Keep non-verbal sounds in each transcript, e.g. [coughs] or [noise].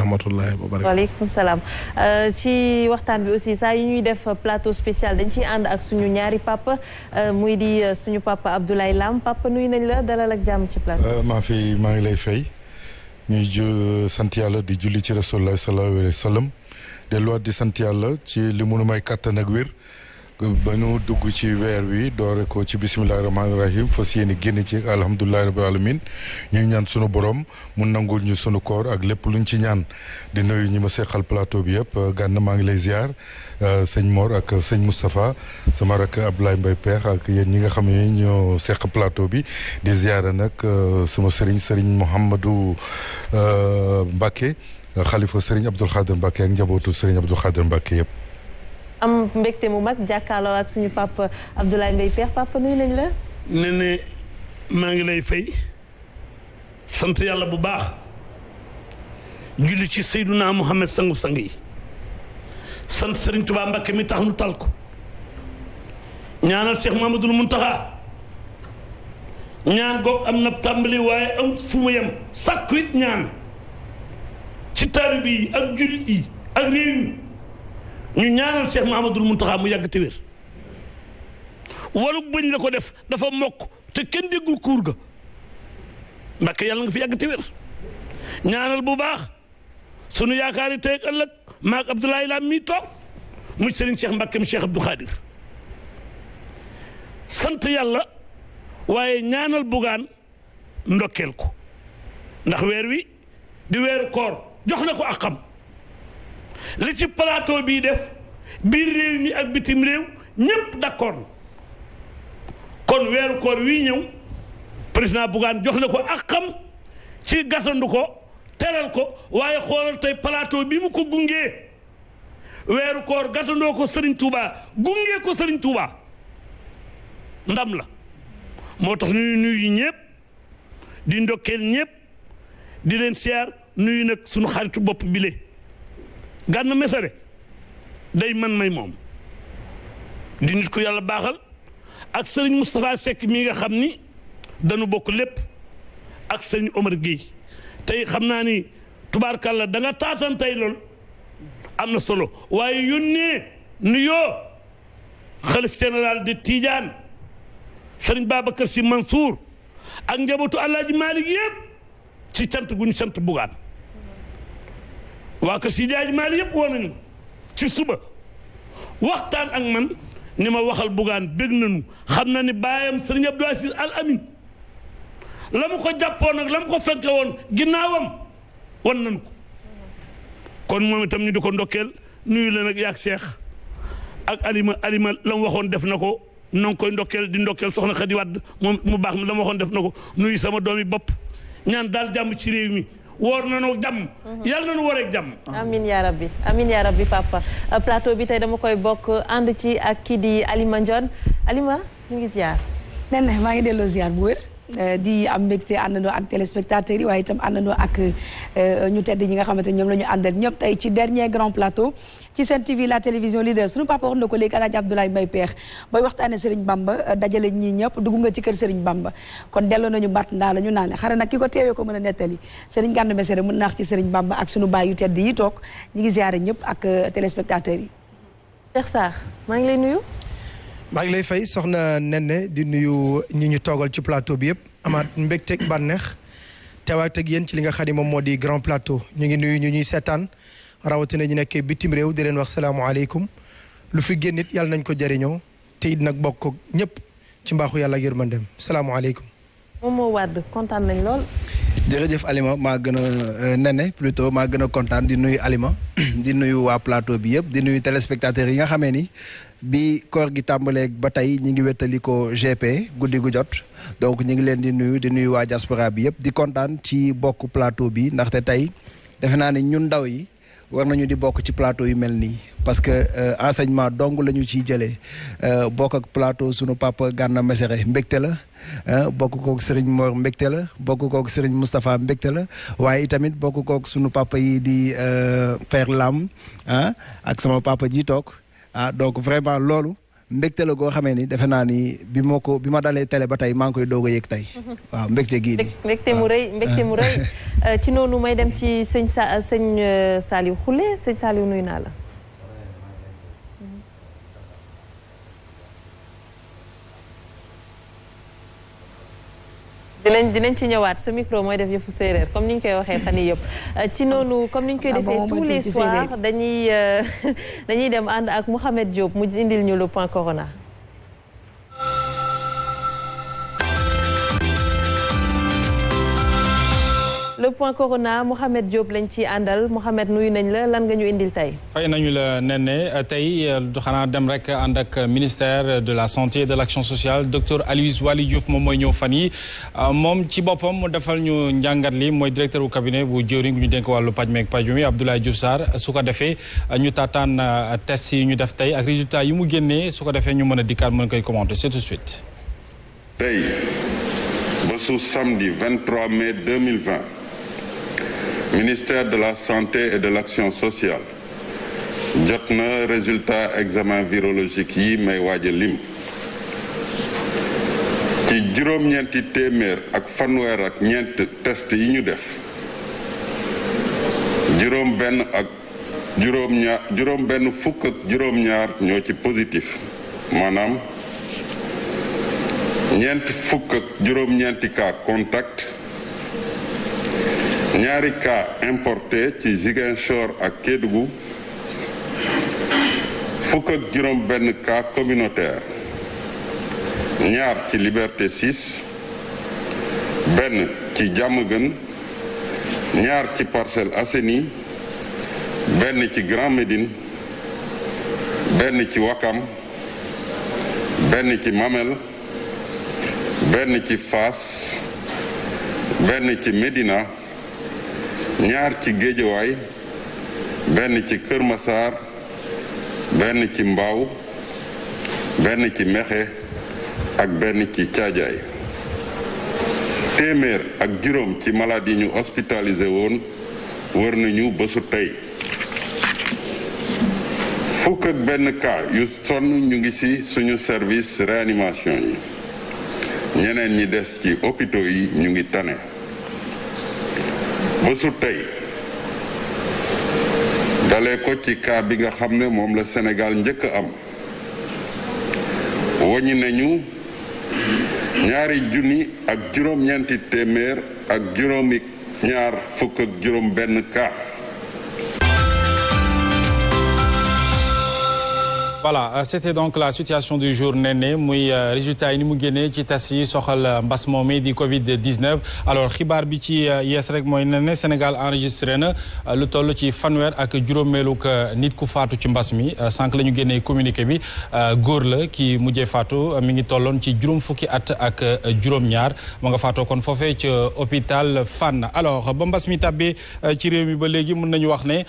rahmatullahi wa barakatuh waaleykum salaam euh, ci waxtaan bi aussi saa yu ñuy def plateau spécial dañ ciy ànd ak suñu ñaari papa euh, muy di euh, suñu papa Abdoulaye Lam papa nuyu nañ la dalal ak jàmm ci plateau. maa fi maa ngi lay fay ñuy ju sant yàlla di julli ci rasulullah sallallahu alayhi wa sallam di sant yàlla ci li mënu may kàttan ak wér. ba nu dugg ci weer wi doore ko ci bisimilah rahmaani rahim fas yéene génn ci alhamdulilah rabbil alamin ñu ngi ñaan sunu borom mu nangul ñu sunu koor ak lépp lu luñ ci ñaan di nuyu ñi ma seqal plateau bi yëpp gànn maa ngi lay ziar euh, sëñ moor ak sëñ Moustapha sama rak Abdoulaye mbay Peex ak yéen ñi nga xam ne ñoo seq plateau bi di ziara nag euh, suma sëriñ sëriñ Mouhamadou euh, Mbacke xalifa sëriñ Abdoul Khader Mbacke ak njabootu sëriñ Abdoul Khader Mbacke yëpp. am mbégte mu mag jàkkaarloo ak suñu papa Abdoulaye Mbaye Pekh papa nuyu nañ la. ne ne maa ngi lay fay sant yàlla bu baax julli ci Seydouna Muhammad sangu sang yi sant Serigne Touba Mbakke mi tax nu tal ko ñaanal Cheikh Mamadou Mountakha ñaan goog am na tàmbali waaye am fu mu yem sàkku it ñaan ci taalibe yi ak jullit yi ak réew mi ñu ñaanal Cheikh Mahamadul Muntaxa mu yàgg te wér walu bëñ la ko def dafa mokk te kenn déggul kuur ga Mbàkke yàlla nga fi yàgg te wér ñaanal bu baax sunu yaakaari tey ëllëg maag Abdoulaye Lam mii toog mu Serigne Cheikh Mbàkke mu Cheikh Abdou Khadir sant yàlla waaye ñaanal bugaan ndokkeel ko ndax weer wi di weeru koor jox na ko ak xam li ci palaato bii def biir réew mi ak bitim réew ñépp d'accord kon weeru koor wii ñëw président Bougane jox na ko ak xam ci gasandu ko teral ko waaye xoolal tey plateau bi mu ko gungee weeru koor gasandoo ko sëriñ Touba gungee ko sëriñ Touba ndam la moo tax ñuy nuyu ñëpp di ndokkeel ñëpp di leen siyaar nuyu nag suñu xaritu bopp bile gànn mesere day man may moom di nit ku yàlla baaxal ak sëriñ Moustapha Seck mii nga xam ni dañu bokk lépp ak sëriñ Omar Guèye tey xam naa ni tubaarkàlla da nga taatan tey lool am na solo waaye nu yoo xalif général de Tidiane sëriñ Babacar Sy Mansour ak njabootu Alaaji Malick yëpp ci cant gu ñu sant bugaan waa kër si jaaj maal yëpp woo nañu ci suba waxtaan ak man ni ma waxal bugaan bég nañu xam na ni baayam sëriñ Abdou Aziz ko jàppoon ak la mu ko fenke ginnaawam wan nañu ko kon moom itam ñu di ko ndokkeel nuyu leen ak yaag ak alima alima la waxoon def na ko na nga koy ndokkeel di ndokkeel soxna Xadi Wàdd mu baax mu la waxoon def na ko nuyu sama doomi bopp ñaan daal jàmm ci réew mi woor nañu jàmm. Mhm. yàlla nañu woor ak jàmm. amiin yaa rabbi amiin yaa rabbi papa euh, plateau bi tey dama koy bokk ànd ci ak kii di Alima Ndione Alima ñu ngi ziar. nee na maa ngi delloo ziar bu wér. Euh, di am mbégte àndandoo ak téléspectateurs yi waaye itam àndandoo ak euh, ñu tedd ñi nga xamante ñoom la ñu àndal ñëpp tey ci dernier grand plateau ci Sen TV la télévision leader suñu papa wax na ko léegi Alaaji Abdoulaye Mbaye Peex booy waxtaane Serigne Bamba euh, dajale ñi ñëpp dugg nga ci kër Serigne Bamba kon delloo nañu batt ndaa la ñu naane xare nag ki ko teewee ko mën a nettali Serigne Gànn Mesere mën naax ci Serigne Bamba ak suñu baay yu tedd yi toog ñëpp ak téléspectateurs yi Cheikh Sarr maa maa ngi lay fay soxna Nene di nuyu ñi ñu toogal ci plateau bi yëpp amaat mbégteeg bànneex teewaat ak yéen ci li nga xam ne moom moo di grand plateau ñu ngi nuyu ñu ñuy seetaan rawatina ñu nekkee bitim réew di leen wax salaamualeykum lu fi génn it yàlla nañ ko jëriñoo te it nag bokk ko ñëpp ci mbaaxu yàlla ak yërmandeem salaamualeykum. moom moo wàdd kontaan nañ lool. jërëjëf aliment maa gën a euh, nene plutôt maa gën a kontaan di nuyu aliment [clears throat] di nuyu waa plateau bi yëpp di nuyu téléspectateurs yi nga xamee ni. bi koor gi tàmbaleek ba tey ñi ngi wétali ko GP guddi gu jot donc ñi ngi leen di nuyu di nuyu waa diaspora bi yëpp di kontaan ci bokk plateau bi ndaxte tey defe naa ne ñun ndaw yi war nañu di bokk ci plateau yi mel nii parce que euh, enseignement dong la ñu ciy jëlee euh, bokk ak plateau sunu papa Gana Messere mbégte la euh, bokk kook Serigne Mor mbégte la bokk kook Serigne Moustapha mbégte la waaye itamit bokk kook sunu papa yi di per Lam ah ak sama papa ji toog. ah donc vraiment loolu mbégte la goo xamee ni defe naa ni bi ma ko bi ma dalee tele ba tey maa ngi koy doog a yëg tey. Mhm. waaw mbégte gii nii. Ah. mbégte mu rëy mbégte [laughs] euh, ci noonu may dem ci sëñ sa sëñ euh, Saliou Khoule sëñ Saliou nuyu naa la. dinañ dinañ ci ñëwaat sa micro mooy def yëfu séeréer comme ni ñu koy waxee fan yii yëpp euh, ci noonu comme ni ñu koy ah defee tous les soirs dañuy euh, [laughs] dañuy dem ànd ak Mouhamed Diop mu indil ñu le point corona. le point corona Mouhamed Diop lañ ci àndal Mouhamed nuyu nañ la lan nga ñu indil tey. fay nañu la nenne tey euh, xanaa dem rek ànd ak ministère de la santé de laction action sociale docteur Aloyse Waly Diouf moom mooy ñëw fan yi euh, moom ci boppam mu defal ñu njàngat li mooy directeur bu cabinet bu jëwriñ ñu dénk wàllu paj meeg paju mi Abdoulaye Diouf Sarr su ko defee euh, ñu taataan test yi ñu def tey ak résultat yi mu génnee su ko defee ñu mën a dikkaat mën koy commenter c'est tout de suite. tey ba ministère de la santé et de l'action sociale jot na résultat examen virologique yi may waaj lim ci juróom-ñeenti téeméer ak fanweer ak ñeent test yi ñu def juróom benn ak juróom-ñaar juróom benn fukk ak ñaar ñoo ci positif maanaam ñeent fukk ak juróom-ñeenti cas contact ñaari cas importé ci Ziguinchor ak Kédougou fukk ak juróom benn cas communautaire ñaar ci Liberté 6 benn ci Diamaguène ñaar ci Parcelles Assainies benn ci Grand Médine benn ci Wakam benn ci Mamel benn ci Fass benn ci Médina ñaar ci géejawaay benn ci Kër Masaar benn ci Mbaaw benn ci Mexe ak benn ci Caajaay téeméer ak juróom ci malade yi ñu hospitalisé woon wër nañu bésu tey fukk ak benn cas yu sonn ñu ngi ci suñu service réanimation yi ñeneen ñi des ci hôpitaux yi ñu ngi tane bésu tey dalee ko ci cas bi nga xam ne moom la Sénégal njëkk am woññi nañu ñaari junni ak juróom-ñeenti téeméer ak juróomi ñaar fukk ak juróom benn cas voilà euh, c'était donc la situation du jour Néné muy euh, résultat yi ni mu génnee ci tas yi soxal euh, mbas moom mi di Covid 19. alors xibaar bi ci yees rek mooy Néné Sénégal enregistré na lu toll ci fanweer ak juróomeelu nit ku faatu ci mbas mi sànq lañu génnee communiqué bi góor la ki mujjee faatu mi ngi tolloon ci juróom fukki at ak juróom-ñaar ma nga faatoo kon foofee ci hôpital Fann alors ba mbas mi tàbbee ci réew mi ba léegi mën nañu wax ne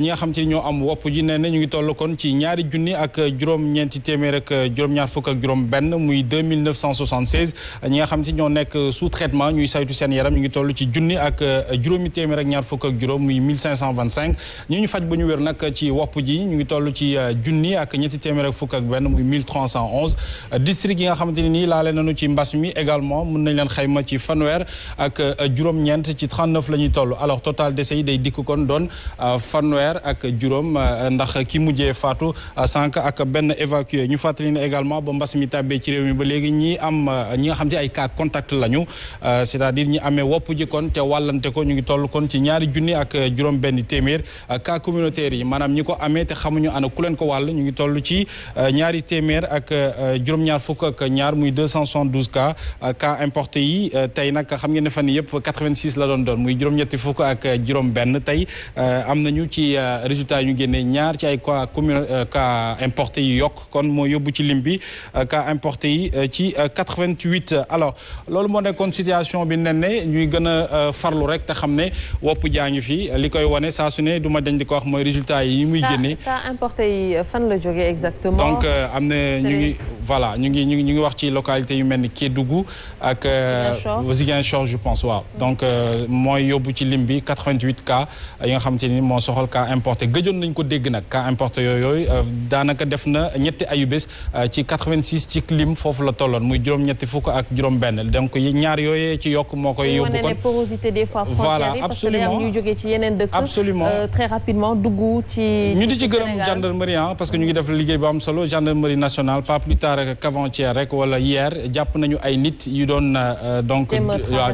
ñi nga xam ci ñoo am wopp ji nee na ñu ngi toll kon ci ñaari junni ak. juróom-ñeenti téeméer ak juróom-ñaar fukk ak juróom-benn muy 2976 ñi nga xam te ñoo nekk sous traitement ñuy saytu seen yaram ñu ngi toll ci junni ak euh, juróomi téeméer ak ñaar fukk ak juróom muy 1525 ñi ñu faj ba ñu wér nag ci wopp ji ñu ngi toll ci euh, junni ak ñetti téeméer ak fukk ak benn muy 1311 district yi nga xamante ne nii laale nañu ci mbas mi également mën nañ leen xayma ci fanweer ak euh, juróom-ñeent ci 39 la ñuy toll alors total décès yi day dikk kon doon fanweer ak juróom ndax ki mujjee faatu sànq ak benn évacué ñu fàttali ne également ba mbas mi tàbbee ci réew mi ba léegi ñi am ñi xam te ay cas contact lañu euh, c'est-à-dire ñi amee wopp ji kon te wàllante ko ñu ngi toll kon ci ñaari junni ak juróom benn téeméer euh, cas communautaire yi maanaam ñi ko amee te xamuñu ana ku leen ko wàll ñu ngi toll ci euh, ñaari téeméer ak juróom-ñaar fukk ak ñaar muy 272 cas cas importé yi tey nag xam ngeen ne fan yëpp 86 la doon doon muy juróom-ñetti fukk ak juróom benn tey am nañu ci ñu génnee ñaar ci importés yi yokk kon moo yóbbu ci lim bi euh, cas importés yi euh, ci 88 euh, alors loolu moo nekkoon situation bi nen ne ñuy gën a farlu rek te xam ne wopp jaa fii li koy wane saa su ne du ma dañ di ko wax mooy résultat yi muy génne fan la jógee donc am na ñu ngi ñu ngi ñu ngi wax ci localité yu mel ni Kédougou ak Ziguinchor je pense waaw mm. donc mooy yóbbu ci lim bi 88 cas yi nga xamante ni moo soxal cas importé gëjoon nañ ko dégg nag cas importé yooyu daanaka daanaka def na ñetti ayubés euh, ci 86 ci lim foofu la tolloon muy juróom-ñetti fukk ak juróom-benn donc ñaar yooyee ci yokk moo koy yóbbu kon voilà absolument euh, parce que ñu ngi def liggéey bu am solo gendarmerie nationale pas plus tard quavant rek wala hier jàpp nañu ay nit euh,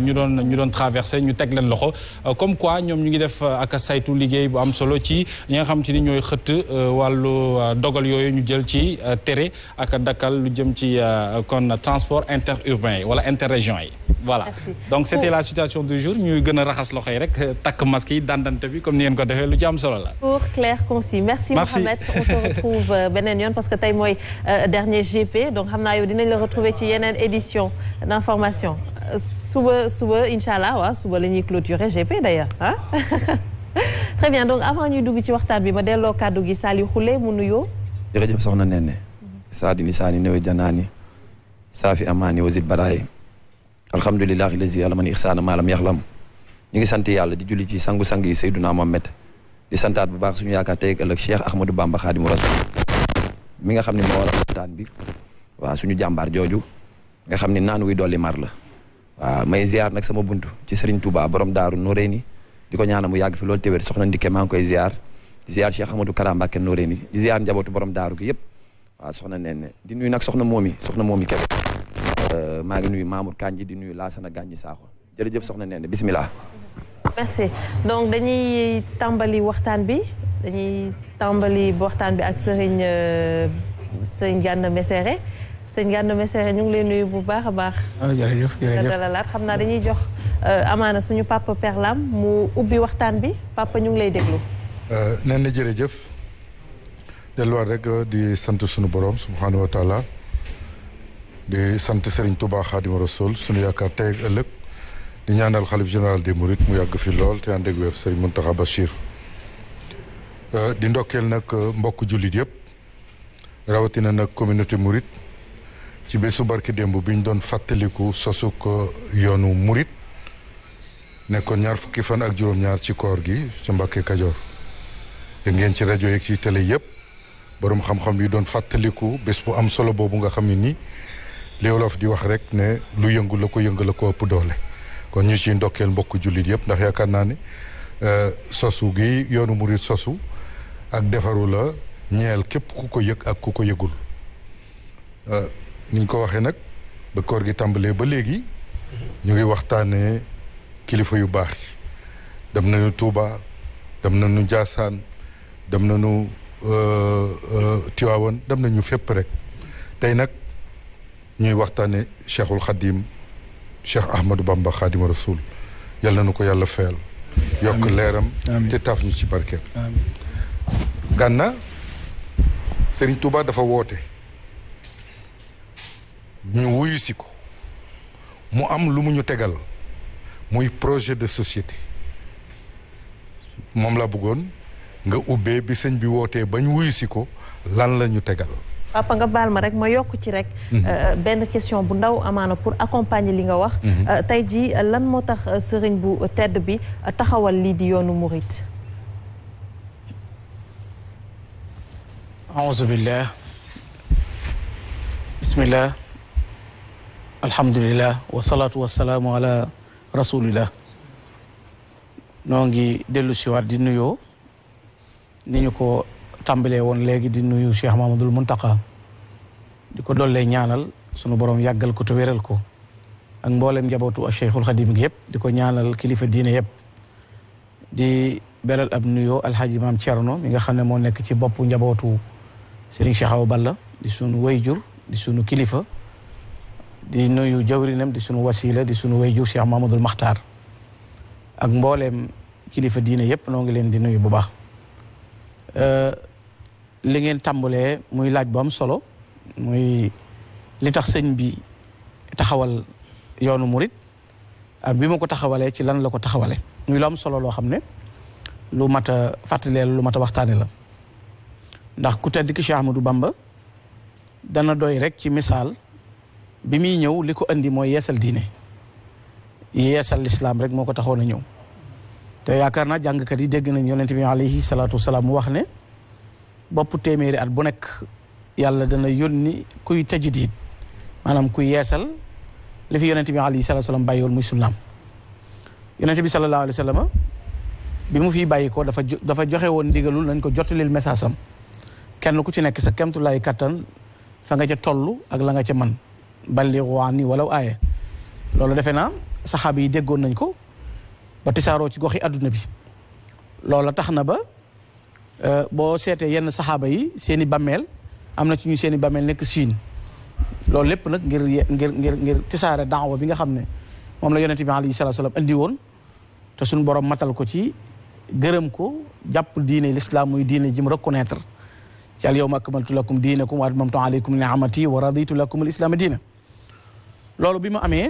ñu doon ñu ñu teg leen loxo comme quoi ñoom ñu ngi def ak saytu liggéey bu am solo ci ñi xam te ni ñooy xëtt wàllu dogal yooyu yooyu ñu jël ci euh, tere ak dakkal lu jëm ci euh, kon transport interurbain yi wala interrégion yi voilà donc c'était la situation du jour ñuy gën a raxas loxo yi rek euh, takk masque yi dandante bi comme ni ngeen ko defee lu ci am solo la pour clair concis merci Mohamed on se retrouve beneen yoon parce que tey mooy dernier GP donc xam na yow dina la retrouver ci yeneen édition d'information suba suba incha allah waaw suba la ñuy clôturer GP d'ailleurs ah [laughs] très bien donc avant ñuy dugg ci jërëjëf soxna Nene saadi lisaani newe janaani saafi amaani wasit baraayi alhamdulilahi lazi alaman ixsaana maalam yaxlam ñu ngi sant yàlla di julli ci sangu-sang yi Seydunaa Muhammad di santaat bu baax suñu yaakaar tey ak ëllëg Cheikh Ahmadou Bamba Xaadimu Rasul mi nga xam ne moo war a waxtaan bi waaw suñu jàmbaar jooju nga xam ne naan wuy dolli mar la waaw may ziar nag sama buntu ci Serigne Touba borom daaru Noreyni di ko ñaanal mu yàgg fi loolu téwér soxna Ndike maa ngi koy di ziar Cheikh Amadou Kara Mbacké Noreyni di ziar njabootu borom daaru gi yëpp waaw soxna nen di nuyu nag soxna moomi soxna moomi kebe euh, maa ngi nuyu Mamour Kanji di nuyu Laasana Gànji Saaxo jërëjëf soxna nen bismillah merci donc dañuy tàmbali waxtaan bi dañuy tàmbali waxtaan bi ak sëriñ euh, sëriñ Gana Messere sëñ Gana Messere ñu ngi lay nuyu bu baax a baax. Ah, jërëjëf dalalaat xam naa dañuy jox euh, amaana suñu papa Perlam mu ubbi waxtaan bi papa ñu ngi lay déglu. Euh, nee na jërëjëf delluwaat rek euh, di sant sunu borom subhaanahu wa di sant Serigne Touba Xaadimu Rasuul sunu yaakaar tey ak ëllëg di ñaanal xalif général des murit mu yàgg fi lool te ànd ak wér Serigne Mountakha Bachir. Euh, di ndokkeel nag mbokk jullit yëpp rawatina nag communauté Mouride ci bésu barki démb bi ñu doon fàttaliku sosuk yoonu murit nekkoon ñaar fukki fan ak juróom-ñaar ci koor gi ci Mbàkke Kajoor. dégg ngeen ci rajo yeeg ci télé yëpp borom xam-xam yi doon fàttaliku bés bu am solo boobu nga xam ne nii li wolof di wax rek ne lu yëngul la ko yëngu la ko ëpp doole kon ñu ciy ndokkeel mbokku jullit yëpp ndax yaakaar naa ne euh, sosu gi yoonu murit sosu ak defaru la ñeel képp ku ko yëg ak ku ko yëgul euh, ni ñu ko waxee nag ba koor gi tàmbalee ba léegi ñu ngi waxtaanee kilifa yu baax yi dem nañu Touba dem nañu jaasaan dem na nañu euh, euh, Tiwaawan dem nañu fépp rek tey nag ñuy waxtaane cheikhul xadim cheikh ahmadou bamba xaadima rasul yal na nu ko yàlla fayal yokk leeram te taaf ñu ci barkeem gànna sëriñ Touba dafa woote ñu wuyu ko mu am lu mu ñu tegal muy projet de société moom laa bëggoon nga ubbee bi sëñ bi wootee bañ wuyu si ko lan la ñu tegal. papa nga baal ma rek ma yokk ci rek. Mhm. Euh, benn question bu ndaw amaana pour accompagner li nga wax. Mhm. Euh, tey jii euh, lan moo tax sëriñ bu tedd bi taxawal lii di yoonu murit. auzu billah bismillah alhamdulillah wasalaatu wasalaamu ala rasulillah noo ngi dellu si di nuyoo. ni ñu ko tàmbalee woon léegi di nuyu Cheikh Mamadul Muntaka di ko dollee ñaanal sunu borom yàggal ko te wéral ko ak mboolem njabootu ak Cheikhul Xadim gi yëpp di ko ñaanal kilifa diine yëpp di beral ab nuyoo alhaji maam Thierno mi nga xam ne moo nekk ci boppu njabootu Serigne Cheikh Awa Balla di sunu wayjur di sunu kilifa di nuyu jawrinam di sunu wasila di sunu wayjur Cheikh Mamadul Maxtaar ak mboolem kilifa diine yëpp noo ngi leen di nuyu bu baax. Euh, li ngeen tàmbalee muy laaj bu am solo muy li tax sëñ bi taxawal yoonu murit ak bi ma ko taxawalee ci lan la ko taxawale muy lu am solo loo xam ne lu mat a fàttalee la lu mat a waxtaane la ndax ku tedd ki Cheikh Bamba dana doy rek ci misaal bi muy ñëw li ko indi mooy yeesal diine yeesal lislaam rek moo ko taxoon a ñëw te yaakaar naa jàngkat yi dégg nañ yonent bi alayhi salaatu wasalaam mu wax ne bopp téeméeri at bu nekk yàlla dana yónni kuy tajdiid maanaam kuy yeesal li fi yonent bi alayhi salaatu wasalaam bàyyiwul muy sunnaam yonent bi sallallahu alayhi wa mu fiy bàyyi ko dafa dafa joxe woon ndigalul nañ ko jottalil message am kenn ku ci nekk sa kemtulaay kattan fa nga ca tollu ak la nga ca man balli waani walaw aaye loolu defe naa saxaaba yi déggoon nañ ko ba tisaaroo ci goxi àdduna bi loola tax na ba euh, boo seetee yenn saxaaba yi seen i bammeel am na ci ñu seeni bameel bammeel nekk siin loolu lépp nag ngir ngir ngir ngir tisaare daawa bi nga xam ne moom la yonente bi alayhi salatu salaam andi woon te suñu borom matal ko ci gërëm ko jàpp diine l'islam muy diine ji mu reconnaître ci al yawma akmaltu lakum diinakum wa atmamtu alaykum ni'amati wa raditu lakum al islaama diina loolu bi mu amee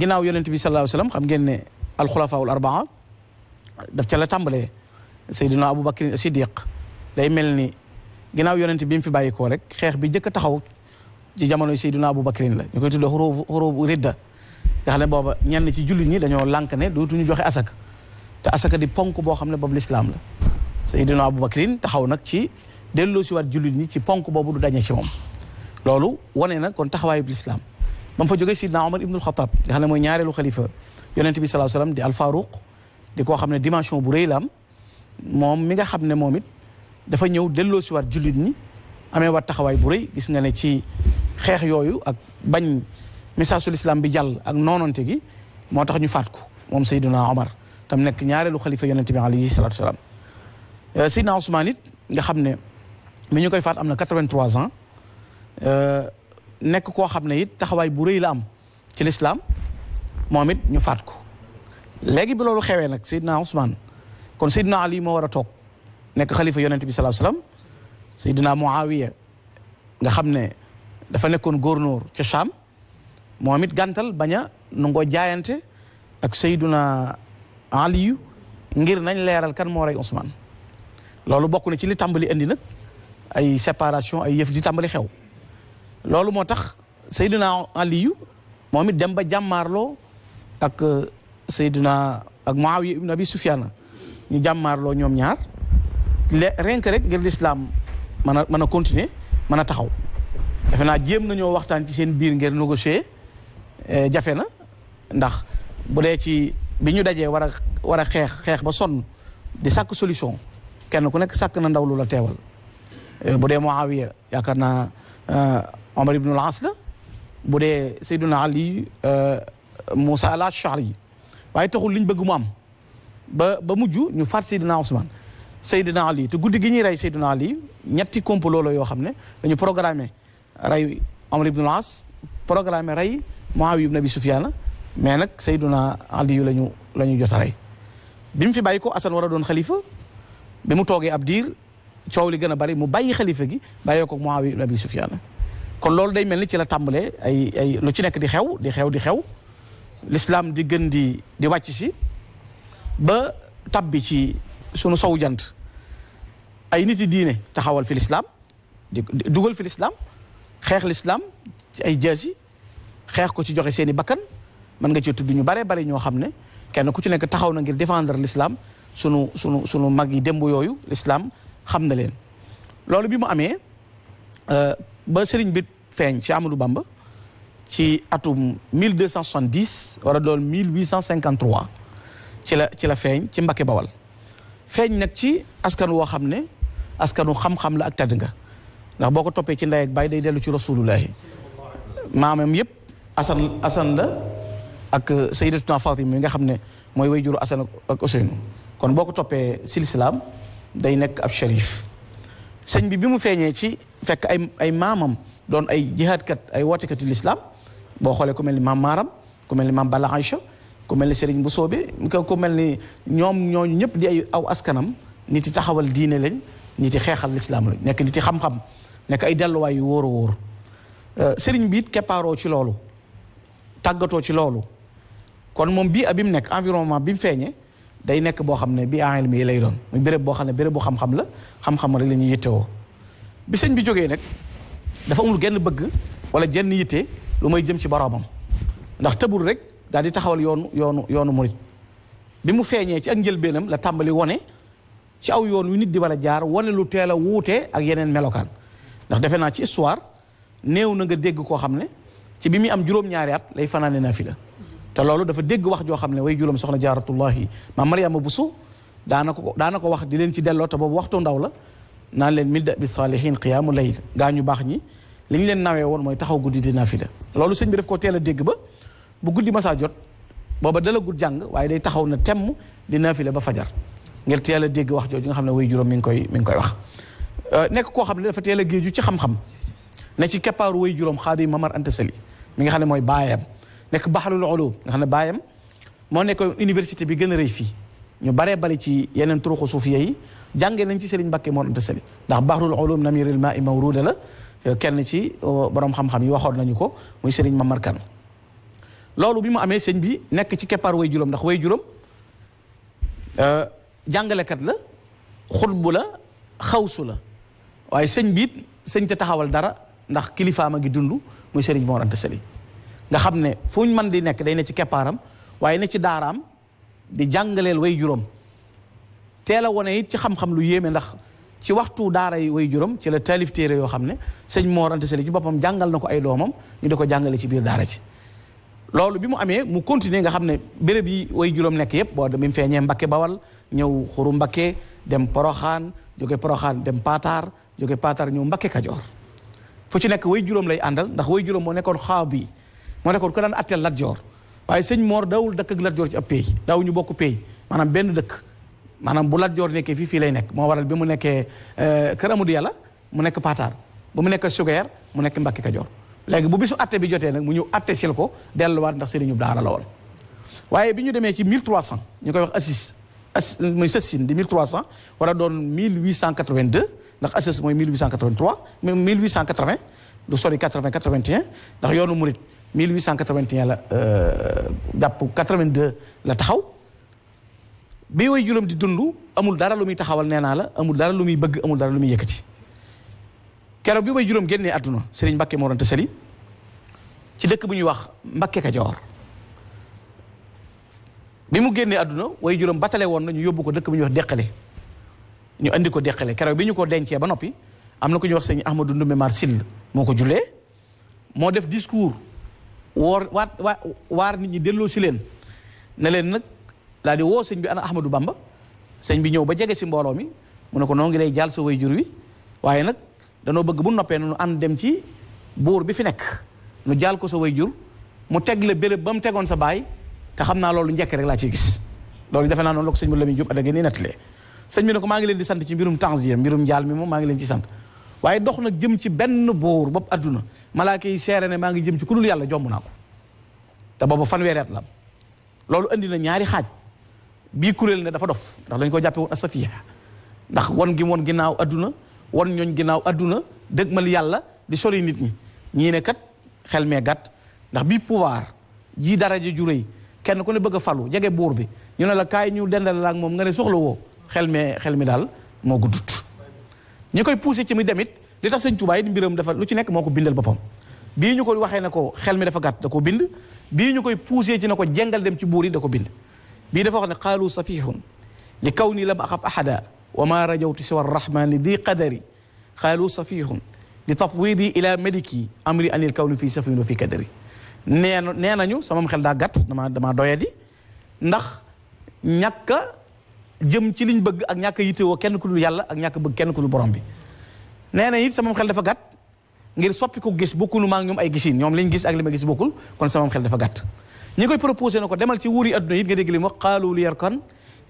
ginnaaw yonente bi sallallahu alayhi wa xam ngeen ne alxulafaawul arbaa def ca la tàmbalee Seydina Aboubacar Siddiq day mel ni ginnaaw yonent bi mu fi bàyyikoo rek xeex bi njëkk taxaw ci jamonoy Seydina Aboubacar la ñu koy tuddee xuroobu xuroobu ridda nga xam ne booba ñan ñenn ci jullit ñi dañoo lank ne dootuñu joxe asaka te asaka di ponk boo xam ne boobu lislaam la Seydina Aboubacar taxaw nag ci delloo siwaat jullit ñi ci ponk boobu du dañee ci moom loolu wane na kon taxawaayu lislaam ba mu fa jógee Seydina Omar ibnul Xataab nga ne mooy ñaareelu xalifa yonent bi salaahu salaam di alfaaruq di koo xam ne dimension bu rëy la am moom mi nga xam ne moom it dafa ñëw delloo si waat jullit ñi amee waat taxawaay bu rëy gis nga ne ci xeex yooyu ak bañ misaasul islam bi jàll ak noonante gi moo tax ñu faat ko moom Seydina Omar tam nekk ñaareelu xalifa yonent bi alayhi salaatu salaam euh, Seydina Ousmane it nga xam ne mi ñu koy faat am na 83 ans euh, nekk koo xam ne it taxawaay bu rëy la am ci lislaam moom ñu faat ko léegi bi loolu xewee nag Seydina Ousmane kon Seydina Ali moo war a toog nekk xalifa yonent bi sallallahu alayhi wasallam Seydina awiye nga xam ne dafa nekkoon gouverneur ca Cham moom it gàntal bañ a jaayante ak Seydina Aliyu ngir nañ leeral kan moo rey Ousmane loolu bokk na ci li tàmbali indi nag ay séparation ay yëf di tàmbali xew loolu moo tax Seydina Aliyu moom it dem ba jàmmaarloo ak euh, na ak Muawiya ibn Abi Sufyaan ñu jàmmaarloo ñoom ñaar le rien que rek ngir lislaam mën a mën a continuer mën a taxaw defe naa jéem nañoo waxtaan ci seen biir ngir négocier euh, jafe na ndax bu dee ci bi ñu dajee war a war a xeex xeex ba sonn di sàkk solution kenn ku nekk sàkk na ndaw lu la teewal euh, bu dee Muawiya yaakaar naa Omar ibn al-As la bu dee Seydina Ali Moussa al Ashari waaye taxul liñ bëgg mu am ba ba mujj ñu faat Seydina Ousmane Seydina Ali te guddi gi ñuy rey Seydina Ali ñetti complot la yoo xam ne dañu programmé rey Amr ibn al-As programmé rey Muawiya ibn Abi mais nag Seydina Ali yu lañu la ñu jot a rey bi mu fi bàyyi ko Assane war a doon xalifa bi mu toogee ab diir coow li gën a bari mu bàyyi xalifa gi bàyyee ko Muawiya ibn Abi Sufyaan kon loolu day mel ni ci la tàmbalee ay ay lu ci nekk di xew di xew di xew lislaam di gën di wàcc si ba tabbi ci sunu sow jant ay nit yi diine taxawal fi lislaam di dugal fi lislaam xeex lislaam ci ay jaasi xeex ko ci joxe seen i bakkan mën nga ci tudd ñu bare bare ñoo xam ne kenn ku ci nekk taxaw na ngir défendre lislaam sunu sunu sunu mag yi démb yooyu l'islam xam na leen loolu bi mu amee euh, ba sëriñ bi feeñ ci Amadou Bamba ci atum 1270 war a doon 1853 ci la ci la feeñ ci Mbakke Bawal feeñ nag ci askan woo xam ne askanu xam-xam la ak tedd nga ndax boo ko toppee ci ndey ak day dellu ci rasulullahi maamam yëpp asan asan la ak sayyidatuna Fatima mi nga xam ne mooy wayjuru asan ak Useynu kon boo ko toppee silsilaam day nekk ab sharif sëñ bi bi mu feeñee ci fekk ay ay maamam doon ay jihaadkat ay wootekatu lislaam boo xoolee ku mel ni maam Maram ku mel ni maam Balla ku mel ni Serigne bu Soobee mu ku mel ni ñoom ñooñu ñëpp di ay aw askanam nit yi taxawal diine lañ nit yi xeexal lislaam lañ nekk nit yi xam-xam nekk ay delluwaay yu wóor a wóor euh, sëriñ bi it keppaaroo ci loolu tàggatoo ci loolu kon moom bii bi mu nekk environnement bi mu feeñee day nekk boo xam ne bii en ilmi lay doon muy béréb boo xam ne béréb bu xam-xam la xam-xam rek la ñuy yittewoo bi sëñ bi jógee nag dafa genn bëgg wala jenn yitte. lu may jëm ci boroomam ndax tëbul rek daal di taxawal yoonu yoonu yoonu murit bi mu feeñee ci ak njëlbeenam la tàmbali wone ci aw yoon wu nit di war a jaar wane lu teel a wuute ak yeneen melokaan ndax defe naa ci histoire néew na nga dégg koo xam ne ci bi muy am juróom-ñaari at lay fanaane naafila te loolu dafa dégg wax joo xam ne way juróom soxna jaaratullahi maam Mariama Busu daana ko daana ko wax di leen ci delloo te boobu waxtu ndaw la naan leen midda bi saalihin qiyaamu layl gaa ñu baax ñi li ñu leen nawee woon mooy taxaw guddi di naafila loolu sëñ bi daf ko teel a dégg ba bu guddi masaa jot booba dala gudd jàng waaye day taxaw na temm di naafila ba fajar ngir teel a dégg wax jooju nga xam ne way juróom mi ngi koy mi ngi koy euh, nekk koo xam ne dafa teel a géeju ci xam-xam ne ci keppaaru way juróom xaadi Mamar Anta Sali mi nga xam ne mooy baayam nekk baxalul ulum nga xam ne baayam moo nekkoon université bi gën a rëy fii ñu baree bari ci yeneen turuxu suuf yi jàng nañ ci Serigne Mbacké Mor Anta Sali ndax baxrul ulum namiril ma'i mawruda la Euh, kenn ci euh, borom xam-xam yi waxoon nañu ko muy sëriñ Mamar Kan loolu bi mu amee sëñ bi nekk ci keppaar way juróom ndax way juróom euh, jàngalekat la xutbu la xawsu waaye sëñ bi it sëñ te taxawal dara ndax kilifaam a ngi dund muy sëriñ Mor Anta Sali nga xam ne fu ñu mën di nekk day ne ci keppaaram waaye ne ci daaraam di jàngaleel way juróom teela wone it ci xam-xam lu yéeme ndax ci waxtu daara yi way juróom ci la taalif téere yoo xam ne sëñ Mor Anta ci boppam jàngal na ko ay doomam ñu di ko jàngale ci biir daara ci loolu bi mu amee mu continuer nga xam ne béréb yi way juróom nekk yëpp boo dem feeñee Mbakke Bawal ñëw xuru Mbakke dem Poroxaan jóge Poroxaan dem Patar jóge Patar ñëw Mbakke Kajoor foo ci nekk way juróom lay àndal ndax way juróom moo nekkoon xaaw bi moo nekkoon ko daan atteel Lat Joor waaye sëñ moor dawul dëkk ak Lat Joor ci ab pay ñu bokk pay maanaam benn dëkk maanaam bu Lat Joor nekkee fii fii lay nekk moo waral bi mu nekkee euh, kër Amadou Yàlla mu nekk Pataar ba mu nekk Sugeer mu nekk Mbàkke Kajoor léegi bu bisu atte bi jotee nag mu ñëw atte sil ko delluwaat ndax sëriñu daara la woon waaye bi ñu demee ci 1300 ñu koy wax assis ass mooy sëssin di 1300 war a doon 1882 ndax assis mooy 1883 même 1880 du sori 80 81 ndax yoonu murit 1881 la euh, jàpp 82 la taxaw bi way juróom di dundu amul dara lu muy taxawal nee naa la amul dara lu muy bëgg amul dara lu muy yëkkati keroog bi way juróom génnee àdduna Serigne Mbakke moo doon te ci dëkk bu ñuy wax Mbakke Kajoor bi mu génnee àdduna way juróom batale woon na ñu yóbbu ko dëkk bu ñuy wax deqale ñu andi ko deqale keroog bi ñu ko dencee ba noppi am na ku ñuy wax sëñ Ahmadou Ndoumbe Mar Sill moo ko jullee moo def discours woor waar nit ñi delloo si leen ne leen nag daal di woo sëñ bi ana Ahmadou Bamba sëñ bi ñëw ba jege si mbooloo mi mu ne ko noo ngi lay jaal sa way jur wi waaye nag danoo bëgg bu noppee nu ànd dem ci buur bi fi nekk nu jaal ko sa way jur mu teg la béréb ba mu tegoon sa baay te xam naa loolu njëkk rek laa ciy loolu defe naa noonu la ko sëñ bi Lamine Diop adagé nii nettalee sëñ bi ne ko maa ngi leen di sant ci mbirum tanzir mbirum jaal mi moom maa ngi leen ci sant waaye dox nag jëm ci benn buur bopp adduna malaaka yi seere ne maa ngi jëm ci ku dul yàlla jomb naa te boobu fanweeri at la loolu andi na ñaari xaaj bii kuréel ne dafa dof ndax dañ ko jàppe woon asafiya ndax won gi woon ginnaaw adduna won ñooñ ginnaaw adduna dëgmal yàlla di sori nit ñi ñii ne kat xel me gàtt ndax bii pouvoir ji dara ji ju rëy kenn ku ne bëgg falu jege buur bi ñu ne la kaay ñu dendal la ak moom nga ne soxla woo xel mee mi daal moo guddut ñi koy poussé ci mi demit li tax sëñ Tuubaa it mbiram dafa lu ci nekk moo ko bindal boppam bii ñu ko waxee ne ko xel mi dafa gàtt da ko bind bii ñu koy poussé ci na ko jengal dem ci buur yi da ko bind bii dafa wax ne qaalu safihun li kaw ni lam axaf axada wa ma rajawtu siwa arrahmani di qadari qaalu safihun li tafwidi ila maliki amri anil kawni fii safin wa fii qadari nee nee nañu sama xel daa gàtt damaa damaa ndax ñàkk jëm ci liñ bëgg ak ñàkk a kenn ku yàlla ak ñàkk bëgg kenn ku borom bi nee na it sama xel dafa gàtt ngir soppi ko gis bokkulu maa ngi ñoom ay gisin ñoom liñ gis ak li ma gis bokkul kon sama xel dafa gàtt ñi koy proposé na ko demal ci wuuri adduna yi nga dégg li mu wax qaalu li yarkan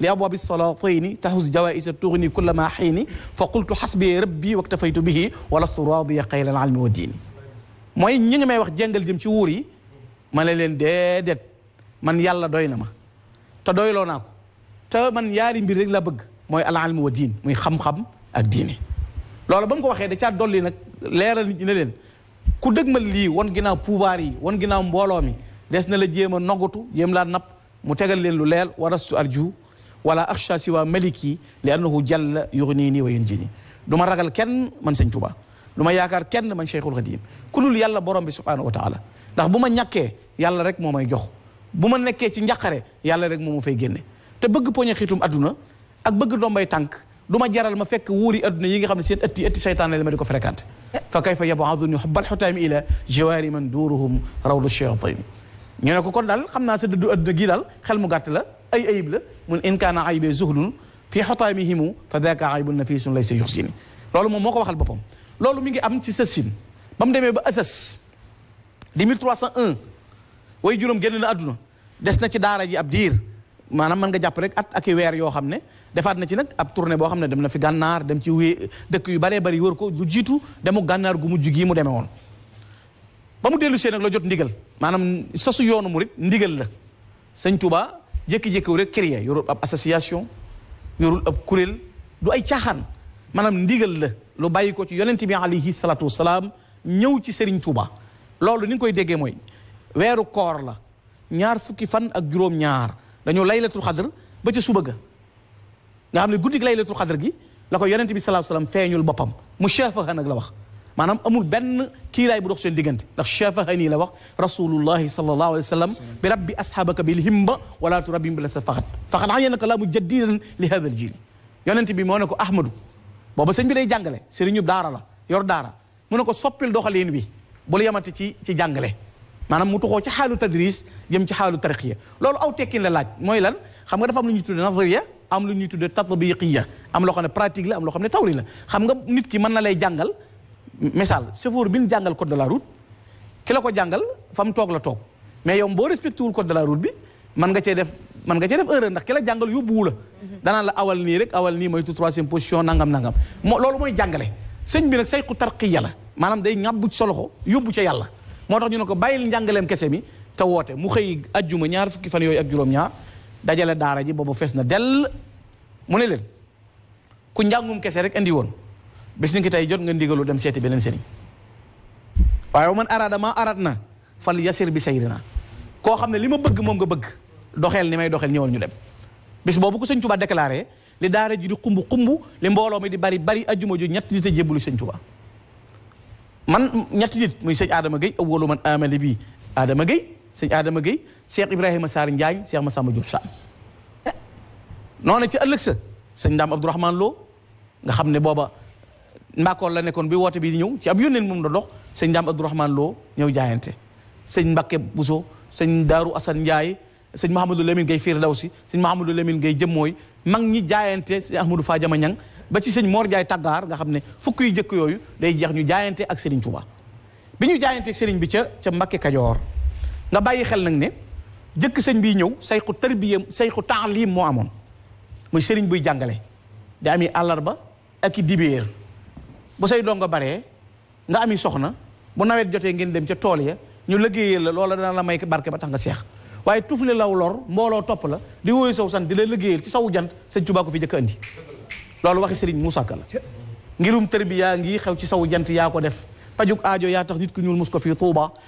li abwaabi salaatayni tahuz jawaisa tugni kulla ma xiini fa qultu xasbi rabbi waktafaytu bihi walastu raadiya xayla almi wa diini mooy ñi ngi may wax jéngal jëm ci wuur yi ma ne leen déedéet man yàlla doy na ma te doyloo naa ko man yaari mbir rek la bëgg mooy alalmi wa diin muy xam-xam ak diine loolo ba ko waxee da caa dolli nag leeral nit ñi leen ku dëgmal li wan ginnaaw pouvoir yi wan ginnaaw mbooloo mi des na la jéem a noggatu jéem laa napp mu tegal leen lu leel warastu arju wala axsha siwa maliki li annahu jalla yugnini wa yunjini du ma ragal kenn man sëñ Tuuba du ma yaakaar kenn man Cheikhul Xadim ku dul yàlla borom bi subhanahu wa taala ndax bu ma ñàkkee yàlla rek moo may jox bu ma nekkee ci njàqare yàlla rek moo ma fay génne te bëgg poñe xiitum adduna ak bëgg dombay tànk du ma jaral ma fekk wuuri adduna yi nga xam ne seen ëtti ëtti seytaan la ma di ko fréquenté fa kayfa yabaaduni xubbal xutaami ila jiwaari man duuruhum rawdu shayaatin ñoo ne ko kon daal xam naa sedd dëddu adduna gii daal xel mu gàtt la ay ayib la mun in kaana ayibee zuhdun fii xotaamihimu fa daaka ayibun nafisun laysa yuxsini loolu moom moo ko waxal boppam loolu mi ngi am ci sësin ba mu demee ba asas di 1301 way juróom génn na adduna des na ci daara ji ab diir maanaam man nga jàpp rek at ak weer yoo xam ne defaat na ci nag ab tournée boo xam ne dem na fi gànnaar dem ci wé dëkk yu baree bari wër ko lu jiitu demu gànnaar gu mujj gii mu demee ba mu dellu see nag la jot ndigal maanaam sosu yoonu murit ndigal la sëñ Touba jékki-jékkiwu rek créé yorul ab association yorul ab kuréel du ay caaxaan maanaam ndigal la lu bàyyi ko ci yonent bi alayhi salaatu wasalaam ñëw ci Serigne Touba loolu ni nga koy déggee mooy weeru koor la ñaar fukki fan ak juróom-ñaar dañoo laylatul xadr ba ca suba ga nga xam ne guddi laylatul xadr gi la ko yonent bi salaatu wasalaam feeñul boppam mu chefaha nag la wax maanaam amul benn kiiraay bu dox seen diggante ndax chafahanii la wax rasulullahi sallallahu alayhi wa sallam bi rabbi ashabaka bil himba wala turabbihim bi la sa faxat faxat an yenaka laa mu jaddidan li hada al jili yonent bi moo ne ko ahmadou booba sëñ bi day jàngale sëriñu daara la yor daara mu ne ko soppil doxalin wi bu la yamati ci ci jàngale maanaam mu tuxoo ci xaalu tadris jëm ci xaalu tarqiya loolu aw tekkin la laaj mooy lan xam nga dafa am lu ñu tudde nazariya am lu ñuy tudde tatbiqiya am loo xam ne pratique la loo xam ne tawri la xam nga nit ki mën na lay jàngal misaal chauffeur bi ñu jàngal code de la ki la ko jàngal fa mu toog la toog mais yow boo respecté wul code de la route bi man nga cee def man nga cee def erreur ndax ki la jàngal yóbbuwu la danaa la awal nii rek awal nii moytu troisième position nangam nangam moo loolu mooy jàngale sëñ bi nag saytu tarqiya la maanaam day ñàbbu ci soloxo yóbbu ca yàlla moo tax ñu ne ko bàyyil njàngaleem kese mi te woote mu xëy ajjuma ñaar fukki fan yooyu ak juróom-ñaar dajale daara ji boobu fees na dell mu ne leen ku njàngum kese rek indi woon bis ni ki tey jot nga ndigalu dem seeti beneen sëriñ waaye man araada maa araat na fal yasir bi sayri na koo xam ne li ma bëgg moom nga bëgg doxeel ni may doxeel ñëwal ñu dem bis boobu ko sëñ Tuba déclaré li daara ji di xumb xumb li mbooloo mi di bari bari ajjuma ju ñetti nit a jébbalu sëñ Tuba man ñetti nit muy sëñ Adama Gueye awwalu man amali bii Adama Gueye sëñ Adama Gueye Cheikh Ibrahima Sarr Njaañ Cheikh Massamba Diop Sall noonu ci ëllëg sa sëñ Ndam Abdourahmane Lo nga xam ne booba Mbàkkoor la nekkoon bi woote bi di ñëw ci ab yónneen moom da dox sëñ Daam Abdourahmane Lo ñëw jaayante sëñ Mbàkke Buso sëñ Daaru Asan Njaay sëñ Mahamadou Lamine Gay Firdawsi sëñ Mahamadou Lamine Gay jëmmooy mag ñi jaayante sëñ Ahmadou Fa Jama Ñang ba ci sëñ Mor Jaay Tàggaar nga xam ne fukk yu jëkk yooyu day jeex ñu jaayante ak Serigne Touba bi ñu jaayante Serigne bi ca ca mbakke Kajoor nga bàyyi xel nag ne jëkk sëñ bi ñëw sayxu tarbiyam sayxu taalim moo amoon muy sëriñ buy jàngale da ami àllarba ak i bu say dongo baree nga ami soxna bu nawet jotee ngeen dem ca tool ya ñu liggéeyal la loola dana la may barke ba tax nga seex waaye tufli law lor mbooloo topp la di woyu saw san di la liggéeyal ci sawu jant sa Tuubaa ko fi jëkk andi loolu waxi Sëriñ Muusaa Ka la ngirum tërbiyaa ngi xew ci sawu jant yaa ko def pajuk aajo yaa tax ku ñuul mus ko fii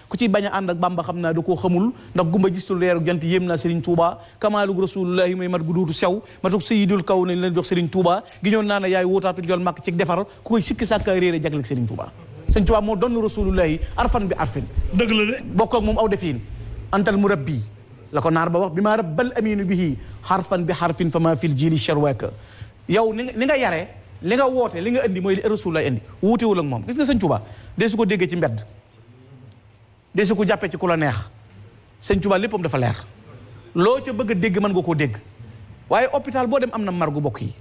ku ci bañ a ànd xam naa da koo xamul ndax gumba gistul leeruk jant yéem naa Serigne Touba kamaalug rasulullahi may mat gu duutu sew matuk sayidul kaw nañ naa ne yaay wóotaatu jol màkk ci defar ku koy sikki sàkka réere jagleg Serigne Touba Serigne Touba moo doon rasulullahi arfan bi arfin dëgg de bokk ak moom aw defiin antal naar ba wax bi maa rabbal aminu bihi xarfan bi xarfin fa ma fil jili charwaka ni li nga woote li nga indi mooy li rasul lay indi wuutewul ak moom gis nga sëñ Tuubaa dee su ko déggee ci mbedd dee su ko jàppee ci ku la neex sëñ Tuubaa léppam dafa leer loo ca bëgg dégg mën nga ko dégg waaye hôpital boo dem am na margo bokk yi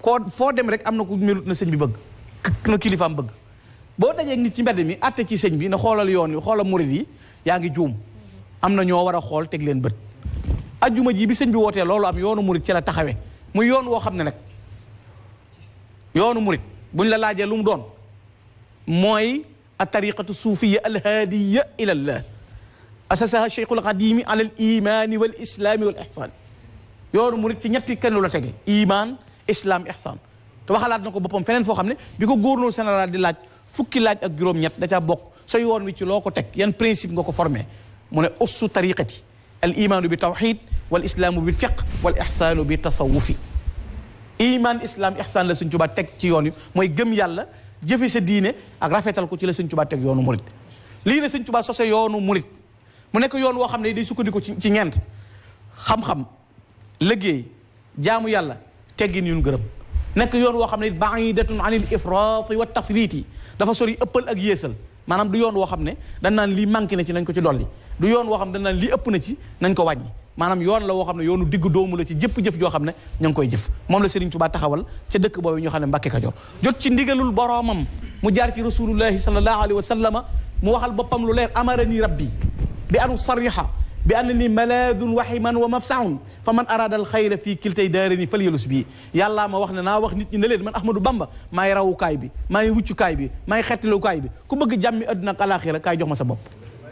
koo foo dem rek am na ku melut na sëñ bi bëgg na kilifaam bëgg boo dajee nit ci mbedd mi atte ci sëñ bi na xoolal yoon wi xoolal murid yi yaa ngi juum am na ñoo war a xool teg leen bët ajjuma jii bi sëñ bi wootee loolu yoonu murid ci la taxawe muy yoon woo xam ne nag yoonu murit buñ la laajee lu mu doon mooy a tariqatu suufiya alhaadiya ila llah asasaha cheikhul qadimi ala al imani wal islami wal ihsan yoonu murit ci ñetti kenn lu la tege iman islam ihsan te waxalaat na ko boppam feneen foo xam ne bi ko góornóor général di laaj fukki laaj ak juróom-ñett da caa bokk sa yoon wi ci loo ko teg yan principe nga ko formé mu ne ussu tariqati al imaanu bi tawxid wal islaamu bi fiq wal ihsaanu bi tasawufi iman islaam ihsan la sëñ Tuubaa teg ci yoon wi mooy gëm yàlla jëfe sa diine ak rafetal ko ci la sëñ Tuubaa teg yoonu murit lii la sëñ Tuubaa sose yoonu murit mu nekk yoon woo xam ne day sukkandiku ci ci ñeent xam-xam liggéey jaamu yàlla teggin yun gërëm nekk yoon woo xam ne baidatun anil ifraati wa tafriiti dafa sori ëppal ak yéesal maanaam du yoon woo xam ne dañ naan lii manqué na ci nañ ko ci dolli du yoon woo xam ne dañ naan lii ëpp na ci nañ ko wàññi maanaam yoon la woo xam ne yoonu digg doomu la ci jëpp jëf joo xam ne ña ngi koy jëf moom la Serigne ba taxawal ca dëkk boobu ñoo xam ne Mbàkke Kajoor jot ci ndigalul boroomam mu jaar ci rasulullahi sallallahu alayhi wa sallama mu waxal boppam lu leer amarani rabbi bi anu sariha bi anna ni malaadun waximan wa mafsaun fa man araada al xayra fii kiltay daarini fal yalus bii yàllaa ma wax ne naa wax nit ñi ne leen man Ahmadou Bamba maay rawukaay bi maay wuccukaay bi maay xettalukaay bi ku bëgg jàmmi adduna ak alaxira kaay jox ma sa bopp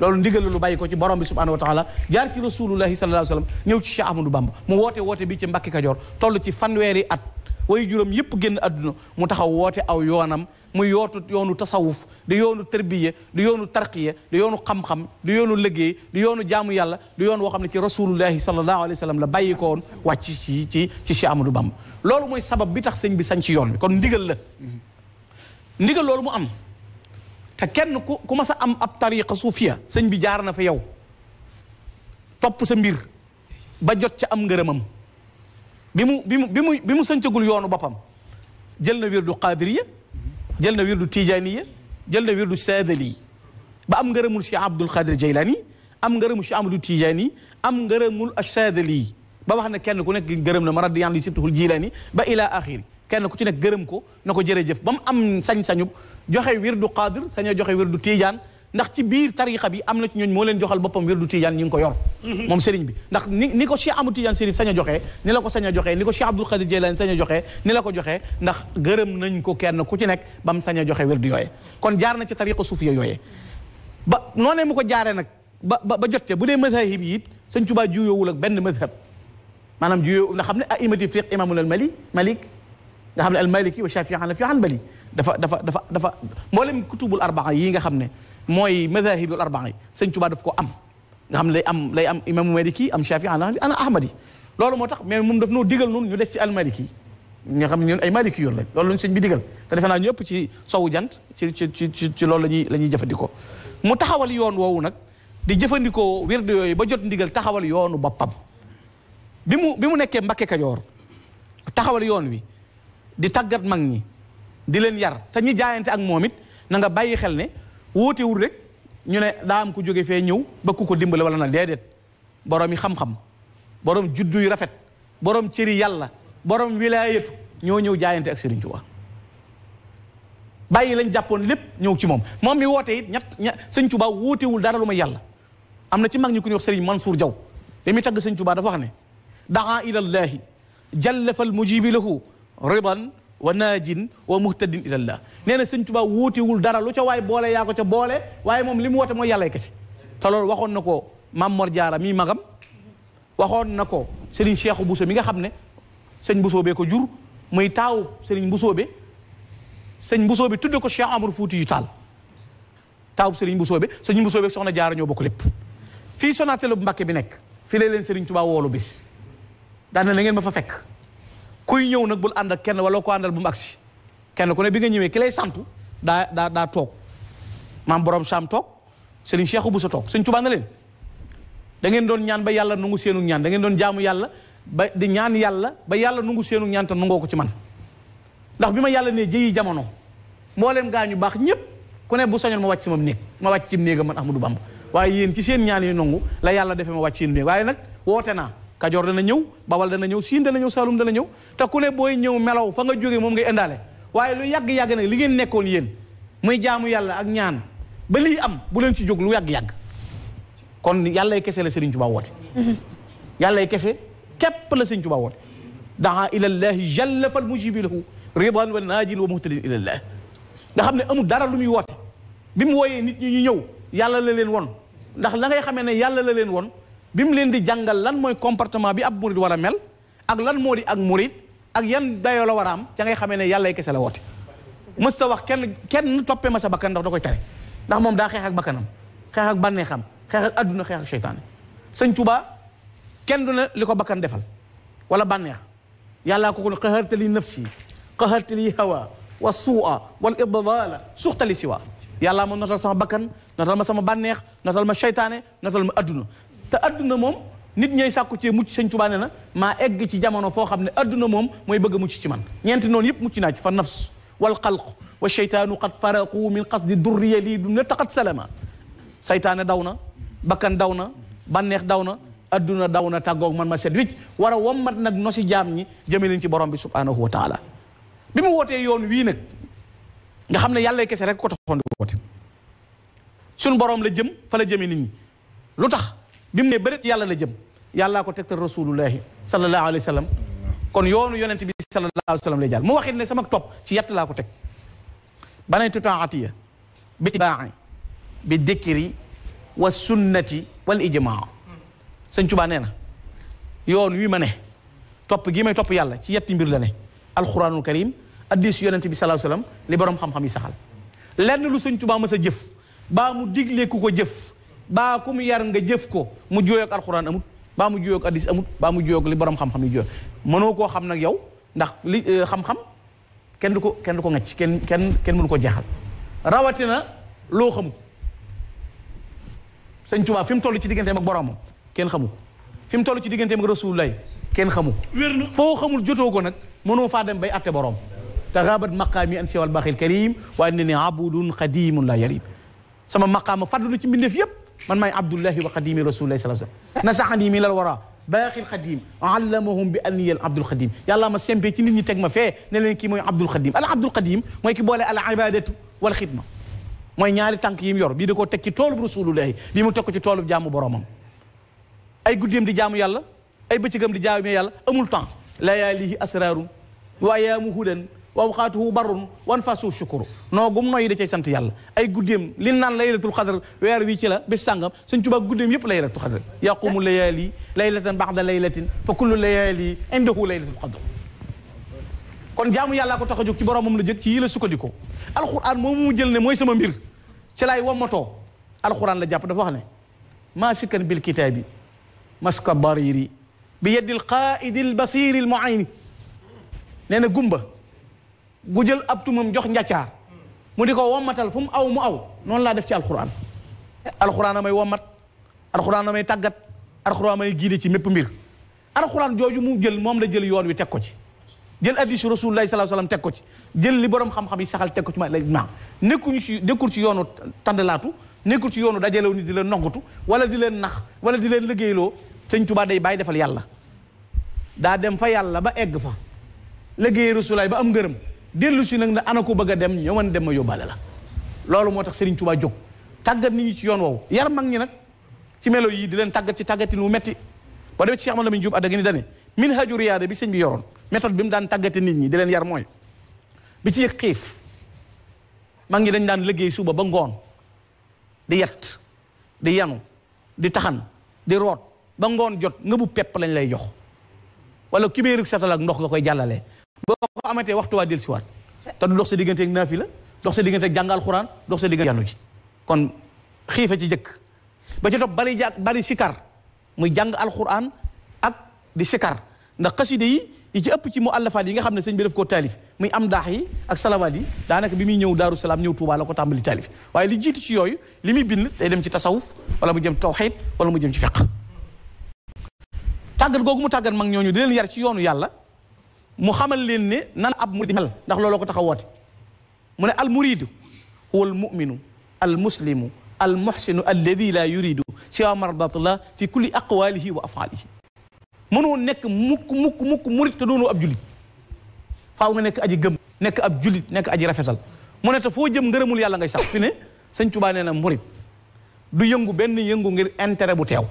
loolu ndigal lu bàyyi ko ci borom bi subhanahu wa taala jaar ci rasulullahi sallallahu alayhi wa sallam ñëw ci Cheikh Ahmadou Bamba mu woote woote bi ci Mbàkke Kajoor toll ci fanweeri at way juróom yëpp génn àdduna mu taxaw woote aw yoonam mu yootu yoonu tasawuf di yoonu tërbiya di yoonu tarqiya di yoonu xam-xam di yoonu liggéey di yoonu jaamu yàlla di yoon woo xam ne ci rasulullahi sallallahu alayhi wa sallam la bàyyi ko woon wàcc ci ci ci Cheikh Ahmadou loolu mooy sabab bi tax sëñ bi sañ ci yoon bi kon ndigal la ndigal loolu mu am te kenn ku ku a am ab tariqa suufiya sëñ bi jaar na fa yow topp sa mbir ba jot ca am ngërëmam bi mu bi mu bi mu bi mu sëncagul yoonu boppam jël na wirdu qaadiriya jël na wirdu tijaaniya jël na wirdu saadali ba am ngërëmul Cheikh Abdul Qadir Jaylaani am ngërëmul Cheikh Amadou Tijaani am ngërëmul saadali ba wax ne kenn ku nekk ngërëm na ma radiyallaahu anhu sibtuhul jilaani ba ila axiri kenn ku ci nekk gërëm ko na ko jërëjëf ba mu am sañ-sañub joxe wirdu xaadir sañ a joxe wirdu tiijaan ndax ci biir tariqa bi am na ci ñooñ moo leen joxal boppam wirdu tiijaan ñi ngi ko yor mhm. moom sëriñ bi ndax ni ni ko Cheikh Amadou Tidiane Sérif sañ a joxee ni la ko sañ a joxee ni ko Cheikh Abdoul Khadir Jeylaani sañ a joxee ni la ko joxee ndax gërëm nañ ko kenn ku ci nekk ba mu sañ a joxe wirdu yooyee kon jaar na ci tariqa suufiya yooyee ba noonee mu ko jaaree nag ba ba jot ca bu dee mazahib yi it sëñ Tuubaa juyoowul ak benn mazhab maanaam juyoo nga xam ne aimati fiq imamul mali malik nga xam ne almaliki wa shafi xanafi hanbali dafa dafa dafa dafa mboolem kutubul arbaa yi nga xam ne mooy madahibul arbaa yi sëñ Tuubaa daf ko am nga xam ne lay am lay am imaamu maliki am shafi xanafi ana ahmadi loolu moo tax mais moom daf noo digal noonu ñu des ci almaliki ñoo xam ne ñun ay maliki yoon lañ loolu lañ sëñ digal te naa ñëpp ci sowu jant ci ci ci ci loolu la ñuy jëfandikoo mu taxawal yoon woowu nag di jëfandikoo wérde yooyu ba jot ndigal taxawal yoonu boppam bi mu bi mu nekkee Mbakke Kajoor taxawal yoon wi di tàggat mag ñi di leen yar te jaayante ak moom it na nga bàyyi xel ne wóotewul rek ñu ne daa am ku jóge fee ñëw ba ku ko dimbale wala na déedéet borom yi xam-xam boroom juddu yu rafet boroom cëri yàlla borom wilaayatu ñoo ñëw jaayante ak Serigne Touba bàyyi lañ jàppoon lépp ñëw ci moom moom mi woote it ñett ña Serigne Touba wóotewul dara lu may yàlla am na ci mag ñi ku ñuy wax Serigne Mansour jaw te mi tagg Serigne Touba dafa wax ne daa ilallaahi jalla fal mujibi lahu ridan wa naajin wa muhtadin ilallah nee na sëñ Tuubaa wuutiwul dara lu ca waay boole yaa ko ca boole waaye moom li mu woote mooy yàllay kese te loolu waxoon na ko Maam Mor Jaara mii magam waxoon na ko Serigne Cheikhou Bousso bi nga xam ne sëñ Bousso bee ko jur muy taawu Serigne Bousso be sëñ Bousso bi tudde ko Cheikh Amar Fuuti yu taal taawu Serigne Bousso sëñ Bousso be soxna Jaara ñoo bokk lépp fii Sonatel bu Mbàkke bi nekk fii leen Serigne Tuubaa woolu bis daan na ngeen ma fa fekk kuy ñëw nag bul ànd ak kenn wala ko àndal bu mu agsi kenn ku ne bi nga ñëwee ki lay santu daa daa daa toog maam borom saam toog Serigne Cheikh bu sa toog Serigne Touba na leen da doon ñaan ba yàlla nungu seenu ñaan da ngeen doon jaamu yàlla di ñaan yàlla ba yàlla nungu seenu ñaan te nungoo ko ci man ndax bi ma yàlla ne jëyi jamono mbooleem gaa ñu baax ñëpp ku ne bu sañoon ma wàcc sama néeg ma wàcc ci néegam man Ahmadou Bamba waaye yéen ci seen ñaan yi la yàlla defee ma wàcc seen néeg waaye nag woote naa Kajoor dana ñëw Bawal dana ñëw Siin dana ñëw Saalum dana ñëw te ku ne booy ñëw melow fa nga jógee moom nga indaale waaye lu yàgg-yàgg nag li ngeen nekkoon yéen muy jaamu yàlla ak ñaan ba lii am bu leen ci jóg lu yàgg-yàgg kon yàllay kese la Sëriñ Tuubaa woote mhm. yàllay kese képp la Sëriñ Tuubaa woote daa ilallaahi jalla fal mujibi lahu ridan wa naajin wa muhtadin ilallaah nga xam ne amul dara lu muy woote bi mu wooyee nit ñi ñu ñëw yàlla la leen woon ndax la ngay xamee ne yàlla la leen won bi mu leen di jàngal lan mooy comportement bi ab murid war a mel ak lan moo di ak murid ak yan dayoo la war a am ca ngay xamee ne yàlla kese la woote mës ta wax kenn kenn toppee ma sa bakkan ndax da koy tere ndax moom daa xeex ak bakkanam xeex ak bànneexam xeex ak adduna xeex ak seytaane sëñ Tuubaa kenn du ne li ko bakkan defal wala bànneex yàllaa ko kon qaharta li nafsi qaharta li hawa wa suua wal idlala suxtali siwa yàllaa ma notal sama bakkan notal ma sama bànneex notal ma seytaane notal ma adduna te adduna moom nit ñooy sàkku cee mucc sëñ Tuubaa na maa egg ci jamono foo xam ne adduna moom mooy bëgg a mucc ci man ñeenti noonu yëpp mucc naa ci fa nafs wal xalq wa seytaanu qad faraqu min qasdi durriya lii du ne taxat salama seytaane daw na bakkan daw na banneex daw na adduna daw na tàggoog man ma set wicc war a wommat nag nosi jaam ñi jëme leen ci borom bi subhanahu wa taala bi mu wootee yoon wii nag nga xam ne yàlla kese rek ko taxoon di la jëm fa la jëme bi mu ne bëreet yàlla la jëm yàllaa ko tegtal rasulullahi sallallahu alayhi wa sallam kon yoonu yonent bi sallallahu alayhi wa sallam lay jàll mu waxit ne sama topp ci yett laa ko teg banaytu taatiya bi tibaa'i bi dikri wa sunnati wal ijmaa sëñ Tuubaa nee na yoon wi ma ne topp gii may topp yàlla ci yetti mbir la ne alquranul karim addis yonent bi sallallahu alayhi wa sallam li borom xam-xam yi saxal lenn lu sëñ Tuubaa mës a jëf baa mu diglee ku ko jëf baa ku mu yar nga jëf ko mu jooyoog alxuraan amut baa mu jooyoog addis amut baa mu jooyoog li borom xam-xam yi mënoo koo xam nag yow ndax li euh, xam-xam kenn du ko kenn du ko ŋacc kenn kenn kenn mënu ko jeexal rawatina loo xamul sëñ Tuubaa fi mu toll ci digganteem ak boromam kenn xamul fi mu toll ci digganteem ak Rasulullah kenn xamul. foo xamul jotoo ko nag mënoo faa dem bay atte borom. te raabat maqaami an siwal baxil karim waaye ne ne abudun xadimun la yarim sama maqaama fàttali ci mbindeef yëpp. man maay abdullahi wa xadimi rasulillahi salaa sallam nasaxani mi lal wara baaqil xadim allamahum bi anniyal abdul xadim yàlla ma sempee ci nit ñi teg ma fee ne leen kii mooy abdul xadim al abdul xadim mooy ki boole al ibadatu wal xidma mooy ñaari tànk yi mu yor bii da koo teg ci toolub rasulullahi bii mu teg ko ci toolub jaamu boromam ay guddeem di jaamu yàlla ay bëccëgam di jaamu yàlla amul temps layaalihi asrarun wa ayaamu hudan wa awqaatuhu barrun wan fasu shukuru noo gum nooyi da cay sant yàlla ay guddeem li naan laylatul xadar weer wi ci la bis sàngam suñ Tuubaa guddeem yëpp laylatul xadar yaqumu layaali laylatan baxda laylatin fa kullu layaali indahu laylatul xadar kon jaamu yàllaa ko tax a jóg ci boromam la jóg ci yii la sukkandikoo alquran mu jël ne mooy sama mbir ci laay wammatoo alquran la jàpp dafa wax ne maasikan bil kitaabi maska dariri bi yeddi alqaidi albasiri almuayni na gumba gu jël ab tumam jox njaccaar mu di ko wommatal fu mu aw mu aw noonu laa def ci alxuraan alxuraan amay wommat alxuraan amay tàggat alxuraan amay giide ci mépp mbir alxuraan jooju mu jël moom la jël yoon wi teg ko ci jël hadiisu rasulullaahi sallallaahu alayhi wa sallam teg ko ci jël li borom xam-xam yi saxal teg ko ci ma ijmaa nekkuñu ci nekkul ci yoonu tàndalaatu nekkul ci yoonu dajalew ni di leen nongutu wala di leen nax wala di leen liggéeyloo sëñ Tuubaa day bay defal yàlla daa dem fa yàlla ba egg fa liggéey ba am ngërëm dellu si nag ne ana ko bëgg a dem ñoo mën dem ma yóbbaale la loolu moo tax Serigne Touba jóg tàggat nit ñi ci yoon woowu yar mag ñi nag ci melo yii di leen tàggat ci tàggatin wu metti boo demee ci Cheikh Malamine Diop Adagani dane min haju bi sëñ bi yoroon méthode bi mu daan tàggate nit ñi di leen yar mooy bi ci xiif mag ñi dañ daan liggéey suba ba ngoon di yett di yanu di taxan di root ba ngoon jot nga bu pepp lañ lay jox wala kibéeru setal ndox nga koy jàllale amatee waxtu waa dellusiwaat te du dox sa digganteeg naafila dox sa digganteeg jàngal xuraan dox sa diggante yanu ji kon xiifa ci jëkk ba ci topp bari ja bari sikar muy jàng alxuraan ak di sikar ndax xaside yi yi ci ëpp ci mu àllafaat yi nga xam ne sëñ bi def koo taalif muy am daax yi ak salawaat yi daanaka bi muy ñëw daaru salaam ñëw Touba la ko tàmbali taalif waaye li jiitu ci yooyu li muy bind day dem ci tasawuf wala mu jëm tawxiid wala mu jëm ci fiq tàggat googu mu tàggat mag ñooñu di leen yar ci yoonu yàlla mu xamal leen ne nan ab murid mel ndax looloo ko tax mu ne al muridu huwa al muminu al muslimu al muhsinu alladi la yuridu siwa la fi kulli aqwalihi wa afalihi mënoo nekk mukk mukk mukk murid te ab julit faaw nga nekk aji gëm nekk ab julit nekk aji rafetal mu ne te foo jëm ngërëmul yàlla ngay sax fi ne sëñ Tuubaa nee na murid du yëngu benn yëngu ngir intérêt bu teew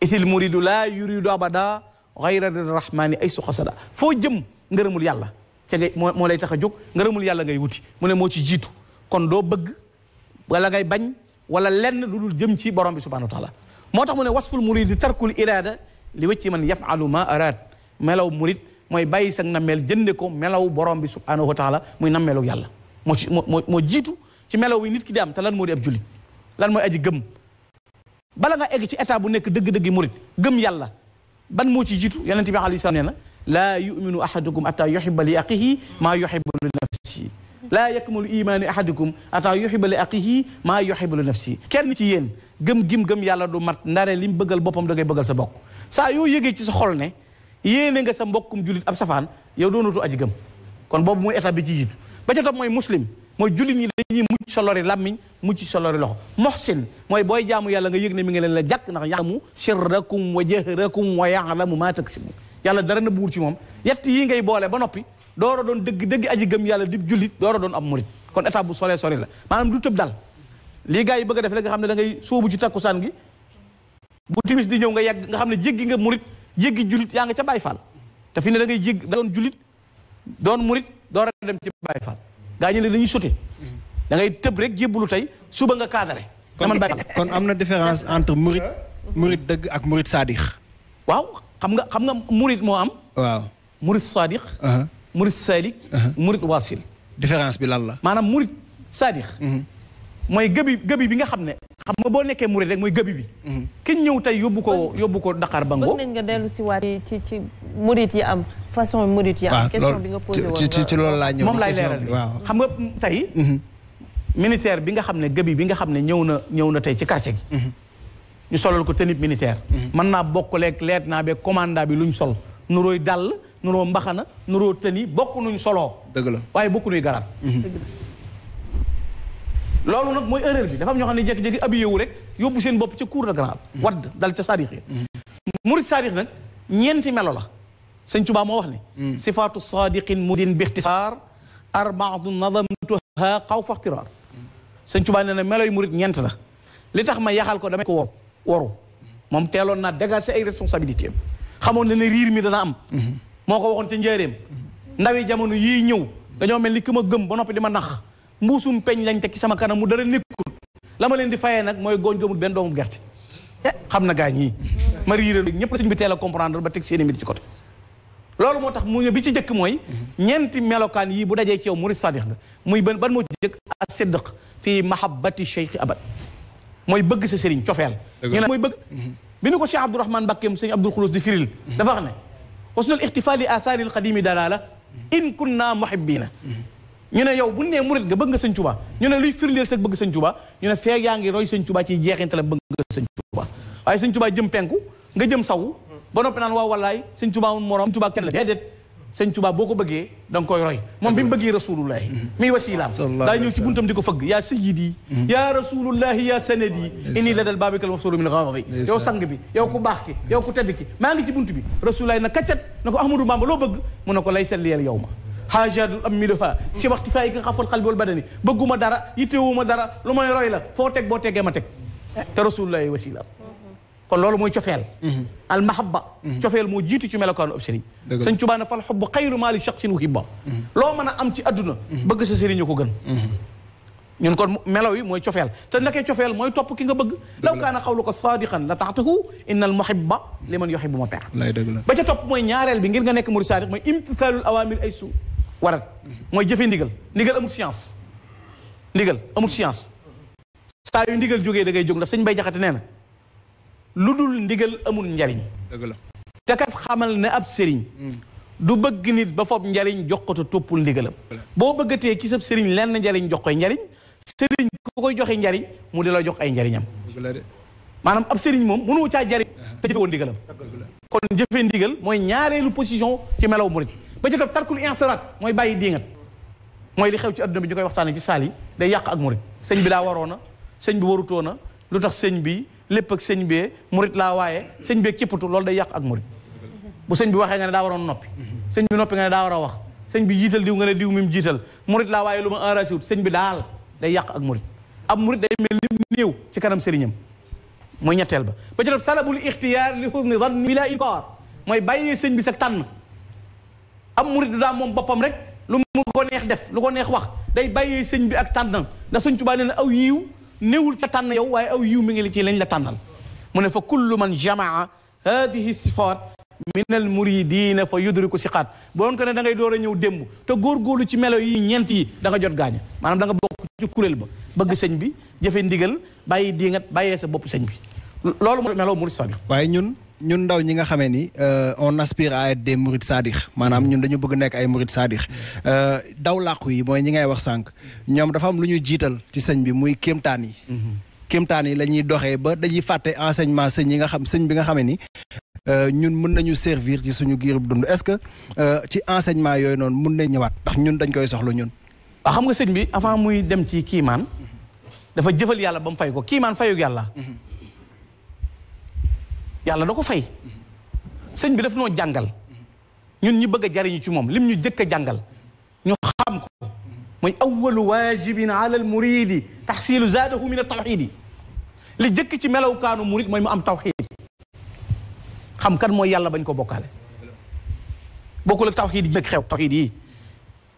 itil muridu la yuridu abada xayra rahmaani ay su foo jëm ngërëmul yàlla ca moo moo lay tax a jóg ngërëmul yàlla ngay wuti mu ne moo ci jiitu kon doo bëgg wala ngay bañ wala lenn lu dul jëm ci borom bi subhanahu wa taala moo tax mu ne wasful muridi tarkul iraada li wëcci man yafalu ma araad melow murid mooy bàyyi sag nammeel jënde ko melaw borom bi subhanahu wa taala muy nammeelu yàlla moo ci moo moo jiitu ci melaw yi nit ki di am te lan moo di ab jullit lan mooy aji gëm bala nga egg ci état bu nekk dëgg-dëgg gëm yàlla ban moo ci jiitu yonent bi alayhi salaam nee na laa yuminu ahadukum ataa yuhibba li aqihi maa yuhibbu li nafsihi laa yakmalu imaani ahadukum ataa yuhibba li aqihi maa yuhibbu li nafsihi kenn ci yéen gëm gim gëm yàlla du mat ndare li mu bëggal boppam da ngay bëggal sa bokk saa yoo yëgee ci sa xol ne yéene nga sa mbokkum jullit ab safaan yow doonatu aj gëm kon boobu mooy état bi ci jiitu ba ca topp mooy muslim mooy jullit ñi dañuy mucc sa lori làmmiñ mucc sa lori loxo moxsin mooy booy jaamu yàlla nga yëg ne mi ngi leen la jàkk ndax ya'lamu sirrakum wa jahrakum wa ya'lamu ma taksibun na buur ci moom yett yi ngay boole ba noppi doora doon dëgg dëgg aji gëm yàlla di jullit doora doon ab murit kon étape bu sore sore la maanaam du tëb dal lii gars yi bëgg a nga xam ne da ngay sóobu ci takkusaan gi bu timis di ñëw nga yàgg nga xam ne jéggi nga murit jéggi jullit yaa nga ca Baay Faal te fii ne da ngay jéggi doon jullit doon murit doora dem ci Baay Faal gaa ñu ne dañuy sauté da ngay tëb rek jébbalu tey suba nga cadré. kon am na différence entre murit murit dëgg ak murit saadix. waaw xam nga xam nga murit moo am. waaw murit saadix. Uh-huh. murit saalik. Uh-huh. murit waasil. différence bi lan la. maanaam murit saadix. Mm-hmm. mooy gëbi gëbi bi nga xam ne xam nga boo nekkee murid rek mooy gëbi bi mm-hmm. ki ñëw tey yóbbu ko yóbbu ko Dakar Bango bëgg nga dellu si ci ci murid yi am façon murid yi am question nga posé ci loolu laa ñëw moom laay leeral waaw xam nga tey mm-hmm. militaire bi nga xam ne gëbi bi nga xam ne ñëw na ñëw na tey ci quartier gi mm-hmm. ñu solal ko tenue militaire mën naa bokk leeg leer naa beeg commandant bi lu ñu sol nuróoy dàll nuroo mbaxana nuroo tenue bokk nuñ soloo dëgg la waaye bokk nuy garaat loolu nag mooy erreur bi dafa am ñoo xam ne jékki-jékki abiyé rek yóbbu seen bopp ca cour de grande dal ca saadix ya murid saadix ñeenti melo la sëñ Tuubaa moo wax ne sifaatu saadiqin mudin bi ixtisaar arbaatu nadamtuha xaw fa ixtiraar sëñ Tuubaa nee na meloy murid ñeent la li tax ma yaxal ko damay ko waru waru moom teeloon naa dégager ay responsabilité am xamoon na ne riir dana am moo ko waxoon ca njëreem ndawi jamono yii ñëw dañoo mel ni ki ma gëm ba noppi di ma nax mbuusum peñ lañ te tekki sama kanam mu dara nekkul la ma leen di fayee nag mooy gooñ gëmul benn doomu gerte eh. xam na gaañ yi ma ñëpp la teel comprendre ba teg seeni mbir ci côté loolu moo tax mu ne bi ci jëkk mooy ñeenti melokaan yii bu dajee ci yow murid sadiq nga muy ban ban moo ci jëkk asidq fii mahabbati cheikh abad mooy bëgg sa sëriñ cofeel ñu ne mooy bëgg bi nu ko cheikh abdourahman mbàkkeem sëñ abdul xulus di firil dafa wax ne xusnul ixtifali asaari alqadimi dalala in kunna muhibbina ñu ne yow bu nee murit nga bëgg nga sëñ ñu ne luy firndeel sa bëgg sëñ Tuubaa ñu ne feeg yaa ngi roy sëñ Tuubaa ci jeexintal bëgg nga sëñ Tuubaa waaye sëñ jëm penku nga jëm sawu ba noppi naan waaw wallaay sëñ Tuubaa mun morom sëñ Tuubaa kenn la boo ko bëggee da nga koy roy moom bi mu bëggee rasulullahi miy wasilaam daa ñëw si buntam di ko fëgg yaa sayyidi yaa rasulullahi yaa sanadi inni la dal baabikal mafsuulu min xawari yow sang bi yow ku baax ki yow ku tedd ki maa ngi ci bunt bi rasulullahi na kaccat na ko ahmadou loo bëgg mu ne ko lay selliyel yow ma haajadul am mi midoha si waxti fay ka xafoon xal bool badani ma dara ma dara lu may roy la foo teg boo tegee ma teg te rasulullah wasila kon loolu mooy cofeel mhm. al mahabba mhm. cofeel moo jitu ci melokaanu ab sëriñ sëñ Tuubaa ne fal ma xayru maali shaxsin uhibba mhm. loo mën am ci adduna bëgg sa sëriñ ko gën ñun kon melaw yi mooy cofeel te nakee cofeel mooy topp ki nga bëgg law kaana xawluka saadiqan la taxtahu inna al muhibba liman yuhibbu ma peex ba ca topp mooy ñaareel bi ngir nga nekk murid saadiq mooy imtisaalul awaamir ay suu waral mooy jëfe ndigal ndigal amul science ndigal amul science saa yu ndigal jógee dangay ngay jóg ndax sëñ bay Jaxate nee na lu dul ndigal amul njariñ dëgg la te xamal ne ab sëriñ mm. du bëgg nit ba fob njariñ jox ko te toppul ndigalam boo bëggatee ci sab sëriñ lenn njariñ jox koy njariñ sëriñ ku koy joxe njariñ mu di la jox ay njariñam maanaam ab sëriñ moom mënoo caa jariñ te jëfewoon ndigalam kon jëfe ndigal mooy ñaareelu position ci melaw murit ba ci topp tarkul intirat mooy bàyyi diingat mooy li xew ci adduna bi ñu koy waxtaanee ci saal yi day yàq ak murit sëñ bi daa waroona sëñ bi warutoona lu tax sëñ bi lépp ak sëñ bee murit laa waaye sëñ bee cëppatu loolu day yàq ak murit bu sëñ bi waxee nga ne daa waroon noppi sëñ bi noppi nga ne daa war a wax sëñ bi jiital diw nga ne diw mim jiital murit laa waaye lu ma enragé wut sëñ bi daal day yàq ak murit ab murit day mel ni ci kanam sëriñam mooy ñetteel ba ba ci topp salabul ixtiyaar li xusni zanni bila iqaar mooy bàyyee sëñ bi sa tànn am murid daa moom boppam rek lu mu ko neex def lu ko neex wax day bàyyee sëñ bi ak tànnam ndax sëñ Tuubaa nee na aw yiiw néewul ca tànn yow waaye aw yiw mi ngi li ci lañ la tànnal mu ne fa kullu man jamaa hadihi sifaat min al muridina fa yudriku siqaat boo doon ko ne da ngay door a ñëw démb te góorgóorlu ci melo yi ñeent yi da jot gaaña maanaam danga bokk ci kuréel ba bëgg sëñ bi jëfe ndigal bàyyi diingat bàyyee sa bopp sëñ bi loolu melo murid sadiq waaye ñun ñun ndaw ñi nga xamee ni euh, on aspire à être des mourides maanaam ñun dañu bëgg nekk ay mourides sadiq euh, daw làqu yi mooy ñi ngay wax sànq ñoom dafa am lu ñuy jiital ci sëñ bi muy kéemtaan yi mhm. kéemtaan yi la ñuy doxee ba dañuy fàtte enseignement sëñ yi nga xam sëñ bi nga xamee ni euh, ñun mën nañu servir ci suñu giirub dund est-ce que ci enseignement yooyu noonu mun nañ ñëwaat ndax ñun dañ koy soxla ñun waaw ah, xam nga sëñ bi avant muy dem ci kiimaan dafa jëfal yàlla ba mu fay ko kiimaan fayug yàlla mhm. yàlla da ko fay sëñ bi daf noo jàngal ñun ñu bëgg jariñu ci moom lim ñu jëkk a jàngal ñu xam ko mooy awalu waajibin ala al muridi taxsilu zaadahu min at-tawxiid li jëkk ci melawkaanu murid mooy mu am tawxiid xam kan mooy yàlla bañ ko bokkaale bokkul ak tawxiid yi nag xew tawxiid yi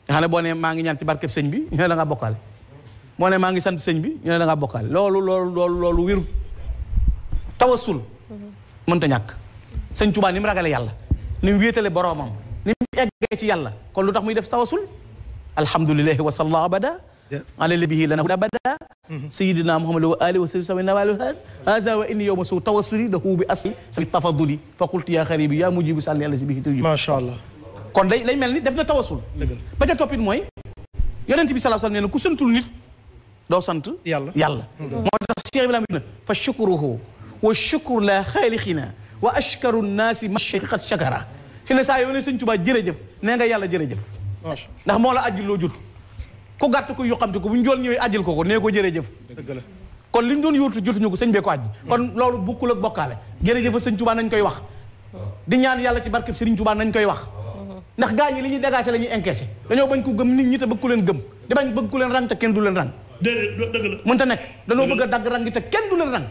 xam ne boo ne maa ngi ñaan ci barkeb sëñ bi ñu ne la nga bokkaale boo ne maa ngi sant sëñ bi ñu ne la bokkaale loolu loolu loolu loolu wérut mënta ñàkk sëñ Tuubaa ni mu ragale yàlla ni mu wéetale boroomam ni mu eggee ci yàlla kon lu tax muy def tawasul alhamdulilahi wa salla abada ala nabihi lana abada sayidina muhammad wa alihi wa sahbihi sama nawalu hada wa inni yowma suu tawassuli lahu bi asli sami tafaduli fa qultu ya xaribi ya mujibu sàlli yàlla si bihi tujib macha allah kon day day mel ni def na tawasul ba ca toppit mooy yonent bi salaa sallam nee na ku santul nit doo sant yàlla yàlla mm-hmm. moo tax Cheikh Ibrahima na fa shukuruhu wa shukur la xaalixina wa ashkaru naasi mashaqat shakara fi ne saa yoo sañ sëñ Tuubaa jërëjëf nee nga yàlla jërëjëf ndax moo la ajjul loo jut ku gàtt ko yoxamti ko bu ñu jool ñëwee ajjil ko ko nee ko jërëjëf kon li ñu doon yóotu jotuñu ko sëñ bee ko ajj kon loolu bukkul ak bokkaale jërëjëfa sëñ Tuubaa nañ koy wax di ñaan yàlla ci barkeb sëriñ Tuubaa nañ koy wax ndax gaa ñi li ñuy dégagé la ñuy encaissé dañoo bañ ko gëm nit ñi te bëgg ku leen gëm di bañ bëgg ku leen rang te kenn du leen rang déedéet dëgg la mënta bëgg a dagg rang te kenn du leen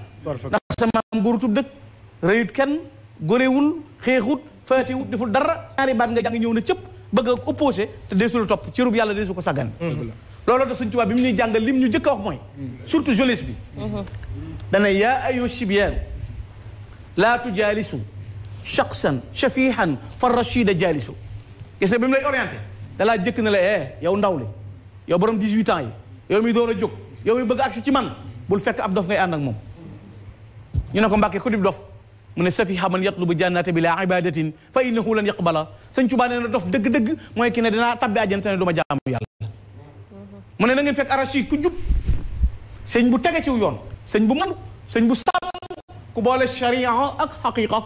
maam góorutub dëkk rëyut kenn góorewul xeexut faatiwut deful dara ñaari baat nga jàng ñëw na cëpp bëgg a te dee topp cërub yàlla dee su ko saggan looloo tax suñ tubaab bi mu ñuy jàngal lim ñu njëkk a wax mooy surtout jeunesse bi dana yaa ayo sibyaan laa tujaalisu shaqsan shafihan fa rachida jaalisu gis nga bi mu lay orienté dalaa jëkk na la eh yow ndaw li yow borom 18 ans yi yow mi door a jóg yow mi bëgg agsi ci man bul fekk ab dof ngay ànd ak moom ñu ne ko Mbàkke ku dib dof mu ne safiha man yatlubu jannata bi laa ibadatin fa innahu lan yaqbala sëñ Tuubaa nee na dof dëgg-dëgg mooy ki ne dinaa tabbi àjjana ne du ma jaamu yàlla mu ne na ngeen fekk arachi ku jub sëñ bu tege ciw yoon sëñ bu manu sëñ bu sàmm ku boole sharia ak xaqiqa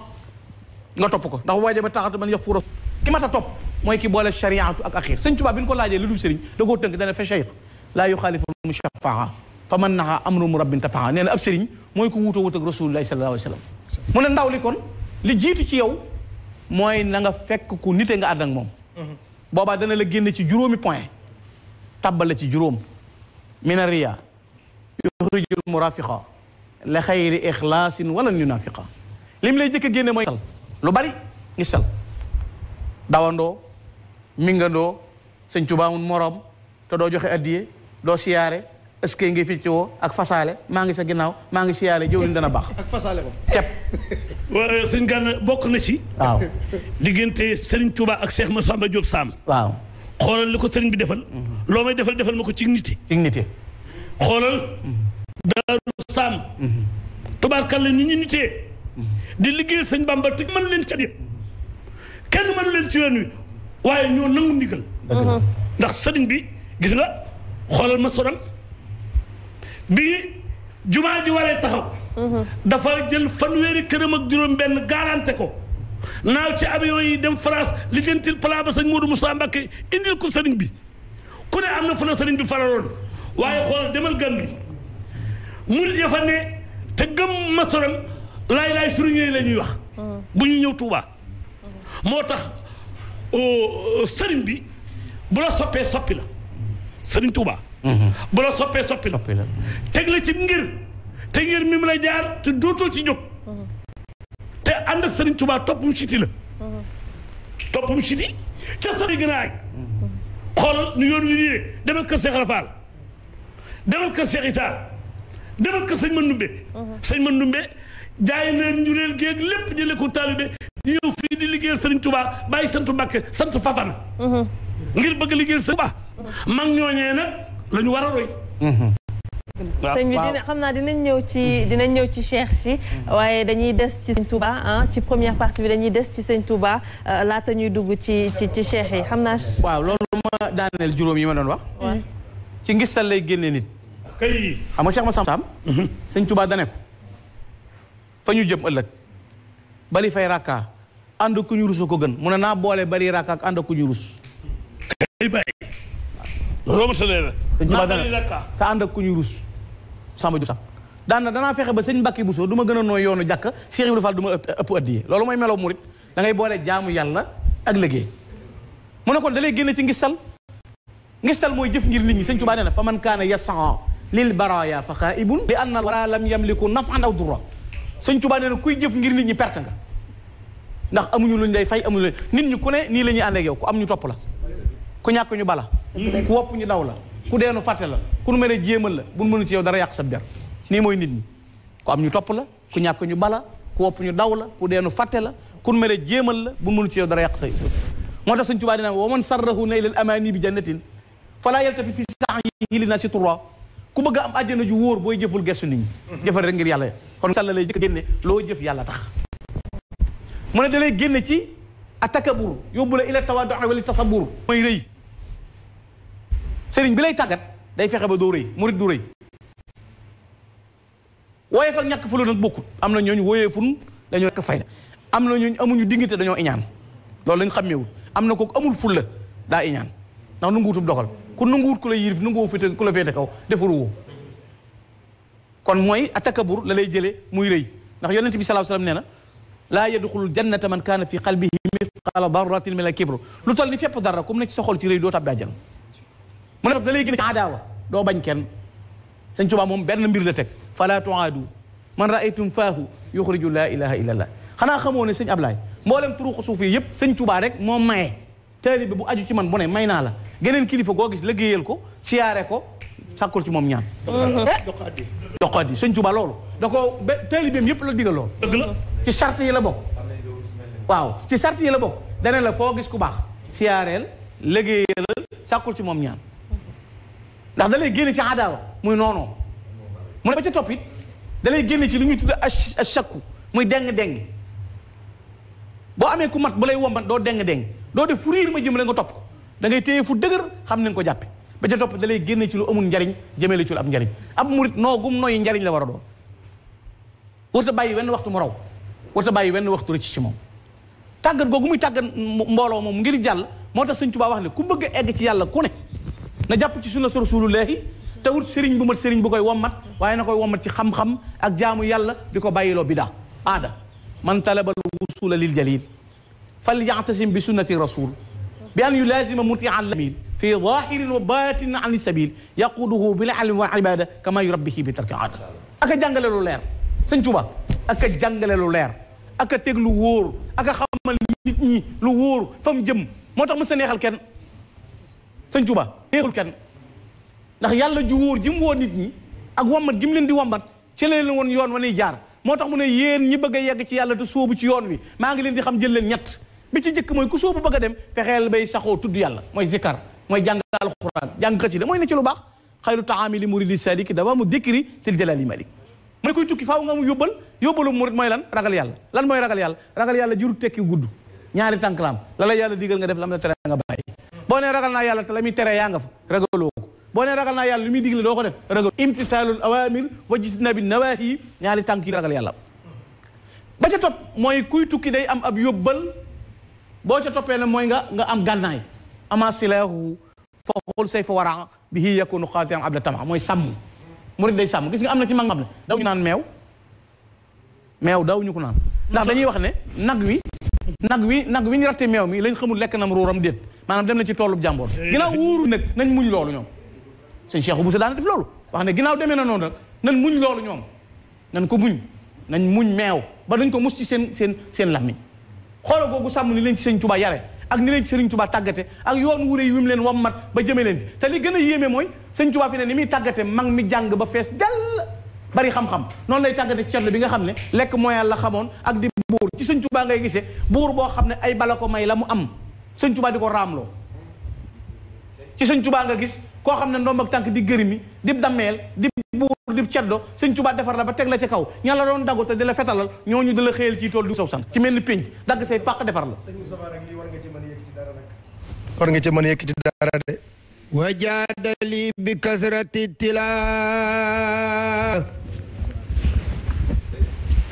nga topp ko ndax waaja ba taxatu man yax fura ki ma a topp mooy ki boole shariatu ak axiir sëñ Tuubaa bi ñu ko laajee lu dul sëriñ da koo tënk dana fa cheikh laa yuxaalifu fa man naxa amru mu rabbin tafaxa nee na ab sëriñ mooy ko wuutoo wut ak rasulullahi sallallahu alayhi ndaw li kon li jiitu ci yow mooy na fekk ku nite nga ànd moom boobaa dana la génne ci juróomi point tabbale ci juróom mina riya yuxrijul murafiqa la xayri ixlaasin wala yunafiqa li mu lay jëkk génne mooy sal lu bari ngi sal dawandoo mingandoo sëñ tubaamun moroom te doo joxe addiye doo siyaare est-ce que ngi ficciwoo ak fasaale maa ngi sa ginnaaw maa ngi si yaale jëwriñ dana baax. ak fasaale moom képp. Euh, bokk na ci. waaw diggante Serigne Touba ak Cheikh Massamba Diop Sam. waaw xoolal li ko Serigne bi defal. Mhm. loo may defal defal ma ko ci nite. ci nite. xoolal. la Sam. Mhm. tubaarkàlla nit ñi nitee. Mhm. di liggéeyal sëñ Bamba te mënu leen ca kenn mënu leen ci yoon wi waaye ñoo nangu ndigal. ndax Serigne bi gis nga xoolal ma soram. bi jumaa ji waree taxaw. Mhm. dafa jël fanweeri këram ak juróom-benn garanté ko. naaw ci avion yi dem France li jëntil plan ba sëñ Modou Moussa Mbacké indil ko sëriñ bi ku ne am na fu la sëriñ bi faraloon waaye demal gan bi murit ya fa ne te gëm masoram laay ñuy wax. Mhm. bu ñu ñëw Touba. moo tax euh, sëriñ bi bu la soppee soppi la sëriñ Touba. Mm-hmm. bu la soppee soppi la teg la ci ngir te ngir mi mu la jaar te dootoo ci jóg mm-hmm. te ànd ak Serigne Touba toppum siti la mm-hmm. toppum siti ca sëriñ gën a aaj xoolal nu yoon wi nii demal kër Cheikh Rafaal demal kër Cheikh Issa demal kër sëñ ma ndumbe sëñ ma ndumbe jaay neen njureel géeg lépp jële ko taalibe ñëw fii di liggéeyal Serigne tubaa bàyyi sant Mbàkke sant Fafana ngir bëgg liggéeyal Serigne Touba mag ñooñee nag la ñu war mm-hmm. xam naa dinañ ñëw ci dinañ ñëw ci cheikh si mm-hmm. waaye dañuy des ci sëñ Touba ah, ci première partie bi dañuy des ci sëñ Touba euh, laata ñuy dugg ci ci ci cheikh yi xam naa. waaw loolu ma daaneel juróom yi ma doon wax. ci ngistal lay génne nit. kay xam nga cheikh ma sam mm-hmm. sëñ Touba dane fa ñu jëm ëllëg. bali fay rakka ànd ku ñu rusu ko gën mu a naa boole bali rakka ak ànd ku ñu rus. looloo mos a leeral. te ànd ak ku ñu rus sama Diouf sax daan na danaa fexe ba sañ Mbacke bu du ma gën a nooy yoonu jàkk Cheikh Ibrahima Fall du ma ëpp addiye loolu mooy melow murit da ngay boole jaamu yàlla ak liggéey mu ne kon da lay génne ci ngistal ngistal mooy jëf ngir nit ñi sëñ Tuubaa nee na fa man kaana yasan lil baraya fa xaaibun li anna wara lam yamliku nafan aw durra sëñ Tuubaa nee na kuy jëf ngir nit ñi perte nga ndax amuñu luñ day fay amuñu luñ nit ñi ku ne nii la ñuy ànd ak ku am ñu topp la ku ñàkk ñu bala ku wopp ñu daw la ku deenu fàtte la ku nu jéemal la bu nu mënu ci yow dara yàq sa der nii mooy nit ñi ku am ñu topp la ku ñàkk ñu bala ku wopp ñu daw la ku deenu fàtte la ku nu mënee jéemal la bu nu mënu dara yàq sa moo tax suñ tubaa dina wa man sarrahu naylal amaani bi jannatin falaa yaltafi fi sa'yihi li naasi turra ku bëgg a àjjana ju wóor booy jëful gestu nit ñi ngir yàlla kon sàlla lay jëkk génne loo jëf yàlla tax mu ne da lay génne ci atakabur yóbbu la ila tawaadu wala tasabur mooy rëy sëriñ bi lay tàggat day fexe ba doo rëy murit du rëy woyeef ak ñàkk fulu nag bokkut am na ñooñu woyeefun dañoo fay fayda am na ñooñu amuñu dignité dañoo iñaan loolu lañ xàmmeewul am na kooku amul fulla daa iñaan ndax nu nguwutub dogal ku nanguwut ku la yirif nanguwoo féete ku la féete kaw defaruwoo kon mooy atakabur la lay jëlee muy rëy ndax yonent bi sallallahu alayhi wasallam nee na laa yadxulul jannata man kaana fi qalbihi mithqala darratin min al kibr lu toll ni fépp dara comme ne ci soxol ci rëy doo tàbbi mu ne da lay génn ci adaawa doo bañ kenn sëñ Tuubaa moom benn mbir la teg fala tuaadu man raaytum faahu yuxriju laa ilaha illa allah xanaa xamoo ne sëñ Ablaay mboolem turuq suuf yi yëpp sëñ Tuubaa rek moo maye taalibe bu aju ci man bu ne may naa la geneen kilifa koo gis liggéeyal ko siyaare ko sàkkul ci moom ñaan jox ko addi jox ko addi loolu da ko taalibeem yëpp la digal lool dëgg la ci yi la bokk waaw ci charte yi la bokk dane la foo gis ku baax siyaareel liggéeyal sàkkul ci moom ñaan ndax da lay génne ci adaawa muy noonoo mu ne ba ca topp it da lay génne ci lu ñuy tudd a shakku muy deng-deng boo amee ku mat bu lay wombat doo deng-deng doo def fu riir ma jëm la nga topp ko da ngay téye fu dëgër xam nañ ko jàppe ba ca topp da génne ci lu amul njariñ jëmele ci lu am njariñ ab murit noo gum nooyi njariñ la war a doon warta bàyyi wenn waxtu mu raw warta bàyyi wenn waxtu rëcc ci moom tàggat googu muy tàggat mbooloo moom ngir jàll moo tax sëñ Tuubaa wax ne ku bëgg egg ci yàlla ku ne na jàpp ci sunna rasulullahi te wut sëriñ bu mat sëriñ bu koy wommat waaye na koy wommat ci xam-xam ak jaamu yàlla di ko bàyyiloo bidaa aada man talabal wusula lil jalil fal yactasim bi sunnati rasul bi an yulaazima mutian lamil fi zahirin wa batin an sabil yaquduhu bil ilmi wal ibada kama yurabbihi bi tarki aada ak a jàngale lu leer sëñ Tuba ak a jàngale lu leer ak a teg lu wóor ak a xamal nit ñi lu wóor fa mu jëm moo tax mu sa neexal kenn sëñ Tuuba neexul kenn ndax yàlla ju wóor ji mu woo nit ñi ak wambat gi mu leen di wambat ci leen woon yoon wa nuy jaar moo tax mu ne yéen ñi bëgg a yegg ci yàlla te soobu ci yoon wi maa ngi leen di xam jël leen ñett bi ci njëkk mooy ku sóobu bëgg dem fexeel bay saxoo tudd yàlla mooy zikkar mooy jàng alxuraan jàng xasida mooy ne ci lu baax xayru taami li muridi saliki dawa mu dikri til jalali malik mooy kuy tukki faaw nga mu yóbbal yóbbalu murid mooy lan ragal yàlla lan mooy ragal yàlla ragal yàlla jur tekki gudd ñaari tànk la la la yàlla digal nga def lam la tere nga bàyyi boo nee ragal naa yàlla tere yaa nga fa ragaloo ko boo nee ragal yàlla lu muy digle doo ko def ragal imtisaalul awamir wa jisna bi nawaahi ñaari tànk yi ragal yàlla ba ca topp mooy kuy tukki day am ab yóbbal boo ca toppee na mooy nga nga am gànnaay ama silaahu fa xool say fa wara bihi yakunu xaatiran abla tama mooy sàmm murid day sàmm gis nga am na ci mag mab la daw ñu naan meew meew daw ñu ko naan ndax dañuy wax ne nag wi nag wi nag wi ñu ratte meew mi lañ xamul lekk nam ruuram déet maanaam dem na ci toolub jàmboor ginnaaw wóoru nag nañ muñ loolu ñoom sëñ Cheikh Bousso daana def loolu wax ne ginnaaw demee na noonu nag nañ muñ loolu ñoom nañ ko muñ nañ muñ meew ba nañ ko mus ci seen seen seen lammiñ xoola googu sàmm ni leen ci sëñ Touba yare ak ni leen ci sëriñ Touba tàggate ak yoon wure yi wi leen wam mat ba jëmee leen te li gën a yéeme mooy sëñ Touba fi ne ni muy tàggate mag mi jàng ba fees dell bari xam-xam noonu lay tàggate ci bi nga xam ne lekk mooy yàlla xamoon ak di buur ci sëñ ngay gisee buur boo xam ne ay bala ko may la mu am sëñ tubaa di ko raamloo ci sëñ tubaa nga gis koo xam ne ndoom ak tànk di gërimi di dammeel di buur di ceddo sëñ tubaa defar la ba teg la ci kaw ña la doon dagu te di la fetalal ñooñu di la xëyal ci tool du saw sant ci mel ni pénc dagg say pàq defar la war nga ci mën a yëkkati dara de wajaadali bi kasrati tilaa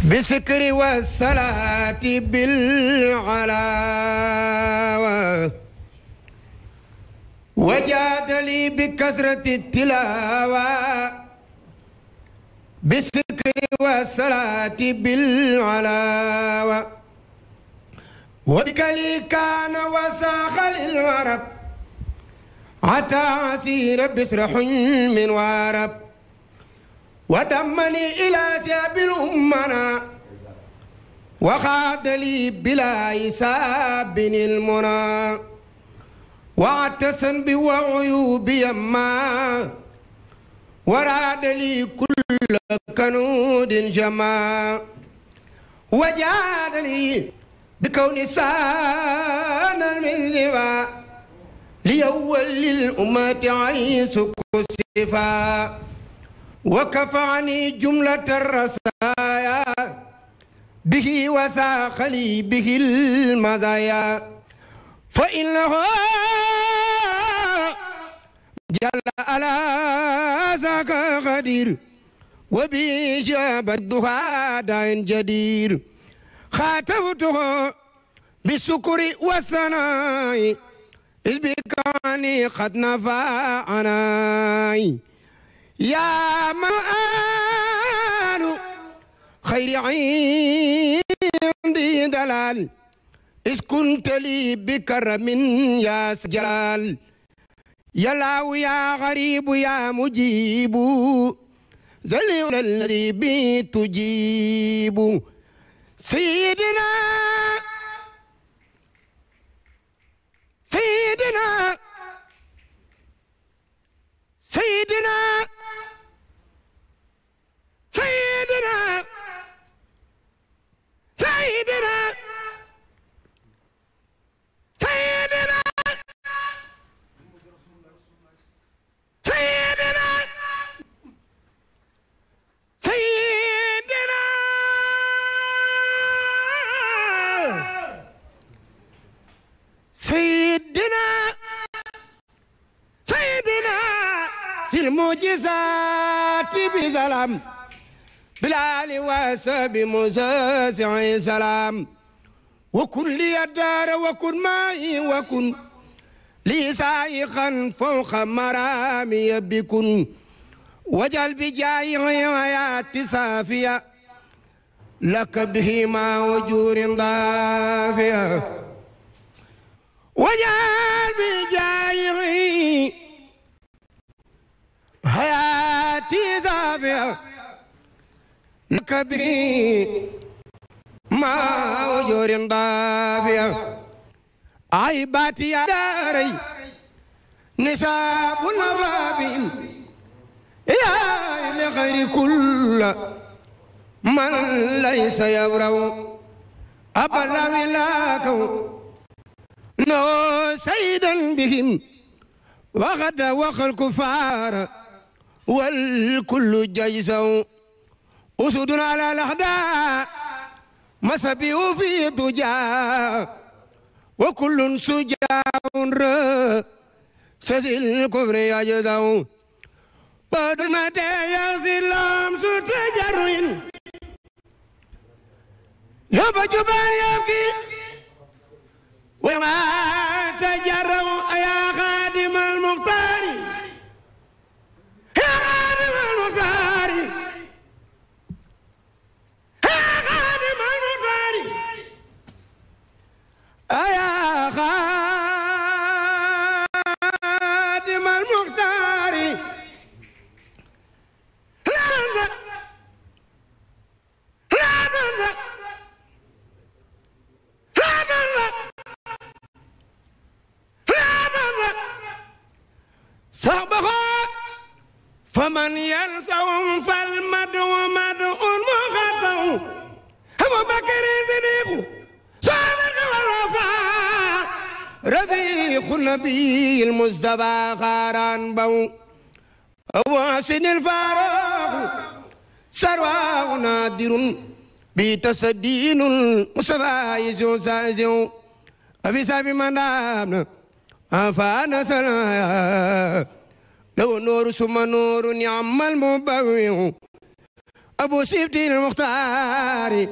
بالذكر والصلاة بالعلاوة وجادلي بكثرة التلاوة بالذكر والصلاة بالعلاوة وبكلي كان وساخ للورب حتى عسير بسرح من ورب ودمني إلى ثياب الأمنا وخاد لي بلا حساب المنى وعتسا بي وعيوبي ما وراد لي كل كنود جما وجادني بكون سانا من لواء ليول للأمة عيسك الصفا وكفعني جملة الرسايا به وساق لي به المزايا فإنه جل على ذاك قدير وبشاب الدهاء جدير خاتمته بالشكر والثناء إذ بك عني قد نفعني yaa man aalu xayri indi dalal iskuntali bi karamin yaa sajal yalaaw yaa xaribu yaa mujibu zalilalladi bi tujibu sayidina sayidina sayidina سيدنا سيدنا سيدنا سيدنا سيدنا سيدنا سيدنا في المعجزات بظلام bilaali waasabi musaasi salaam wakun li addaara wakun maayi wakun lii saayiqan fawqa maraami yabbikun wajal bi jaayi hayaati saafiya laka bihima wa juurin daafiya wajal bi jaayi hayaati saafiya نكبي ما وجور ضابية أي باتي يا داري نساب النوابي يا لغير كل من ليس يبرو أبلا ولاكو نو سيدا بهم وغدا وخل كفار والكل جيزو أسود على الأحداء مسبي في دجا وكل سجاع سذي الكفر يجدع بعد المدى يظلم سد جروين يبجو بيبكي وما تجروا يا خادم المختار يا خادم المختار ayaa xaadimal muxtaari laadanda laadanda laadanda laadanda sabaxa faman yansawum falmadu madu un muxataw Abu Bakar Sidiq المصطفى رفيق النبي المصطفى خاران بو واسن الفاروق سروا نادر بتسدين المصطفى يزو سازو أبي سابي من دابنا أفانا سلا لو نور ثم نور نعم المبوي أبو سيفتي المختار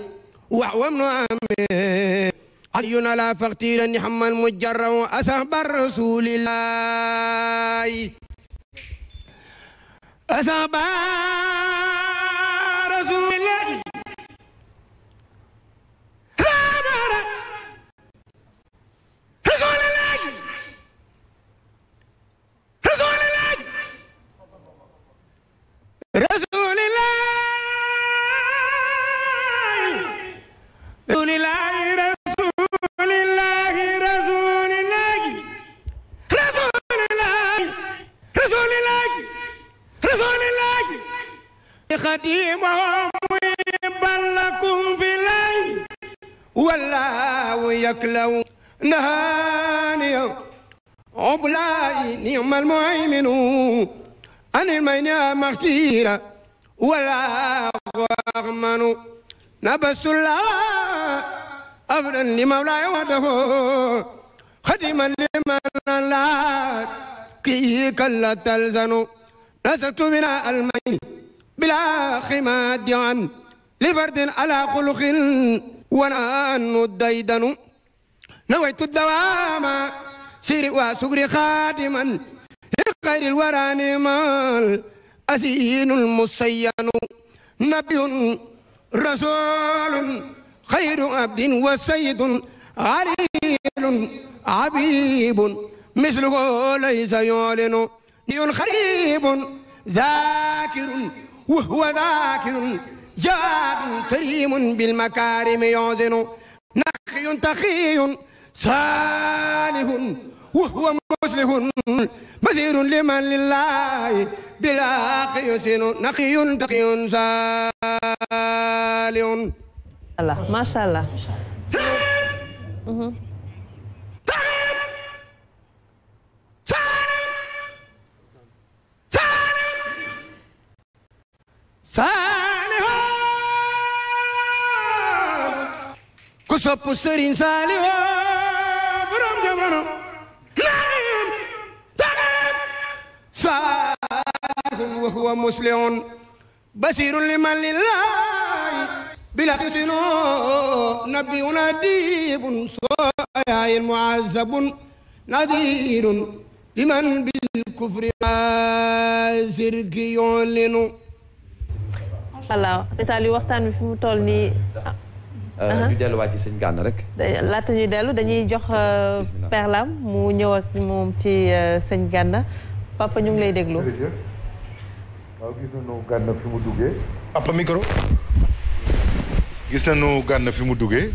وحوى ابن عمي علي لا فقتير نحما مجرا وأصحب رسول الله أصحب رسول الله رسول الله xadiimahum muhibban lakum fi lay wallaahu yaklaw nahaaniya ublaay ni'mal muhayminu anil mayna maxtiira wallaahu axmanu nabasullaa abdan li mawlaaya wahdahu xadiman liman laa kii kalla talzanu nasaktu bina almayni bilaa ximaadi an li fardin alaa xuluqin wanaanu daydanu nawaytu dawaama siri waa sugri xaadiman li xayril waraanimal asiinul musayyanu nabiyun rasulun xayru abdin wa sayyidun alilun abibun misluhu laysa yoolinu niyun xaribun zaakirun وهو ذاكر جاد كريم بالمكارم يعدن نقي تقي صالح وهو مصلح بصير لمن لله بالآخ يسن نقي تقي صالح الله ما شاء الله saaliho ku sopp sëriñ saaliho borom jamono naim taxam saahun wa huwa muslihun basirun liman lillahi bila xisino nabiyun adibun soyayin muazabun nadirun liman bil kufri asirki yolinu allah sëñ waxtaan bi fi mu toll nii. Euh, ah. ñu delluwaat ci sëñ Gana rek. laata dellu dañuy jox euh, perlam mu ñëw ak moom ci euh, sëñ gànn papa ñu ngi lay déglu. waaw gis nañu Gana fi mu duggee. papa micro. gis nañu Gana fi mu duggee.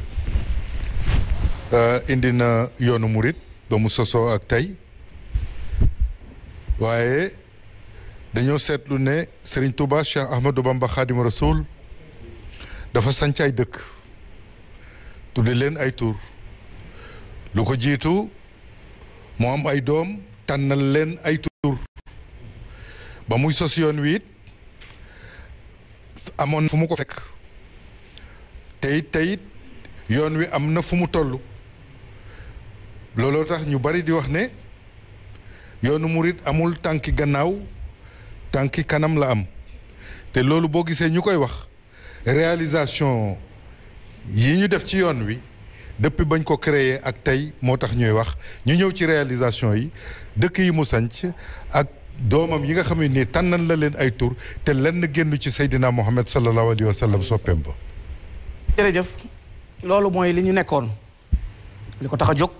indi na yoonu murit ba mu sosoo ak tey waaye. dañoo seetlu ne sëriñ Touba Cheikh Ahmadou Bamba Khadim Rasoul dafa sanc dëkk tudde leen ay tuur lu ko jiitu moo am ay doom tànnal leen ay tur ba muy sos yoon wi amoon fu mu ko fekk tey tey yoon wi am na fu mu toll looloo tax ñu bari di wax ne yoonu it amul tànki gannaaw tànki kanam la am te loolu boo gisee ñu koy wax réalisation yi ñu def ci yoon wi depuis bañ ko créer ak tey moo tax ñuy wax ñu ñëw ci réalisation yi dëkk yi mu sañc ak doomam yi nga xam ne nii tànnan la leen ay tur te lenn génn ci Seydina Mohamed sallallahu alayhi wa sallam soppeem ba. jërëjëf loolu mooy li ñu nekkoon li ko tax a jóg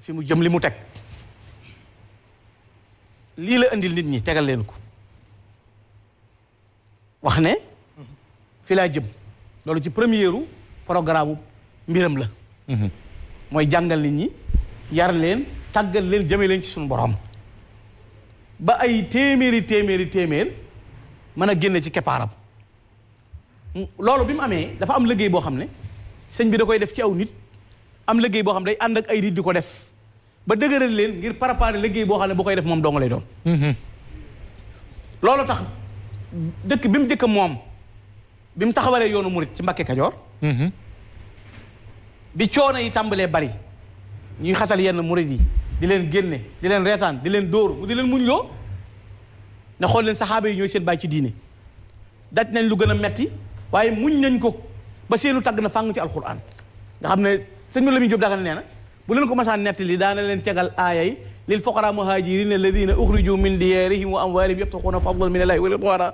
fi mu jëm li mu teg. lii la indil nit ñi tegal leen ko wax ne fi laa jëm loolu ci premièru programme mbiram la mhm. mooy jàngal nit ñi yar leen tàggal leen jëme leen ci suñu borom ba ay téeméeri téeméeri téeméer mën a génne ci keppaaram loolu bi mu amee dafa am liggéey boo xam ne sëñ bi da koy def ci aw nit am liggéey boo xam ne day ànd ak ay nit di ko def ba dëgëral leen ngir préparer liggéey boo xam ne bu koy def moom dong lay doon. Mm-hmm. loolu tax dëkk bi mu jëkk moom bi mu taxawalee yoonu murit ci Mbàkke Kajoor. Mm-hmm. bi coono yi tàmbalee bari ñuy xatal yenn murit yi di leen génne di leen reetaan di leen dóor mu di leen muñ loo ne xool leen saxaaba yi ñooy seen baay ci diine daj nañ lu gën a metti waaye muñ nañ ko ba seenu tagg na fàng ci alxuraan nga xam ne sëñ bi la muy jóob dagal nee na bu leen ko masaan nettali daana leen tegal aaya yi lil fuqara muhaajirina alladina uxriju min diyaarihim wa amwalihim yabtaxuuna fadlan min allahi wa ridwana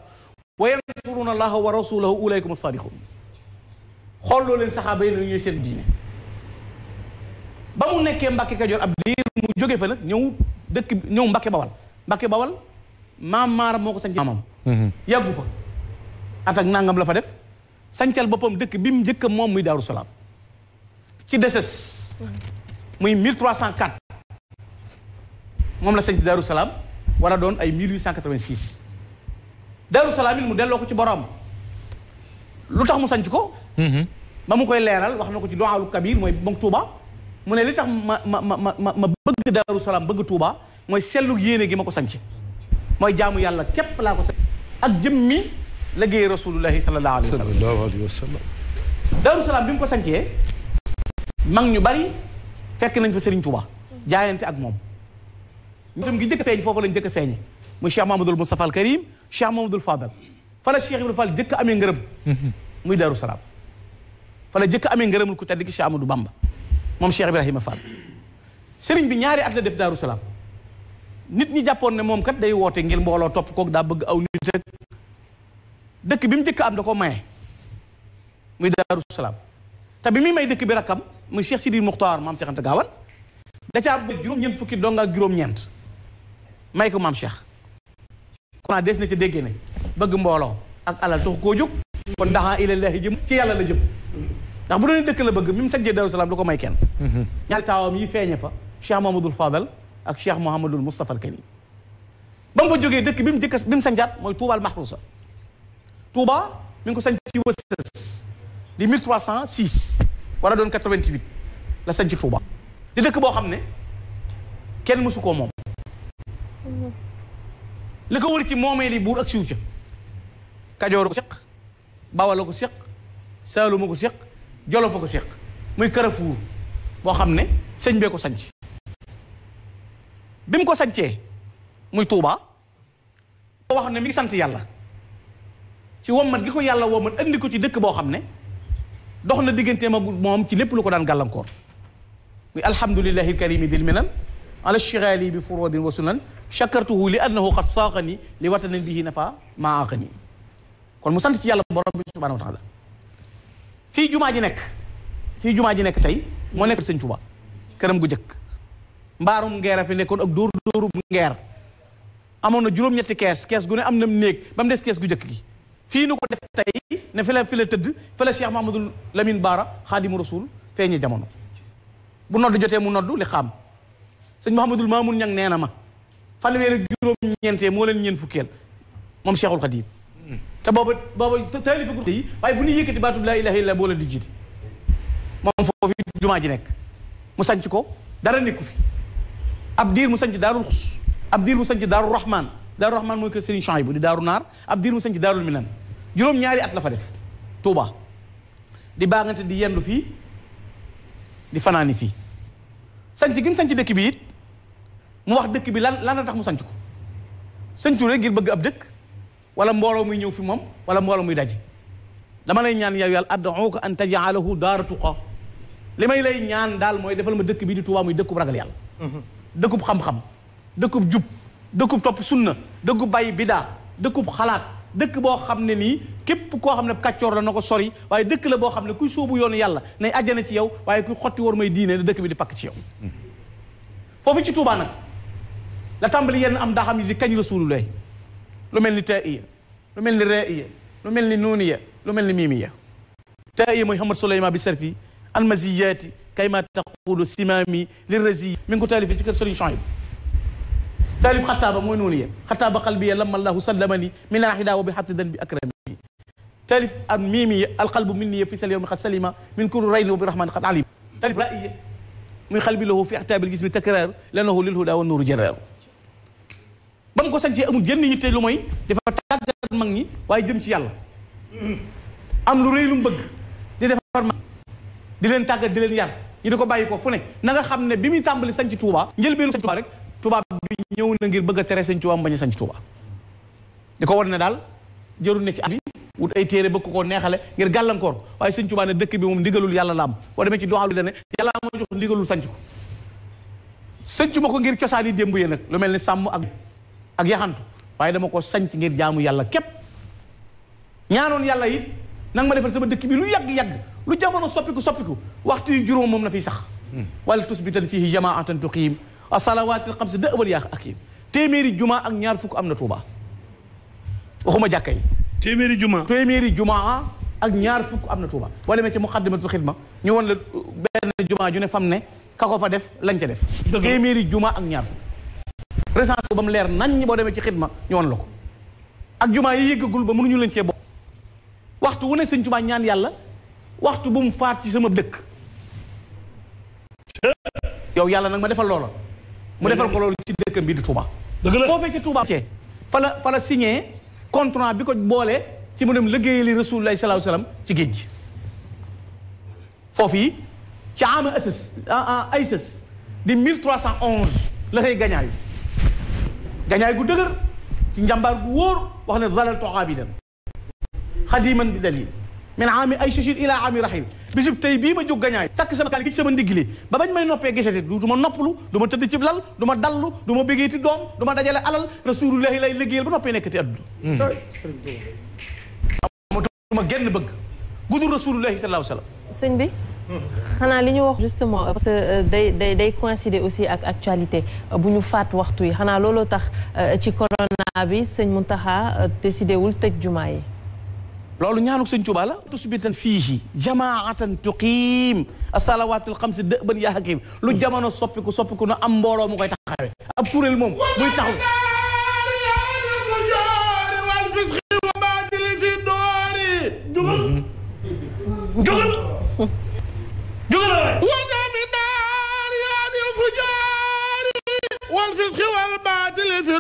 wa yansuruna allaha wa rasulahu ulaykum asadiqun xolloo leen saxaaba yi ñuy seen diine ba mu nekkee Mbàkke Kajoor ab diir mu jóge fa nag ñëw dëkk ñëw Mbàkke Bawal Mbàkke Bawal maam maaram moo ko sanc maamam mm-hmm. yàggu fa at ak nangam la fa def sancal boppam dëkk bi mu njëkk moom muy Daaru Salaam ci deses mm-hmm. muy 1304 moom la sañ ci Daaru Salaam war a doon ay 1886 Daaru Salaam it mu delloo ko ci borom lu tax mu sanc ko. Mhm. ba mu koy leeral wax na ko ci doxalu Kabir mooy moom Touba mu ne li tax ma ma ma ma ma bëgg Daaru Salaam bëgg tuuba mooy sellu yéene gi ma ko sanc mooy jaamu yàlla képp laa ko sanc ak jëmmi liggéey rasulullahi sallallahu alayhi wa sallam. Daaru Salaam bi mu ko sancee mag ñu bari. fekk nañ fa Serigne Touba jaayante ak moom nitam gi njëkk a feeñ foofu lañ njëkk a feeñe muy Cheikh Mamadou Moustapha al Karim Cheikh Mamadou Fadal fa la Cheikh Ibrahima Fall jëkk amee ngërëm muy Daaru Salaam jëkk amee ngërëmul ku tedd ki Cheikh Amadou Bamba moom Cheikh Ibrahima Fall Serigne bi ñaari at la def Daaru Salaam nit ñi jàppoon ne moom kat day woote ngir mbooloo topp kook daa bëgg aw nit ak dëkk bi mu njëkk am da ko maye muy Daaru Salaam te bi muy may dëkk bi rakkam muy Cheikh Sidi Muxtaar maam Cheikh Gaawan da caa bëgg juróom-ñeent fukki dong ak juróom-ñeent may ko maam Cheikh. kon des na ca déggee ne bëgg mbooloo ak alal taxu koo jóg kon daxaa ilallaahi jëm ci yàlla la jëm ndax bu doon dëkk la bëgg bi mu sajjee Daaru Salaam du ko may kenn. Mhm. ñaari taawam yi feeñe fa Cheikh Mahamadul Fadal ak Cheikh Mouhamadul Moustapha al Karim ba mu fa jógee dëkk bi mu jëkk bi mu sanjaat mooy Touba al Mahrousa Touba mi ngi ko sanc ci wësës di 1306. war a doon 88 la sañ ci Touba dëkk boo xam ne kenn mësu koo moom mm-hmm. li ko wër ci moomee li buur ak siw ca kajoor ko seq bawal ko seq saaluma ko seq jolof ko seq muy Carrefour boo xam ne sëñ bee ko sanc bi mu ko sancee muy Touba boo xam ne mi ngi sant yàlla ci wommat gi ko yàlla wommat andi ko ci dëkk boo xam ne dox na digganteem ak moom ci lépp lu ko daan gàllankoor muy alhamdulillahi alkarimi dil minan ala shirali bi furodin wa sunan shakartuhu li annahu qad saaqani li watanin bihi nafa maa aaqani kon mu sant ci yàlla borom bi subhanahu wa taala fii jumaa ji nekk fii jumaa ji nekk tey moo nekk sëñ Tuba këram gu jëkk mbaarum ngeer a fi nekkoon ak dóor ngeer amoon na juróom-ñetti kees kees gu ne am na néeg ma mu des kees gu jëkk gi fii nu ko def tey ne fi la fi la tëdd fi la Cheikh Mahmadul Lamine Baara xaadimu rasul feeñi jamono bu nodd jotee mu nodd li xaam sëñ Mahamadul Maamun ñang nee na ma fanweer ak juróom ñeentee moo ñeen fukkeel moom Cheikhul Xadim te booba booba taalifa gu yi waaye bu ñuy yëkkati baatub laa ilaha illa boo leen di jiite moom foofu jumaa ji nekk mu sanc ko dara nekku fi ab diir mu sanc daarul xus ab diir mu sanc daarul rahman daarul rahman mooy kër Serigne bu di daaru naar ab diir mu sanc daarul minan juróom-ñaari at la fa def Touba di baangante di yendu fii di fanaani fii sanc gi mu sanc dëkk bi it mu wax dëkk bi lan lan la tax mu sañc ko sancu rek ngir bëgg ab dëkk wala mbooloo muy ñëw fi moom wala mbooloo muy daje dama lay ñaan yow yàlla ad'uuka an taj'alahu daara tuqa li may lay ñaan daal mooy defal ma dëkk bi di Touba muy dëkkub ragal yal mhm. dëkkub xam-xam dëkkub jub dëkkub topp sunna dëkkub bàyyi bidaa dëkkub xalaat dëkk boo xam ne nii képp koo xam ne kàccoor la na ko sori waaye dëkk la boo xam ne kuy sóobu yoonu yàlla nay àjjana ci yow waaye kuy xotti war may diine dëkk bi di pakk ci yow foofu ci Tuubaa nag la tàmbali yenn am daa xam ne di kañ rasulullah lu mel ni taiya lu mel ni raiya lu mel ni nuuniya lu mel ni miimiya taiya Muhammad Suleymaan bi serfi almaziyati kay ma taqulu simaami lirazi mi ngi ko taalifi ci kër Sëriñ Chouaïb taalif xataaba mooy noonu yee xataaba qalbiya lamma allahu sallamani min ahida wa bi xatti dan bi akrami taalif am miimi alqalbu minni fi sal yowmi xad salima bi rahmani xad alim taalif raiya muy xalbi lahu fi axtaabil gis bi takraar lanahu lil huda wa nuuru jaraaru ba mu ko sancee amul jënn ñi lu mooy dafa tàggat mag ñi waaye jëm ci yàlla am lu rëy lu mu bëgg di defar ma di leen tàggat di leen yar ñu di ko ko fu na nga xam ne bi muy tàmbali sanc Touba njëlbeenu sanc Touba rek ñëw na ngir bëgg tere sëñ Tuubaa bañ a sañ Tuubaa di ko war ne daal jëru ne ci at bi wut ay téere bëgg koo neexale ngir gàllankoor waaye sëñ Tuubaa ne dëkk bi moom ndigalul yàlla la am boo demee ci doxalu dane yàlla ma jox ndigalul sanc ko sëncu ko ngir cosaan yi démb yee nag lu mel ni sàmm ak ak yaxantu waaye dama ko sanc ngir jaamu yàlla képp ñaanoon yàlla yi nanga ma defal sama dëkk bi lu yàgg-yàgg lu jamono soppiku soppiku waxtu yi juróom moom na fiy sax hmm. wala tusbitan fihi jamaatan tuqiim asalawaatil xam si da ëbal yaa ak yi téeméeri jumaa ak ñaar fukk am na Touba waxuma jàkka yi téeméeri juma téeméeri juma ak ñaar fukk am na Touba boo demee ci muqaddimatul xidma ñu won la benn juma ju ne fam ne ka ko fa def lañ ca def téeméeri juma ak ñaar fukk recensé ba mu leer nañ boo demee ci xidma ñu won la ko ak juma yi yëggagul ba mënuñu leen cee bokk waxtu wu ne sëñ Touba ñaan yàlla waxtu bu mu faat ci sama dëkk yow yàlla nag ma defal loola mu defal ko loolu ci dëkkam bi di Touba. dëgg la foofee ci Touba cee fa la fa la bi ko boole ci mu dem liggéeyali Rasulullah sallallahu alayhi wasallam ci géej gi. foofu yi ci ama asas ay sës di 1311 la koy gañaayu gañaay gu dëgër ci njàmbaar gu wóor wax ne zalaltu aabidan xadiman bi dalil min aami ay chachir ilaa aami rahil bisub tey bii ma jóg gañaay takk sama kaal gi ci sama ndigli ba bañ may noppee gisati du ma noppalu du ma tëdd ci lal du ma dallu du ma bégeeti doom du ma dajale alal rasulullahi lay liggéeyal ba noppee nekkati adduna amatuma genn bëgg gudur rasulullahi sallallahu alayhi wa sallam sëñ bi xanaa li ñu wax justement parce que euh, day day day coïncider aussi ak actualité euh, bu ñu faat waxtu yi xanaa looloo tax euh, ci corona bi sëñ Muntaxa décidé wul tëj jumaa yi loolu ñaanuk sëñ Tuubaa la tusbitan fiihi jamaatan tuqiim asalawaatul xamsi dëban yaa hakim lu jamono soppiku soppiku na am mbooloo mu koy taxawee ab kuréel moom muy taxaw jógal jógal wal fisqi wal baatili fi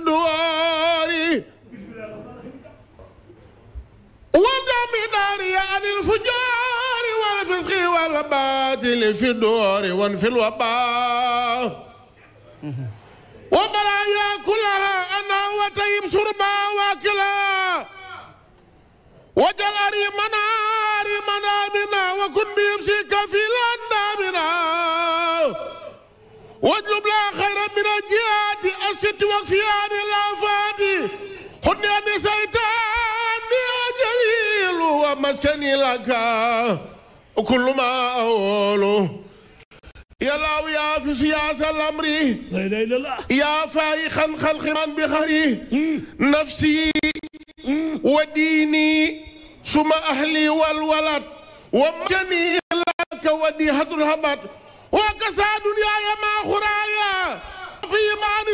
duwaar وجم داري عن الفجار والفسق والباطل في الدور وفي الوباء وبرايا كلها أنا وطيب سربا واكلا وجل أريمنا أريمنا منا وكن بيمسي كفيلا دامنا واجلب لا خير من الجهات أسد وفيان الآفات خذني أنسى maskani laka kullu ma awolu yalaaw yaa fi siyaasa lamri yaa faayi xan xalqi man bi xari hmm. nafsi hmm. wa diini suma ahli wal walad wa maskani laka wa di hatul habat wa kasaa dunyaaya maa xuraaya fi maani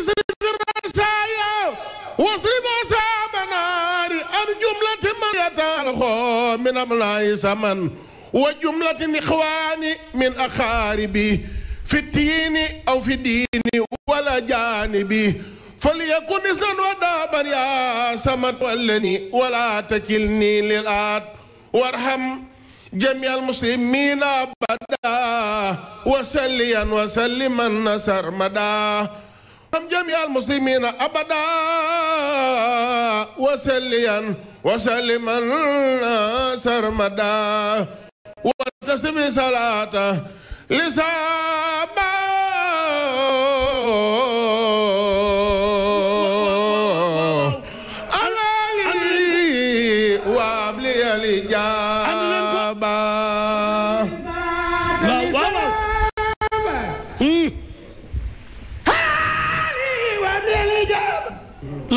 سايا واصرف عذاب نار عن جملة من يتالخو من أملاء زمن وجملة إخواني من أقاربي في التين أو في الدين ولا جانبي فليكن إسلام ودابا يا سمت ولني ولا تكلني للآت وارحم جميع المسلمين أبدا وسليا وسلما سرمدا am jamii almuslimiina abada wasalliyan wasalliman sarmada wa taslimi salaata lisaaba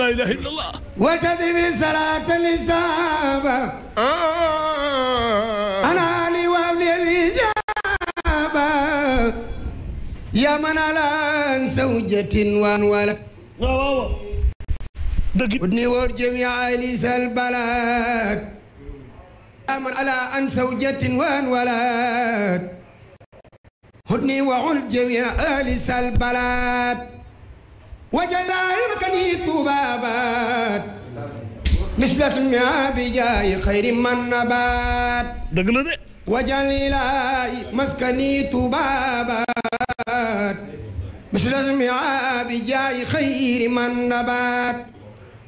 laa ilaaha illallah watadimi salaat lisaaba ana li wabli lijaaba yaa man alaan zawjatin waan wala waaw waaw dëgg udni woor jamii lisal balaat yaa man alaa an zawjatin waan walaat udni waxul jamii lisal balaat وجلاء الغني طوبابات مثل اسمها بجاي خير من نبات دغ لا دي وجل إلهي مسكني تبابات مثل اسمها بجاي خير من نبات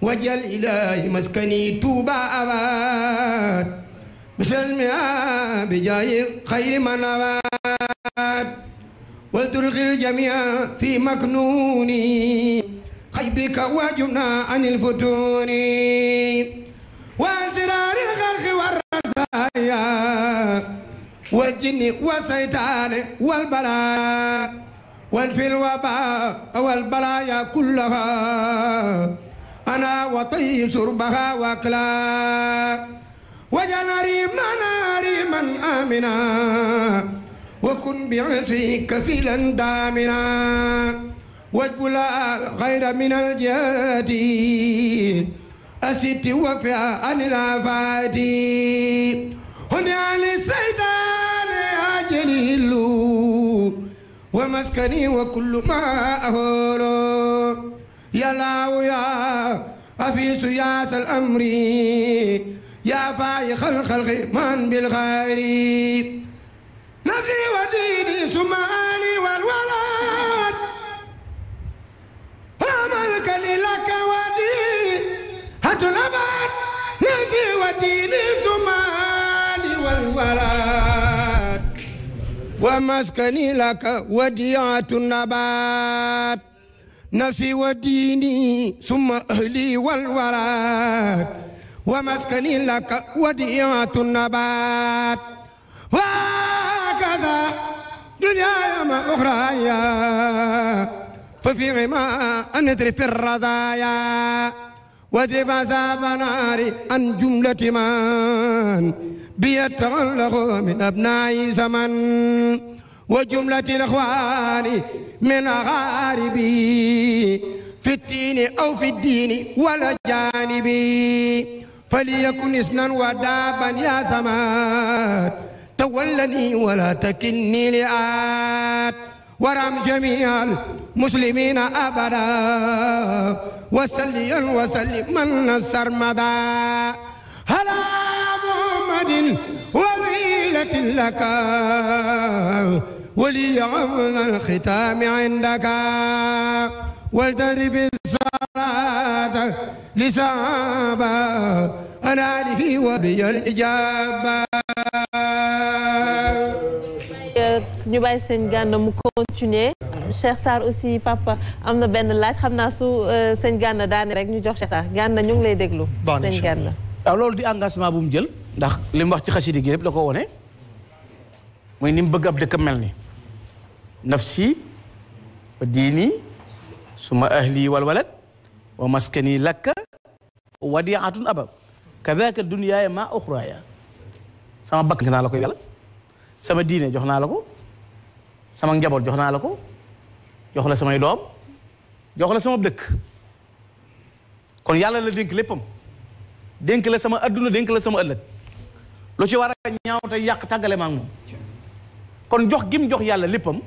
وجل إلهي مسكني تبابات مثل اسمها بجاي خير من نبات ولترغي الجميع في مكنون حجبك وجبنا عن الفتون وانسرار الخلق والرزايا والجن والشيطان والبلايا وانفي الوباء والبلايا كلها أنا وطيب شربها وأكلا وجل ريما ريما آمنا وكن بعفيك كفيلا دامنا واجبلا غير من الجهاد أسد وفي عن العباد هنا لسيدان أجل ومسكني وكل ما أهول يا الله يا أفي سياس الأمر يا فايخ الخلق من بالغير نفسي وديني ثم آلي والولد أملك لك ودي حتى الأبد نفسي وديني ثم آلي والولد ومسكني لك وديعة النبات نفسي وديني ثم أهلي والولد ومسكني لك وديعة النبات وهكذا دنياي ما أخرايا ففي ما ندري في الرضايا واضرب عذاب ناري عن جملة من بيتغلغ من أبناء زمن وجملة الإخوان من أغاربي في الدين أو في الدين ولا جانبي فليكن اسما ودابا يا زمان تولني ولا تكلني لآت ورام جميع المسلمين أبدا وسليا وسلما سرمدا على محمد وذيلة لك وليعمل الختام عندك واجتنب الصلاة لصعبة أناله وبي الإجابة ñu bàyyi seen gànna mu continuer Cheikh Sarr aussi papa am na benn laaj xam naa su euh, seen gànna daane rek ñu jox Cheikh Sarr gànna ñu ngi lay déglu seen gànna waaw loolu di engagement bu mu jël ndax li mu wax ci xasida gi lépp da ko wone mooy ni mu bëgg ab dëkk mel ni nafsi wa diini suma ahli walwalad wa maskani lakka wadiatun abab kadaka dunyaaya ma oxraaya sama bakk naa la ko yàlla sama diine jox naa la ko sama njaboot jox naa la ko jox la samay doom jox sama dëkk kon yàlla la dénk léppam la sama adduna dénk la sama ëllëg lu ci war a ñaaw ta yàq tàggale maa kon jox gim jox yàlla léppam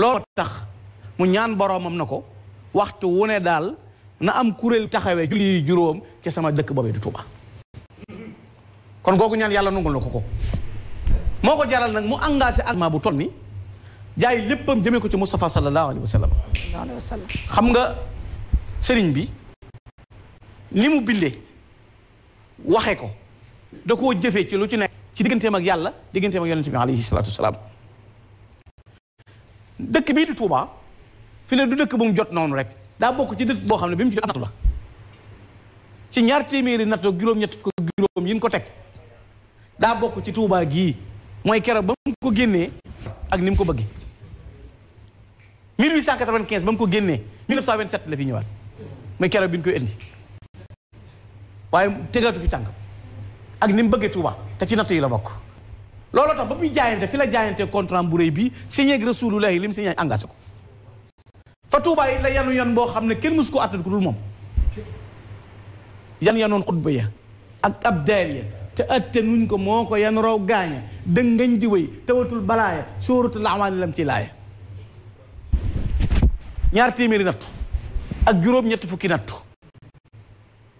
loolu tax mu ñaan boroomam na ko waxtu wu ne daal na am kuréel taxawee julli juróom ci sama dëkk boobee di Tuuba kon googu ñaan yàlla nangul na ko ko moo ko jaral nag mu engagé engagement bu toll ni jaay léppam jëmee ko ci Moustapha sallallahu alayhi wa sallam xam nga sëriñ bi li mu bindee waxe ko da koo jëfee ci lu ci nekk ci digganteem ak yàlla digganteem ak yonente bi alayhi salaatu wasalaam dëkk bii di Tuuba fi ne du dëkk bu mu jot noonu rek daa bokk ci dëkk boo xam ne bi mu ci jot nattu la ci ñaar téeméeri nattu juróom-ñett fukk yi ñu ko teg daa bokk ci tuubaa gii mooy keroog ba mu ko génnee ak ni mu ko bëggee 1895 ba mu ko génnee 1927 la fi ñëwaat mooy keroog bi ñu koy indi waaye tegatu fi tànk ak ni mu bëggee Touba te ci natt yi la bokk looloo tax ba muy jaayante fi la jaayante contrat bu rëy bii signé ak Rasulullahi li mu signé engagé ko fa Touba yi la yanu yan boo xam ne kenn mësu ko àttan ku dul moom yan yanoon xutba ya ak ab daal ya te atte nuñ ko moo ko yan raw gaaña dëngañ di wéy tawatul balaaya sóoratul amaani lam ci laaya ñaar téeméeri nattu ak juróom ñetti fukki nattu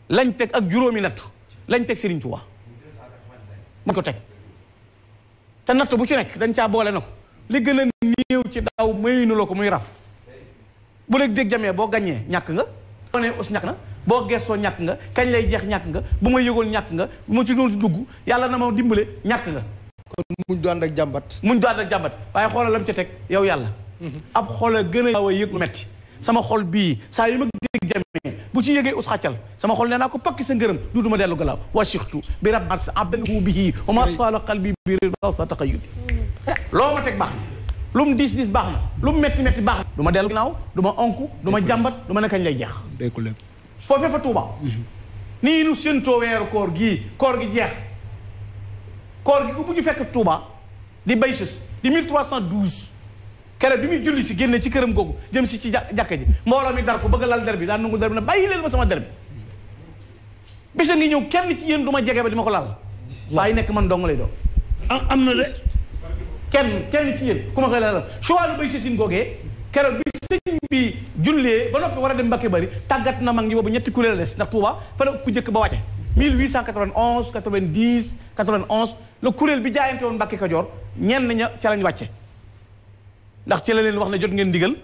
lañ teg ak juróomi nattu lañ teg Serigne Touba ma ko teg te natt bu ci nekk dañ caa boole na ko li gën a néew ci daaw maynu la ko muy raf bu la dégg jamee boo gañee ñàkk nga boo nee aussi ñàkk na boo gestoo ñàkk nga kañ lay jeex ñàkk nga bu ma yëgoon ñàkk nga bu ma ci doon dugg yàlla na ma dimbale ñàkk nga kon muñ doon ak jàmbat muñ doon ak jàmbat waaye xoolal la ca teg yow yàlla mhm. ab xoola gën a gaaw a yëg metti sama xol bii saa yu ma dégg jamee bu ci yëgee us xàccal sama xol nee naa ko pakki sa ngërëm duutuma dellu galaaw wa surtout bi rabbi abdan hu bihi wa ma sala qalbi bi rida sa taqayyudi mhm. loo ma teg baax lu mu diis diis baax na lu mu metti métti baax na du ma dellu ginnaaw du ma onk du jàmbat du ma ne lay jeex foofee fa Tuuba mhm. nii nu séntoo weeru koor gii koor gi jeex koor gi bu mujj fekk Tuuba di bay sus di 1312 kere bi muy julli si génne ci këram googu jëm si ci jàkka ji mbooloo mi dar ko bëgg lal der bi daan nangu der bi na bàyyi leen ma sama der bi bés ngi ñëw kenn ci yéen duma jege ba di ma ko lal waaye nekk man dong lay doon am kenn kenn ci yéen ku ma koy leeral suwaalu bay si sin googee keroog bi sëñ bi jullee ba noppi war a dem Mbàkke Bari tàggat na mag ñi boobu ñetti kuréel la des ndax Touba fa la ku njëkk ba wàcce 1891 90 91 la kuréel bi jaayante woon Mbàkke Kajoor ñenn ña ca lañ wàcce ndax ci la leen wax ne jot ngeen ndigal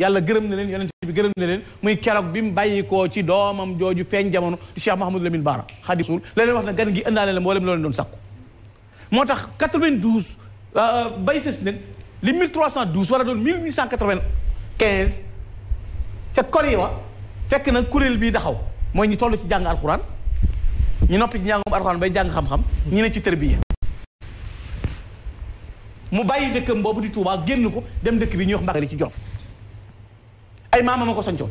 yàlla gërëm na leen yonent bi gërëm na leen muy keroog bi mu ko ci doomam jooju feeñ jamono di Cheikh Mahamadou Lamine Bara Xaadimu Rasuul la leen wax na gan gi ëndaale la mboolem loo leen doon sakku Euh, bay sës nag li 1312 war a doon 1895 ca kori wa fekk na kuréel bii taxaw mooy ñi toll ci jàng alxuraan ñu noppi ci njàngum alxuraan bay jàng xam-xam ñu ne ci tërbiya mu bàyyi dëkkam boobu di Touba génn ko dem dëkk bi ñuy wax Mbàkke ci Jolof ay maama ma ko sancoon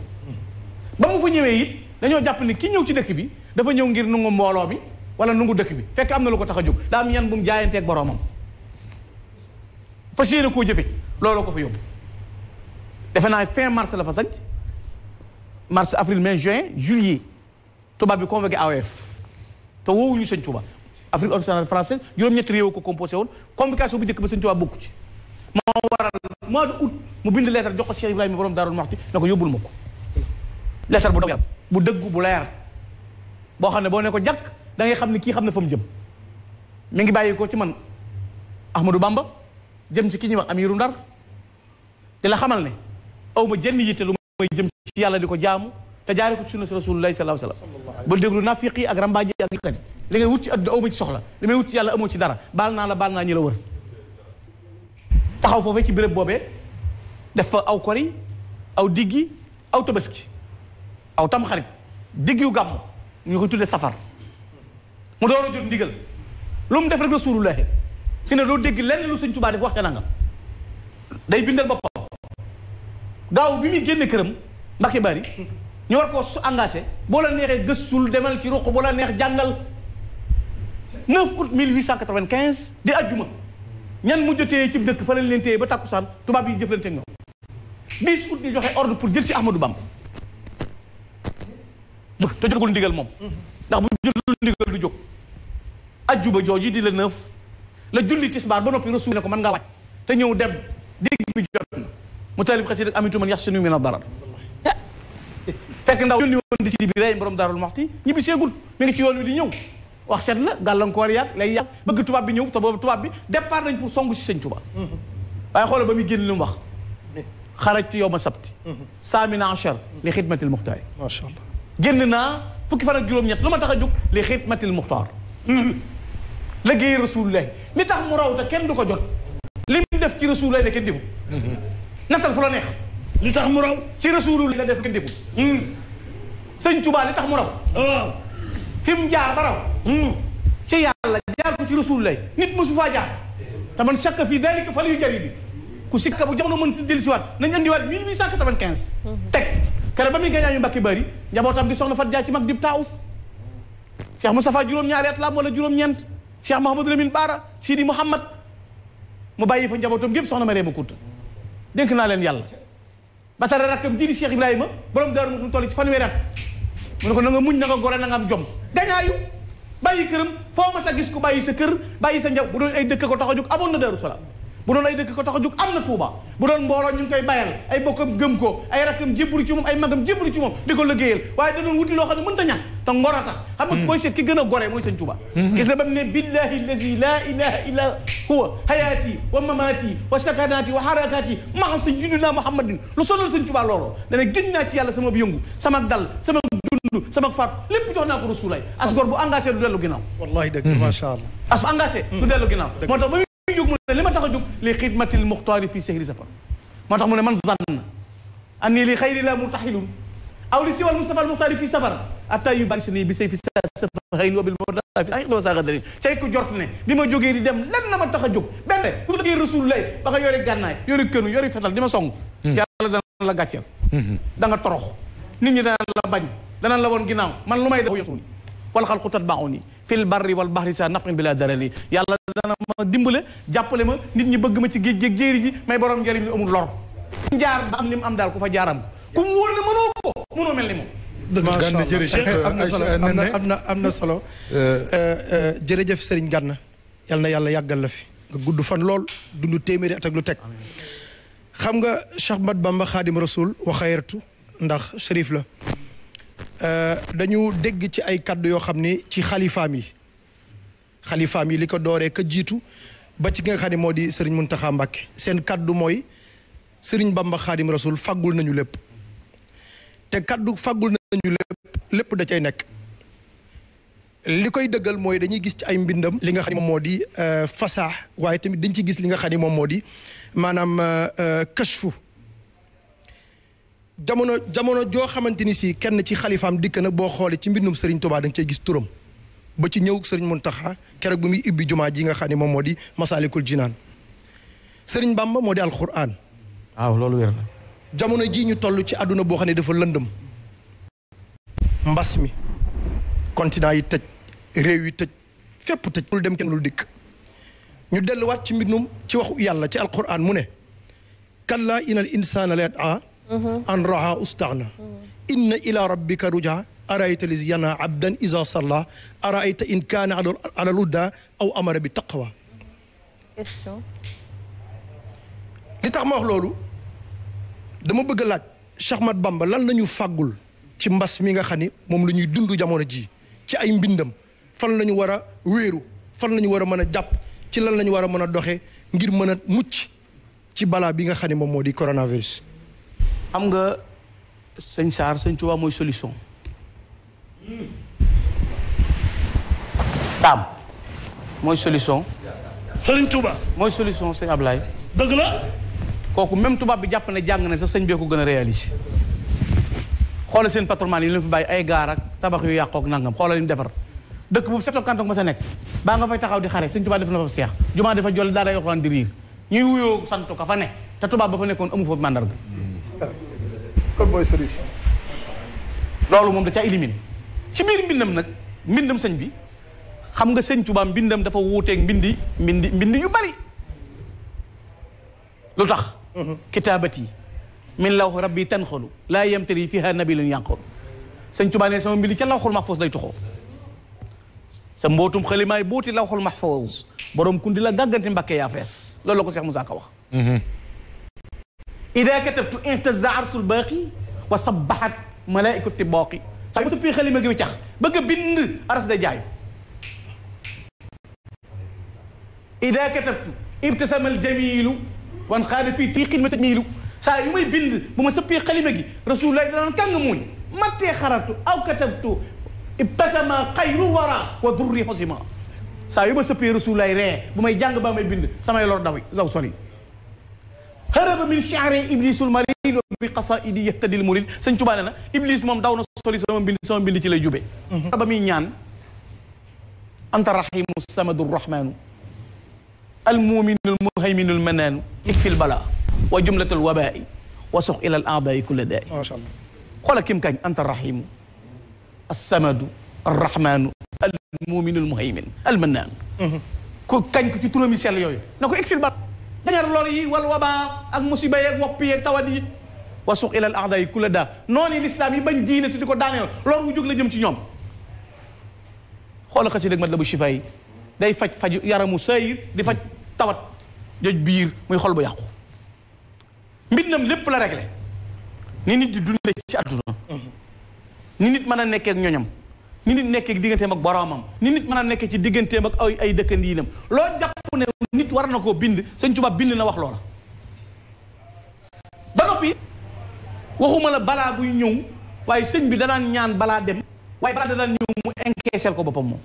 ba mu fa ñëwee it dañoo jàpp ni ki ñëw ci dëkk bi dafa ñëw ngir nungu mbooloo bi wala nungu dëkk bi fekk am na lu ko tax a jóg daa am yan bu mu jaayanteeg boroomam fas yéene koo jëfe looloo ko fa yóbbu defe naa fin mars la fa sanc mars avril mai juin juillet tubaab bi convoqué AOF te woowuñu sëñ Touba Afrique occidentale française juróom-ñetti réew ko composé woon convocation bu njëkk ba sëñ Touba bokku ci moo waral mois de août mu bind lettre jox ko Cheikh Ibrahima borom Daarul Muxti ne ko yóbbul ma ko lettre bu dog bu dëggu bu leer boo xam ne boo ne ko jàkk da xam ne kii xam ne fa mu jëm mi ngi bàyyi ci man Ahmadou Bamba jëm ci ki ñuy wax amiru ndar di la xamal ne aw ma jënn yitte lu may jëm ci yàlla di ko jaamu te jaare ko su sunna si rasulullahi sallallahu la wasallam bu déglu nafiq yi ak rambaaj yi ak yëkkati li ngay wut ci adduna aw ma ci soxla li may wut ci yàlla amoo ci dara baal naa la baal naa ñi la wër taxaw foofee ci béréb boobee def fa aw kori aw diggi aw tabaski aw tamxarit digg yu gàmm ñu ko tuddee safar mu door a jot lu mu def rek rasulullahi ci ne doo dégg lenn lu sëñ Tuubaa def wax ca nangam day bindal boppam gaaw bi muy génn këram Mbàkke Bari ñu war koo su engagé boo la neexee gëstul demal ci ruq boo la neex jàngal 9 août 1895 di ajjuma ñan mu jotee ci dëkk fa lañ leen téye ba tàkkusaan tubaab yi jëflante ak ñoom 10 août ñu joxe ordre pour jël si Ahmadou Bamba te jotagul ndigal moom ndax bu jotagul ndigal du jóg ajjuma jooju di la 9 la julli tisbaar ba noppi rasul ne ko mën ngaa te ñëw dem digg bi jot na mu taalif xasida ak amitu man yaxsinu min darar fekk ndaw yónni woon di si bi rey borom daarul maxti ñibbi seegul mi ngi ci yoon wi di ñëw wax set la gàllankoor yàgg lay yàgg bëgg tubaab bi ñëw te boobu tubaab bi départ nañ pour song si sëñ Tuubaa waaye xoolal ba muy génn lu mu wax xarajtu yow ma sabti saamina achar li xidmatil muxtaar macha allah génn naa fukki fan ak juróom-ñett lu ma tax a jóg li xidmatil muxtaar liggéey rasulullahi li tax mu raw te kenn du ko jot li mu def ci rasulullahi la kenn defu nattal fu la neex li tax mu raw ci rasulullahi la def kenn defu hmm. sëñ Tuubaa li tax mu raw oh. fi mu jaar ba raw hmm. ci yàlla jaar ko ci rasulullahi nit mësu faa jaar te man shakka fii dalika fal yu jari bi ku sikka bu jamono mën si dellusiwaat nañ andiwaat 1895 teg kere ba muy gañaa ñu mbakki bari njabootam gi soxna fat jaar ci mag dib taaw Cheikh Moustapha juróom-ñaari at la wala juróom-ñeent Cheikh Mahamadou Lamine Baara Sidi Mouhamad mu bàyyi fa njabootam gépp soxna Mariama Kunta dénk naa leen yàlla ba tare rakkam ji di Cheikh Ibrahima borom daaru mu toll ci fanweeri at mu ne ko na nga muñ na nga gore na nga am jom gañaayu bàyyi këram foo mas a gis ko bàyyi sa kër bàyyi sa njaw bu doon ay dëkk ko tax a jóg amoon na Daaru Salaam bu doon ay dëkk ko a jóg am na Touba bu doon mbooloo ñu ngi koy bayal ay bokkam gëm ko ay rakkam jébbalu ci moom ay magam jébbalu ci moom di ko liggéeyal waaye da doon wuti loo xam ne mën ta ñàkk te ngor a tax xam nga koy hmm. seet ki gën a goree mooy sëñ Touba hmm. gis ba mu ne billahi la ilaha illa huwa hayati wa mamati wa sakanaati wa harakati maa sayyidina muhammadin lu sonal sëñ Touba looloo dana gën naa ci yàlla sama bi yëngu sama dal sama dund sama faat lépp jox naa ko rasulaay as gor bu engagé du dellu ginnaaw wallahi dëgg hmm. jóg mu ne li ma tax a jóg li xidmatil muxtaari fii sehri safar moo tax mu ne man zanna anni li xayri la murtaxilun aw li siwal mustafa al muxtaari fii safar atta yu bari sini bi say fi safahayn wa bil mordafi ay doo saa xadari cay ko jort ne bi ma jógee di dem lan na ma tax a jóg benn ku liggéey rasulullah ba nga yore gànnaay yore kënu yore fetal di ma song hmm. yàlla dana la gàcceel hmm. da nga torox nit ñi dana la bañ dana la woon ginnaaw man lu may def wal xalqu tatbauni fil barri wal bahri sa nafqin bila darali yàlla dana ma dimbale jàppale ma nit ñi bëgg ma ci géej géej jéeri ji may borom njëriñ lu amul lor jaar am li am daal ku fa jaaram ko ku mu am na solo eh, eh, am na eh, jërëjëf sëriñ Ganna yal na yàlla yàggal la fi nga gudd fan lool dund téeméeri at ak lu teg xam nga Cheikh Mat Bamba Xaadim Rasul waxayertu ndax shérif la Euh, dañu dégg ci ay kàddu yoo xam ni ci xalifaam yi xalifaam yi li ko dooree ka jiitu ba ci nga xam ne moo di Serigne Mountakha Mbacké seen kàddu mooy Serigne Bamba Khadim Rasoul faggul nañu lépp te kàddu faggul nañu lépp lépp da cay nekk li koy dëggal mooy dañuy gis ci ay mbindam li nga xam ne moom moo di euh, fasaax waaye tamit dañ ci gis li nga xam ne moom moo di maanaam euh, kashfu jamono jamono joo xamante ni si kenn ci xalifaam dikk na boo xoolee ci mbindum Serigne Touba da cee gis turam ba ci sëriñ mun Mountakha keroog bi muy ibbi jumaa ji nga xam ne moom moo di Masaalikul Jinaan Serigne Bamba moo di alxuraan. waaw loolu wér jamono jii ñu toll ci àdduna boo xam ne dafa lëndëm. mbas mi. continent yi tëj réew yi tëj fépp tëj. lu dem kenn lu dikk. ñu delluwaat ci mbindum ci waxu yàlla ci alxuraan mu ne. kallaa inal insaana la yat'aa Mm-hmm. an raha ustaxna mm-hmm. inna ila rabbika ruja arayta lis yana abdan iza salla arayta in kaana ala aw amara bi taqwa li tax ma loolu dama bëgg laaj Cheikh Bamba lan la ñu fàggul ci mbas mi nga xam ni moom la ñuy dund jamono ji ci ay mbindam fan la ñu war a wéeru fan la ñu war a mën a jàpp ci lan la ñu war a mën a doxee ngir mën a mucc ci balaa bi nga xam ne moom moo di coronavirus xam nga sëñ Saar sëñ Tuubaa mooy solution taam mooy solution. sëñ Tuubaa mooy solution sëñ Ablaye. dëgg la. kooku même tubaab bi jàpp ne jàng ne sax sëñ bee ko gën a réaliser xoolal seen patrimoine yi leen fi bàyyi ay gaar ak tabax yu yàqook nangam xoolal li mu defar dëkk boobu septo kantoog ma sa nekk baa nga fay taxaw di xare sëñ tubaab def na fa seex jumaa dafa jol daara yoxlaan di riir ñuy wuyoo santu ka fa ne te tubaab ba fa nekkoon amu fa mandarga kon mooy loolu moom da ca élimine ci biir mbindam nag mbindam sëñ bi xam nga sëñ Tuubaa mbindam dafa wuuteeg mbindi mbindi mbindi yu bari lu tax. Mhm. kitaabat yi. min lawxi rabbi tanxalu laa yamtari fiha nabilun yanqalu sëñ Tuubaa ne sama mbindi ca lawxul mahfuus lay toxoo sa mbootum xalimaay booti lawxul mahfuus borom kundi la gàggante mbàkke yaa fees loolu la ko Seex Musaa Ka wax. Mhm. ida katabtu intaza arsul baaqi wa sabaxat malaayikatu tibaqi saa bu sëppee xalima gi cax bëgg a bind aras da jaay ida katabtu ibtasamal jamilu wan xaada fii tii xidma tamilu saa yu may bind bu ma sëppee xalima gi rasulullah danaan kàng muuñ mattee xaratu aw katabtu ibtasama xayru wara wa durri xosima saa yu ma sëppee rasulullah ree bu may jàng baa may bind samay lor daw daw soli haraba min shi'ri iblisul marid bi qasaidi yahtadil murid sëñ Tuubaa nee na iblis moom daw na soli sama mbind sama mbind ci lay jube ba muy ñaan anta rahimu samadu rahmanu almuminul muhayminul manaanu ikfil bala wa jumlatul wabai wa sox ila al aadaayi kulla daayi macha allah xoola kim kañ anta rahimu assamadu arrahmanu almuminul muhaymin almanaanu mhm. ku kañ ko ci turam yi sell yooyu na ko ikfil bala dañar lool yi wal wabaa ak musiba yeeg wopp yeeg tawat yi wasuq ilal aada yi kula daa noonu lislaam yi bañ diine tu di ko daaneel lool wu jóg la jëm ci ñoom xoola xasi dëg mat la bu shifa yi day faj faj yaramu sayir di faj tawat joj biir muy xol bu yàqu mbindam lépp la réglé ni nit di dundee ci àdduna mm-hmm. ni nit mën a nekkee ak ñoñam ni nit nekkee digganteem ak boroomam ni nit mën a nekkee ci digganteem ak ay ay dëkkandiinam loo jàpp ne nit war na koo bind sëñ Tuubaa bind na wax loola ba noppi waxuma la balaa buy ñëw waaye sëñ bi danaan ñaan balaa dem waaye balaa danaan ñëw mu encaissel ko boppam moom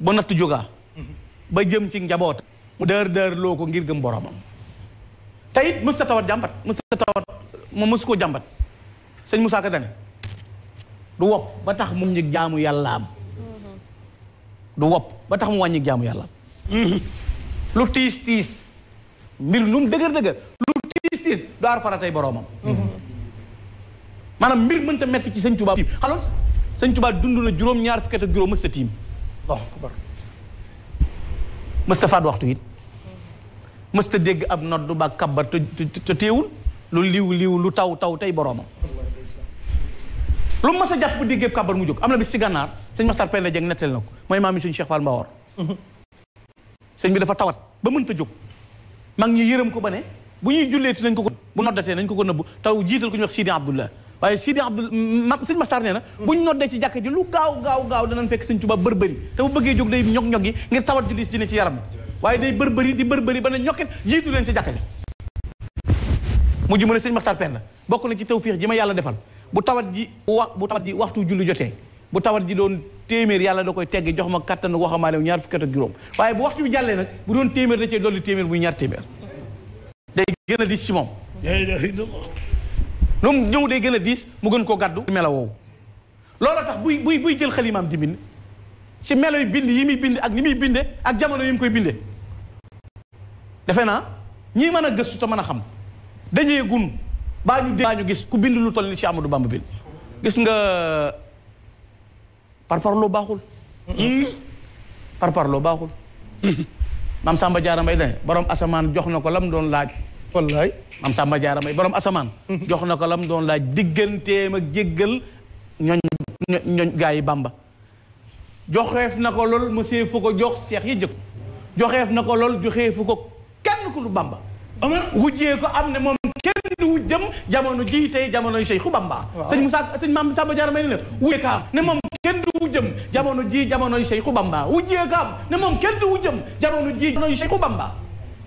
ba natt jógaa ba jëm ci njaboot mu dër dër loo ko ngir gëm boroomam te it mësta tawat jàmbat mësta tawat moom mësu koo jàmbat sëñ Moussa Ka du wopp ba tax mu ñëg jaamu yàlla am du wopp ba tax mu wàññi jaamu yàlla am lu tiis tiis mbir lu dëgër dëgër lu tiis tiis du aar boroomam maanaam mbir mënta metti ci sëñ Tuubaa xaloon sëñ Tuubaa dund na juróom ñaar fukki ak juróom mësta tiim mësta faat waxtu it mësta dégg ab noddu ba kabbar te teewul lu liw liw lu taw taw tey boroomam lu ma mas a jàpp bu diggéeb kàbbar mu jóg am na bis ci gànnaar sëñ Maxtar Penda Jeng nettali na ko mooy maam yi suñu Cheikh Fall Mbawor sëñ bi dafa tawat ba mënta jóg mag ñi yërëm ko ba ne bu ñuy julleeti nañ ko ko bu noddatee nañ ko ko nëbbu taw jiital ku ñuy wax Sidi Abdullah waaye Sidi Abdul sëñ Maxtar nee na bu ñu noddee ci jàkka ji lu gaaw gaaw gaaw danañ fekk sëñ Tuubaa bërbëri te bu bëggee jóg day ñog-ñog yi ngir tawat ji dis dina ci yaram waaye day bërbëri di bërbëri ba ne ñokket jiitu leen ci jàkka ji mujj mu ne sëñ Maxtar Penda bokk na ci tawfiix ji ma yàlla defal bu tawat ji wa bu tawat ji waxtu julli jotee bu tawat ji doon téeméer yàlla da koy tegg jox ma kattan waxamaale ñaar fukki at ak juróom waaye bu waxtu bi jàllee nag bu doon téeméer da cee dolli téeméer muy ñaar téeméer day gën a diis ci moom lu ñëw day gën a diis mu gën koo gàddu melo woowu loola tax buy buy buy jël xalimaam di bind ci melo yu bind yi muy bind ak ni muy bindee ak jamono yi mu koy binde defe naa ñii mën a gëstu te mën a xam dañee gun baa ñu dé baa ñu gis ku bind lu toll ni Cheikh Amadou Bamba bind gis nga par hmm? par loo baaxul par par loo baaxul maam Samba Diarra Mbaye ne borom asamaan jox na ko lam doon laaj wallaay maam Samba Diarra Mbaye borom asamaan jox na ko lam doon laaj digganteem ak jéggal ñoñ ñooñ gaa yi Bamba joxeef na ko lool monsieur fu ko jox seex yi jëkk joxeef na ko lool joxeefu ko kenn ku du Bamba wujjee ko am ne moom wu jëm ji jii tey jamono Cheikh Bamba sëñ Moussa sëñ Mame Samba Diarra may ne wujjeekaam ne moom kenn du wu jëm jamono jii jamono Cheikh Bamba wujjeekaam ne moom kenn du wu jëm jamono jii jamono Cheikh Bamba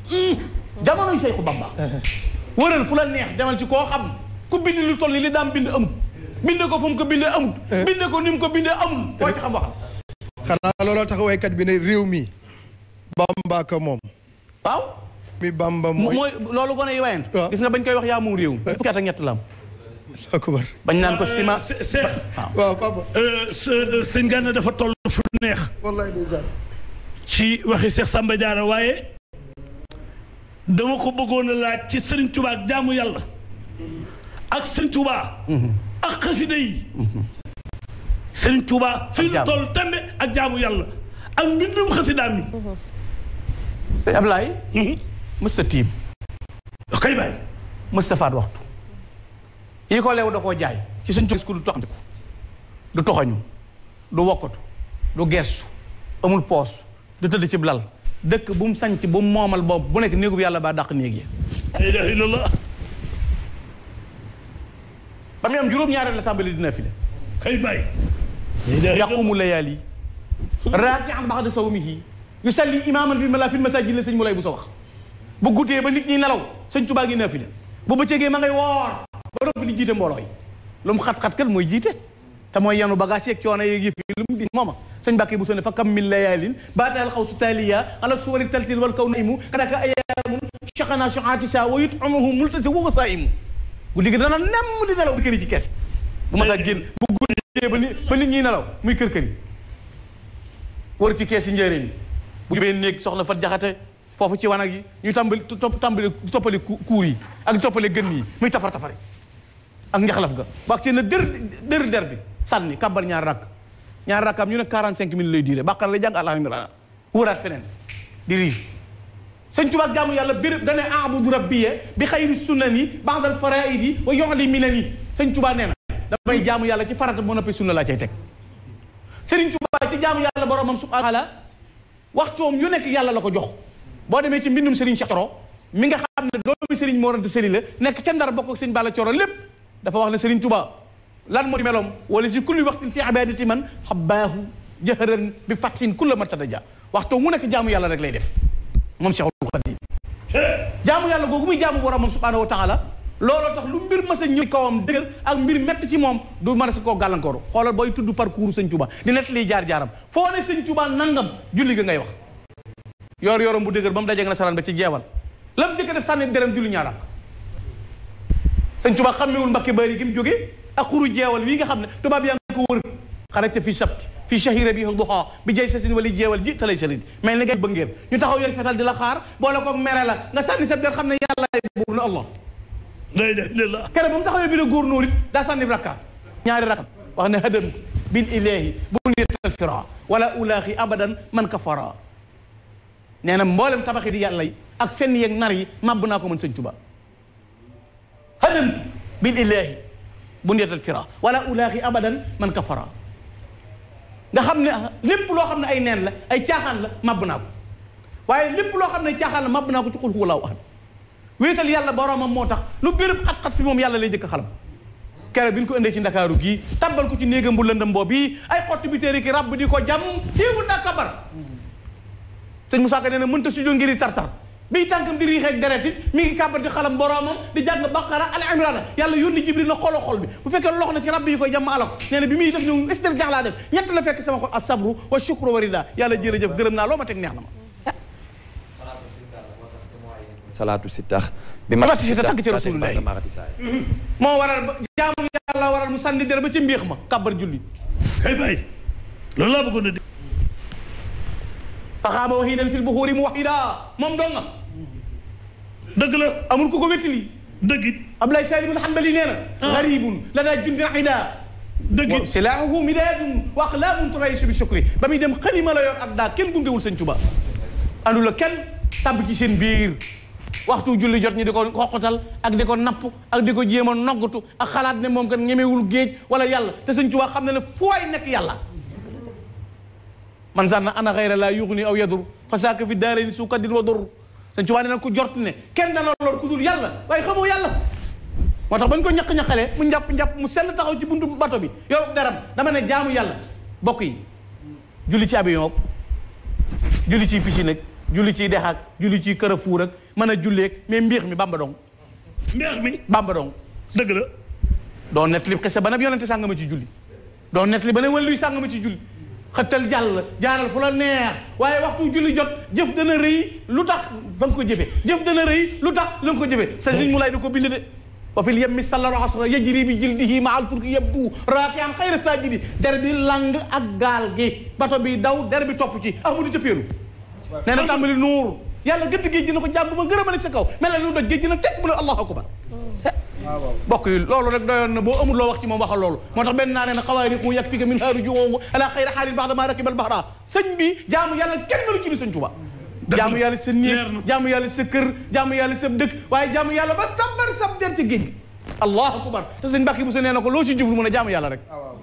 hmm, jamono Cheikh Bamba [laughs] wëral fu la neex demal ci koo xam ku bind lu toll ni li daam bind amut bind ko fu mu ko bindee amut eh. bind ko ni ko bindee amul koo eh. ci xam waxal xanaa looloo tax waykat bi ne réew mi Bamba ko moom bi baam mooy loolu gone yi wayant ah. gis nga bañ koy wax yaa moom réew mi eh. fukki at ak la am bañ naan ko ciment seex ah. waaw papa euh, euh, sëñ Gana dafa toll fu neex wallaay ndeysaan ci waxi Seex Samba Diarra ko bëggoon a laaj ci Sëriñ Tuubaa ak jaamu yàlla ak Sëriñ Tuubaa mm-hmm. ak xasida yi mm-hmm. Sëriñ Tuubaa fii nu toll tambe ak jaamu yàlla ak mbindum xasidaam yi mësta tiim kay bay mësta faat waxtu yi ko leew da koo jaay ci suñ gis ko du toxandiku du toxañu du wokkatu du geestu amul poos du tëdd ci lal dëkk bu mu sanc bu mu moomal boobu bu nekk néegub yàlla baa dàq néeg yi la ilaha illallah ba muy am juróom-ñaareel la tàmbali dina fi le kay bay yaqumu layaali raaki an baxda sawmihi yusalli imaaman bi ma laa fi la sëñ mu lay bu sa wax bu guddee ba nit ñi nelaw sëñ Tuubaa ngi naafila bu bëccëgee ma ngay woor ba noppi di jiite mbooloo yi lu mu xat-xat kat mooy jiite te mooy yanu bagage yeeg coono yeeg yëf yi lu mu di mooma fa kam min layaalin baataal xaw su taaliya ala suwari taltil wal kaw naimu kadaka ayaamun chaqana chaqaati nelaw di këri ci kees bu ma saa génn bu guddee ba nit ñi nelaw muy kër kër yi ci kees yi njëriñ bu jubee néeg soxna fa jaxate foofu ci wanag yi ñu tàmbali tàmbali toppale kuur yi ak toppale gën yi muy tafar tafari ak njaxlaf ga bu ak seen na dër dër der bi sànni kàbbar ñaar rakk ñaar rakkaam ñu ne 45 minutes lay diire bàqara lay jàng alhamdulilah wuraat feneen di riir sëñ Tuubaa jaamu yàlla béréb dane abudu rabbiya bi xayri sunnani ba'dal faraidi wa yu'li minani sëñ Tuubaa nee na damay jaamu yàlla ci farata moo noppi sunna laa cay teg sëriñ Tuubaa ci jaamu yàlla boromam subhaanahu wa taala waxtoom yu nekk yàlla la ko jox boo demee ci mbindum Serigne Cheikh Thioro mi nga xam ne doomi Serigne moo Anta Sali la nekk ca Ndar bokk ak Serigne Balla Thioro lépp dafa wax ne Serigne tubaa lan moo di meloom wala si kulli waxtin fi ibadati man xabaahu jëhëran bi fatin kulla matadaja waxtu mu nekk jaamu yàlla rek lay def moom Cheikhul Khadim jaamu yàlla googu muy jaamu borom moom subhanahu wa taala looloo tax lu mbir mas a ñëw kawam dëgër ak mbir mett ci moom du mën a sa koo gàllankooru xoolal booy tudd parcours sëñ Touba di nett liy jaar-jaaram foo ne sëñ Touba nangam julli ga ngay wax yor yorom bu dëgër ba mu dajeeg nasaraan ba ci jeewal lam jëkk def sànni dërëm julli ñaar ak sëñ tubaab xammewul mbakke bari gi mu jógee ak xuru jeewal wii nga xam ne tubaab yaa ngi ko wër xarajta fii sabti fii shahira bi duha bi jay sasin wala jeewal ji talay salin mel ni ngay bëngeen ñu taxaw la xaar boole ko mere la nga sànni sa der xam ne yàlla buur na allah la ilaha illallah kere ba mu taxawee bi ne góor nóorit daa sànni rakka ñaari rakka wax ne hadamtu bil ilahi bu nit tafira wala ulaaxi abadan man kafara nee na mboolem tabaxi di yàlla yi ak fenn yeeg nar yi màbb naa ko mën sëñ ba hadamtu bil illaahi bunyatal fira wala ulaaxi abada man kafara nga xam ne lépp loo xam ne ay neen la ay caaxaan la màbb naa ko waaye lépp loo xam ne caaxaan la màbb naa ko ci xul xuwalaaw ahad wéetal yàlla boromam moo tax lu béréb xat-xat fi moom yàlla lay jëkk xalam kere bi ñu ko indee ci ndakaaru gii tàbbal ko ci néegam bu lëndëm boobu ay xott bi téere ki ràbb di ko jam téewul daa kabar sëñ Moussa Ka nee na mënta sujjóot ngir tartar biy tànkam di riixeeg deret it mi ngi kàbbati xalam boroomam di jàng baqara al imrana yàlla yónni jibril na xolo xol bi bu fekkee loxo na ci rab yi koy jàmm alako nee na bi muy def ñu star jax laa def ñett la fekk sama xol as sabru wa shukru wa rida yàlla jërëjëf gërëm naa loo ma teg neex na ma salaatu si tax bi maxati si tax tagg ci rasulullah [laughs] moo waral jaamu yàlla waral mu sànni der ba ci mbéex ma kàbbar julli ay bay loolu laa bëggoon a dégg faxaaba waxiidan fil buxuuri mu waxiida moom dong nga dëgg la amul ku ko wettili dëgg it Ablaye Salim al-Hanbali nee na ah. garibun lanaa jundin ida dëgg it silaahuhu midaadun wa axlaaqun turayisu bi shukri ba muy dem xalima la yor ak daa kenn gungewul sëñ Tuba andu la kenn tàbb ci seen biir waxtu julli jot ñi di ko xoqatal ak di ko napp ak di ko jéem a noggatu ak xalaat ne moom kat ñemewul géej wala yàlla te sëñ Tuba xam ne ne fooy nekk yàlla man zanna ana xayra laa yuxni aw yadur fa saaka fi daarayni su kaddin wa dur sëñ Tuubaa nee na ku jort ne kenn dana lor ku dul yàlla waaye xamoo yàlla moo tax bañ ko ñaq-ñaqalee mu njàpp-njàpp mu senn taxaw ci buntu bato bi yow daram dama ne jaamu yàlla bokk yi julli ci avion julli ci piscine ak julli ciy dex ak julli ciy kër a fuur ak mën a julleeg mais mbiix mi bamba dong mbiix mi bamba dong dëgg la doon nett li xese banab yonente sàngama ci julli doon nett li ci julli xëttal jàll jaaral fu la neex waaye waxtu julli jot jëf dana rëy lu tax ba nga ko jëfe jëf dana rëy lu tax la ko jëfe sa siñ mu lay da ko bind de wa fil yemmi sallal asra yajri bi jildihi ma al fulki yabdu raakian xayra saajidi der bi lang ak gaal gi bato bi daw der bi topp ci ahmadu ca péeru nee na tàmbali nuur yàlla gëdd géej gi na ko jàmm ba ngërëmale sa kaw mel na lu doj gi na teg bu la allahu Ah, bokk yi loolu rek doyoon na boo amul wax ci moom waxal loolu moo tax benn naa nee na xawaari ku yàg fika min haaru juwoogu ala xayra xaalin baax damaa rakibal baxra sëñ bi jaamu yàlla kenn kër jaamu yàlla sa dëkk waaye jaamu yàlla ba sabar sab der ci géej allahu akbar te sëñ Mbàkke Buso nee na ko loo ci jublu mu ne jaamu yàlla rek ah,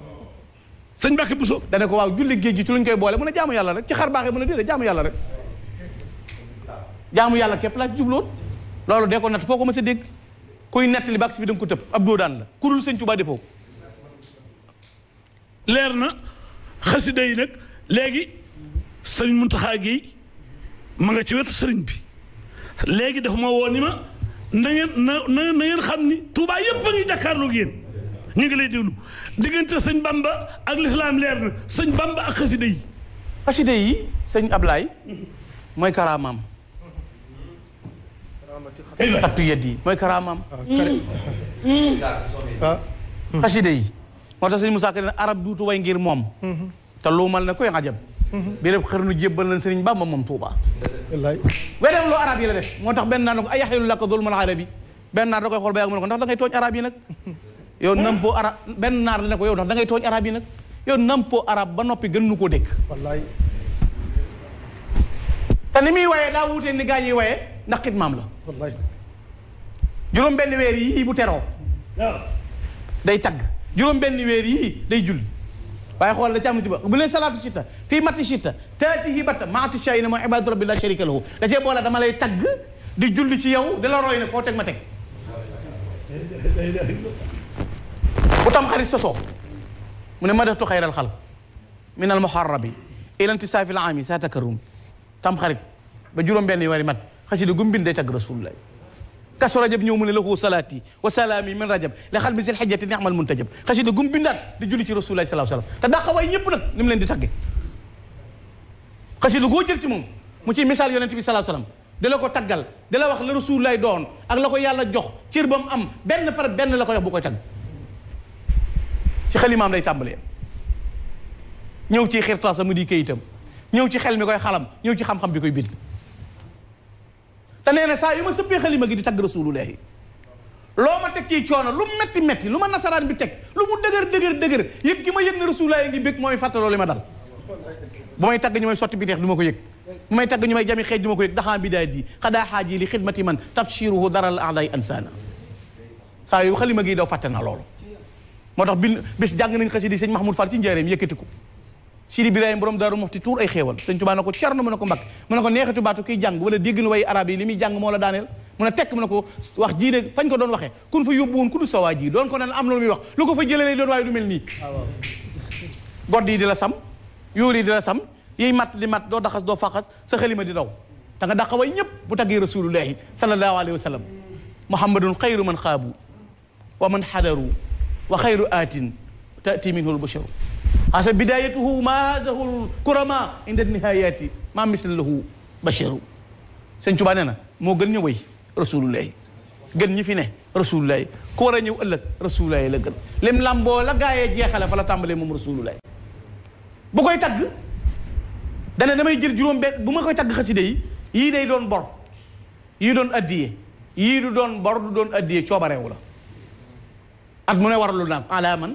sëñ Mbàkke Buso dana julli géej gi ci luñ koy boole mu ne jaamu yàlla rek ci xar baaxee mu ne déedéet jaamu yàlla yàlla képp laa ci loolu dee ko natt foo ko mës a kuy nettali ba ak si fi da nga ko tëb ab doo daan la ku dul sëñ Tuubaa defoo leer na xasida yi nag léegi sëriñ Muntaxa gi ma nga ci wetu sëriñ bi léegi dafa ma woo ni ma na ngeen na na ngeen xam ni Tuubaa yépp a ngi jàkkaarloog yéen ñu ngi lay déglu diggante sëñ Bamba ak lislaam leer na sëñ Bamba ak xasida yi xasida yi sëñ Ablaay mooy karaamaam xattu yedd yi mooy karaamam ah, hmm. hmm. ah. hmm. xaside yi moo tax sëñ Moussa Ka ne arab duutu way ngir moom te luumal na koy xajab béréb xër nu jébbal nañ sëriñ Bamba moom Tuuba wallaay weneen loo arab yi la def moo tax benn naa ne ko ay yaxelu làkk dul mal arabi benn da koy xool ba arab yi nag [laughs] yow nampoo benn naar la ne ko yow ndax da tooñ arab yi nag yow nampoo arab ba noppi gën koo dégg te ni muy wayee daa wuutee ni gaa ñuy wayee ndax xidmaam la wallaay juróom benn weer yii bu teroo day tagg juróom benn weer yii day julli waaye xool da ci am ba bu leen salaatu sitta fii matti sitta taati hibata maatu shay na ma ibadu rabbi la sharika lahu da cee boole dama lay tagg di julli ci yow di la roy ne foo teg ma teg bu tam xarit sosoo mu ne ma def tu xayral xal min al muharrabi ila intisaafi al aami saa takarum tamxarit ba juróom-benn yi wari mat xasida gumbin day tagg rasulullah kasu rajab ñëw mu ne lahu salaati wa salaami min rajab la xal misil xajjati ni'mal muntajab xasida gumbindaat di julli ci rasulullah sallallahu alayhi wasallam te dàqa waay ñëpp nag ni mu leen di tagge xasida koo jël ci moom mu ciy misaal yonent bi sallallahu alayhi wasallam di la ko taggal di la wax la rasul lay doon ak la ko yàlla jox cër ba mu am benn par benn la ko yox bu koy tagg ci xalimaam lay tàmbalee ci xirtaasa mu di kayitam ñëw ci xel mi koy xalam ñëw ci xam-xam bi koy bind te nee na saa yu ma sëppee xalima gi di tagg rasulullahi loo ma teg ci coono lu metti metti lu ma nasaraan bi teg lu mu dëgër dëgër dëgër yëg ki ma yëg ne rasulullahi ngi bëgg mooy fàttaloo li ma dal bu may tagg ñu may sotti bi teex du ma ko yëg bu may tagg ñu may jami xeej du ma ko yëg daxaa bi daay di xadaa xaaji li xidmati man tabshiruhu daral alay ansana saa yu xalima gi daw fàtte na loolu moo tax bin jàng nañ xasida sëñ Mahmoud Fall ci njaareem yëkkati ko Sidi Birahim borom daaru moxti tuur ay xéewal sëñ Tuubaa na ko carno mu ne ko mbakk mu ne ko neexatu baatu kiy jàng wala dégg na way arab yi li muy jàng moo la daaneel mu ne tekk mu ne ko wax jii ne fañ ko doon waxee kun fa yóbbu woon ku du sawaa ji doon ko naan am na lu muy wax lu ko fa jëlee lay doon waaye du mel nii ah, godd yi di la sam yóor di la sam yiy mat li mat doo daxas doo faxas sa xalima di daw da nga daqa way ñëpp bu taggee rasulullahi sallallahu alayhi wa sallam muhammadun man xaabu wa man xadaru wa xayru aatin hasa bidayatuhu mahasahu kurama inda nihayati ma misl lahu basharu sëñ Tuubaa nee na moo gën ñu wéy gën ñi fi ne rasulullahi ku war a ñëw ëllëg rasulullahi la gën lim lamboo la gaayee jeexale fa la tàmbalee moom rasulullahi bu koy tagg dana damay jël juróom benn bu ma koy tagg xasida yii day doon bor yii doon addiye yii du doon bor du doon addiye coobareewu la at mu ne warlu naam ala man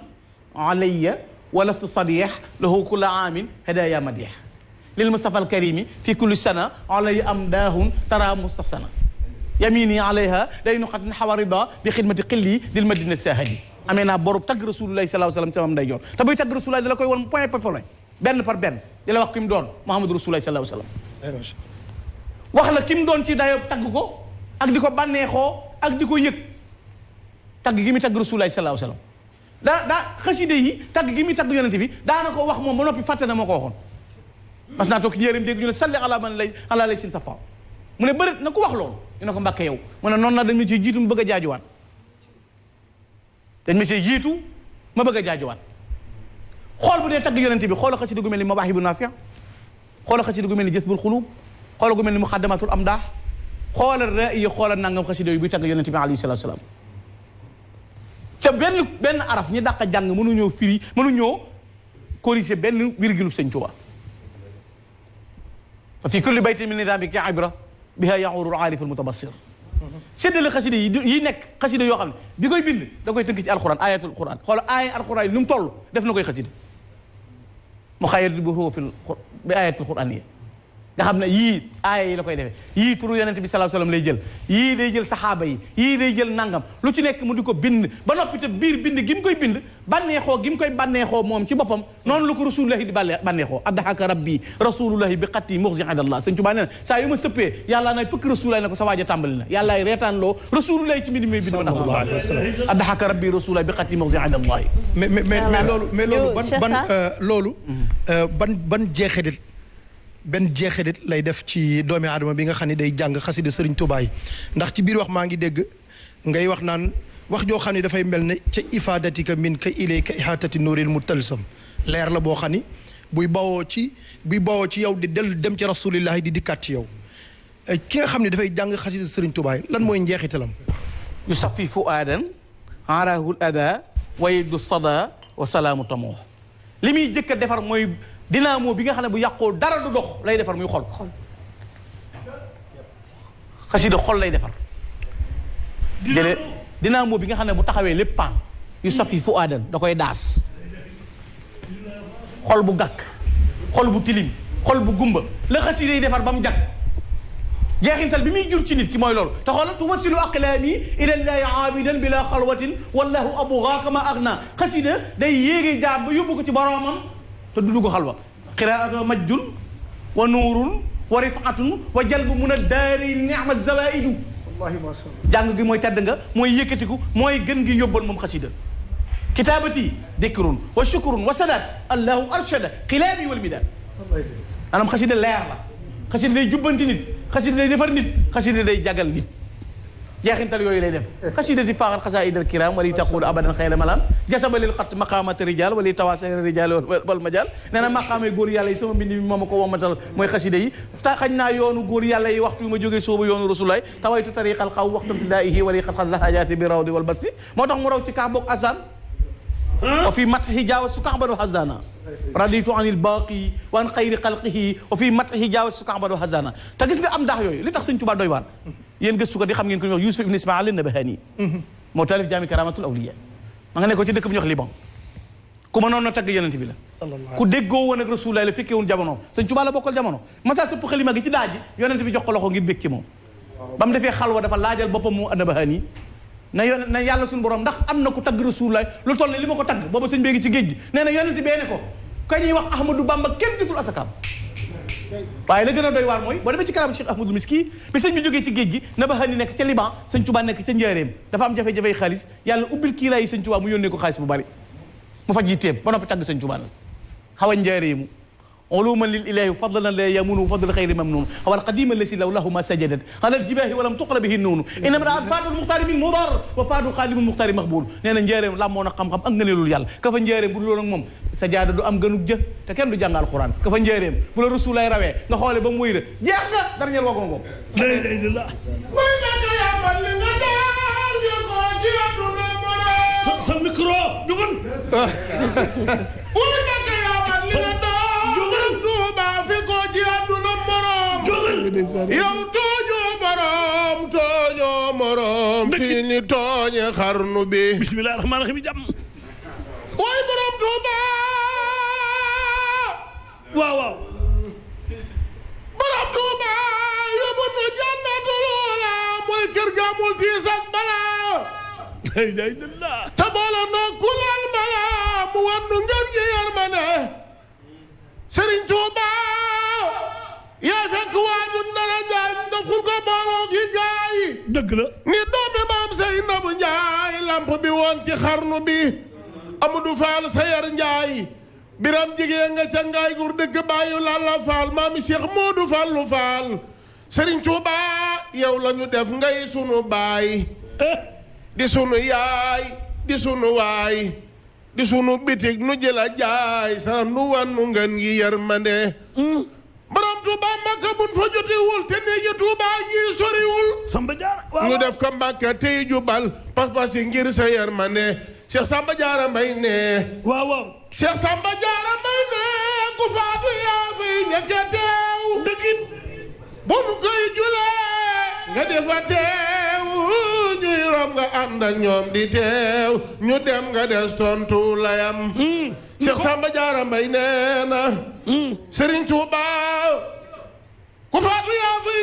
alayya walastu sadiyeex lahu kulla aamin hadaaya madiyeex lil mustafa al karimi fi kulli sana alay am daahun tara mustahsana yamini alayha day nu xat xawarida bi xidmati xilli dil madina sahadi amee naa borub tagg rasulullahi salaa sallam sama ndey joor te buy tagg rasulullahi dala koy won point par point benn par benn di la wax ki mu doon Muhammadu rasulullahi salaa sallam wax la ki mu doon ci dayo tagg ko ak di ko bànneexoo ak di ko yëg tagg gi mu tagg rasulullahi salaa sallam daa daa xaside yi tagg gi muy tagg yonente bi daana ko wax moom ba noppi fàtte na moo ko waxoon parce que naa toog njëriñ dégg ñu ne salli ala man lay ala lay sa faaw mu ne bëri na ko wax loolu ñu ne ko mbàkke yow mu ne noonu la dañ ma ciy jiitu mu bëgg a jaajuwaat dañ ma ciy jiitu ma bëgg a jaajuwaat xool bu dee bi xoola xaside gu mel ni mabaahibu naafiya xoola xaside gu mel ni jësbul xulub xoola gu mel ni muxaddamatul amdaax xoolal ra yi xoolal nangam xaside yooyu buy tagg yonente bi alayhi salatu salaam ca benn benn araf ñi dàq jàng mënuñoo firi mënuñoo corriger benn virgule sëñ Tuubaa fa fii kulli baytin min nidaamika ibra biha yaxuru aarif almutabassir séddale xasida yi yi nekk xasida yoo xam ne bi koy bind da koy tënk ci alquran ayatul quran xoola aaya alquran yi nu mu toll def na koy xasida mu xayir bi huwa fi bi ayatul quran yi nga xam ne yii aaya yi la yii turu yonent bi sallallahu alayhi wasallam lay jël yii day jël saxaaba yi yii day jël nangam lu ci nekk mu di ko bind ba noppi te biir bind gi mu koy bind bànneexoo gi mu koy bànneexoo moom ci boppam noonu lu ko rasulullahi di bànneexoo addahaka rabbi rasulullahi bi xatti muxsi adallah sëñ Tuubaa nee na saa yu ma sëppee yàllaa nay pëkk rasulullahi ne ko sa waaja tàmbali na yàllaay reetaan loo rasulullahi ci mbind mi bind ma addahaka rabbi rasulullahi bi xatti muxsi adallah mais mais mais loolu mais loolu euh, euh, ban ban ban ban jeexedit benn jeexedit lay def ci doomi aadama bi nga xam ne day jàng xasida sëriñ Tuubaa yi ndax ci biir wax maa ngi dégg ngay wax naan wax joo xam ne dafay mel ne ca ifaadatika min ka ilayka ihaatati mu mutalsam leer la boo xam ni buy bawoo ci buy bawoo ci yow di del dem ci rasulillahi di dikkaat ci yow eh, ki nga xam ne dafay jàng xasida sëriñ Tuubaa lan mooy njeexitalam yu safi fu aadan aarahul ada waydu sada wa salaamu tamoo mooy dynamo bi nga xam ne bu yàqoo dara du dox lay defar muy xol xasida xol lay defar déedéet dynamo bi nga xam ne bu taxawee lépp paan yu safi fu aadan da koy daas xol bu gàkk xol bu tilim xol bu gumba la xasida yi defar ba mu jag jeexintal bi muy jur ci nit ki mooy loolu te xoolal tuwasilu aqlaami ila llahi aabidan bila xalwatin wallahu abu gaakama agna xasida day yéegi jaam ba yóbbu ko ci boroomam te du dugg xalwa xiraatu majjun wa nuurun wa rifatun wa jalbu mun a daari neexma zawaidu wallaahi maa sha Allah jàng gi mooy tedd nga mooy yëkkatiku mooy gën gi yóbbal moom xasida kitaabati dikrun wa shukrun wa sadaat allahu arshada xilaabi wal midaad maanaam xasida leer la xasida day jubbanti nit xasida day defar nit xasida day jagal nit jeexintal yooyu lay def xasida di faaxal xasaidal kiram wali taqulu abadan xayra malam jasabalil xat maqamati rijal wali tawasir rijal wal majal nee na maqaamay góor yàlla yi sama mbind mi mooma ko womatal mooy xasida yi ta xañ naa yoonu góor yàlla yi waxtu ma jógee soobu yoonu rasulaay tawaytu tariqal xaw waxtamti daa ihi wali xat xat lahajati bi rawdi wal basti moo tax mu raw ci kaa bokk asaan وفي مدح جاوز سكعبر وحزانا رضيت عن الباقي وعن خير خلقه وفي مدح جاوز سكعبر وحزانا te gis nga am ndax yooyu li tax Sëñ Tuubaa doy waar yéen gëstukat yi xam ngeen ko ñuy wax Yusuf ibn Ismaïl an-Nabahani mhm. moo taalif jaami karamatul awliya ma nga nekkoon ci dëkk bu ñuy wax Liban ku mënoon na tagg yonent bi la ku déggoo woon ak Rasulullah la fekkee woon jamono Sëñ Tuubaa la bokkal jamono masa sëpp xalima gi ci daaji yonent bi jox ko loxo ngir bég ci moom ba mu defee xalwa dafa laajal boppam moo an-Nabahani na yoon na yàlla suñu borom ndax am na ku tagg rasulullaay lu toll ne li ma ko tagg booba sëñ bee ngi ci géej gi nee na yonent bee ne ko ka ñuy wax ahmadou bamba kenn jotul asakaam waaye la gën a doy waar mooy boo demee ci karabu cheikh ahmadou miski bi sëñ bi jógee ci géej gi na ba baxani nekk ca liban sëñ tubaa nekk ca njaareem dafa am jafe-jafey xaalis yàlla ubbil kii laa yi sëñ tubaa mu yónnee ko xaalis bu bari mu faj yitteem ba noppi tagg sëñ tubaa nag xaw a njaareemu علوما للإله فضلا لا يمون فضل خير ممنون هو القديم الذي لولاه ما سجدت على الجباه ولم تقر به النون إنما رأى فاد المختار من مضر وفاد خالد المختار مقبول nee na njaareem làmmoon a xam-xam ak ngëneelul yàlla ka fa njaareem bu dul ak moom sajaada du am gënug jë te kenn du jàng alxuraan ka fa njaareem bu la rasul ay rawee nga xoole ba muy de jeex nga dara ñeel wagoon ko sa micro dugun yow tooñoo borom tooñoo morom. dëgg ci ni tooñe xarnu bi. bisimilah rahmaani rahiim jàmm. woy borom Touba. waaw waaw. borom Touba yóbbu nu jànnatul wala mooy kër ga amul tiis ak balaa. la ilaha illallah. te boole nag ku laal balaa mu wan nu ngeen ji yar ma ne. Serigne Touba. yaa fekk waajur dara jaay nga ful ko booloo ci jaay dëgg la ni doomi maam say ndabu njaay lamp bi woon ci xarnu bi Amadou Fall sayar njaay biram jigéen nga ca ngaay gur bàyyu lalla faal maami Cheikh Modou Fallu Fall Serigne Touba yow lañu ñu def ngay sunu baay eh. di sunu yaay di sunu waay di sunu bitig nu jëla jaay sara nu ngën yi yërmande mm. tu Bamba ka buñ te ne yi Tuuba ñii soriwul. ñu def ko Mbàkke tey jubal pas-pas yi ngir sa yërmande Cheikh Samba Diarra Mbay ne. waaw waaw. Cheikh Mbay ne ku faatu yaa fay njëkk teew. dëggin. bu koy julee. nga defa teew ñuy rom nga ànd ak ñoom di teew ñu dem nga des tontu layam. Hmm. Cheikh Samba Diarra Mbaye nee na mm. ku faatu yaa fay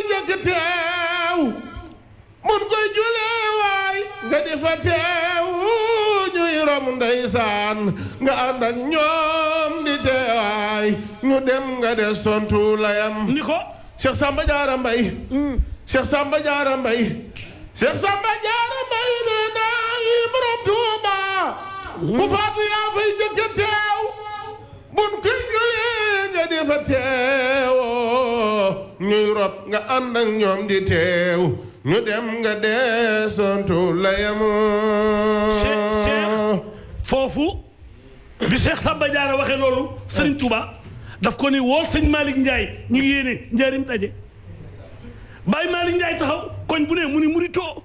mun koy julee nga di fa teew ñuy rom ndeysaan nga ànd ñoom di teewaay ñu dem nga des sontu layam ni Samba Diarra Mbaye mm. Samba Diarra Mbaye Cheikh Samba ku faatu yaa fay jëkk teew bun koy ñëwee nga fa teewoo ñuy rob nga ànd ñoom di teew ñu dem nga dee sontu la yemoo Cheikh foofu bi Cheikh Samba Diarra waxee loolu Serigne ah. Touba daf ko ni wool sëñ Malick Ndiaye ñu yéene njaarim daje Baye Malick Ndiaye taxaw koñ bu ne mu ni muritoo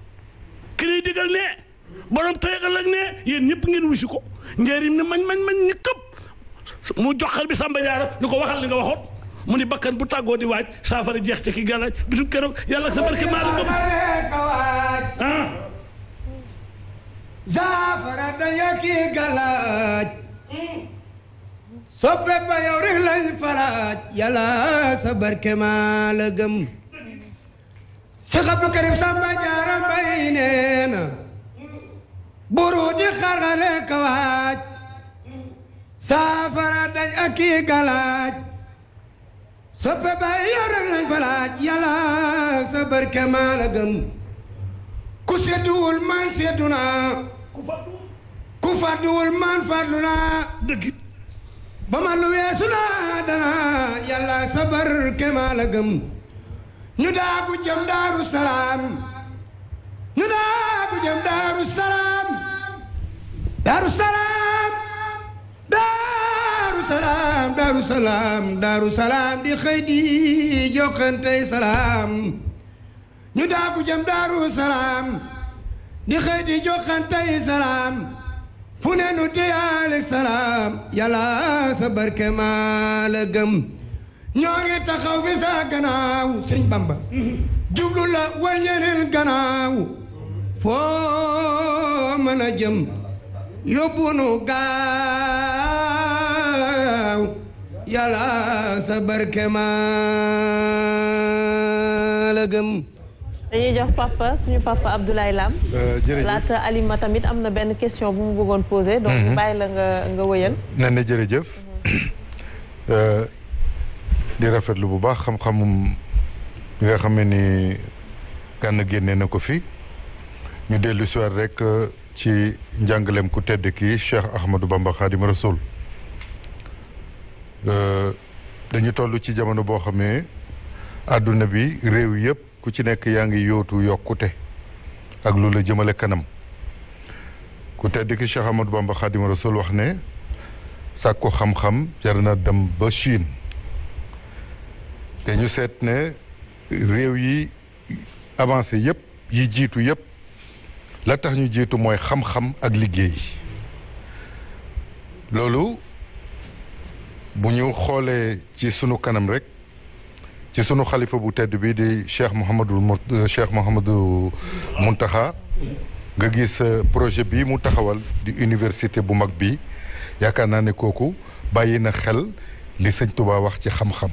ki lay digal nee borom tey ëllëg ne yéen ñëpp ngeen wusi ko ma ne mañ mañ mañ ni këpp mu joxal bi Samba Diarra ni ko wax li nga waxoon mu ni bakkan bu tàggoo di waaj a jeex ci ki gàllaaj bisu keroog yàlla sa barke maa la ah. saafara dañu kii gàllaaj Samba Diarra Mbaye nee buru di xarxare ka waaj saafara dañ ak galaaj soppe bay yow rek lañ fa laaj yàlla sa barke maa la man seddu naa ku fàdduwul man fàddu naa ba ma lu weesu naa danaa yàlla sa barke maa ñu daagu jëm daaru daaru salaam daaru salaam daaru salaam di xëy di jokkantey salaam ñu daabu jëm daaru salaam di xëy di jokkantey salaam fu ne nu teyaale salaam yàlla sa barke maa la gëm ñoo ngi taxaw fi sa gannaaw Bamba jublu la wal ñeneen gannaaw foo mën a jëm yóbbu nu gaaw yàlla sa barke maa la gëm. dañuy jox euh, Alima tamit am na benn question bu mu bëggoon poser. donc mhm. bàyyi la nga nga wëyal. na ne jërëjëf. Mhm. Euh, di rafetlu bu baax xam-xamum bi nga xam ne ni gànn génne na ko fi ñu dellu si waat rek. Euh, ci njàngaleem ku tedd kii Cheikh Ahmadou Bamba Khadim Rasoul euh, dañu toll ci jamono boo xamee àdduna bi réew yëpp ku ci nekk yaa ngi yootu yokkute ak lu la jëmale kanam ku tedd ki Cheikh Ahmadou Bamba Khadim Rasoul wax ne sàkku xam-xam jar na dem ba Chine te seet ne réew yi avancé yëpp yi jiitu yëpp la tax ñu jiitu mooy xam-xam ak liggéey loolu bu ñu xoolee ci sunu kanam rek ci sunu xalifa bu tedd bi di Cheikh Mouhamadul Mour euh, Cheikh Mouhamadou Mountakha nga gis euh, projet bi mu taxawal di université bu mag bi yaakaar naa ne kooku bàyyi na xel li sëñ Touba wax ci xam-xam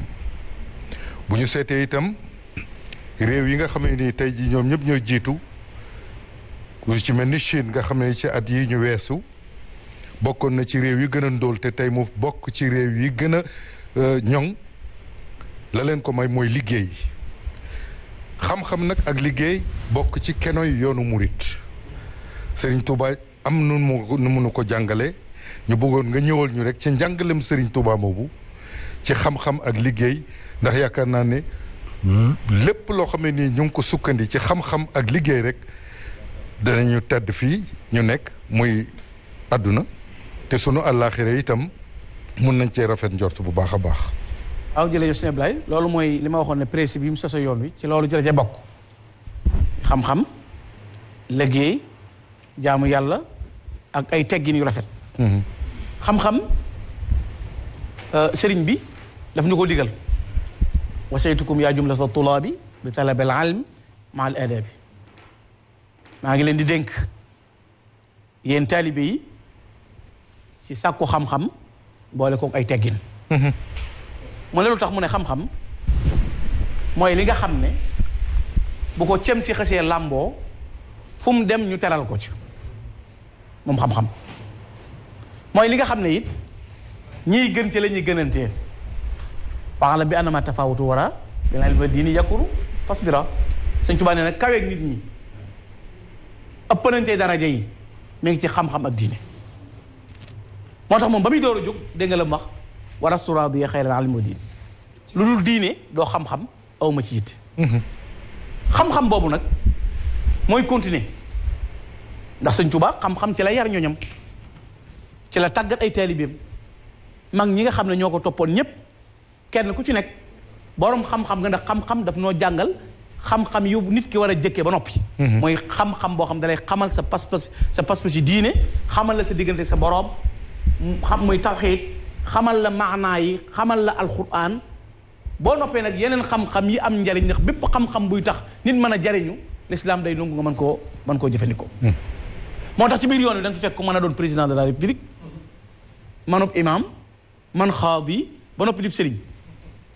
bu ñu seetee itam réew yi nga xam ne nii tey jii ñoom ñëpp ñooy jiitu. lu ci mel ni Chine nga xam ne ci at yi ñu weesu bokkoon na ci réew yi gën a ndóol te tey mu bokk ci réew yi gën a euh, ñoŋ la leen ko may mooy liggéey xam-xam nag ak liggéey bokk ci kenoy yoonu murit sëriñ Touba am nu mu nu munu ko jàngale ñu bëggoon nga ñëwal ñu rek ci njàngalem sëriñ Touba boobu ci xam-xam ak liggéey ndax yaakaar naa ne hmm? lépp loo xam ne nii ñu ngi ko sukkandi ci xam-xam ak liggéey rek ñu tedd fii ñu nekk muy àdduna te sunu àllaaxira itam mun nañ cee rafet njort bu baax a baax. waaw jërëjëf sëñ loolu mooy li ma waxoon ne principe yi mu soso yoon wi ci loolu jërëjëf bokk xam-xam jaamu yàlla ak ay teggin rafet. Mhm. xam euh, sëriñ bi daf ñu ko digal. wasaytukum yaa sa tulaabi bi talabil ilmi ma al bi maa ngi leen di dénk yéen taalibe yi ci sàkku xam-xam boole kook ay teggin mhm. mu ne lu tax mu ne xam-xam mooy li nga xam ne bu ko cem si xësee làmboo fu dem ñu teral ko ci moom xam-xam mooy li nga xam ne it ñiy gën ci la ñuy gënantee waxala bi anama tafawutu wara bi nga ba diini yàkkuru fas bira Sëñ Tuubaa nee nag kaweeg nit ñi ëppalantee daraja yi mi ngi ci xam-xam ak diine moo tax moom ba muy door a jóg dégg nga la mu wax war a suraadiya xayran alim wa diin lu dul diine doo xam-xam awma ci yitte mhm. xam-xam boobu nag mooy continuer ndax Sëñ Tuubaa xam-xam ci la yar ñoñam ci la tàggat ay taalibeem mag ñi nga xam ne ñoo ko toppoon ñépp kenn ku ci nekk boroom xam-xam nga ndax xam-xam daf noo jàngal xam-xam yu nit ki war a jëkkee ba noppi mhm. mooy xam-xam boo xam dalay xamal sa pas sa pas-pas yi diine xamal la sa diggante sa boroom xam muy tawxiid xamal la maanaa yi xamal la alquran boo noppee nag yeneen xam-xam yi am njariñ ndax bépp xam-xam buy tax nit mën a jariñu l'islam day nangu nga mën koo mën koo jëfandikoo hmm. moo tax ci biir yoon wi da nga fi fekk ku mën a doon président de la république manub imam man xaadi ba noppi dib sëriñ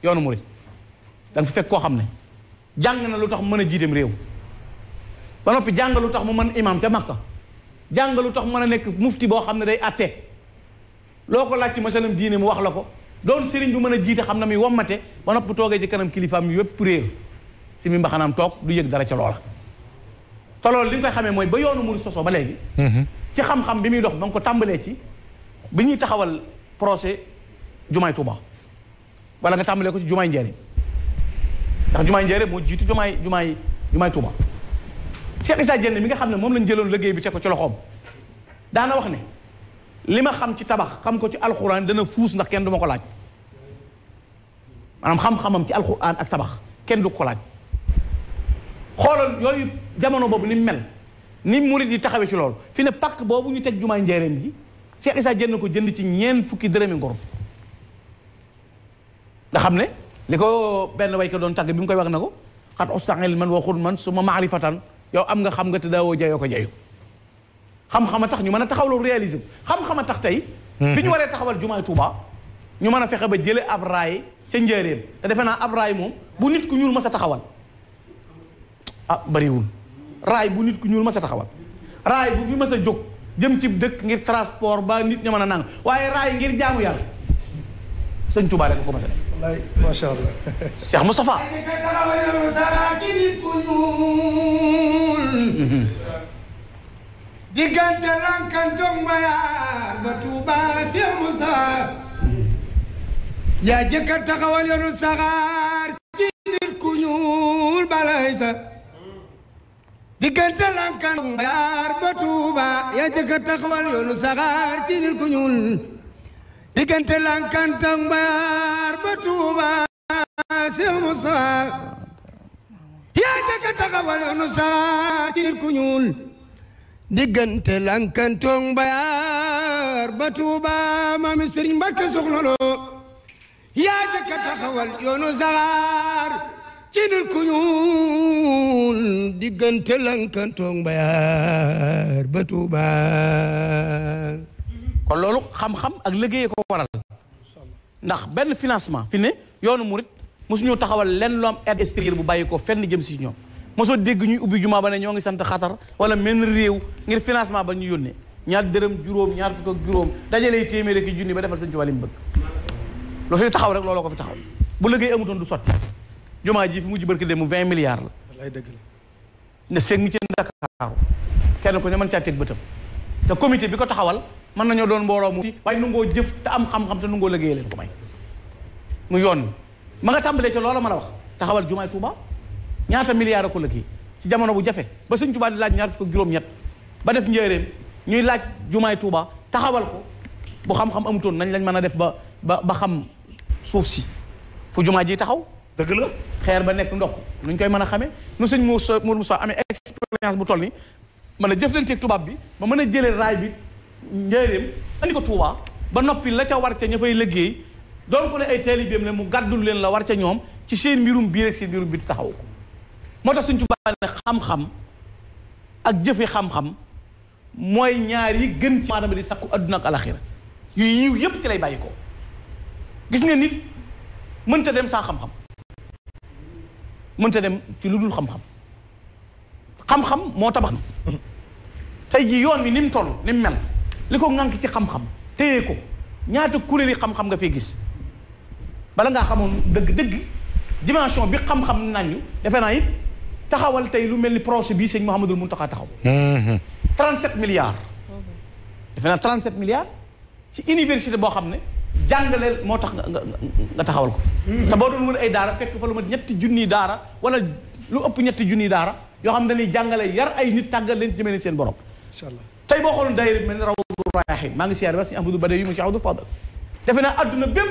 yoonu murid da nga fekk koo xam ne jàng na lu tax mën a jiiteem réew ba noppi jàng lu tax mu man imam te makka jàng lu tax mën a nekk mufti boo xam ne day atte loo ko laaj ci masalam diine mu wax la ko doon sëriñ bi mën a jiite xam na muy wommate ba noppi toogee ci kanam kilifaam yépp réer si mi mbaxanaam toog du yëg dara ca loola te loolu li nga koy xamee mooy ba yoonu murid sosoo ba léegi mm-hmm. ci xam-xam bi muy dox ba ko tàmbalee ci bi ñuy taxawal procès jumaay Tuuba wala nga tàmbalee ko ci jumaay ndax jumaay njëre moo jiitu jumaay jumaay jumaay Tuuba Cheikh Issa mi nga xam ne moom lañ jëloon liggéey bi teg ko ci loxoom daana wax ne li ma xam ci tabax xam ko ci alxuraan dana fuus ndax kenn du ma ko laaj am xam-xamam ci alxuraan ak tabax kenn du ko laaj xoolal yooyu jamono boobu ni mel ni murit yi taxawee ci lool fi ne pàkk boobu ñu teg jumaay njëreem ji Cheikh jënd ko jënd ci ñeent fukki dërëmi ngor nga xam ne li ko benn way ko doon tàgg bi mu koy wax na ko xat ostaxel man waxul man su ma maarifatan yow am nga xam nga te daawoo jayoo ko jayu xam-xama tax ñu mën a taxaw loolu réalisme xam a tax tey mhm. bi ñu waree taxawal jumaay Touba ñu mën a fexe ba jële ab raay ca njëreem te defe naa ab raay moom bu nit ku ñuul ma sa taxawal ah bariwul raay bu nit ku ñuul ma sa taxawal raay bu fi ma sa jóg jëm cib dëkk ngir transport ba nit ña mën a nang waaye raay ngir jaamu yàlla sëñ Touba rek ko ma sa def wallaay macha allah. Cheikh [laughs] Moustapha. [laughs] diggante lankantong mayaar ba Touba Cheikh Moustapha. yaa jëkk a taxawal yoonu saxaar ci nit ku ñuul balay sa. diggante lankantong mayaar ba Touba yaa jëkk a taxawal yoonu saxaar ci nit ku ñuul. diggante lankantak mbaar ba tuuba Seex Mustafaa yaa jëkk a taxawal nu saa ci nit ku ba tuuba yaa jëkk taxawal yoonu saxaar ci nit ku ñuul diggante lankantak kon loolu xam-xam ak liggéey ko waral ndax benn financement fi ne yoonu murit mosuñu taxawal lenn lu am aide extérieure bu bàyyi ko fenn jëm si ñoom mosoo dégg ñuy ubbi jumaa ba ne ñoo ngi sant xatar wala menn réew ngir financement ba ñu yónnee ñaar dërëm juróom ñaar fukk ak juróom dajalee téeméer ak junni ba defal sëñ Tuubaa li mu bëgg lu fi taxaw rek looloo ko fi taxaw bu liggéey amutoon du sotti jumaa ji fi mujj barki dem mu vingt milliards la ne sëñ ci Ndakaaru kenn ko ne mën caa teg bëtam te comité bi ko taxawal mën nañoo doon mbooloo mu waaye nungoo jëf te am xam-xam te nungoo liggéey leen ko may mu yoon ma nga tàmbalee ca loola ma la wax taxawal jumaay Touba ñaata milliards ko la kii ci jamono bu jafe ba sëñ Touba di laaj ñaar fukk juróom-ñett ba def njéeréem ñuy laaj jumaay Touba taxawal ko bu xam-xam amutoon nañ lañ mën a def ba ba ba xam suuf si fu jumaa ji taxaw dëgg la xeer ba nekk ndox nuñ koy mën a xamee nu sëñ Moussa Mour Moussa amee expérience bu toll ni mën a jëflanteeg tubaab bi ba mën a jëlee raay bi njëriñam andi ko Touba ba noppi la ca war ca ña fay liggéey doon ko ne ay taalibeem la mu gàddul leen la war ca ñoom ci seen mbirum biir ak seen mbirum bi taxaw ko moo tax suñ Touba ne xam-xam ak jëfe xam-xam mooy ñaari yi gën ci maanaam di sakku àdduna ak alaxira yu yiw yépp ci lay bàyyi ko gis nga nit mënta dem saa xam-xam mënta dem ci lu dul xam-xam xam-xam moo tabax tey jii yoon wi ni toll ni mu mel li ko ŋànk ci xam-xam téye ko ñaata kuréel yi xam-xam nga fee gis bala ngaa xamoon dëgg-dëgg dimension bi xam-xam nañu defe naa it taxawal tey lu mel ni projet bii sëñ Mouhamadul Mountakha taxaw. 37 mm-hmm. milliards. defe naa 37 milliards ci université boo xam ne jàngaleel moo tax nga nga taxawal ko. Mm-hmm. te boo doon war ay daara fekk fa lu mat ñetti junniy daara wala lu ëpp ñetti junniy daara. yoo xam dañuy jàngale yar ay nit tàggat leen ci mel seen borom incha allah tey boo xooloon daayira mel ni rawdu rayaahin maa ngi si Amadou Badawi si Amadou Fadal defe naa adduna bépp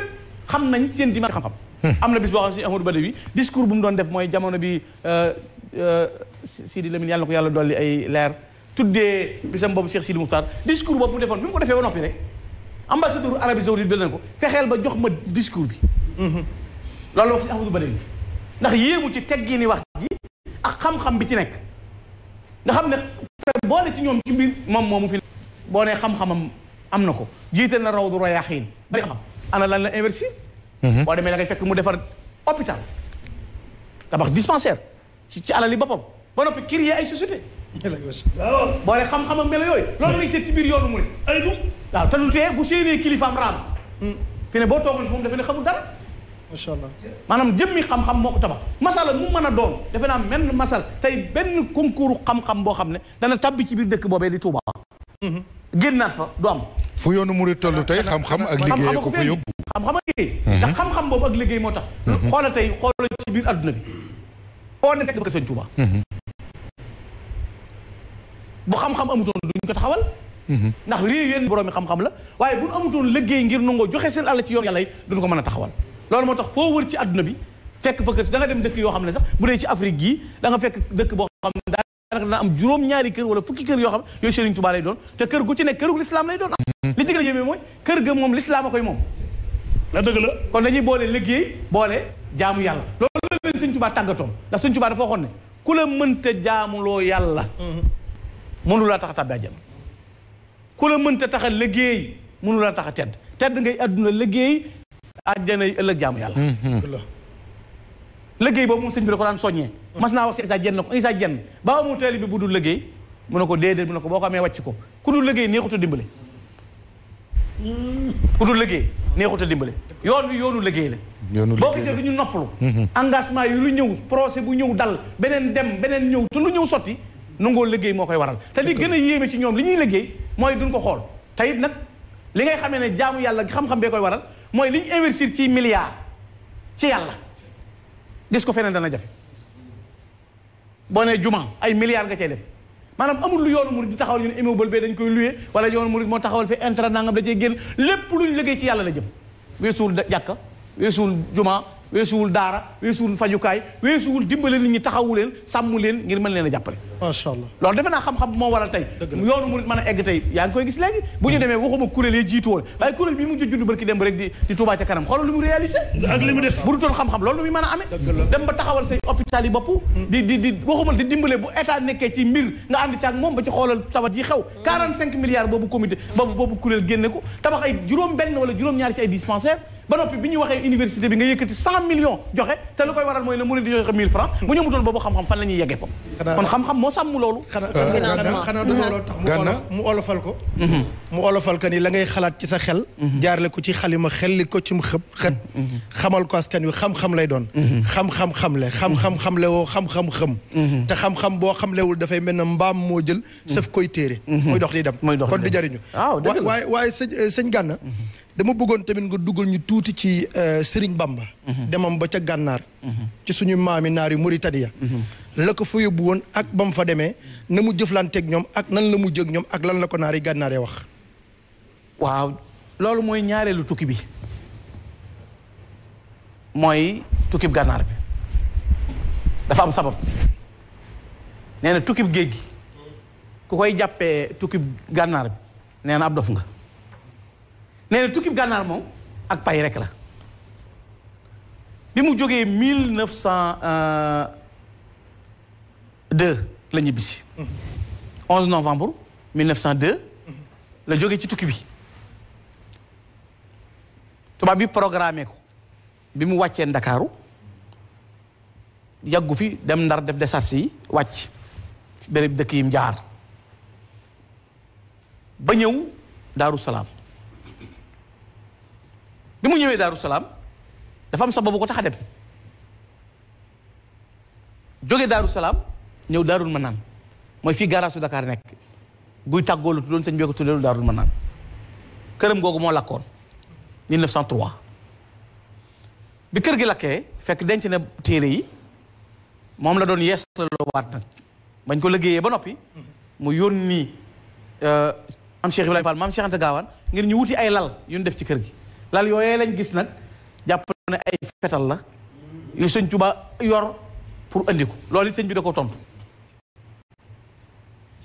xam nañ seen dimanche xam-xam hmm. am na bis boo xam si Amadou Badawi discours bu mu doon def mooy jamono bi la euh, euh, Lamine yàlla ko yàlla dolli ay leer tuddee bisam boobu Cheikh Sidi Moukhtar discours boobu mu defoon bi mu ko defee ba noppi rek ambassadeur Arabie Saoudite bi leen ko fexeel ba jox ma discours bi hmm. loolu wax si Amadou Badawi ndax yéemu ci ni wax ji ak xam-xam bi ci nekk nga xam ne boole ci ñoom ci biir moom moomu fi boo xam-xamam am na ko jiital na raw du rayaxiin bari xam ana lan la investir mhm. boo demee da ngay fekk mu defar hôpital tabax dispensaire ci ci alal ba boppam ba noppi créer ay société boole xam-xamam melo yooyu loolu lañ ci biir yoonu mu ne ay du waaw te du tee bu séenee kilifaam raam mm. fi ne boo toogal foofu dafa ne xamul dara macha maanaam jëmmi xam-xam moo ko tabax masala mu mën a doon defe naa menn masal tey benn concours xam-xam boo xam ne dana tàbbi ci biir dëkk boobee di Touba mhm. génnaat fa du am fu yoonu murid toll tey xam-xam ak liggéey ko fa yóbbu xam-xam ak liggéey mhm. boobu ak liggéey moo tax mhm. xoola tey xoola ci biir adduna bi oo ne teg dafa sëñ Touba bu xam-xam amutoon duñ ko taxawal ndax lii yéen boroomi xam-xam la waaye buñ amutoon liggéey ngir nangoo joxe seen àll ci yoon yàlla yi duñ ko mën a taxawal loolu moo tax foo wër ci àdduna bi fekk fa kër da nga dem dëkk yoo xam ne sax bu dee ci Afrique gii da nga fekk dëkk boo xam ne daanaka dana am juróom-ñaari kër wala fukki kër yoo xam ne yooyu Serigne Touba lay doon te kër gu ci nekk këru lislaam lay doon mm-hmm. li ci gën a yéeme mooy kër ga moom lislaam a koy moom la dëgg la kon dañuy boole liggéey boole jaamu yàlla loolu la leen Serigne Touba tàggatoon ndax Serigne Touba dafa waxoon ne ku la mënta jaamuloo yàlla mm-hmm. mënu laa tax a tàbbi àjjana ku la mënta tax a liggéey mënu laa tax a tedd tedd ngay àdduna liggéey àjjana yi ëllëg jaamu yàlla mm-hmm. liggéey boo moom sëñ bi da ko daan soññee mm-hmm. mas naa wax si Isa Jenn na ko Isa Jenn ba amul teel bi bu dul liggéey mu ne ko déedéet mu ne ko boo ko amee wàcc ko ku dul liggéey neexut a dimbale mm-hmm. ku dul liggéey neexut a dimbale yoon wi yoonu liggéey la boo gisee du ñu noppalu engagement yi lu ñëw procès bu ñëw dal beneen dem beneen ñëw te lu ñëw sotti nangoo liggéey moo koy waral te li gën a yéeme ci ñoom li ñuy liggéey mooy duñ ko xool te it li ngay xamee ne jaamu yàlla xam bee koy waral mooy li ñu ci milliard ci yàlla gis ko feneen dana jafe boo nee juma ay milliards nga cay def maanaam amul lu yoonu murid di taxawal ñu ne immeuble bee dañ koy loué wala yoonu murid moo taxawal fi intrant nangam da cee génn lépp lu ñu liggéey ci yàlla la jëm weesuwul jàkka weesuwul juma weesuwul daara weesuwul fajukaay weesuwul dimbale nit ñi taxawu leen sàmm leen ngir mën leen a jàppale macha allah loolu defe naa xam-xam moo waral tey yoonu murid mën a egg tey yaa ngi koy gis léegi bu ñu mm. demee waxuma kuréel yi jiitu woon waaye kuréel bi mu ngi judd barki dem rek di di Touba kanam xoolal lu muy mën a amee dem ba taxawal say hôpital yi bopp mm. di di di waxuma di dimbale bu état nekkee ci mbir nga ànd ci ak moom ba ci xoolal tawat yi xew 45 mm. milliards boobu comité boobu boobu kuréel génne ko ay juróom benn wala juróom ñaari ci ay ba noppi bi ñu waxee université bi nga yëkkati cent millions joxe te lu koy waral mooy ne mu ne di joxe mille francs bu ñu amutoon boobu xam-xam fan la ñuy yeggee ko kon xam-xam moo sàmm loolu euh, loolu mu olofal ko mhm. mu olofal ko ni la ngay xalaat ci sa xel mhm. jaarle ko ci xalima xelli ko ci mu xëb mhm. xamal ko askan wi xam-xam lay doon xam-xam-xam le xam-xam-xam le woo xam-xam-xam te xam-xam boo xam lewul dafay mel na mbaam moo jël sef koy téere muy dox di dem kon di jariñu ah, waaye waaye sëñ euh, sëñ gànna dama bëggoon tamit nga dugal ñu tuuti ci euh, Serigne Bamba. Mhm. demam ba ca gànnaar. Mhm. ci suñu maami naar yu Mauritania. Mhm. la ko fa yóbbu woon ak ba mu fa demee na mu jëflanteeg ñoom ak nan la mu jëg ñoom ak lan la ko naar yi gànnaaree wax. waaw loolu mooy ñaareelu tukki bi mooy tukkib gànnaar bi dafa am sabab nee na tukkib géej gi ku koy jàppee tukkib gànnaar bi nee na ab dof nga. nee na tukki gànnaar moom ak pay rek la bi mu jógee mille neuf cent euh, la ñibbisi. 11 mm-hmm. novembre 1902 mm-hmm. la jóge ci tukki bi tubaab bi programmé ko bi mu wàccee Ndakaaru yàggu fi dem Ndar def desars yi wàcc béréb dëkk yim jaar ba ñëw Daaru Salaam bi mu ñëwee Daaru Salaam dafa am sababu ko tax a dem jóge Daaru Salaam ñëw Daarul ma Manaan mooy fii garage su nekk guy tàggoolu tuddoon sëñ bi ko tuddeelu Daarul Manaan këram moo lakkoon 1903 bi kër gi lakkee fekk denc na yi moom la doon yees la loo waat nag bañ ko liggéeyee ba noppi mu yónni euh, am Cheikh Ibrahima Fall maam Cheikh Gaawaan ngir ñu wuti ay lal yu ñu def ci kër gi lal yooyee lañ gis nag jàpp ne ay fetal la yu sëñ Tuba yor pour andi ko lool it sëñ bi da ko tontu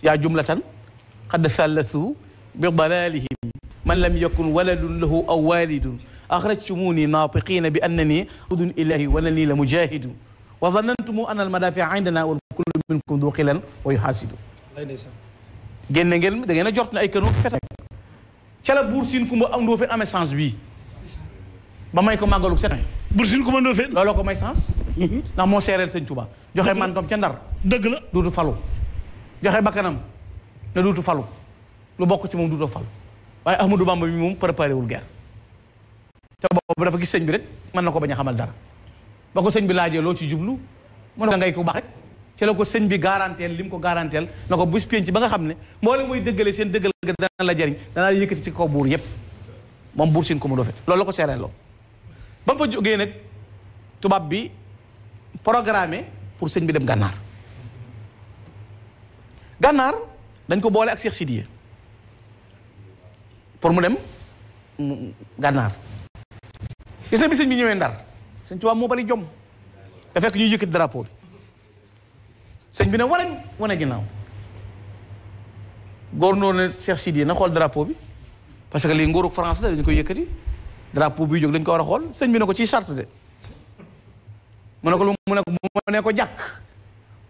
yaa jumlatan xad sallasu bi dalalihim man lam yakun waladun lahu aw walidun axrajtumuni naatiqina bi annani udun ilahi wala nii la mujahidu wa zanantumu an al madafia indana wal kullu minkum du xilan wa yuhaasidu génne ngeen da ngeen a jort ne ay kanu fetal ca la buur siin kumba am doo fi amee bii ba may ko màggalu setin bursin ko mën doo fen looloo ko may sens [laughs] ndax moo seereel sëñ Tuba joxe mantom ca ndar dëgg la duutu falu joxe bakkanam ne duutu falu lu bokk ci moom duutu falu waaye Ahmadou Bamba bi moom préparé wul guerre te boobu dafa gis sëñ bi rek mën na ko bañ a xamal dara ba ko sëñ bi laajee loo ci jublu mu ne ngay ko baax rek ci la ko sëñ bi garanteel li mu ko garanteel na ko bus penc ba nga xam ne mboolem muy dëggale seen dëggal la jariñ danaa la ci kaw buur yépp moom buur sin ko mu dofet loolu la ko seereel loo ba mu fa jógee nag tubaab bi programme pour sëñ bi dem gànnaar gànnaar dañ ko boole ak Cheikh pour mu dem gànnaar gis sëñ bi ñëwee ndar sëñ tubaab moo bari jom da fekk ñuy yëkkati drapeau bi sëñ bi ne wane wane ginnaaw góor noonu ne Cheikh Sidiye na xool drapeau bi parce que lii nguurug France la dañu koy yëkkati pour buy jóg dañ ko war a xool sëñ bi ne ko ci charte de mu ne ko lu mu ne ko ne ko jàkk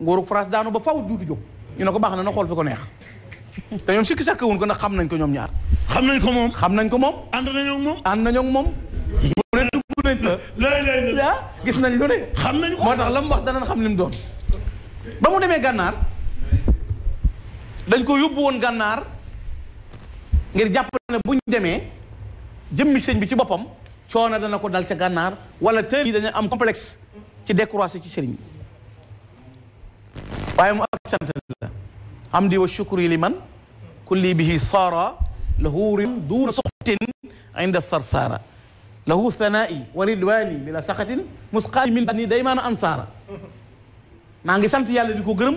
nguuru France daanu ba faw duutu jóg ñu ne ko baax na na xool fi ko neex te ñoom sikki sàkk wuñ ko ndax xam nañ ko ñoom ñaar. xam nañ ko moom. xam nañ ko moom. ànd nañoo moom. ànd bu ne dugg ah, gis nañ lu xam nañ ko moo tax la mu wax danañ xam li mu doon. ba mu demee gànnaar dañ ko yóbbu woon gannaar ngir jàpp na bu ñu demee. jëmmi sëñ bi ci boppam coono dana ko dal ca gànnaar wala teel yi dañu am complexe ci décroissé ci sëriñ bi waaye mu ak sant la am di wa shukri liman kulli bihi saara lahuurim duuna suxtin inda sarsaara lahu thanaai wa ridwaani bila saxatin musqaani min bani daymaana ansaara maa ngi sant yàlla di ko gërëm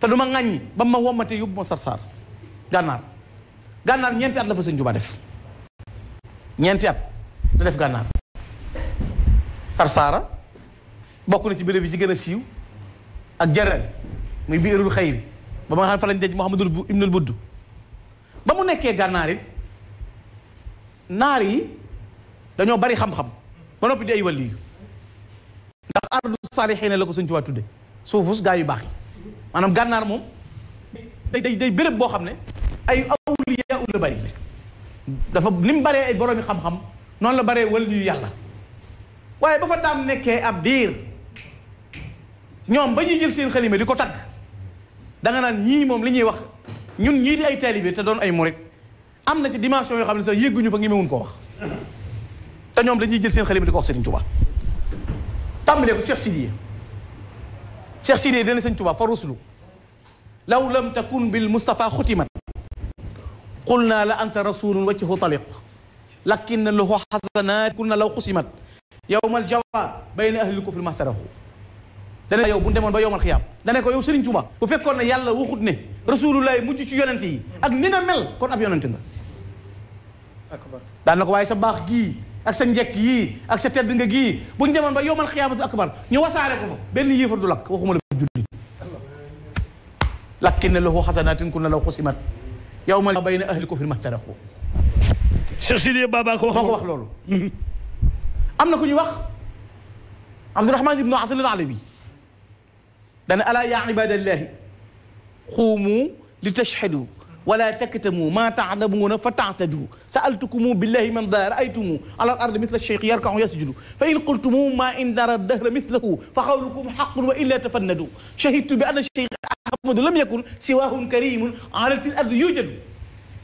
te du ma ŋàññi ba ma wommatee yóbbu ma sarsaar gànnaar gànnaar ñeenti at la fa sëñ Juba def ñeenti at da def gànnaar sarsaara bokk na ci béréb yi ci gën a siiw ak jareel muy biirul xayri ba ma nga xam fa lañ denc Muhammadul ibnul Budd ba mu nekkee gànnaar it naar yi dañoo bari xam-xam ba noppi di ay wàll yi ndax ardu saalihiina la ko suñ ci waa tudde suufus gaa yu baax yi maanaam gànnaar moom day day bërëb boo xam ne ay awliyaa la bari dafa ni mu baree ay boroomi xam-xam noonu la baree wal yu yàlla waaye ba fa daam nekkee ab diir ñoom ba ñuy jël seen xalima di ko tagg danga naan ñii moom li ñuy wax ñun ñii di ay taalibe te doon ay murit am na ci dimension yoo xam ne sax yëgguñu fa ngimewuñ koo wax te ñoom dañuy jël seen xalima di ko wax Serigne Touba tàmbalee ko Cheikh Sidiye Cheikh Sidiye dana Serigne Touba fa ruslu law lam takun bil Mustafa xutimat qul naa la anta rasulun waccahu taliq lakin lahu xasanaat kun na law xusimat yowmal jawaab bayna ahli kufri mahtarahu dane yow bu ñu demoon ba yowmal xiyaam dane ko yow Serigne Touba bu fekkoon ne yàlla waxut ne rasulullahi mujj ci yonent yi ak ni nga mel kon ab yonent nga daan na ko waaye sa baax gii ak sa njekk yii ak sa tedd nga gii bu ñu demoon ba yowmal xiyaamatu akbar ñu wasaare ko fa benn yéefar du lakk waxuma la julli lakin lahu xasanatin kun na law xusimat yow ma bay na ahli ko fi maxtaraxu Cheikh Sidiya Baba ko wax moo ko wax loolu am na ku ñu wax Abdourahman ibnu Asal al-Alabi dana alaa yaa ibadallaahi xuumu li tashhadu wala taktamu ma taalamuuna fa taatadu saaltukumu billahi man daa raaytumu ala al ardi mithla alcheyqi yarkahu yasjudu fa in qultumu ma in dara dahra mithlahu fa xawlukum xaqun wa illa tafannadu shahidtu bi anna cheikh ahmadu lam yakun siwahun karimun ala til ardi yujadu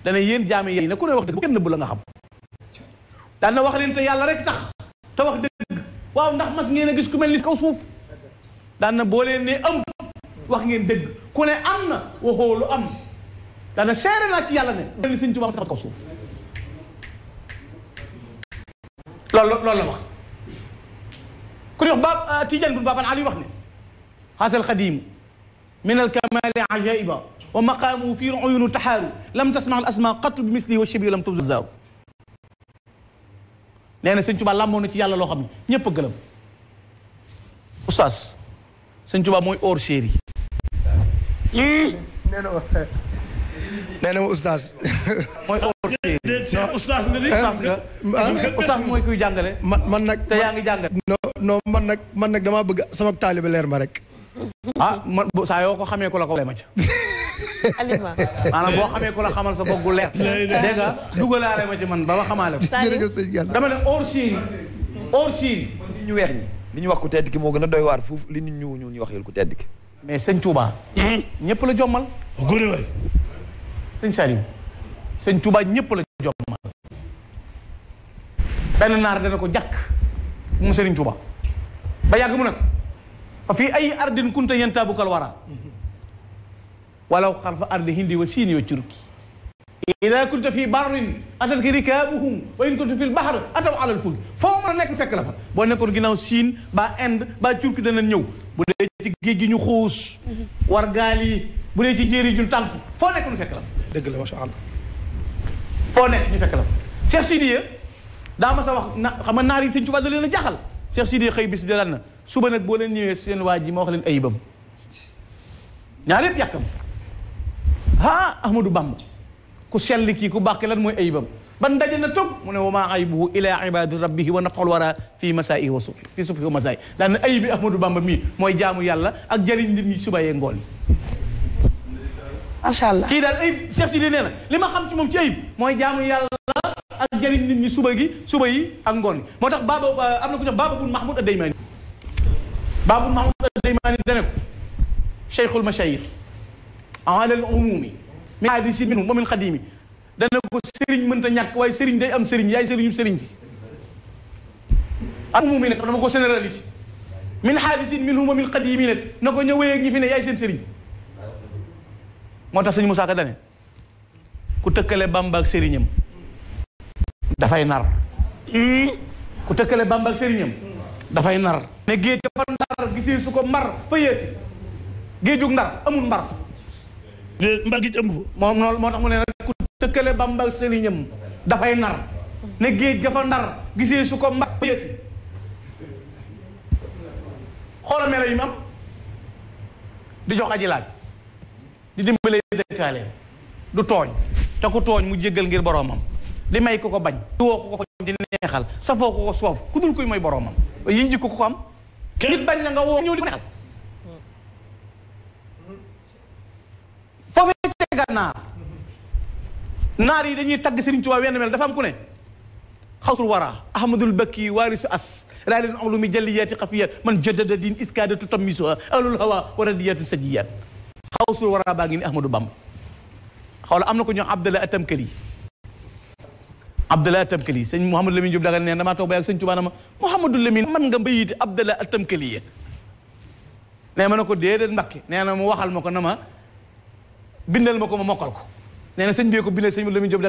dana yéen jaami yi ne ku ne wax dëgg bu kenn bu la nga xam daan na wax leen te yàlla rek tax te wax dëgg waaw ndax mas ngeen a gis ku mel ni kaw suuf daan na boo leen ne am wax ngeen dëgg ku ne am na waxoo lu am daana seere naa ci yàlla ne li sëñ Tuubaa sama kaw suuf loolu loolu la wax ku ñuy wax ba euh, Tijaan bun Baban Ali wax ne haasal xadimu min alkamali ajaiba wa maqaamuhu fi uyunu taxaaru lam tasma al asma qattu bi misli wa shabi lam tubzar zaaru nee na sëñ Tuubaa làmmoon na ci yàlla loo xam ne ñëpp a gëlëm oustaz sëñ Tuubaa mooy hors série hmm? nee na nee na ma [laughs] [laughs] oustaz. mooy oustaz nga ni kuy jàngale. man man nag te yaa ngi jàngale. non non man nag man nag damaa bëgg sama taalibe leer ma rek. ah man saa yoo ko xamee ko la ko ma ca. alima maanaam boo xamee ku la sa bopp gu leer. dégg nga dugalaale man ba ma xamaale ko. jërëjëf sëñ Gana dama ne or siin or siin ñu weex ñi li ñu wax ku tedd ki moo gën a doy waar foofu li nit ñu ñu ñu wax yël ku tedd ki mais sëñ Touba. ñëpp la jommal. góor waay. sëñ Saliou sëñ Touba ñëpp la jommal benn naar dana ko jàkk mu sëriñ Touba ba yàgg mu ne ko fii ay ardin kunta yantabukal wara walaw xarfa ardi hindi wa siini wa turki ida kunta fi barrin atatka rikaabuhum wa in kunta fil bahar ataw alal fulki foo mën a nekk fekk la fa boo nekkoon ginnaaw siin ba Inde ba Turki dana ñëw bu dee ci géej gi ñu xuus mhm. war gaal bu dee ci jéeri jul tànku foo nekk ñu fekk la dëgg la macha allah. foo nekk ñu fekk la Cheikh Sidiya daa ma wax na xam nga naar yi sëñ Tuubaa da leen a jaxal Cheikh Sidiya xëy bis na suba nag boo leen ñëwee seen waa ji ma wax leen ayibam ñaar yëpp yàkkam ah Ahmadou Bamba ku sell kii ku baax lan mooy ayibam ban daje na toog mu ne wa maa aybuhu ila ibadi rabbihi wa nafxul wara fii masaayi wa subhi fi subhi wa masaayi daan na ayibi Bamba mii mooy jaamu yàlla ak jëriñ nit ñi suba yee ngoon macha allah kii daal ayib Cheikh Sidi nee na li ma xam ci moom ci ayib mooy jaamu yàlla ak jëriñ nit ñi suba gi suba yi ak ngoon yi moo tax baaba euh, am na ku ñuy wax baaba bun Mahmoud ad-Daymani baaba bun Mahmoud ad-Daymani dane ko cheikhul mashayir ala al umumi min hadisi minhum wa min xadimi dana ko sëriñ mënta ñàkk waaye sëriñ day am sëriñ yaay sëriñu sëriñ si al umumi nag dama ko généraliser min hadisin minhum wa min xadimi nag na ko ñëwee ak ñi fi ne moo tax sañ Moussa Ka dane ku tëkkale Bamba sëriñam dafay nar hmm? ku tëkkale Bamba ak dafay nar ne géej dafa nar gisee su ko mbar fa yéesi géejug ndar amul mbar gi ëmb fa moo tax mu ne nag ku tëkkale Bamba sëriñam dafay nar ne géej dafa ndar gisee su ko mbar fa yéesi xoola melo yi mu di jox aji di dimbalee dëkkaaleem du tooñ te ku tooñ mu jéggal ngir boroomam li may ko ko bañ di woo ko ko di neexal safoo ko ko soof ku dul koy mooy boroomam yi jikko ko ko am nit bañ na nga woo ñëw di ko neexal hmm. foofu tegaat naar naar yi dañuy tagg Sëriñ Tuubaa wenn mel dafa am ku ne xawsul wara ahmadul bakki waarisu as laa leen am lu mi jalliyaati xafiyaat man jaddada diin iskaadatu tamisuha alul hawa wa radiyatun sajiyaat xawsul war a baa ngi ni xaw la am na ko ñoom Abdallah Atamkali Abdallah Atamkali sañ Mouhamadou Lamine Diop dagal ne damaa toog ba yàgg sëñ Tuubaa na ma Mouhamadou Lamine man nga mbayiti Abdallah Atamkali ya nee ma ne ko déedéet Mbakke nee na mu waxal ma ko na ma bindal ma ko ma mokkal ko nee na sëñ bi ko bindal sëñ Mouhamadou Lamine Diop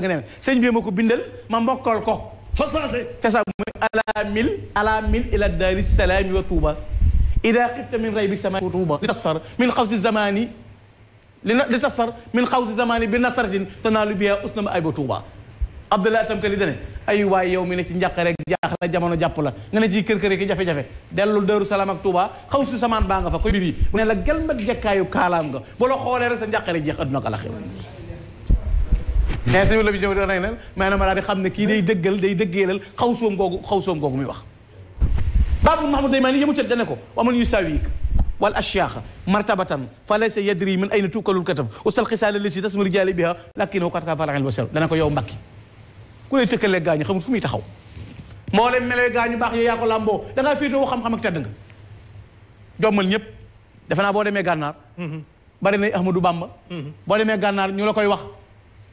dagal ma ko bindal ma mokkal ko fa ala mil ala mil ila daari salaami wa tuuba ida xifta min raybi sama tuuba li tasfar min xawsi zamani li na li tasar min xaw si zamani bi nasaratin tanaalu biha usnama ay ba tuuba abdullah tam kali dane ay waay yow mi ne ci njàqare jaaxle jamono jàpp la nga ne ciy kër-kër ki jafe-jafe dellul Daaru Salaam ak Touba xaw si samaan baa nga fa koy biri bu ne la gelmat jakkaayu kaalaam nga bu la xoolee rek sa njàqare jeex adduna ak alaxir mais simi la bi jëw da nag na ma daal di xam ne kii day dëggal day dëggeelal xaw soom googu xaw soom googu muy wax baabul mahamado ma maa ni yëmu ko waman wal ashyaakha martabatan fa laysa yadri min ayna tukalul kataf ustal xisaala lesi tasmu rijaali biha lakinahu qad kaafal ilmu basar dana ko yow mbakki ku lay tëkkalee gaañu xamul fu muy taxaw moo leen melee gaañu baax yow yaa ko làmboo da ngaa féetewoo xam-xam ak tedd nga jommal ñëpp defe naa boo demee gànnaar mhm. bari na Ahmadou Bamba mhm. boo demee gànnaar ñu la koy wax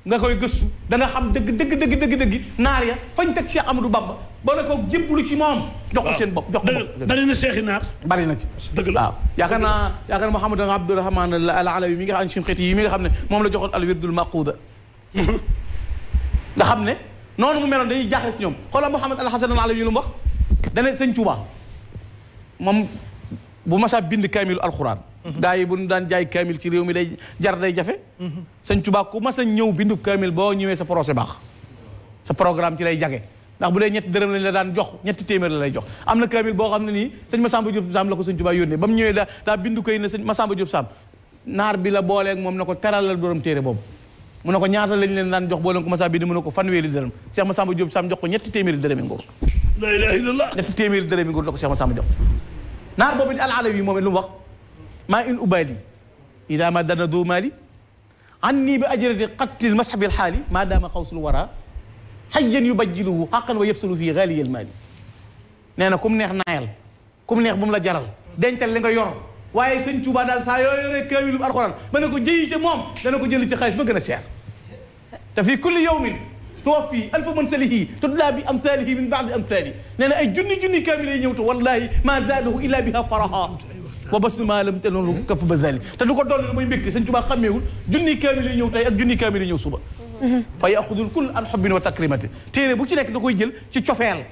nga koy gëstu da nga xam dëgg dëgg dëgg dëgg dëgg naar ya fañ teg Cheikh Amadou Bamba ba ne ko jébbalu ci moom. jox ko seen bopp jox ko bopp bari na Cheikh naar. bari na ci dëgg la waaw. yaakaar naa yaakaar naa Mouhamadou Abdourahman al Alawi mi nga xam ne xeet yi mi nga xam ne moom la joxoon al wirdul maquda nga xam ne noonu mu meloon dañuy jaaxle ci ñoom xoolal Mouhamadou al Hasan al Alawi lu mu wax dane sëñ Touba moom bu masaa bind kaamilu alxuraan. Mhm. gaa yi bu ñu daan jaay kaamil ci réew mi day jar day jafe. Mhm. sëñ Tuubaa ku mas a ñëw bindu kaamil boo ñëwee sa procès baax sa programme ci lay jage ndax bu dee ñetti dërëm lañ la daan jox ñetti téeméer la lay jox am na kaamil boo xam ne nii sëñ la ko sëñ Tuubaa yónnee ba mu ñëwee daa daa bindu moom na ko teralal borom boo leen ko masaa bind jox ko ñetti téeméeri dërëmi nguur la ilaha illallah ñetti téeméeri dërëmi nguur la ko Cheikh Masamba jox naar boobu al alawi moom lu mu wax maa in ubaali ida ma dana doo maali an nii bi ajrati qattil mashabil xaali maa daama xawsul wara xajjan yubajjiluhu xaqan wa yëbsulu fii xaaliyal maali nee na kum neex naayal kum neex bu la jaral dencal li nga yor waaye sëñ Tuubaa daal saa yoo yore kaamilu alxuraan ma ne ko jëyi ca moom dana ko jëli ci xaalis ba gën a seer te fii kulli yawmin tuwaffi alfa mansalihi tudlaa bi amsaalihi min baadi amsaali nee na ay junni junni kaamil lay ñëw te wallahi ma zaadahu illa biha faraha wa bas ma lam te noonu kaf ba zali te du ko dolli mooy mbégte sëñ Tuubaa xàmmeewul junni kaamil lay ñëw tey ak junni kaamil lay ñëw suba fa yaxudul kull an xubbin wa takrimati téere bu ci nekk da koy jël ci cofeel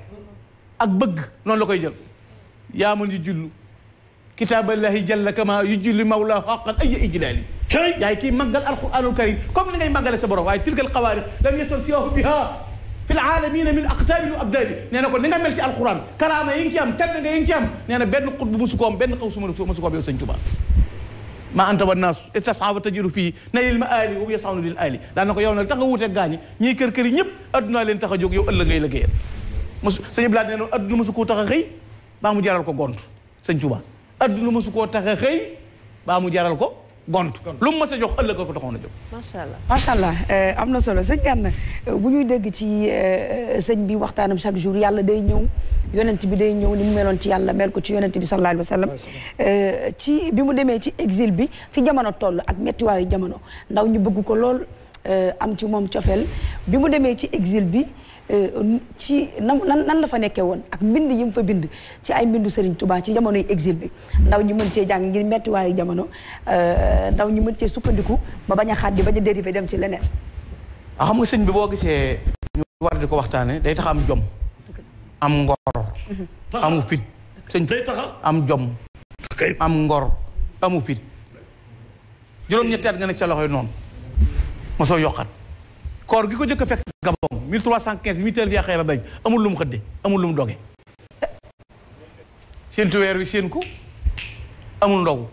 ak bëgg noonu la koy jël yaa man yu jullu kitaaballahi jalla kama yu julli mawlaahu xaqan ay ijlaali yaay kii màggal alquranul comme li ngay màggale sa borom waaye tilkal xawaariq lam yasal siwahu biha fi laalamina min aqtaabin wa abdaadi nee na ko ni nga mel ci alquran karaama yi nga ci am tedd nga yi nga ci am nee na benn xut bu mu maa anta wa naasu istasaaba tajidu fii naylil maali wa yasaanu lil aali daa na ko yow nag tax nga wuute gaañi ñiy ñëpp addunaa leen a jóg yow ëllëg ngay liggéeyal mosu sëñ Blaat nee na adduna mosu koo tax a xëy baa mu jaral ko gont sëñ Tuubaa adduna mosu koo tax a xëy baa mu jaral ko gont lu mu mës a jox ëllëg ko taxoon a jóg. macha allah macha allah eh, am na solo sëñ Gana eh, bu ñuy dégg ci eh, sëñ bi waxtaanam chaque jour yàlla day ñëw yonent bi day ñëw ni mu meloon ci yàlla mel ko ci yonent bi sallallahu alayhi wa sallam ci bi mu demee ci exil bi fi jamono toll ak méttiwaayu jamono ndaw ñu bëgg ko lool am ci moom cofeel bi mu demee ci exil bi. Euh, ci nan nan la fa nekkee woon ak mbind yi fa bind ci ay mbindu Serigne Touba ci jamonoy exil bi ndaw ñi mën cee jàng ngir mettiwaayu jamono euh, ndaw ñi mën cee sukkandiku ba bañ a xaat di bañ a dérivé dem ci leneen. a ah, xam nga sëñ bi boo gisee ñu war di ko waxtaane day tax am jom am ngor amu fit am jom am ngor fit juróom ñetti at nga nekk sa loxoy noonu mosoo yokkat koor gi ko jëkk a fekk Gabon 1315 bi muy teel via xayra dañ amul lu mu xëdde amul lu mu doge séentu weer wi séen ko amul ndogu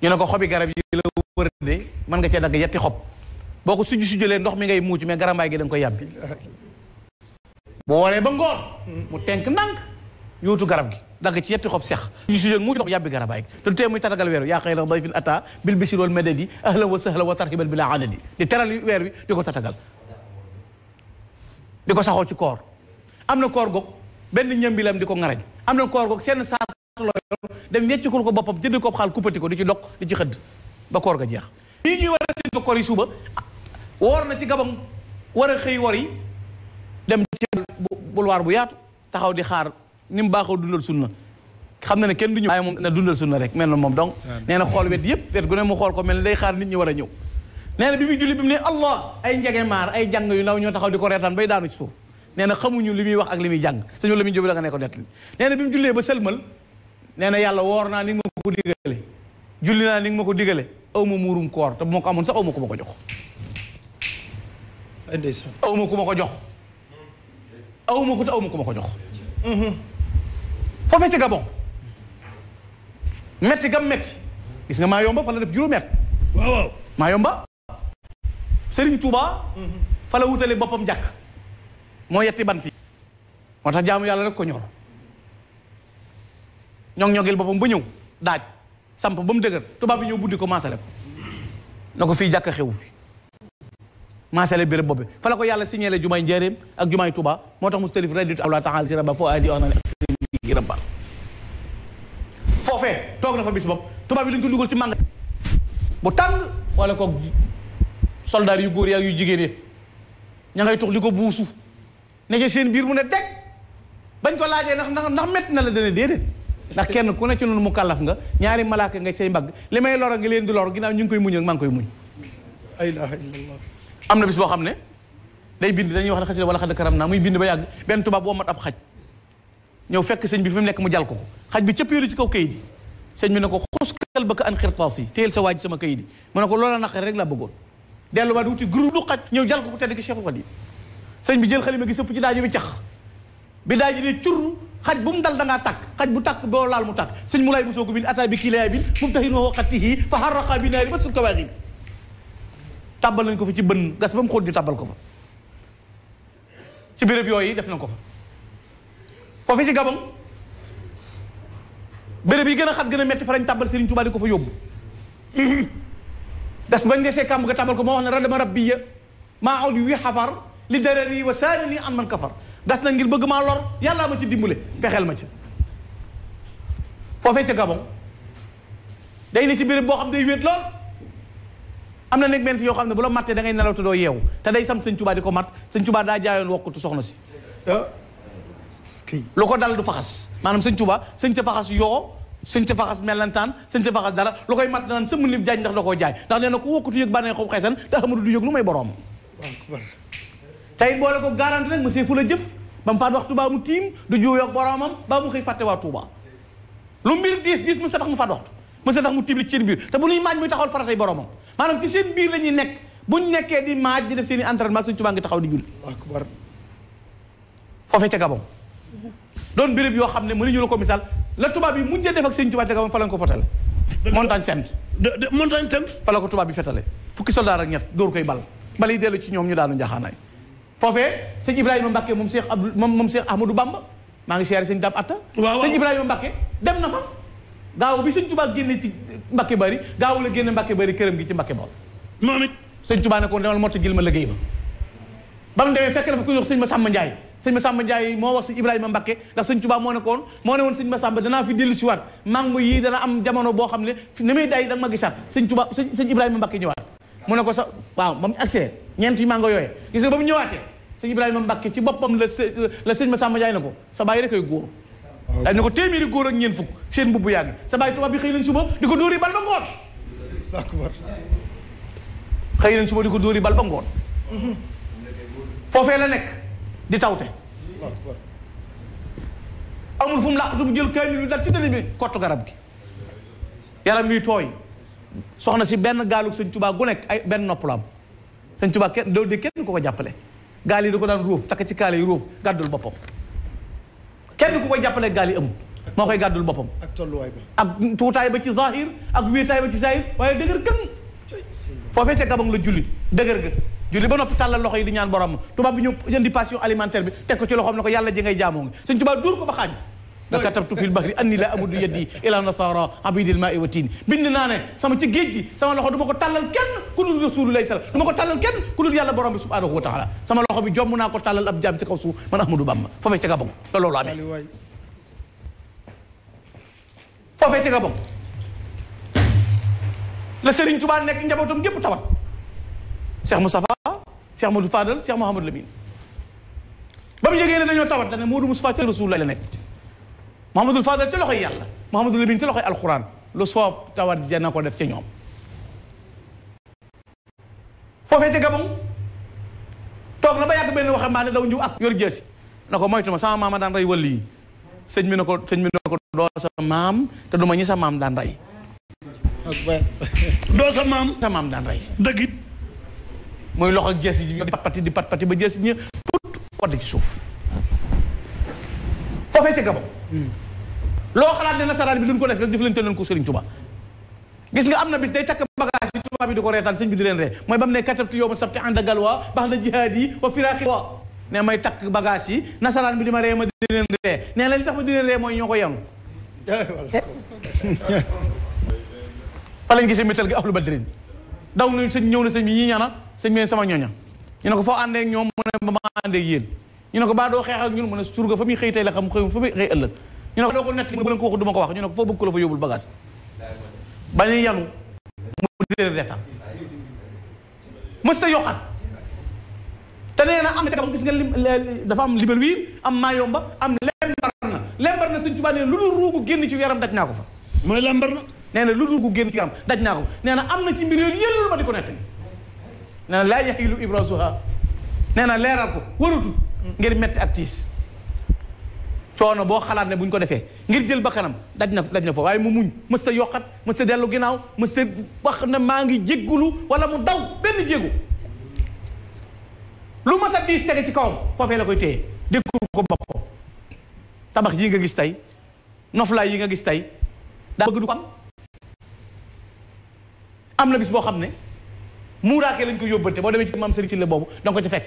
ñu ne ko xobi garab yi la wër de mën nga cee dagg yetti xob boo ko sujj sujjalee ndox mi ngay muuc mais garambaay gi da nga koy yàbbi bu waree ba ngoon mu tenk ndànk yóotu garab gi dagg ci yetti xob sex sujeen mu dox yàbbi garabaay te du tee muy tatagal weer wi yaa xayra dayfin ata bil bishri wal madadi ahlan wa sahlan wa tarhiban bila adadi di teral weer wi di ko di ko saxoo ci koor am na koor goog benn ñëmbilam di ko ngarañ am na koor goog seen saatlo dem yeccikul ko boppam jënd ko xaal kuppati ko di ci dox di ba koor ga jeex lii ñuy war a seen ba koor yi suba woor na ci gabam war a xëy wor yi dem ci bu yaatu taxaw di xaar ni mu baaxoo dundal sunna xam na ne kenn du ñu waaye moom na dundal sunna rek mel na moom donc nee na xool wet yëpp wet gu ne mu xool ko mel ni day xaar nit ñi war a ñëw nee na bi muy julli bi mu ne allah ay njege ay jàng yu ndaw ñoo taxaw di ko reetaan bay daanu ci suuf nee na xamuñu li muy wax ak li muy jàng sëñ la muy jóbi da nga ne ko nettali nee na bi mu jullee ba sëlmal nee na yàlla woor naa li ma ko digale julli naa ni ma ko digale aw ma muurum koor te bu ma ko amoon sax aw ma ku ma ko jox aw ma ku ko jox aw ma ku te aw ma ku ma ko jox mm-hmm. foofee ci Gabon metti gam metti gis nga maa yomba fa la def juróomi at waaw waaw maa yomba Serigne Touba fa la wutale boppam jàkk moo yetti bant yi moo tax jaamu yàlla rek ko ñor ñog-ñogil boppam ba ñëw daaj samp ba mu dëgër tubaab bi ñëw buddi ko maasale ko na ko fii jàkk xewu fi maasale béréb boobu fa la ko yàlla signalé jumaay njëreem ak jumaay Touba moo tax mu tëlif raditu Allah taala ci raba foo ay di na ne bi foofee toog na fa bis bopp tubaab yi lañ ko dugal ci mànga bu tàng wala kook soldaar yu góor yi ak yu jigéen yi ña ngay tux li ko buusu nekk seen biir mu ne teg bañ ko laajee ndax ndax ndax métti na la dana déedéet ndax kenn ku ne ci mu kàllaf nga ñaari malaaka nga say mbagg li may lor nga leen di lor ginnaaw ñu ngi koy muñ rek maa ngi koy muñ am na bis boo xam ne day bind dañuy wax ne xasi wala xadd karam naa muy bind ba yàgg benn tubaab woo mat ab xaj ñëw fekk sëñ bi fi mu nekk mu jal ko xaj bi cëppeelu ci kaw kayit yi sëñ bi ne ko xuskal ba ko an xirtaas yi téyel sa waaj sama kayit yi mu ne ko loola naqari rek laa bëggoon delluwaat wuti groupe du xaj ñëw jàll ko ku tedd ki Cheikhul Khadim sëñ bi jël xalima gi sëpp ci daaji bi cax bi daaji ne curr bu mu dal da ngaa tàkk xaj bu tàkk boo laal mu tàkk sëñ mu laay mosoo ko bind ataa bi kii layaa bin mu taxin wa waqatihi fa xarraqa tàbbal nañ ko fa ci bën gas ba mu xóot ñu tàbbal ko fa ci béréb yooyu def nañ ko fa foofu ci Gabon béréb yi gën a xat gën a metti fa lañ tàmbal Serigne Touba di ko fa yóbbu des bañ desee kàmb ga tàmbal ko moo wax ne radama rabbiya maa aw li wi xafar li dara yi wa saara nii an man kafar das na ngir bëgg maa lor yàlla ma ci dimbale pexeel ma ci foofee ca Gabon day ne ci béréb boo xam day wéet lool am na nekk benn yoo xam ne bu la mattee da nelaw te doo yeewu te day sam sëñ Touba di ko mat sëñ Touba daa jaayoon wokkutu soxna si ah. lu ko dal du faxas maanaam sëñ Tuuba sëñ ca faxas yoo sëñ ca faxas mellantaan sëñ ca faxas dara lu koy mat danaan sa mun lib jaay ndax da koo jaay ndax nee na ku wokkutu yëg bànnee xob xeesan te amadu du yëg lu may boroom tey boole ko garanti nag monsieur fu la jëf ba mu faat waxtu baa mu tiim du jiw yoog boroomam baa mu xëy fàtte waa Tuuba lu mbir diis diis mës ta tax mu faat waxtu mës ta tax mu tiim li ci seen biir te bu ñuy maaj muy taxawal faratay boroomam maanaam ci seen la ñuy nekk buñ nekkee di maaj di def seen i entraînement sëñ Tuuba ngi taxaw di julli foofee ca Gabon doon béréb yoo xam ne mu mënuñu la ko misaal la tubaab yi mujjee def ak sëñ Tuubaa ca fa ko fotale montagne sainte montagne sainte la ko tubaab bi fetale fukki soldaar ak ñett dóor koy bal bal yi dellu ci ñoom ñu daanu njaxaanaay foofee sëñ Ibrahima Mbacke moom Cheikh Abdou moom moom Cheikh Ahmadou Bamba maa ngi siyaare sëñ Dame Atta sëñ Ibrahima Mbacke dem na fa daaw bi sëñ Tuubaa génne ci Mbacke Bari daaw la génne Mbacke Bari këram gi ci Mbacke Bawol moom it sëñ Tuubaa ne ko demal motta gil ma liggéey ba ba mu demee fekk na sëñ ma Sàmba Njaay sëñ Massamba Ndiaye moo wax sëñ Ibrahima Mbakke ndax sëñ Tuubaa moo ne ko moo ne woon sëñ Massamba danaa fi dellu si waat mango yii dana am jamono boo xam ne ni muy day da nga ma gisaat sëñ Tuubaa sëñ sëñ Ibrahima Mbakke ñëwaat mu ne ko sa waaw ba mu accès ñeenti mango yooyu gis nga ba mu ñëwaatee sëñ Ibrahima Mbakke ci boppam la la sëñ Massamba Ndiaye na ko sa bàyyi rek ay góor dañ ne ko téeméeri góor ak ñeent fukk seen mbubb yàgg sa bàyyi tubaab bi xëy nañ suba di ko dóori bal ba ngoon xëy nañ suba ko dóori bal ba ngoon mm-hmm. la nekk di tawte amul fu mu làqatu bu jël kaamil bi dal ci dënn bi kottu garab gi yaram wi tooy soxna si benn gaalu sëñ tubaa gu nekk ay benn nopp la am sëñ tubaa kenn doo de kenn ko ko jàppale gaal yi da ko daan ruuf takk ci kaala yi ruuf gàddul boppam kenn ku ko jàppale gaal yi amut moo koy gàddul boppam ak tolluwaay ba ak tuutaay ba ci zahir ak wéetaay ba ci zahir waaye dëgër gën foofee ca gabang la julli dëgër gën julli ba noppi tàllal loxo yi di ñaan borom tubaab bi ñu indi passion alimentaire bi teg ko ci loxoom ne ko yàlla ji ngay jaamoo ngi sëñ tubaab dóor ko ba xaañ da katabtu fil bahri anni la amudu yaddi ila nasara abidil ma'i wa tiin bind naa ne sama ci géej gi sama loxo du ma ko tàllal kenn ku dul rasulullah sal du ma ko tàllal kenn ku dul yàlla borom bi subhanahu wa taala sama loxo bi jomm naa ko tàllal ab jaam ci kaw suuf man ahmadou bamba foofee ca gabon la loolu amee foofee ca gabon la sëriñ tubaa nekk njabootam gépp tawat Cheikh Moustapha Cheikh Modou Fadal Cheikh Mouhamadou Lamine ba mu yëgee ne dañoo tawat dana Modou Moustapha ca Rasulullah la nekk Mouhamadou Fadal ca loxoy yàlla Mouhamadou Lamine ca loxoy alquran lu soob tawat ja na ko def ca ñoom foofee ca Gabon toog na ba yàgg benn waxambaane daw ñëw ak yor jësi na ko moytu ma sama maama daan rey wàlli yi sëñ bi na ko sëñ bi na ko doo sa maam te du ma ñi sa maam daan rey doo sa maam daan rey mooy loxo gees yi di patpati di patpati ba gees yi ñu put wadd ci suuf loo xalaat ne nasaraan bi duñ ko def rek def leen te leen ko Serigne Touba gis nga am na bis day takk bagage yi tubaab yi di ko reetaan sëñ bi di leen ree mooy ba mu ne katabtu yow ma sabti ànd yi ne may takk nasaraan bi di ma ree ma di leen ree nee la mooy ñoo ko yenu [laughs] fa lañ gisee métal gi ahlu badrin daw nañ sëñ ñëw na sëñ bi ñii ñaana sëñ bi sama ñoña ñu ne ko foo àndee ñoom mu ne ba ma àndee yéen ñu ne ko baa doo xeex ak ñun mu ne surga fa muy xëy tey la xam xëy fa muy xëy ëllëg ñu ne ko doo ko nett bu leen ko wax du ma ko wax am na ca am libel wiir am maayomba am lembar na lembar na sëñ Tuubaa nee na lu dul ruugu génn ci yaram daj naa ko fa mooy lembar na nee na lu dul ruugu génn ci am daj naa ko nee na am na ci mbir yooyu yëllu ma di ko nettali nee na laa yaxilu ibrasuha nee na leeral ko warutul ngir metti ak tiis coono boo xalaat ne buñ ko defee ngir jël bakkanam daj na daj na fa waaye mu muñ mës ta yokkat dellu ginnaaw mës ta wax ne maa ngi jéggulu wala mu daw benn jéegu lu mas a diis tege ci kawam foofee la koy téye dékkul ko boppam tabax yi nga gis tey noflaay yi nga gis tey daa bëgg du ko am am na bis boo xam ne muuraake lañ ko yóbbante boo demee ci maam Serigne Sylla boobu danga ko ci fekk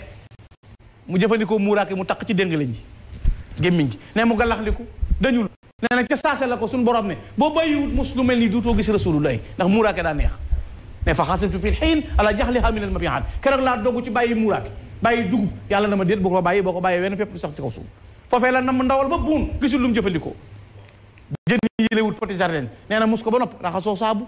mu jëfandikoo muuraake mu takk ci déng lañ ji gémmiñ gi ne mu galaxndiku dañul nee na ca saase la ko suñu borom ne boo bàyyiwut mos lu mel nii duutoo gis rasulullah ndax muuraake daa neex ne fa xaasatu fi xiin ala jaxliha min al mabihaat keroog laa dogu ci bàyyi muuraake bàyyi dugub yàlla na ma déet boo ko bàyyi boo ko bàyyi wenn fépp sax ci kaw suuf foofee la nam ndawal ba buun gisul lu mu jëfandikoo jën yi léwut poti jardin nee na mus ko ba nopp raxasoo saabu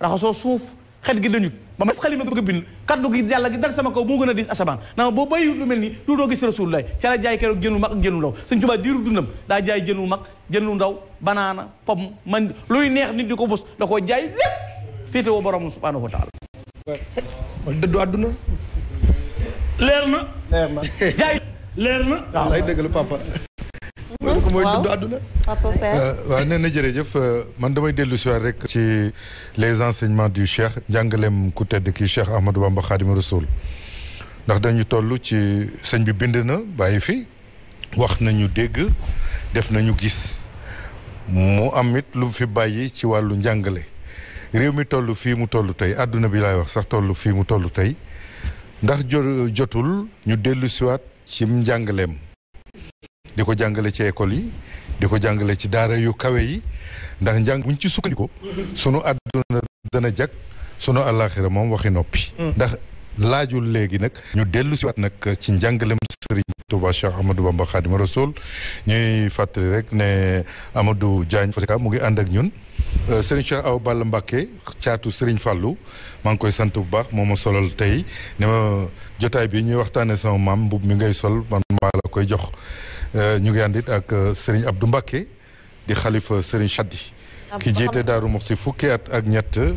raxasoo suuf xet gi dañu ba ma xalima ko bëgg a bind kaddu gi gi dal sama kaw moo gën a diis asamaan naa boo bàyyi lu mel ni du doo gis rasulullah ca la jaay keroog jën wu mag ak ndaw daa jaay jën wu mag jën wu ndaw banaana pom man luy neex nit di ko bus da koo jaay lépp féete woo borom subhanahu wa taala wala dëddu àdduna leer na leer na jaay leer na waaw lay dëgg la papa mooy dund àdduna euh, waaw nee na jërëjëf euh, man damay dellu si waat rek ci les enseignements du cheikh njàngaleem ku tedd kii cheikh ahmadou bamba xaadimu rasul ndax dañu tollu ci sëñ bi bind na bàyyi fi wax nañu dégg def nañu gis mu am it lu mu fi bàyyi ci wàllu njàngale réew mi toll fii mu toll tey àdduna bi laay wax sax tollu fii mu tollu tey ndax jotul ñu dellu siwaat ci njàngaleem di ko jàngale ci école yi di ko jàngale ci daara yu kawe yi ndax njàng buñ ci sukkandiku sunu àdduna dana jag sunu àllaaxira moom waxi noppi mm. ndax laajul léegi nag ñu dellu si waat nag ci njàngalem Serigne Touba Cheikh Amadou Bamba Khadim Rasoul ñuy fàttali rek ne Amadou Diagne Foseka mu ngi ànd ak ñun euh, Serigne Cheikh Aw Balla Mbacke caatu Serigne Fallou maa ngi koy sant bu baax moom ma solal tey ne ma jotaay bi ñuy waxtaanee sama maam mbub mi ngay sol man maa la koy jox Euh, ñu ngi àndit ak euh, Serigne Abdou Mbacké di xalifa Serigne Chaddi ki jiite Daaru Muxti fukki at ak ñett te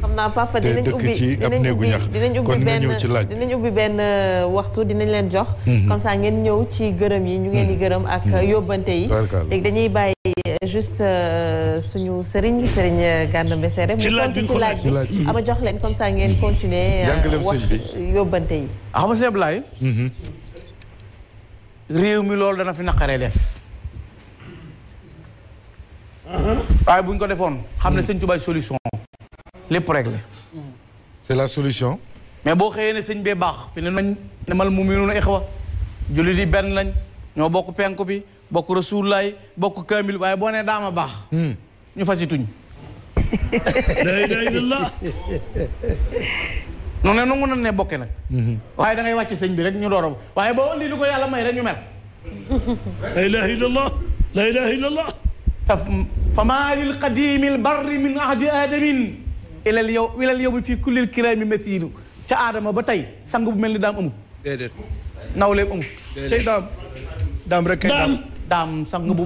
dëkk ci ab néegu ñax kon nga ñëw ci dinañ ubbi benn euh, waxtu dinañ leen jox mhm. comme ça ngeen ñëw ci gërëm yi ñu ngeen di mhm. gërëm ak mhm. yóbbante yi léegi dañuy bàyyi juste suñu sëriñ sëriñ Gana Messere mu tontu ci laaj bi ngeen continuer wax yóbbante yi réew mi loolu dana fi naqaree def waaye buñ ko defoon xam ne sëñ Tuubaa solution lépp réglé c'est la solution mais boo xëyee ne sëñ bee baax fi ne nañ demal mu minu na ixwa julli di benn nañ ñoo bokk penku bi bokk rasulaay bokk kaamil waaye boo nee daama baax hmm. ñu fasituñ [laughs] la ilaha [laughs] noonu ne nangu nan ne bokke nag mhm. waaye da ngay wàcc sëñ bi rek ñu dooram waaye boo indi lu ko yàlla may rek ñu mer la ilaha illallah fa maa lil qadimi min ahdi aadamin ilal yow ilal yow bi fii kullil kiraami ca aadama ba tey sang bu mel ni daam amul déedéet nawleem amul cay daam daam rek kay daam sang bu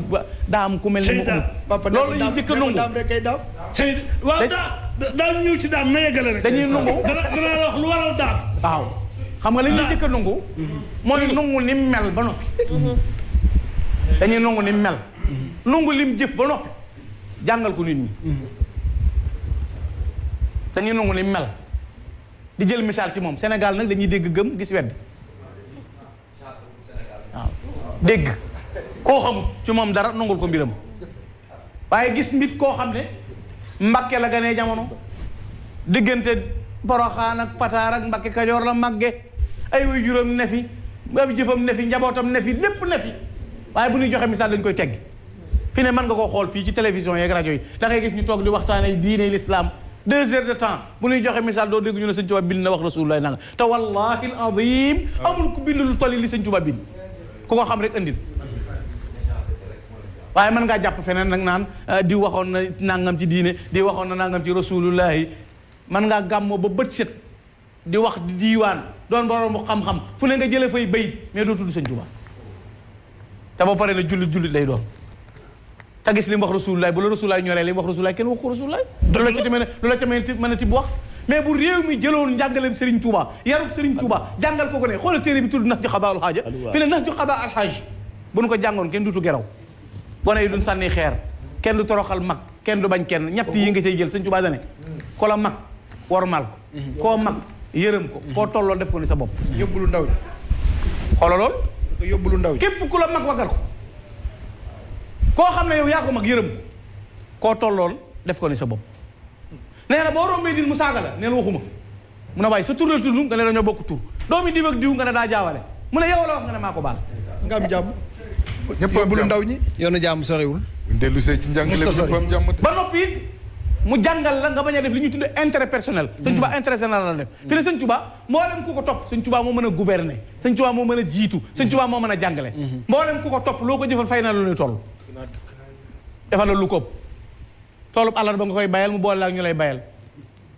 ku mel ni mu amul a daam rek kay daam waaw daal ñëw ci daan na dañuy nungu dana lu waral waaw xam nga li ñuy njëkk a nungu. Mm-hmm. mooy nungu ni mel ba noppi. Mm-hmm. dañuy nungu ni mel. Mm-hmm. nungu lim jëf ba noppi jàngal ko nit ñi. dañuy nungu ni mel. di jël misaal ci moom Sénégal nag dañuy dégg gëm gis wedd dégg koo xamut ci moom dara nungul ko mbiram waaye gis mbit koo xam ne. mbakke la ganee jamono diggante boroxaan ak pataar ak mbakke kajoor la màgge ay wuy juróom ne fi ab jëfam ne fi njabootam ne fi lépp ne fi waaye bu ñuy joxe misaal dañ koy teggi fi ne mën nga koo xool fii ci télévision yeeg rajo yi da ngay gis ñu toog di waxtaan waxtaanee diine l'islam deux heures de temps bu ñuy joxe misaal doo dégg ñu ne sëñ Tuba bind na wax rasulullah nanga te wallahi al azim amul ku bind lu tolli li sëñ Tuba bind ko ko xam rek andil waaye mën ngaa jàpp feneen nag naan euh, di waxoon na nangam ci diine di waxoon na nangam ci rasulullahi mën ngaa gàmmoo ba bët set di wax di diiwaan doon borom mu xam-xam fu ne nga jële fay bayit mais doo tudd sëñ Tuubaa te ba pare na jullit jullit lay doon te gis li mu wax rasulullahi bu la rasulullahi ñoree li mu wax rasulullahi kenn wax rasulullahi lu la ci mën a lu la ci mën a tibb wax mais bu réew mi jëloon njàngaleem Serigne Touba yarub Serigne Touba jàngal ko ko ne xoolal téere bi tudd nax xabaa alxaaja fi ne xabaa alxaaj bu nu ko jàngoon kenn dutu gone yi duñ sànni xeer kenn du toroxal mag kenn du bañ kenn ñett yi nga cay jël sëñ Tuubaa dane ko la mag wormaal ko koo mag yërëm ko koo tolloo def ko ni sa bopp yóbbu lu lool ko ndaw képp ku la mag wagal xam ne yow yaa ko mag yërëm koo tollool def ko ni sa bopp nee na boo rombee din mu saaga la neen waxuma mu ne waaye sa tur la tudd nga ne dañoo bokk tur doomi diw ak diw nga ne daa jaawale mu ne yow la wax nga ne maa ko baal jàmm ñëpp yóbbulu ndaw ñi. yoonu jàmm soriwul. dellu see ci njàngale bi am jàmm ba noppi mu jàngal la nga bañ a def li ñuy tuddee intérêt personnel. Mm. sëñ Tuba intérêt général la def. te ne sëñ Tuba mboolem ku ko topp sëñ Tuba moo mën a gouverner sëñ Tuba moo mën a jiitu mm. sëñ Tuba moo mën a jàngale. Mm-hmm. mboolem ku ko topp loo ko jëfal fay na lu ñuy toll. defal lu ko toolub àllar ba nga koy bayal mu boole la ak ñu lay bayal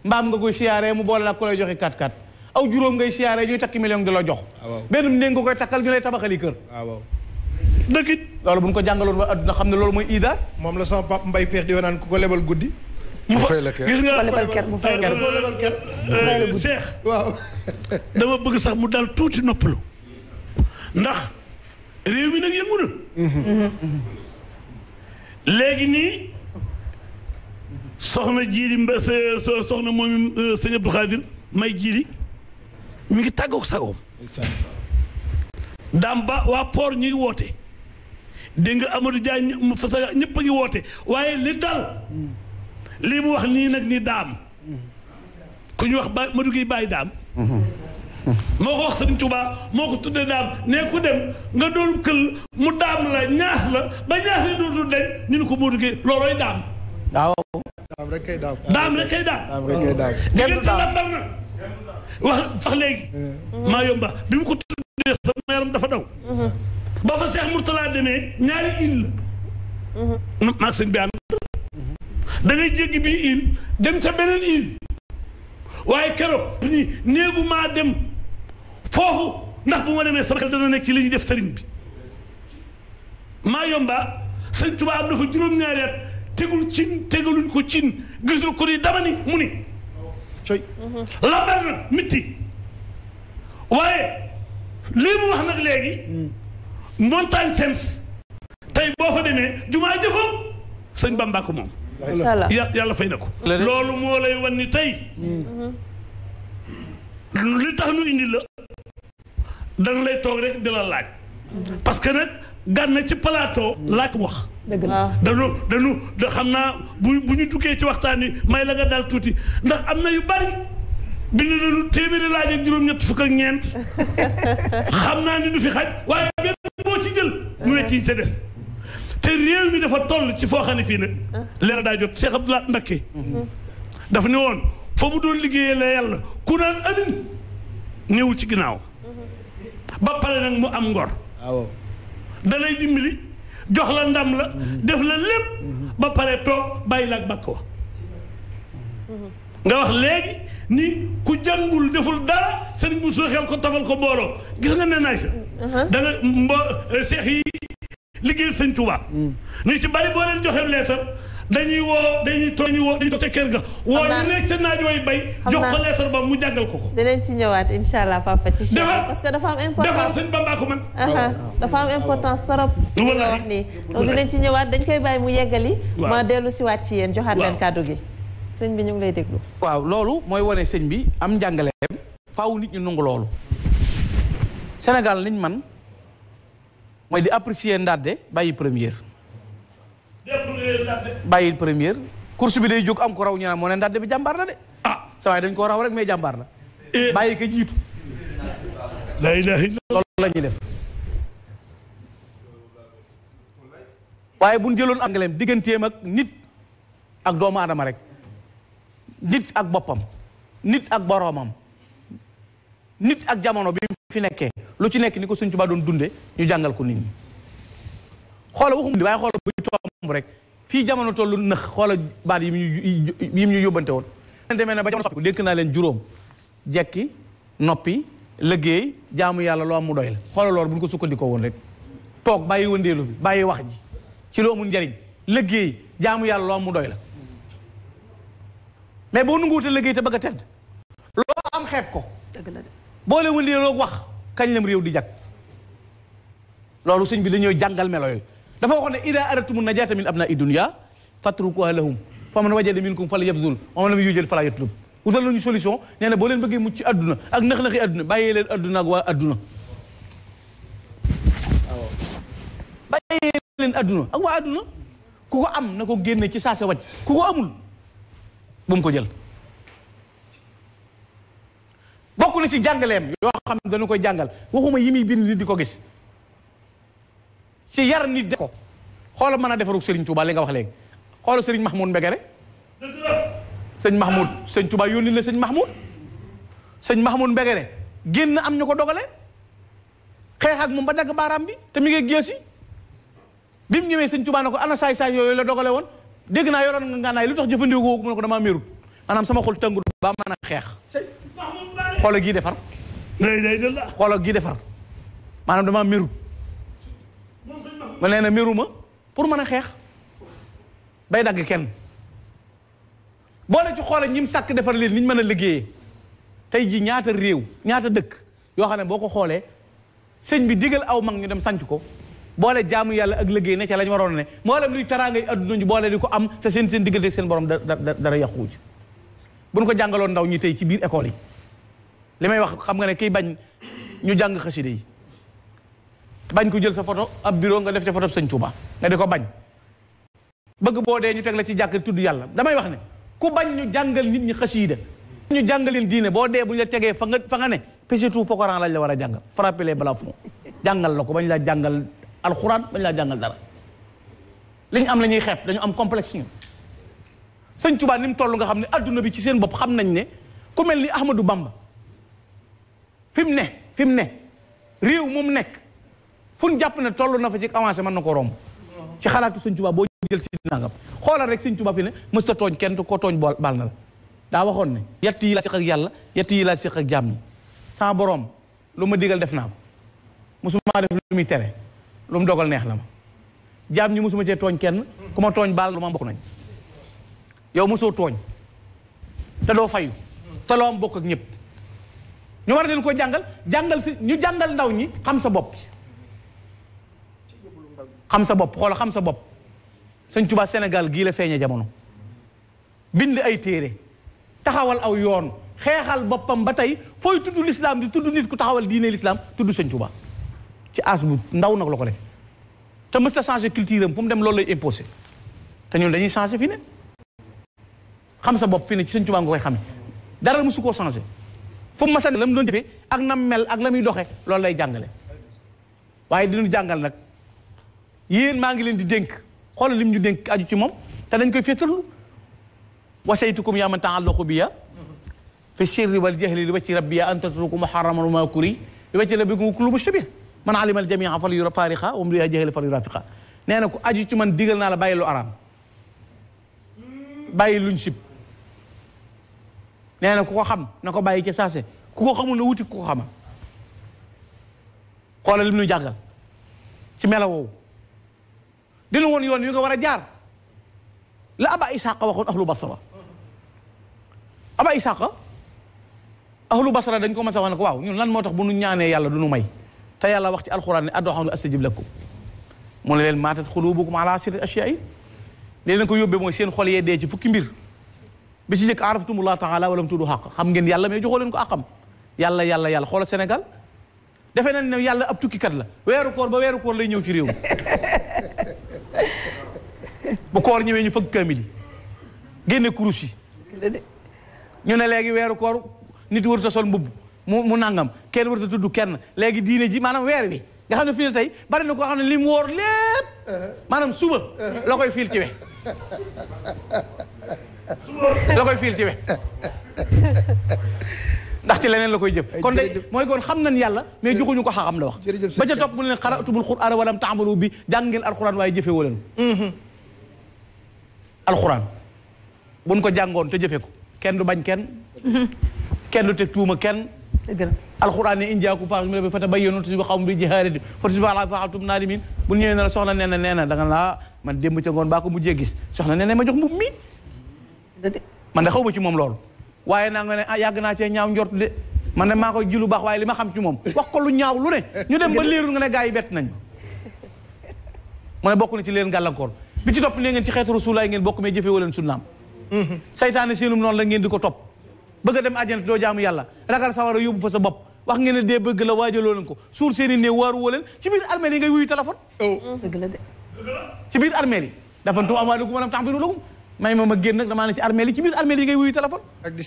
mbaam nga koy siyaaree mu boole la ak ku lay joxe kat kat aw juróom ngay siyaaree ñuy takki million di la jox. Ah, benn néeg nga koy takkal ñu lay tabaxali kër. Ah, dëgg loolu bu ko jàngaloon ba àdduna xam ne loolu mooy iida moom la sama pap mbay peex di naan ku ko lebal guddi mu fay gis nga mu lebal kër mu fay la guddi waaw [laughs] dama bëgg sax mu daal tuuti noppalu ndax réew mi nag yëngu na mm-hmm. léegi nii soxna jiiri mba soxna moom euh, sëñ Abdou Khadir may jiiri mu ngi tàggoog sagoom daam ba waa port ñu ngi woote dégg nga Amadou Diagne mu ñëpp a woote waaye li dal lii mu wax nii nag ni daam ku ñu wax ba Madou Gueye bàyyi daam. moo ko wax Sëriñ Tuubaa moo ko tuddee daam nee ku dem nga doon kël mu daam la ñaas la ba ñaas la dootul dañ ñu ne ko Modou Gueye loolooy daam. waaw. daam rek kay daam. daam rek kay wax sax léegi. Eh. maa yomba bi mu ko tuddee sama yaram dafa daw. Eh. ba fa Cheikh Mourtala demee ñaari île la. maag sëñ bi ànd da bii île dem ca beneen île waaye keroog néegu maa dem foofu ndax bu ma demee sama xel dana nekk ci li ñuy def sëriñ bi maa yomba sëñ Tuubaa am dafa juróom-ñaari tegul cin tegaluñ ko cin gisul ko ni dama ni mu ni coy mhm. lambar mitti waaye lii mu wax nag léegi mm. montagne Sems tey boo ko demee jumaa jëfam sëñ Bamba ko moom. yàlla fay na ko. loolu moo lay wan ni tey. li tax nu indi la danga lay toog rek di la laaj. parce que nag gànna ci palaato laaj wax. dëgg la ah. dañu dañu da xam naa bu bu ñu duggee ci waxtaan wi may la nga daal tuuti ndax am na yu bari. bind na lu téeméeri laaj ak juróom-ñett fukk ak ñeent [laughs] xam naa ni du fi xaj waaye benn boo ci jël mu ne ci sa des te réew mi dafa toll ci foo xam ne fii nag leer daa jot Cheikh Abdoulaye Mbacké dafa ne woon fa mu doon liggéeyee la yàlla ku naan amin néewul ci ginnaaw ba pare nag mu am ngor dalay dimbili jox la ndam la mhm. def la lépp mhm. ba pare toog bàyyi la ak bàkk wa mhm. nga wax léegi ni ku jàngul deful dara sëriñ bu sooxeel ko tafal ko mbooloo gis nga ne naay sa uh-huh. da nga mbo eh, seex yi liggéeyal sëñ Tuubaa mm. ñu ci bari boo leen joxe leetar dañuy woo dañuy toog woo ca kër ga. woo ñu nekk ca naaj way bay. jox ko ko ko. dinañ ci ñëwaat incha allah papa ci. defar parce que dafa am importance defar sëñ Bamba ko man. Uh-huh. dafa am importance trop. wallaahi wax dinañ ci ñëwaat dañ koy bàyyi mu yeggali. ma dellu si waat ci yéen joxaat leen kàddu gi. sëñ bi ñu ngi lay déglu. waaw loolu mooy wane sëñ bi am njàngaleem faaw nit ñu loolu. Sénégal niñ man mooy di apprécier ndàdde bàyyi première. bàyyi première. course bi day jóg am ko raw ñu naan bi jàmbaar de. ah dañ koo raw rek mais jàmbaar eh. la. bàyyi ko jiitu. def. waaye bu ñu jëloon anglais digganteem ak nit ak doomaadama rek. nit ak boppam nit ak boroomam nit ak jamono bi fi nekkee lu ci nekk ni ko Sëñ Tuubaa doon dunde ñu jàngal ko nit ñi xoola waxum li waaye xoola bu tomb rek fii jamono tollu nëx xoola baat yi mu ñu yóbbante woon demee na ba jamono soppi dénk naa leen juróom jekki noppi liggéey jaamu yàlla loo mu doy la xoola bu ko sukkandikoo woon rek toog bàyyi wëndeelu bi bàyyi wax ji ci loo mu njariñ liggéey jaamu yàlla loo am mu doy la mais boo nanguwut a te bëgg a tedd loo am xeeb ko. dëgg la de boo leen wëndeel loo wax kañ lam réew di jag loolu sëñ bi dañoo jàngal melooy yooyu dafa waxoon ne ida aratumu najaata min abnaa dunya fatrukuha lahum fa man wajada minkum fala yabzul wa man lam yujid fala yatlub wutal nañu solution nee na boo leen bëggee mucc adduna ak nax-naxi adduna bàyyee leen adduna waa adduna bàyyee leen adduna ak waa adduna ku ko am na ko génne ci saase waj ku ko amul bu ko jël bokk na ci jàngaleem yoo xam ne koy jàngal waxuma yi muy bind nit di ko gis ci yar nit de ko xoolal mën a defarug Serigne Touba li nga wax léegi xoolal Serigne Mahmoud Mbegere sëñ Mahmoud sëñ Touba yónni na sëñ Mahmoud sëñ Mahmoud Mbegere génn am ñu ko dogale xeex moom ba dagg baaraam bi te mi ngi géesi bi mu ñëwee sëñ Touba ne ko ana saay saay yooyu la dogale woon dégg naa yoroon nga ngànnaay lu tax jëfandikoo ko mu ne ko damaa merut maanaam sama xol tëngut ba mën a xeex xolo gii defar xolo gii defar maanaam dama merut ma nee na meruma pour mën a xeex bay dagg kenn boole ci xoole ñim sàkk defar leen niñ mën a liggéeyee tey ji ñaata réew ñaata dëkk yoo xam ne boo ko xoolee sëñ bi digal aw mag ñu dem sanc ko boole jaamu yàlla ak liggéey ne ca la ñu waroon ne mboolem luy taraangay adduna ñu boole ko am te seen seen diggante seen borom dara yàquwu ci buñ ko jàngaloon ndaw ñi tey ci biir école yi wax xam nga ne kiy bañ ñu jàng xasida bañ ko jël sa photo ab bureau nga def ca photo sëñ Touba nga di ko bañ bëgg boo dee ñu teg la ci jàkk tudd yàlla damay wax ne ku bañ ñu jàngal nit ñi xasida ñu jàngalin diine boo dee bu ñu la tegee fa nga fa nga ne pesitu fokoran lañ la war a jàngal frappé les balafons jàngal la ko bañ la jàngal alxuraan bañ laa jàngal dara li am la ñuy xeeb dañu am complexe ñu sëñ Tuubaa ni mu toll nga xam ne àdduna bi ci seen bopp xam nañ ne ku mel ni Ahmadou Bamba fi mu ne fi mu ne réew moom nekk fu jàpp ne toll na fa ci avancé mën na ko romb ci xalaatu sëñ Tuubaa boo jël ci nangam xoolal rek sëñ Tuubaa fi ne mësta tooñ kenn ko tooñ bool baal na la daa waxoon ne yett yi laa siq ak yàlla yett yi laa siq ak jàmm ñi sama boroom lu ma digal def naa ko musuma def lu muy lu mu dogal neex la ma jaam ñi masuma cee tooñ kenn ku ma tooñ baal lu ma bokk nañ yow masoo tooñ te doo fayu te loo am bokk ak ñépp ñu war leen ko jàngal jàngal si ñu jàngal ndaw ñi xam sa bopp xam sa bopp xool xam sa bopp sëñ Tuubaa Sénégal gii la feeñe jamono bind ay téere taxawal aw yoon xeexal boppam ba tey fooy tudd lislaam di tudd nit ku taxawal diine lislaam tudd sañ Tuubaa ci as bu ndaw nag la ko def te mës a changé culture am fu mu dem loolu lay imposé te ñun dañuy changé fii ne xam sa bopp fi ne ci Sëñ Tuubaa nga koy xame dara mosu koo changé fu mu mës a doon defee ak nam mel ak la muy doxee loolu lay jàngale waaye dinañu jàngal nag yéen maa ngi leen di dénk xool lim ñu dénk aju ci moom te dañ koy féetarlu wasaytukum yaa man taallaqu biya fi sirri wal jahli li wacci rabbiya an tatruku muharraman wa ma kuri li wacci rabbikum kullu man alimal jamia fal yura fariqa wam duyaa jahila fal yurafiqa nee na ku aju ci man digal naa la bàyyi lu araam bàyyi luñ sib nee na ku ko xam na ko bàyyi ca saase ku ko xamul na wuti ku ko xama xoolal lim nu jàngal ci melawoowu dina woon yoon yu nga war a jaar la aba isaqa waxoon ahlu basra aba isaqa ahlu basra dañ ko ma a wax ne ko waaw ñun lan moo tax bu nu ñaanee yàlla du nu may te yàlla wax ci alxuraan ne addu'aa astajib ko mu ne leen maatat xuluubukum ala sittati ashyaa li leen ko yóbbee mooy seen xol yee dee ci fukki mbir bi ci jëkk araftumullah taala walam tudu xaq xam ngeen yàlla mais joxoo leen ko àqam yàlla yàlla yàlla xoolal Sénégal defe nañ ne yàlla ab tukkikat la weeru koor ba weeru koor lay ñëw ci réew mi bu koor ñëwee ñu fëgg kaamil génne kurus yi ñu ne léegi weeru koor nit warut a sol mu mu nangam kenn warut a tudd kenn léegi diine ji maanaam weer wi nga xam ne fii tey bari na koo xam ne li mu wóor lépp maanaam suba la koy fiil ci we suba [laughs] koy fiil ci we ndax ci leneen la koy jëf kon de mooy kon xam nañ yàlla mais joxuñu ko xaxam la wax ba ca topp mu ne leen xaraatubul qur'aan walam ko jàngoon te jëfe ko kenn du bañ kenn mm-hmm. kenn du teg tuuma kenn dëgg la alxuraan ne in jaakum faaxishatun bi naba'in fatabayyanuu tusbiqu qawmun bi jahaalatin fatusbihu alaa maa fa'altum naadimiin bu ñëwee ne la soxna nee na nee na da nga laa ah, man démb ca ngoon baa ko mujjee gis soxna nee na ma jox mbubb mi man de xaw ma ci moom loolu waaye naa nga ne ah yàgg naa cee ñaaw njort de man de maa koy ji lu baax waaye li ma xam ci moom wax ko lu ñaaw lu ne ñu dem ba léerul nga ne gars yi bett nañ mu ne bokk na ci leen gàllankoor bi ci topp ne ngeen ci xeetu rasulaay ngeen bokk mais jëfewu leen sunnaam mhm. saytaane seenum noonu la ngeen di ko topp bëgg a dem àjjana doo jaamu yàlla ragal sawara yóbbu fa sa bopp wax ngeen ne dee bëgg la waajaloo leen ko suur seen i waar waaru woo leen ci biir armée yi ngay wuyu téléphone oh. mm, dëgg la de ci biir armée yi dafantum amwaalakum wa lam tahbiru lakum may ma ma génn nag damaa ne ci armée yi ci biir armée yi ngay wuyu téléphone ak di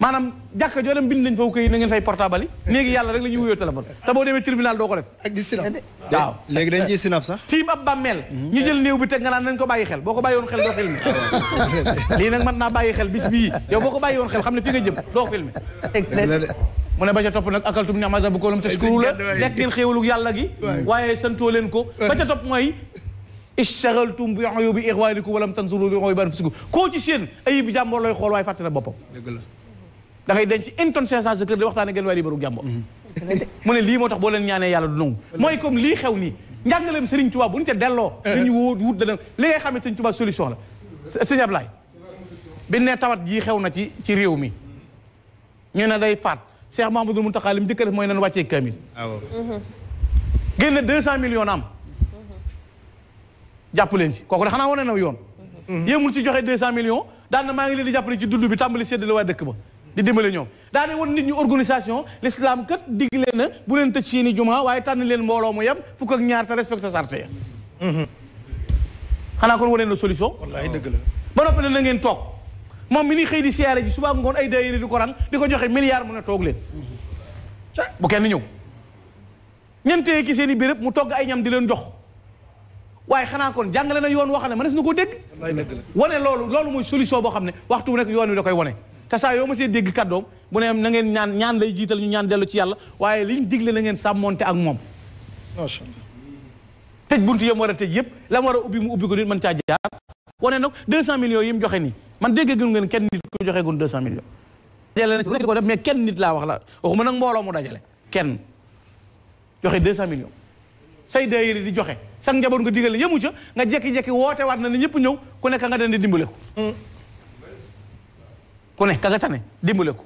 maanaam jàkka joo dem bind nañ fa kay na ngeen fay portable yi léegi yàlla rek la ñuy wuyoo téléphone te boo demee tribunal doo ko def ak di sinap waaw léegi dañ ciy sinap sax tiim ab bàmmeel ñu jël néew bi teg nga naan nañ ko bàyyi xel boo ko bàyyi woon xel doo filmé [laughs] lii nag mën naa bàyyi xel bis bii yow boo ko bàyyi woon xel xam ne fi nga jëm doo filmé mu ne ba ca topp nag akaltum ni amasa bu ko lam tashkuru la lekk ngeen xéewalug yàlla gi waaye santoo leen ko ba ca topp mooy ishtagaltum bi uyubi ixwaanikum walam tanzuru li uyubi anfusikum koo ci seen ayib jàmbur looy xool waaye fàtte na boppam da ngay denc une tonne cinq cent sa kër di waaye liibaru jàmbur mm-hmm. mu ne lii moo tax boo leen ñaanee yàlla du nangu mooy comme lii xew nii njàngaleem Serigne Touba bu ñu ca delloo li eh. ñu wut wut dana li ngay xam ne Serigne Touba solution la sëñ Ablaye bi ne tawat jii xew na ci ci réew mi ñu ne day faat Cheikh Mahamadou Mountakha li mu njëkk a def mooy nan wàccee kaamil ah, mm-hmm. génne deux cent millions am mm-hmm. jàpp leen si kooku da xanaa wane na yoon yéemul ci joxe deux cent maa ngi leen di bi tàmbali séddale waa dëkk ba di dimbale ñoom daa ne woon nit ñu organisation l'islam kat digle na bu leen tëj seeni juma waaye tànn leen mbooloo mu yem fukk ak ñaar te respecté sarte ya mhm. xanaa kon wane na solution. wallaay dëgg la ba noppi na ngeen toog moom mi ni xëy di siyaare ji suba ngoon ay daayira di ko rang di ko joxe milliard mu ne toog leen. bu kenn ñëw. ñentee ki seen i béréb mu togg ay ñam di leen jox waaye xanaa kon jàngale na yoon woo xam ne mënees na koo dégg. wallaay dëgg la wane loolu loolu mooy solution boo xam ne waxtu wu yoon wi da koy wane. te saa yoo ma see dégg kàddoom bu ne na ngeen ñaan ñaan lay jiital ñu ñaan dellu ci yàlla waaye liñ digle na ngeen sàmmonte ak moom macha allah tëj buntu yam war a tëj yëpp la war a ubbi mu ubbi ko nit man caa jaar wane nag deux cent millions yi joxe nii man dégg gun ngeen kenn nit ko joxe gun deux cent millions dajale na ko def mais kenn nit laa wax la waxuma nag mbooloo mu dajale kenn joxe deux cent millions say daayira di joxe sax njaboot nga digal yemu ca nga jekki woote waat na ne ñëpp ñëw ku nekk nga den di dimbale ku ne ka nga tane dimbale ko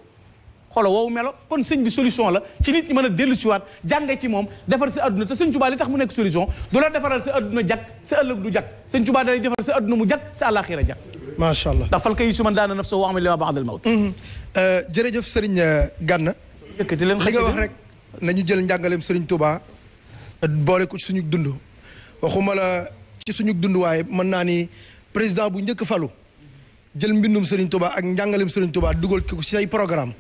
xolo woowu melo kon sëñ bi solution la ci nit ñi mën a dellu siwaat jànge ci moom defar si adduna te sëñ Tuubaa li tax mu nekk solution du la defaral sa adduna jag sa ëllëg du jag sëñ Tuubaa dalay defar sa adduna mu jag sa àllaaxira jag macha allah ndax fal ka yi su man daana naf soo wax ma li ma ba'dal mawt mhm. euh, jërëjëf sëriñ euh, Gana yëkkati leen li nga wax rek nañu jël njàngaleem sëriñ Tuubaa euh, boole ko ci suñu dund waxuma la ci suñu dund waaye mën naa ni président bu njëkk falu jël mbindum Serigne Touba ak njàngaleem Serigne Touba dugal ko say programme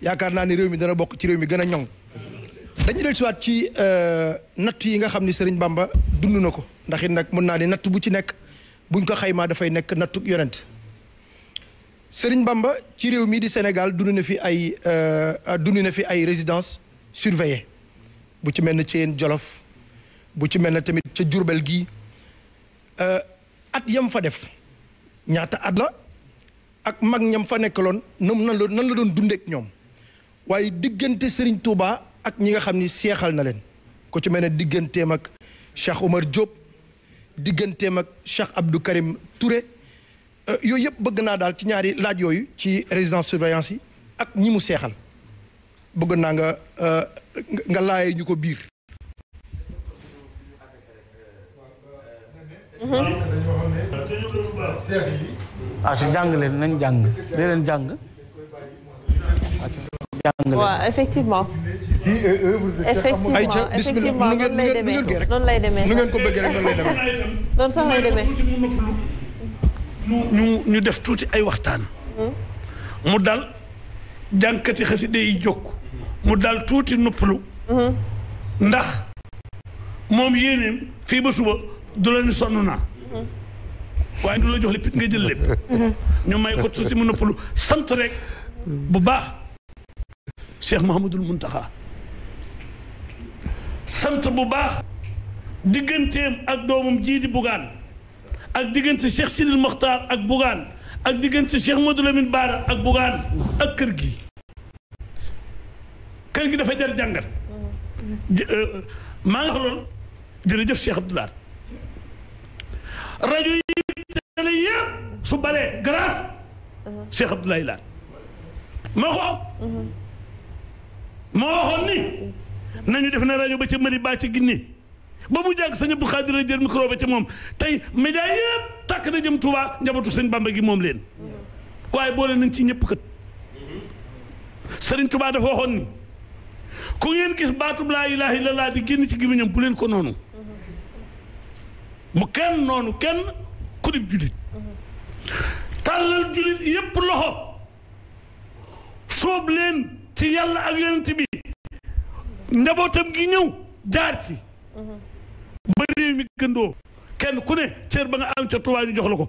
yaakaar naa ni réew mi dana bokk ci réew mi gën a ñoŋ dañu del siwaat ci euh, natt yi nga xam ni Serigne Bamba dund na ko ndaxit nag mun naa ni natt bu ci nekk buñ ko xaymaa dafay nekk nattuk yonent Serigne Bamba ci réew mii di Sénégal dund na fi ay euh, dund na fi ay résidence surveillée bu ci mel ne Thiène Jolof bu ci mel ne tamit ca Jurbel gii euh, at yam fa def ñaata at la ak mag ñam fa nekkaloon nam nan la nan la doon dundeek ñoom waaye diggante sëriñ Touba ak ñi nga xam ni seexal na leen ko ci mel ne digganteem ak Cheikh Omar Diop digganteem ak Cheikh Abdou Karim ture euh, yooyu yëpp bëgg naa daal ci ñaari laaj yooyu ci résidence surveillance yi ak ñi mu seexal bëgg naa nga euh, nga laayee ñu ko biir. ah jàng leen nañ jàng dee leen jàng. effectivement. Euh, euh, effectivement ayca bisimilah nu ngeen nu ngeen noonu lay demee ngeen ko bëggee rek noonu lay demee. noonu sax lay ñu ñu def tuuti ay waxtaan. mu dal jànkati xaside yi jóg. mu dal tuuti noppalu. Mm-hmm. ndax moom yéeneem fii ba suba du leen sonn naa. waaye du la jox lépp nga jël lépp ñu may ko tuuti mu noppalu sant rek bu baax Cheikh Mouhamadul Muntaxa sant bu baax digganteem ak doomam jii di Bougane ak diggante Cheikh Sidil Mokhtar ak Bougane ak diggante Cheikh Modou Lamine Bara ak Bougane ak kër gi kër gi dafa jar jàngat euh, maa nga lool jërëjëf Cheikh Abdoulaye rajo yi la su balee grâce uh-huh. Cheikh Abdoulaye Laat moo ko am uh-huh. waxoon ni nañu def na rajo ba ca Mali ba ca Guinée ba mu jàgg sëñ Abdou Khadir la jël micro ba ca moom tey média yëpp tàkk na jëm Touba njabootu sëñ Bamba gi moom leen uh-huh. waaye boole nañ ci ñëpp kat sëriñ Touba dafa waxoon ni ku ngeen gis baatub laa ilaaha illallaah di génn ci gémmiñam bu leen ko noonu bu kenn noonu kenn ku dib jullit tàllal jullit yépp loxo soob leen ci yàlla ak yonent bi njabootam gi ñëw jaar ci ba réew mi gëndoo kenn ku ne cër ba nga am ca Tuubaa ñu jox la ko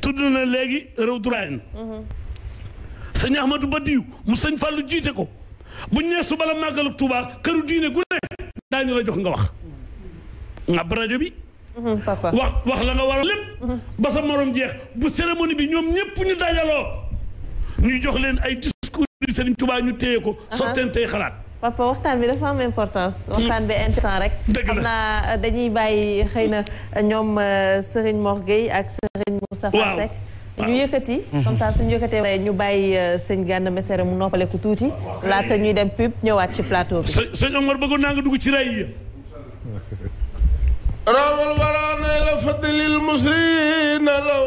tudd na léegi réew durayen sëñ Ahmadou Badiou mu sëñ Fallou jiite ko bu ñee su bala màggal ak Tuubaa këru diine gu ne daañu la jox nga wax nga rajo Mhm, wax wax la nga war a lépp. Mhm. ba sa morom jeex bu cérémonie bi ñoom ñëpp ñu dajaloo ñu jox leen ay discours yi Serigne Touba ñu téye ko. sottantee xalaat. papa waxtaan bi dafa am importance mhm. waxtaan bi intéressant rek xam naa euh, dañuy bàyyi xëy na euh, ñoom euh, Serigne Mor Gueye ak Serigne Moustapha Seck ñu yëkkati comme ça suñu yëkkatee ñu bàyyi sëñ Gana Messere mu noppaleku tuuti laata ñuy dem pub ñëwaat ci plateau bi sëñ Omar bëggoon naa nga dugg ci ray yi rawal waraana la fadlil musrina la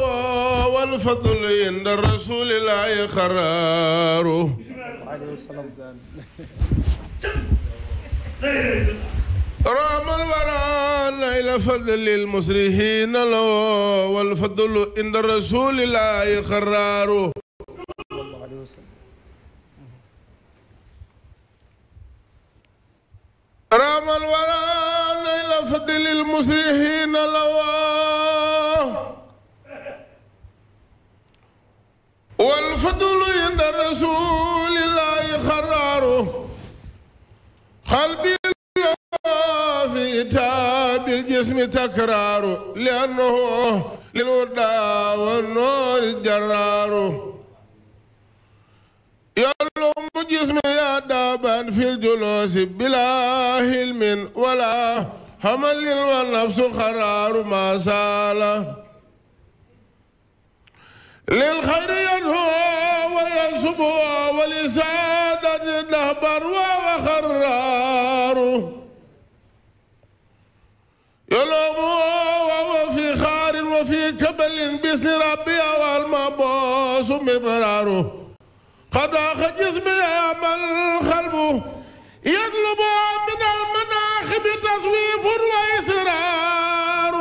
رام الورى إلى فضل المسرحين لوا والفضل عند رسول الله خرار قلبي في إتاب الجسم تكرار لأنه للوداع والنور جرار يلوم جسمي يا دابا في الجلوس بلا حلم ولا حمل والنفس خرار ما سال للخير ينهو وينسب ولسادة نهبر وخرار يلوم وهو في خار وفي كبل باسم ربي والمبوس مبراره قد أخ جسمي من القلب يطلب من المناخب تصويف وإسرار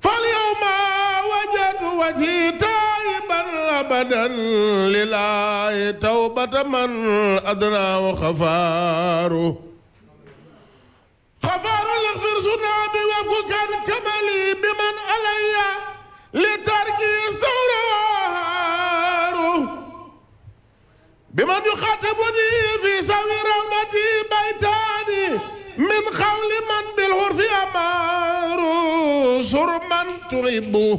فاليوم وجد وجهي تائبا أبدا لله توبة من أدنى وخفار خفار اغفر سنابي وفقا كملي بمن علي لتركي ثوره بمن يخاطبني في سوي روضتي بيتاني من قول من بالعرف أمار سر من تحبه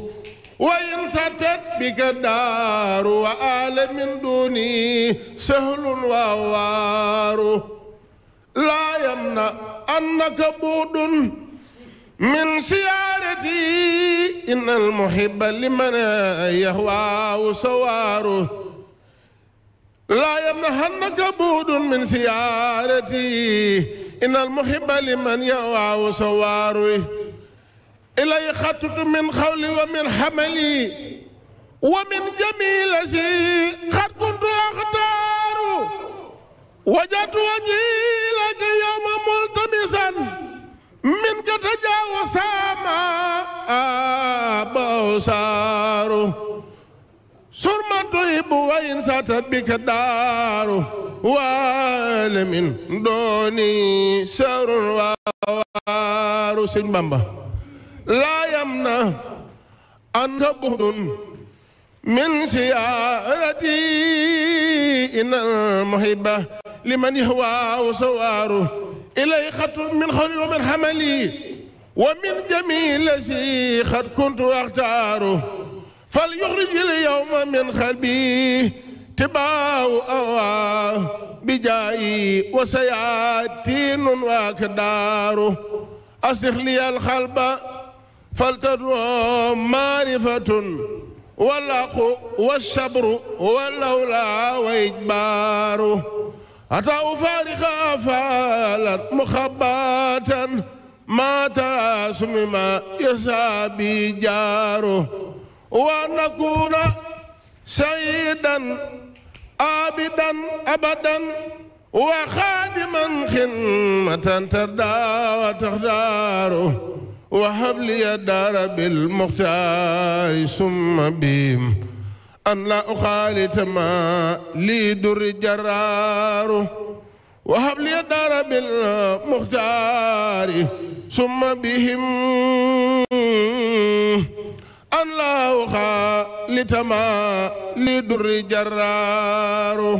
وإن ستت بك الدار وآل من دوني سهل ووار لا يمنع أنك بود من سيارتي إن المحب لمن يهواه سواره لا يمنحنك بود من زيارتي إن المحب لمن يوعى سواره إلي خطت من خولي ومن حملي ومن جميلتي قد كنت أختار وجدت وجيلك يوم ملتمسا منك تجاوز ما أبصاره surma tuhibu wa in satat bika daaru waale min dooni sarun waaru sëñ Bamba laa yam na an ka buxdun min siyaarati inal muhibba liman yahwaawu sawaaru ilay xatu min xawli wa min xamali wa min jamilasi xat kuntu axtaaru fal yuxrijil yawma min xalbi tibaaw awaa bijaayi wa sayaatiinun waak daaru asixliyal xalba faltadoo maarifatun walaqu wasabru walawla wa ijbaaru ata ufaariqa afaalan muxabatan maa taraasumi ma yasaabi jaaru wa nakuna sayyidan abidan abadan wa xaadiman xidmatan tardaa wa taxtaaru wa habliya daara bil muxtaari summa biim an laa uxaalita ma lii duri jaraaru wa habliya daara bil muxtaari summa bihim an laa waxaa li tamaa li duri jaraaru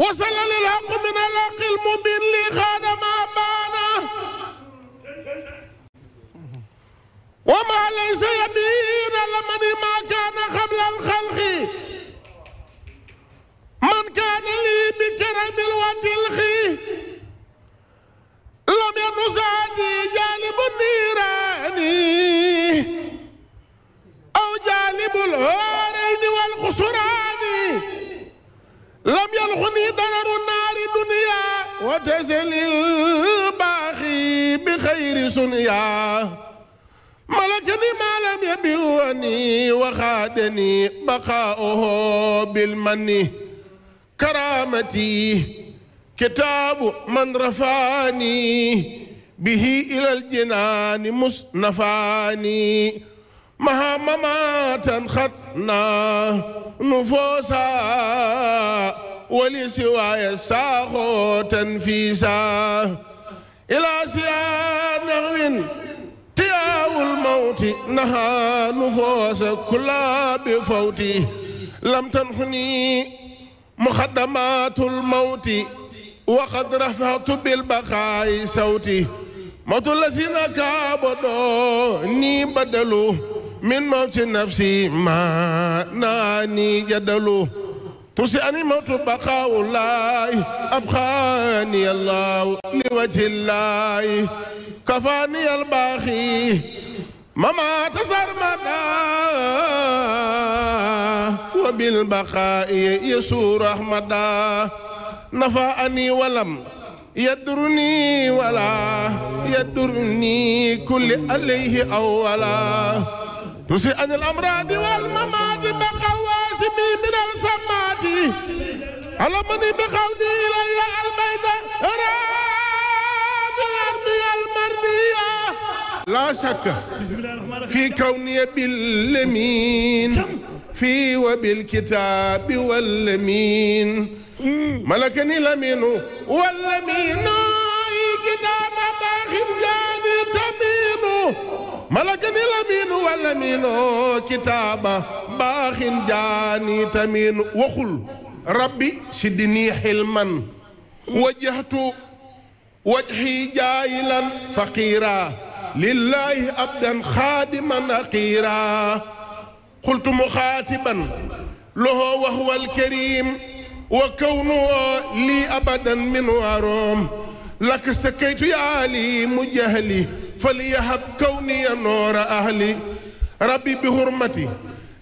wasala lil haq min al haqil mubin li xaadama baana wa ma laysa yamiina la mani ma kaana xabla al xalqi man kaana lii bi karamil wa tilxi lam yanu saadi jaalibu niiraani غالب الهارين والخسران لم يلغني ضرر النار دنيا وتزل الباخي بخير سنيا ملكني ما لم يبيوني وخادني بقاؤه بالمن كرامتي كتاب من رفاني به إلى الجنان مصنفاني مهمماتا خطنا نفوسا ولسواي ساخو تنفيسا إلى سيان نغو تياو الموت نهى نفوس كلا بفوتي لم تنحني مخدمات الموت وقد رفعت بالبقاء صوتي موت الذين كابدوني بدلوا min mawti nafsi ma naani jadalu tursi ani mawtu baqaawullaay abxaani allahu li wajhillaay kafaani albaaxi mamaata sarmada wa bilbaqaa'i yesu rahmada nafaani walam yadurni wala yadurni kulli alayhi awwala نسيء عن الأمراض والممات بقواسم من السمات على من بقوني إلي البيت راب يرمي المرضية لا شك في كوني باللمين في وبالكتاب واللمين ملكني لمين واللمين كتاب باخر جاني تمين ملك الأمين والأمين كتابة باخ جاني تمين وخل ربي سدني حلما وجهت وجهي جايلا فقيرا لله أبدا خادما أقيرا قلت مخاطبا له وهو الكريم وكونه لي أبدا من وروم لك سكيت يا علي مجهلي فليهب كوني نور أهلي ربي بحرمتي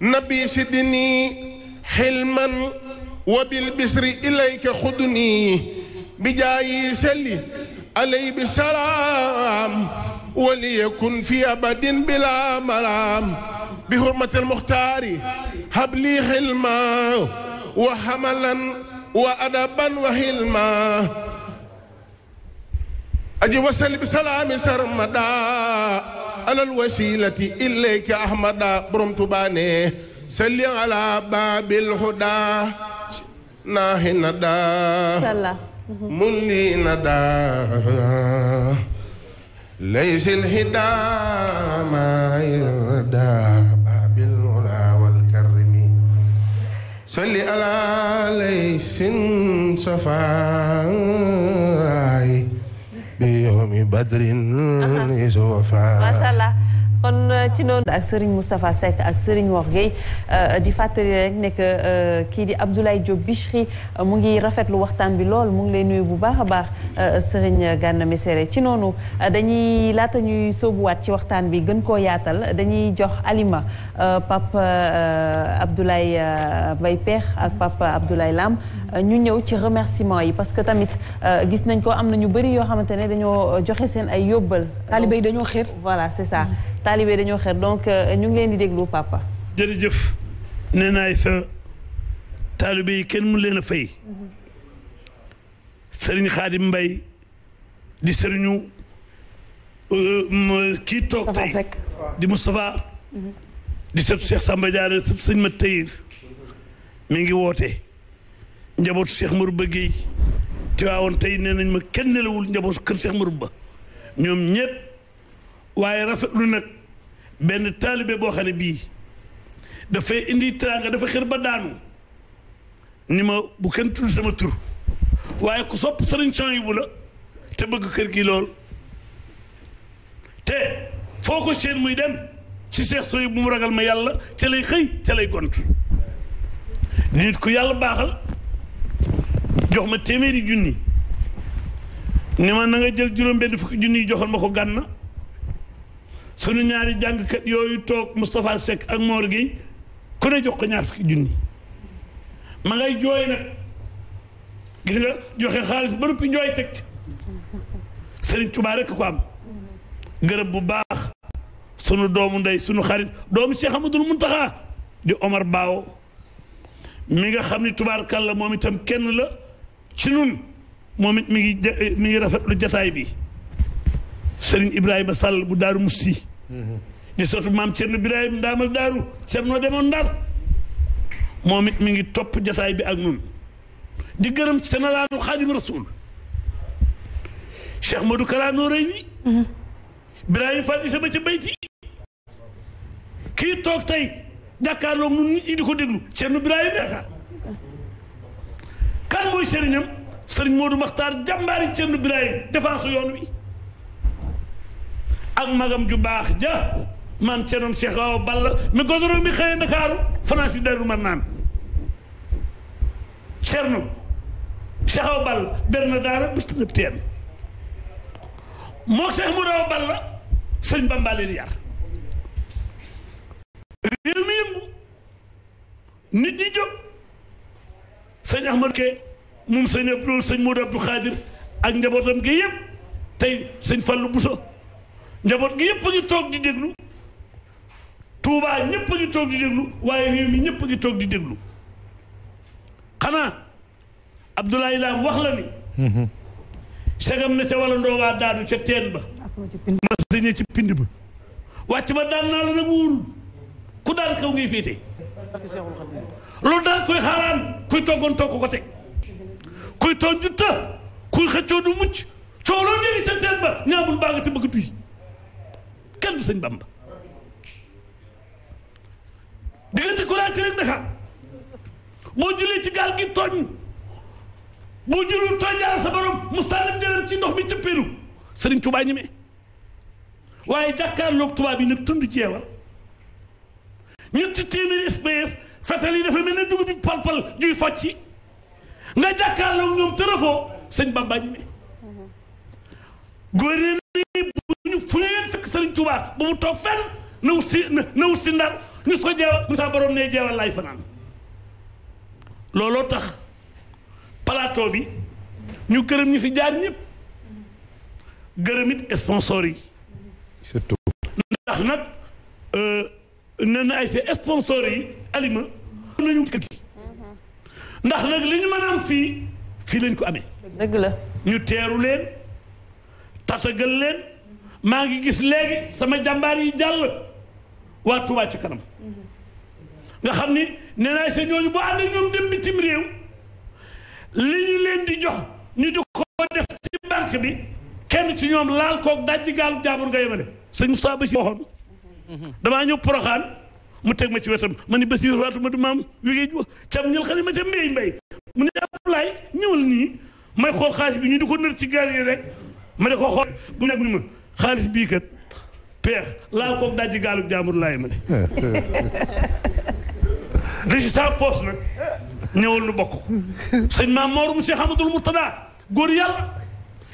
نبي سدني حلما وبالبسر إليك خدني بجاي سلي علي بسلام وليكن في أبد بلا ملام بحرمة المختار هب لي حلما وحملا وأدبا وحلما aji wasal bi salaami sarmada alal wasilati ilayka ahmada borom tubaane salli ala babil huda naahi nada mulli nada laysil hidama yarda babil ula wal karimi salli ala laysin safaay fi yawmi badrin. macha allah. kon euh, ci noonu ak Serigne Moustapha Seck ak Serigne Wor Gueye euh, di fàttali rek nekk euh, kii di Abdoulaye Diop Bichri mu ngi rafetlu waxtaan bi lool mu ngi lay nuyu bu baax a baax Serigne Gana Messere ci noonu dañuy laata ñuy soobuwaat ci waxtaan bi gën koo yaatal dañuy jox Alima Pape Abdoulaye Mbaye Peex ak Pape Abdoulaye Lam ñu ñëw ci remerciement yi parce que tamit gis nañ ko am na ñu bëri yoo xamante ne dañoo joxe seen ay yóbbal. taalibe yi dañoo xër voilà taalibe dañoo xer donc euh, ñu ngi leen di déglu papa. jërëjëf nee naay sa taalibe yi kenn mu leen a fay sëriñu Xaadim Mbay di sëriñu euh, kii toog tey di Moustapha di sëtu Cheikh Samba sëñ ma tayir mi ngi woote njabootu Cheikh Marouba Guèye ci waawoon tey nee nañ ma kenn nelawul njabootu kër Cheikh Marouba ñoom ñëpp waaye rafetlu nag benn taalibe boo xam ne bii dafay indi teraanga dafa xër ba daanu ni ma bu kenn tudd sama tur waaye ku sopp sëriñ son yi bu la te bëgg kër gi lool te foo ko seen muy dem ci seex sooy bu mu ragal ma yàlla ca lay xëy ca lay gont di ku yàlla baaxal jox ma téeméeri junni ni ma na nga jël juróom benn fukki junni yi joxal ma ko gànna sunu ñaari jàngkat yooyu toog Moustapha Seck ak moor gi ku ne jox ko ñaar fukki junni ma ngay jooy nag gis nga joxe xaalis ba noppi jooy teg ci Serigne Touba ko am gërëm bu baax sunu doomu ndey sunu xarit doomu du Amadou Mountakha di Omar Baaw mi nga xam ni tubaarkàlla moom itam kenn la ci nun moom it mi ngi rafet eh, lu rafetlu jataay bi Serigne Ibrahima Sall bu Daaru Musti di sotu maam Cerno Birahim ndaamal daaru Cerno demoon ndar moom it mi ngi topp jataay bi ak ñun di gërëm sénéraalu xaadim rasul Cheikh Modou Kara Noreyni Birahim Fall isa ba ca bayti kii toog tey jàkkaarloog ñun nit ñi di ko déglu Cerno Birahim Yaakaar kan mooy sëriñam sëriñ Modou Makhtar jàmbaari Cerno Birahim défense yoon wi ak magam ju baax ja maam cenoom Cheikh Awa Balla mi godoro bi xëyee Ndakaaru France yi daru man naan cerno daara bëtt nëb teen moo Cheikh Mouraw Balla sëñ Bamba leen yar réew mi yëngu nit ñi jóg sëñ Ahmad Ke moom sëñ Abdul sëñ Modou Abdou Khadir ak njabootam gi yëpp tey sëñ Fallou Bousso njaboot gi ñëpp a ngi toog di déglu Touba ñëpp a ngi toog di déglu waaye réew mi ñëpp ngi toog di déglu xanaa Abdoulaye Lam wax la ni. Mhm. segam na ca wala ndoowaa daanu ca teen ba. mas na ci pind ba. wàcc ba daan naa la nag wóorul ku daan kaw ngay féete. loolu daal kuy xaaraan kuy toggoon togg ko teg kuy toog jutta kuy xëccoo du mucc cooloo léegi ca teen ba ñaabul baa nga te bëgg tuy kenn du sëñ Bamba diggante Conakry ak Dakar boo julee ci gaal gi tooñ boo julul tooñaal sa borom mu sànni jëlam ci ndox mi ca Pérou sëriñ Touba ñeme waaye jàkkaarloog Touba bi nag tund jeewal ñetti téeméeri espèce fetal yi dafa mel ne dugub bi palpal juy focci nga jàkkaarloog ñoom tërëfoo sëñ Bamba ñeme góor fu ñu leen fekk Serigne Touba bu mu toog fenn na wut si na wut si ndar ñu ko jeewal mu sa borom ne jeewal laay fanaan looloo tax palaato bi ñu gërëm ñu fi jaar ñépp gërëm it sponsor yi. surtout. ndax nag euh, nee na ay si sponsor yi alima nañu kër gi ndax am fii fii lañ ko amee. dëgg la ñu teeru leen tatagal leen. maa ngi gis léegi sama jàmbaar yi jàll waa ci kanam nga xam ni nee naa sa ñooñu boo ànd ñoom dem bitim réew li ñu leen di jox ñu di ko def ci banque bi kenn ci ñoom laal koog daj ci gaalu jaabur nga sëñ Moussa Bachir waxoon damaa ñëw poroxaan mu ma ci wetam ma ni Bachir waatu ma du maam wégéej wa ma ca mbéy mbéy mu ne Ablaay ñëwal nii may xool xaalis bi ñu di ko nër ci gaal yi rek ma di ko xool bu ñag ni ma xaalis bii kat peex laal koog dajji gaalub jaamur laay ma ne li [laughs] si saa poos nag ñëwal nu bokk ko sëñ maam moorum Cheikh Amadou Mourtada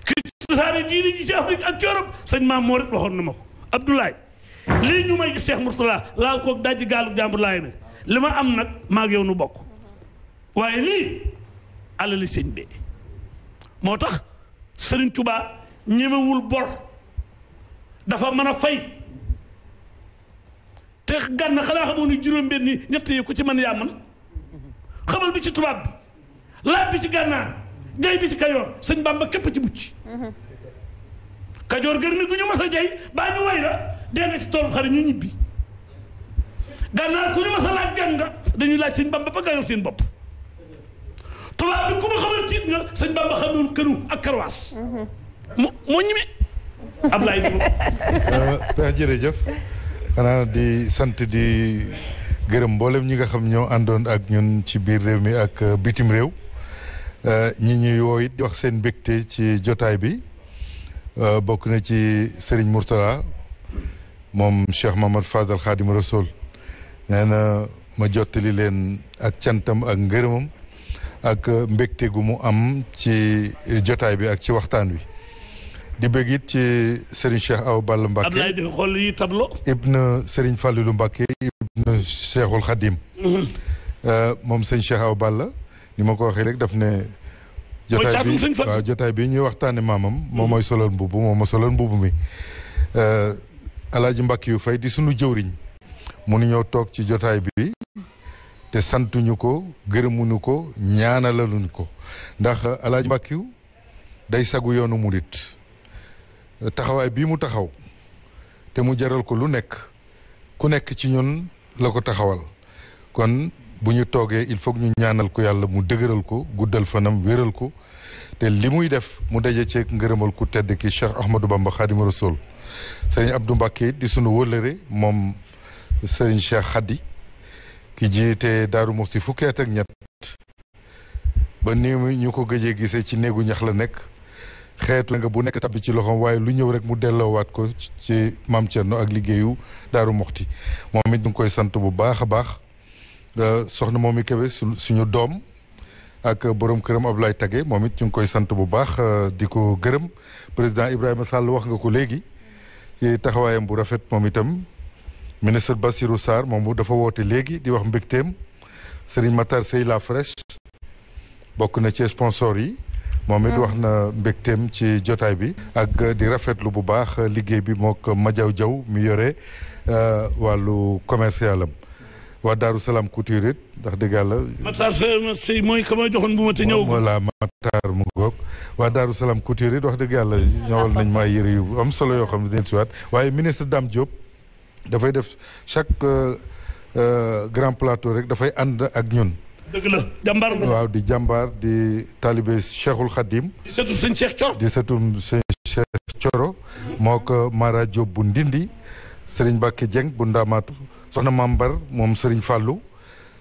ki sasaare ji ci Afrique ak ci Europe maam moo rek waxoon na ma ko Abdoulaye lii ñu may Cheikh Mourtada laal koog dajji gaalub jaamur laay ma li ma am nag maag yow nu bokk waaye lii alali sëñ bi moo tax Sëriñ Tuubaa ñemewul bor dafa mën a fay te gànn xanaa xamoo ni juróom-benni ñett yi ku ci man yaa mën xamal bi ci tubaab bi laaj bi ci gànnaar jay bi ci kajoor sëñ Bamba képp ci mucc kajoor gërmi gu ñu mas a jay baa ñu way la dee nga ci toolu xare ñu ñibbi gànnaar ku ñu mas a laaj gan dañuy laaj sëñ Bamba ba gàngal seen bopp tubaab bi ku ma xamal tiit nga sëñ Bamba xamoon kënu ak karwaas mu moo ñime Ablaye Diouf. Euh, euh, jërëjëf xanaa di sant di gërëm mboolem ñi nga xam ñoo àndoon ak ñun ci biir réew mi ak euh, bitim réew ñi ñuy woo wax seen mbégte ci jotaay bi bokk na ci sëriñ Mourtala moom Cheikh Mamad Fadal Khadim Rasoul nee ma jottali leen ak cantam ak ngërëmam ak mbégte gu mu am ci jotaay bi ak ci waxtaan wi. di bëgg ci Serigne Cheikh Awa Balla Mbacke Ablaye di xool yi tablo. ibna Serigne mhm. euh, moom sëñ Cheikh aw Balla ni ma ko waxee rek daf ne. jotaay bi waaw ñuy waxtaane maamam. moom mhm. mooy solal mbubu moom mooy solal mbubu mi. Euh, Alaaji Mbacke yu fay di sunu jëwriñ. mu nu ñëw toog ci jotaay bi. te santuñu ko gërëmuñu ko ñaanalaluñu ko ndax Alaaji Mbacke day sagu yoonu murit taxawaay bii mu taxaw te mu jaral ko lu nekk ku nekk ci ñun la ko taxawal kon bu ñu toogee il faut ñu ñaanal ko yàlla mu dëgëral ko guddal fanam wéral ko te li muy def mu daje ceeg ngërëmal ku tedd ki Cheikh Ahmadou Bamba Khadim Rasoul sëriñ Abdou Mbacké di sunu wëllëre moom sëriñ Cheikh Khady ki jiite Daaru Muxti fukki at ak ñett ba ni ñu ko gëjee gisee ci néegu ñax la nekk xeetu nga bu nekk tabbi ci loxoom waaye lu ñëw rek mu delloowaat ko ci maam Thierno ak liggéeyu Daaru Moxti moom it ñu ngi koy sant bu baax a baax euh, soxna moom i Kébé suñu doom ak borom këram Abdoulaye Tagué moom it ñu ngi koy sant bu baax euh, di ko gërëm président Ibrahima Sall wax nga ko léegi taxawaayam bu rafet moom itam ministre Bassirou Sarr moom dafa woote léegi di wax mbégteem Serigne Matar Sey La Fraîche bokk na ci sponsor yi moom it ah. wax na mbégteem ci jotaay bi ak di rafetlu bu baax liggéey bi mook Madiaw jaw mi yore euh, wàllu commercial am waa Daaru Salaam Couture it dëgg yàlla. Matar Sey mooy ka joxoon bu ma te ñëw. voilà Matar mu ngoog waa Daaru Salaam Couture it wax dëgg yàlla ñëwal nañ maa yëre yu am solo yoo xam ne dañu siwaat waaye ministre Dame Diop dafay def chaque euh, euh, grand plateau rek dafay ànd ak ñun. dëgg la jàmbaar la waaw di jàmbaar di taalibe Cheikhul Khadim. di sëtum sëñ Cheikh Coro. moo ko Mara Diop bu Ndindi. Serigne Bakke Dieng bu Ndamaatu. soxna Mambar moom Serigne Fallou.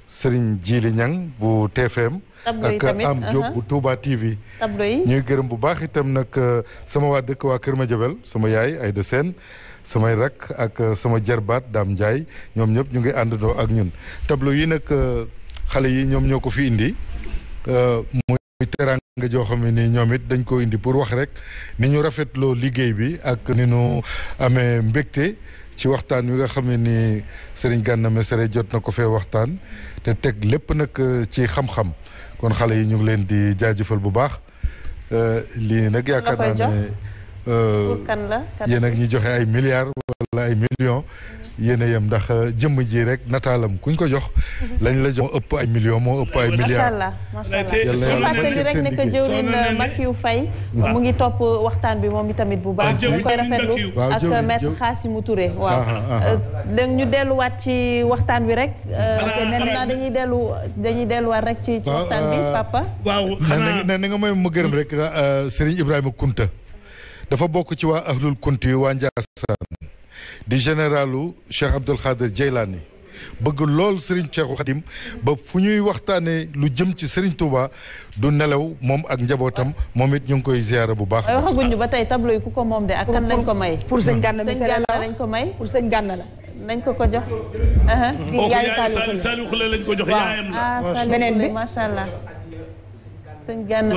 Serigne Djili Niang bu TFM. ak Am Diop uh-huh. bu Touba TV. ñuy gërëm bu baax itam nag uh, sama waa dëkk waa Kër Madiabel sama yaay Aïda Sène samay rakk ak uh, sama jarbaat Dame Ndiaye ñoom ñëpp ñu ngi àndandoo ak ñun tableau yi nag. Uh, xale yi ñoom ñoo ko fi indi euh, muy teraanga joo xam ne nii ñoom it dañ ko indi pour wax rek ni ñu rafetloo liggéey bi ak ni ñu amee mbégte ci waxtaan wi nga xam ne nii Serigne Gana Messere jot na ko fee waxtaan te teg lépp nag euh, ci xam-xam kon xale yi ñu ngi leen di jaajëfal bu baax euh, lii nag yaakaar naa ne yéen ak ñi joxe ay milliards wala ay millions yéen a yem ndax euh, jëmm ji rek nataalam kuñ ko jox. Mhm. lañ la jox moo ëpp ay millions moo ëpp ay milliards. macha allah yàlla fàttali rek ne que jëwriñ Makiyu na may ma gërëm rek euh, Serigne Ibrahima Kunta dafa bokk ci waa ahlul kunti waa Njaasaan di généralu Cheikh Abdul Xaadir Jeylaani bëgg lool Serigne Cheikhou Khadim ba fu ñuy waxtaanee lu jëm ci sëriñ Touba du nelaw moom ak njabootam moom it ñu ngi koy ziyaara bu baax. waaye waxaguñu ba tey tableau yi ku ko moom de ak kan lañ ko may. pour sëñ Gana lañ ko may pour sëñ Gana la. nañ ko ko jox. yaay Saliou Khoule lañ ko jox yaayam la. Ah, beneen bi macha allah. sëñ Gana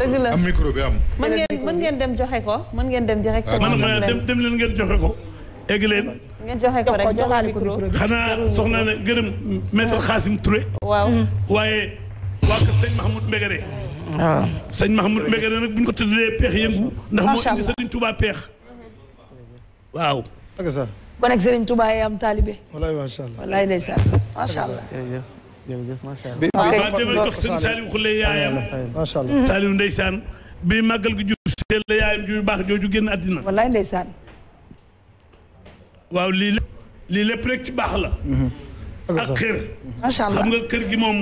dëgg la am micro bi am. mën ngeen mën ngeen dem joxe ko mën ngeen dem joxe ko. man ma dem dem ngeen joxe ko egg leen. ngeen joxe ko rek joxaale micro. xanaa soxna ne gërëm maître Xaasim Touré. waaw waaye waa kër sëñ Mahmoud Mbegere. waaw ah. sëñ Mahmoud Mbegere nag bu ñu ko tëddee peex yëngu. ndax moo indi sëriñ Touba peex. waaw. kon ak sëriñ Touba yi am taalibe. walaay macha allah walaay ndeysaan macha allah. jërëjëf macha allah. waaw demal ko sëñ Saliou Khoule yaayam. macha allah Saliou ndeysaan bi màggal gi jub seel la yaayam ju baax jooju génn àddina. wallaay ndeysaan. waaw lii lépp lii ci baax la. Mhm. ak kër. macha allah xam nga kër gi moom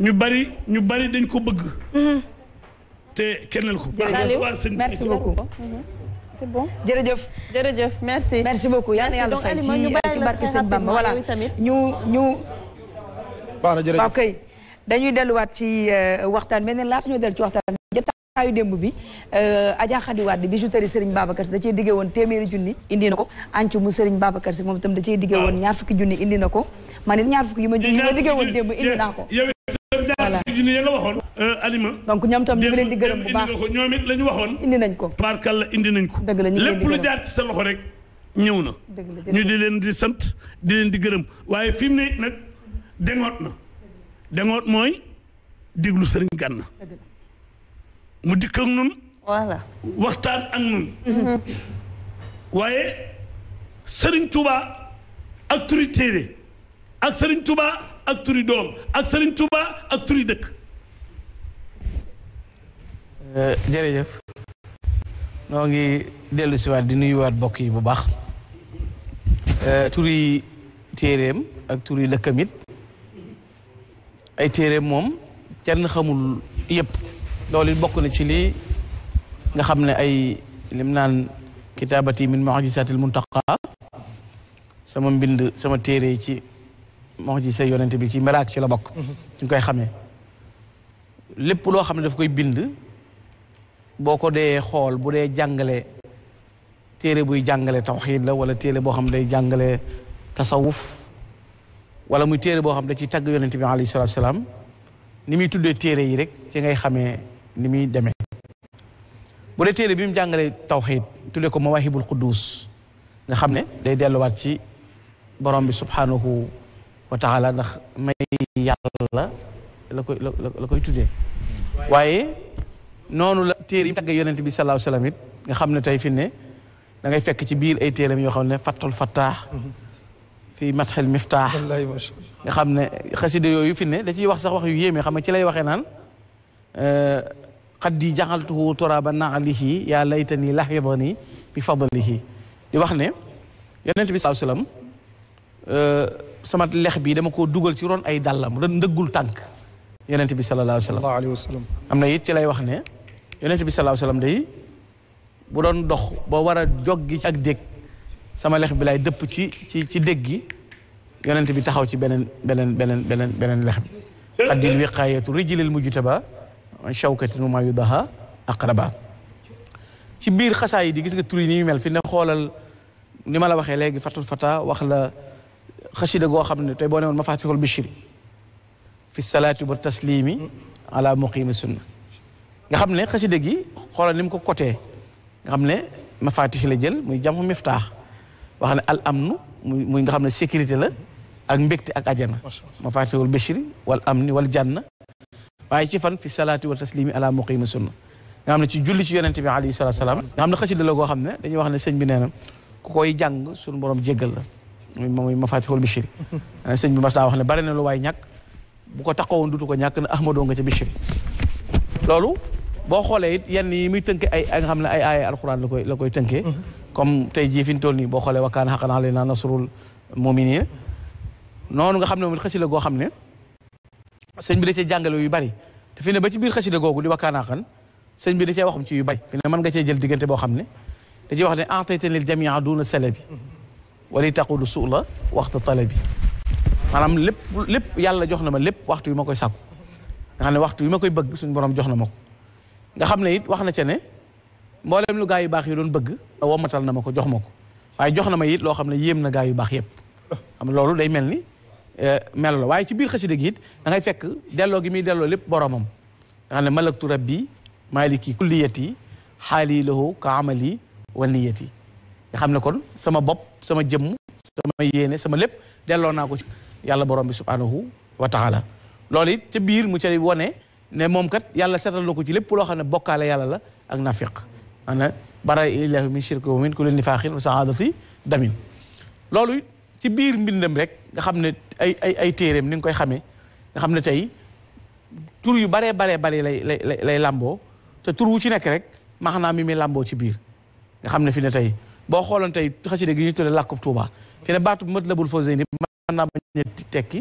ñu bari ñu bari dañ ko bëgg. Mhm. te kennel ko. jërëjëf merci beaucoup. Mhm. c'est bon jërëjëf. jërëjëf merci. merci beaucoup yal na yàlla fay ci barke baax na jërëjëf waaw kay dañuy delluwaat ci waxtaan beneen laata ñoo dellu ci waxtaan jotaayu démb bi Adja Khady Wade bijouterie Serigne Babacar si da cee diggee woon téeméeri junni indi na ko ancu mu Serigne Babacar si moom itam da cee diggee woon ñaar fukki junni indi na ko man it ñaar fukki yu ma junni ma diggee woon démb indi naa ko voilà junni ya nga waxoon alima donc ñoom tam ñu ngi leen di gërëm bu baax ñoom it la ñu waxoon indi nañ ko parkal la indi nañ ko dëgg la lépp lu jaar ci sa loxo rek ñëw na ñu di leen di sant di leen di gërëm waaye fi mu ne nag dengoot na dengoot mooy déglu sëriñ Gana mu dikk ak nun waxtaan ak nun mhm. waaye sëriñ Touba ak turi téere ak sëriñ Touba ak turi doom ak sëriñ Touba ak turi dëkk euh, jërëjëf noo ngi dellu siwaat di nuyuwaat bokk yi bu baax euh, turi téeréem ak turi lëkkam it ay téere moom kenn xamul yépp loolu bokk na ci lii nga xam ne ay lim naan kitaabati min mu'jizatil muntaqa sama mbind sama téere yi ci mu'jiza yonent bi ci miracle ci la bokk mhm. ñu koy xamee lépp loo xam ne daf koy bind boo ko dee xool bu dee jàngale téere buy jàngale tawxiid la wala téere boo xam ne day jàngale tasawuf wala muy téere boo xam da ciy tagg yonent bi alayhi salaatu salaam muy tuddee téere yi rek ci ngay xamee ni muy demee bu téere bi mu jàngalee tawxiid tuddee ko mawahibul quddus nga xam ne day delluwaat ci borom bi subhanahu wa taala ndax may yàlla la koy la koy tuddee waaye noonu la téere yi mu tagg yonent bi salaahu salaam it nga xam ne tey fi ne da ngay fekk ci biir ay téeram yoo xam ne fattul fattaax fii masxel miftaax nga xam ne xasida yooyu fi ne da ciy wax sax wax yu yéeme xam nga ci lay waxe naan xad euh, di jaxaltuhu turaba naalihi yaa laytani lahidani bi fadlihi di wax ne yonent bi saa sallam euh, sama lex bi dama koo dugal ci ron ay dàllam da tànk yonent bi sallallahu alayhi am na it ci lay wax ne bi sallallahu alayhi wa sallam day bu doon dox ba war a joggi ak dégg sama lex bi laay dëpp ci ci ci dégg gi yonent bi taxaw ci beneen beneen beneen beneen beneen lex bi xaddil wiqaayatu rijlil mujtaba shawkatin wa ma yudaha aqraba ci biir xasaa yi di gis nga tur yi mel fi ne xoolal ni ma la waxee léegi fatul fata wax la xasida goo xam ne tey boo ne woon mafatihul bichri fi salaati wa taslimi ala muqimi sunna nga xam ne xasida gi xoolal ni mu ko côté nga xam ne mafatih la jël muy jamu miftaax wax ne al amnu muy muy nga xam ne sécurité la ak mbégte ak ajana mafatihul bashri wal amni wal janna waaye ci fan fi salaati wa taslimi ala muqimi sunna nga xam ne ci julli ci yonente bi alayhi salatu salaam nga xam ne xasida goo xam ne dañuy wax ne sëñ bi nee na koy jàng sunu borom jéggal la muy mafatihul bashri [laughs] sëñ bi mas naa wax ne bari ne lu waaye ñàkk bu ko taxawoon dutu ko ñàkk na ahmadoo nga ca bashri loolu boo xoolee it yenn yi muy tënk ay nga xam ne ay aaya alxuraan la koy la koy tënkee mm-hmm. comme tey jii fi ñu toll nii boo xoolee wakkaan xaqan alaynaa nasrul mu'minin noonu nga xam ne moom xasida goo xam ne sëñ bi da cee jàngale yu bari te ba ci biir xasida googu di wakkaan sëñ bi da cee waxum ci yu bari fi ne mën nga cee jël diggante boo xam ne da ciy wax ne entaytan lil jamia duuna salabi wali taqulu suula waxta bi maanaam lépp lépp yàlla jox na ma lépp waxtu yu ma koy sàkku nga xam ne waxtu yu ma koy bëgg suñ boroom jox na ma ko nga xam ne it wax na ca ne mboolem lu gaa yu baax yi doon bëgg womatal na ma ko jox ma ko waaye jox na ma it loo xam ne yéem na gaa yu baax yëpp loolu day mel ni eh, melo la waaye ci biir xasida gi it da fekk delloo gi muy delloo lépp boromam nga xam ne malaktu rabbi maliki kulliyati xaali lahu ka amali wa niyati nga xam ne kon sama bopp sama jëmm sama yéene sama lépp delloo naa ko ci yàlla borom bi subhanahu wa taala loolu it ca biir mu ca wone ne moom kat yàlla setal na ko ci lépp loo xam ne bokkaale yàlla la ak nafiq ana bara ilaahi mi shirki wa min kulli nifaaxin wa saadati damin loolu ci biir mbindam rek nga xam ne ay ay ay téeréem ni nga koy xame nga xam ne tey tur yu baree baree bare lay lay lay làmboo te tur wu ci nekk rek maanaa mi mi làmboo ci biir nga xam ne fi ne tey boo xooloon tey xasida gi ñu tudde làkkub Tuuba fi ne baatu Matlabul Fawzayni mën naa bañ a tekki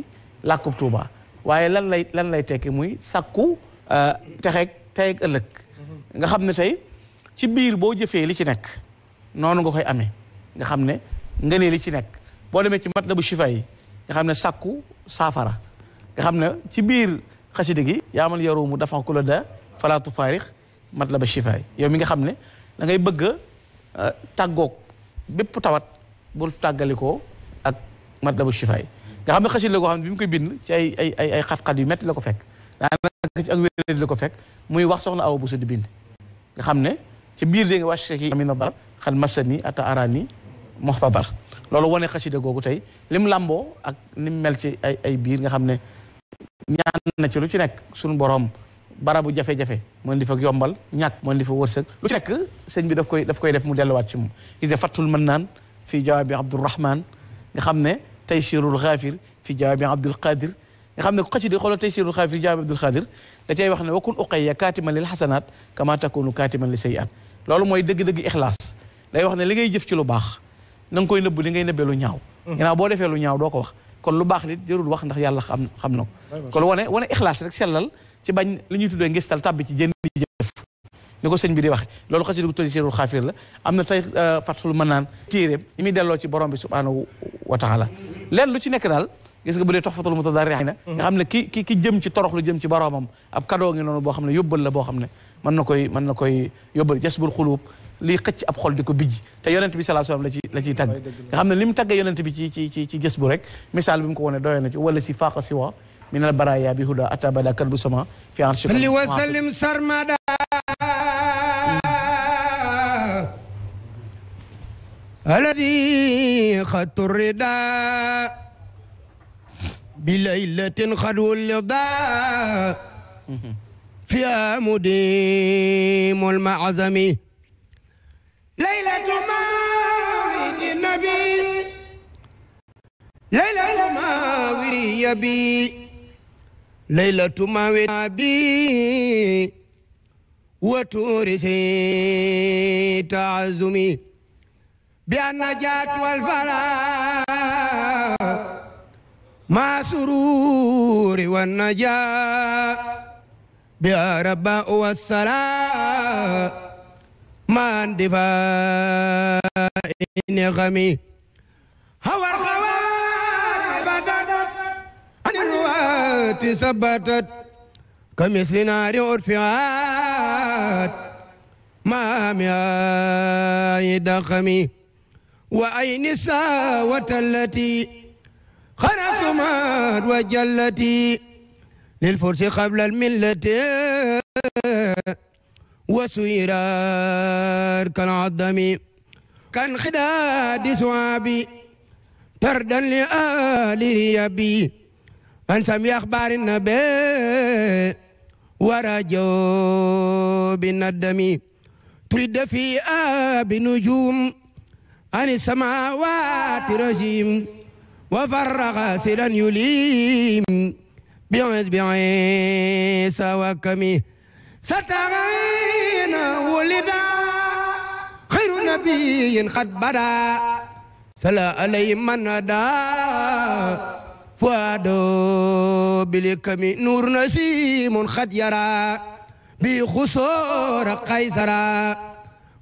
làkkub Tuuba waaye lan lay lan lay tekki muy sàkku euh, texeeg tey ëllëg nga xam ne tey ci biir boo jëfee li ci nekk noonu nga koy amee nga xam ne nga li ci nekk boo demee ci mat la bu shifa yi nga xam ne sàkku saafara nga xam ne ci biir xasida gi yaa man yarumu dafa ku la da falaa tufaarix mat la ba shifa yi mi nga xam ne da ngay bëgg a euh, tàggoog bépp tawat bul tàggalikoo ak mat bu shifa yi nga xam ne xasida la koo xam ne bi mu koy bind ci ay ay ay xat-xat yu métti la ko fekk daanaka la ko fekk muy wax soxna aw bu su di bind nga xam ne ca biir dégg nga wàcc ki ami na dar xal masani ata arani moxtadar loolu wane xasida googu tey lim làmboo ak nim mel ci ay biir nga xam ne ñaan na ci lu ci nekk suñu borom barabu jafe-jafe mën di fa yombal ñàkk mën di fa wërsëg lu ci nekk sëñ bi daf koy daf koy def mu delluwaat ci moom gis nga fattul mën naan fii jawaabi abdourahman nga xam ne taysirul xaafir fii jawaabi abdul qadir nga xam ne ku xasida xoolal taysirul xaafir fii jawaabi abdul qadir da cay wax ne wa kun uqayya kaatiman lil xasanaat kama takunu kaatiman li sayiat loolu mooy dëgg-dëgg ixlaas day wax ne li ngay jëf ci lu baax na nga koy nëbb li ngay nëbbee lu ñaaw mhm. ginnaaw boo defee lu ñaaw doo ko wax kon lu baax li jërul wax ndax yàlla xam xam na ko kon wane wane ixlaas rek sellal ci bañ li ñuy tuddee ngistal tàbbi ci jën di jëf ko sëñ bi di waxe loolu xasi dugu tëdi sirul xaafir la am na tey euh, fatxul mën naan téeréem delloo ci borom bi subhanahu wa taala leen lu ci nekk daal gis nga bu dee toxfatul mutadarriina nga mhm. ne ki ki ki jëm ci torox lu jëm ci boromam ab kadoo ngi noonu boo xam ne yóbbal la boo xam ne mën na koy mën na koy yóbbal jasbul xuluub lii xëcc ab xol di ko bijj te yonent bi sallallahu alayhi wasallam la ciy tagg nga xam ne li mu tagge yonent bi ci ci ci ci jasbu rek misaal bi mu ko wone doy na ci wala si faaqa siwa min al baraya bi huda ata bada kalbu sama fi arshi li wasallim sarmada الذي خط الرداء بليلة خدو فيها مديم المعظم ليلة ماوت النبي ليلة ماوت يبي ليلة ماوت أبي وتور سيت عزمي بالنجاة والفلاح مع سرور والنجاة بها ربا والصلاة ما اندفاء نغمي هوى الخوارب بدت عن الروات ثبتت كمثل نار أرفعت ما معي دخمي وأين ساوة التي خرسمت وجلتي للفرس قبل الملة وسيرار كالعظم كانخداد سوابي طردا لآل ريابي عن سمي أخبار النبي ورجو بالندم ترد في آب نجوم عن السماوات رجيم وفرغ سرا يليم بوزبع عيسى وكمي سترين ولدا خير نبي قد بدا سلا علي من دا فؤادو بلكمي نور نسيم قد يرى بخسور قيسرا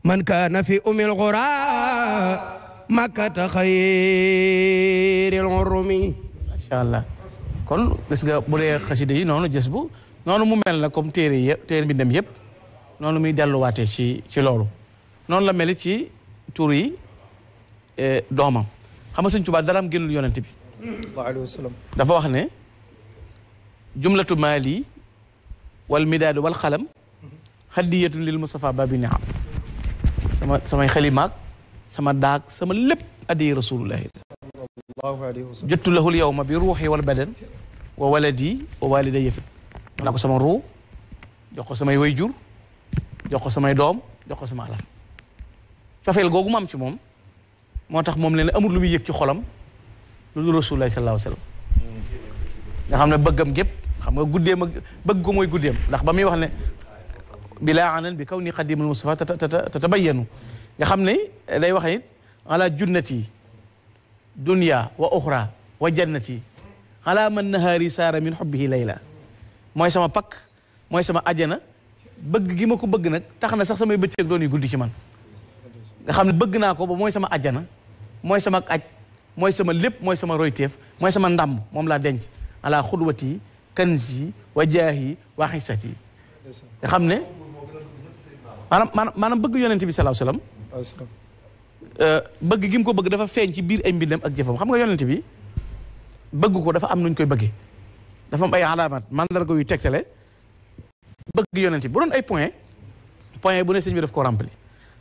من كان في أم الغرى مكة خير الغرم ما شاء الله kon gis nga bu dee xasida yi noonu jës bu noonu mu mel na comme téere yëpp téere bi dem yëpp noonu muy delluwaatee ci ci loolu noonu la meli ci tur yi e, doomam xam nga Sëñ Tuubaa dara am génnul yonent bi alayhi wa dafa wax ne jumlatu maali wal midaadu wal xalam hadiyatun lil bi babi niam sama samay xalimaag sama daag sama lépp addi rasulullahi jottu lahul yawma bi ruuxi wal badan wa waladi wa walidayya fi jox ko sama ruu jox ko samay wayjur jox ko samay doom jox sama alal cofeel googu maam ci moom moo tax moom leen amul lu muy yëg ci xolam lu dul rasulullah sallallahu alayhi wasallam nga xam ne bëggam gépp xam nga guddeem ak bëgg ko mooy guddeem ndax ba muy wax ne bilaa anan bi kaw ni xadimul mustafa tatabayanu nga xam ne day wax it ala junnati dunya wa uxra wa jannati ala man nahaari saara min xubbihi layla mooy sama pakk mooy sama ajana bëgg gi ma ko bëgg nag tax na sax samay bëccëg doon yu guddi ci man nga xam ne bëgg naa ko ba mooy sama ajana mooy sama aj mooy sama lépp mooy sama royteef mooy sama ndàmm moom laa denc ala xudwati kanzi wa jaahi wa xisati nga xam ne maanaam maanaam bëgg yonente bi salaaw salaam Euh, bëgg gi ko bëgg dafa feeñ ci biir ay mbindam ak jëfam xam nga yonent bi bëgg ko dafa am nuñ koy bëggee dafa am ay alaamat mandarga yu tegtale bëgg yonent bi bu doon ay point point bu ne sëñ bi daf ko rempli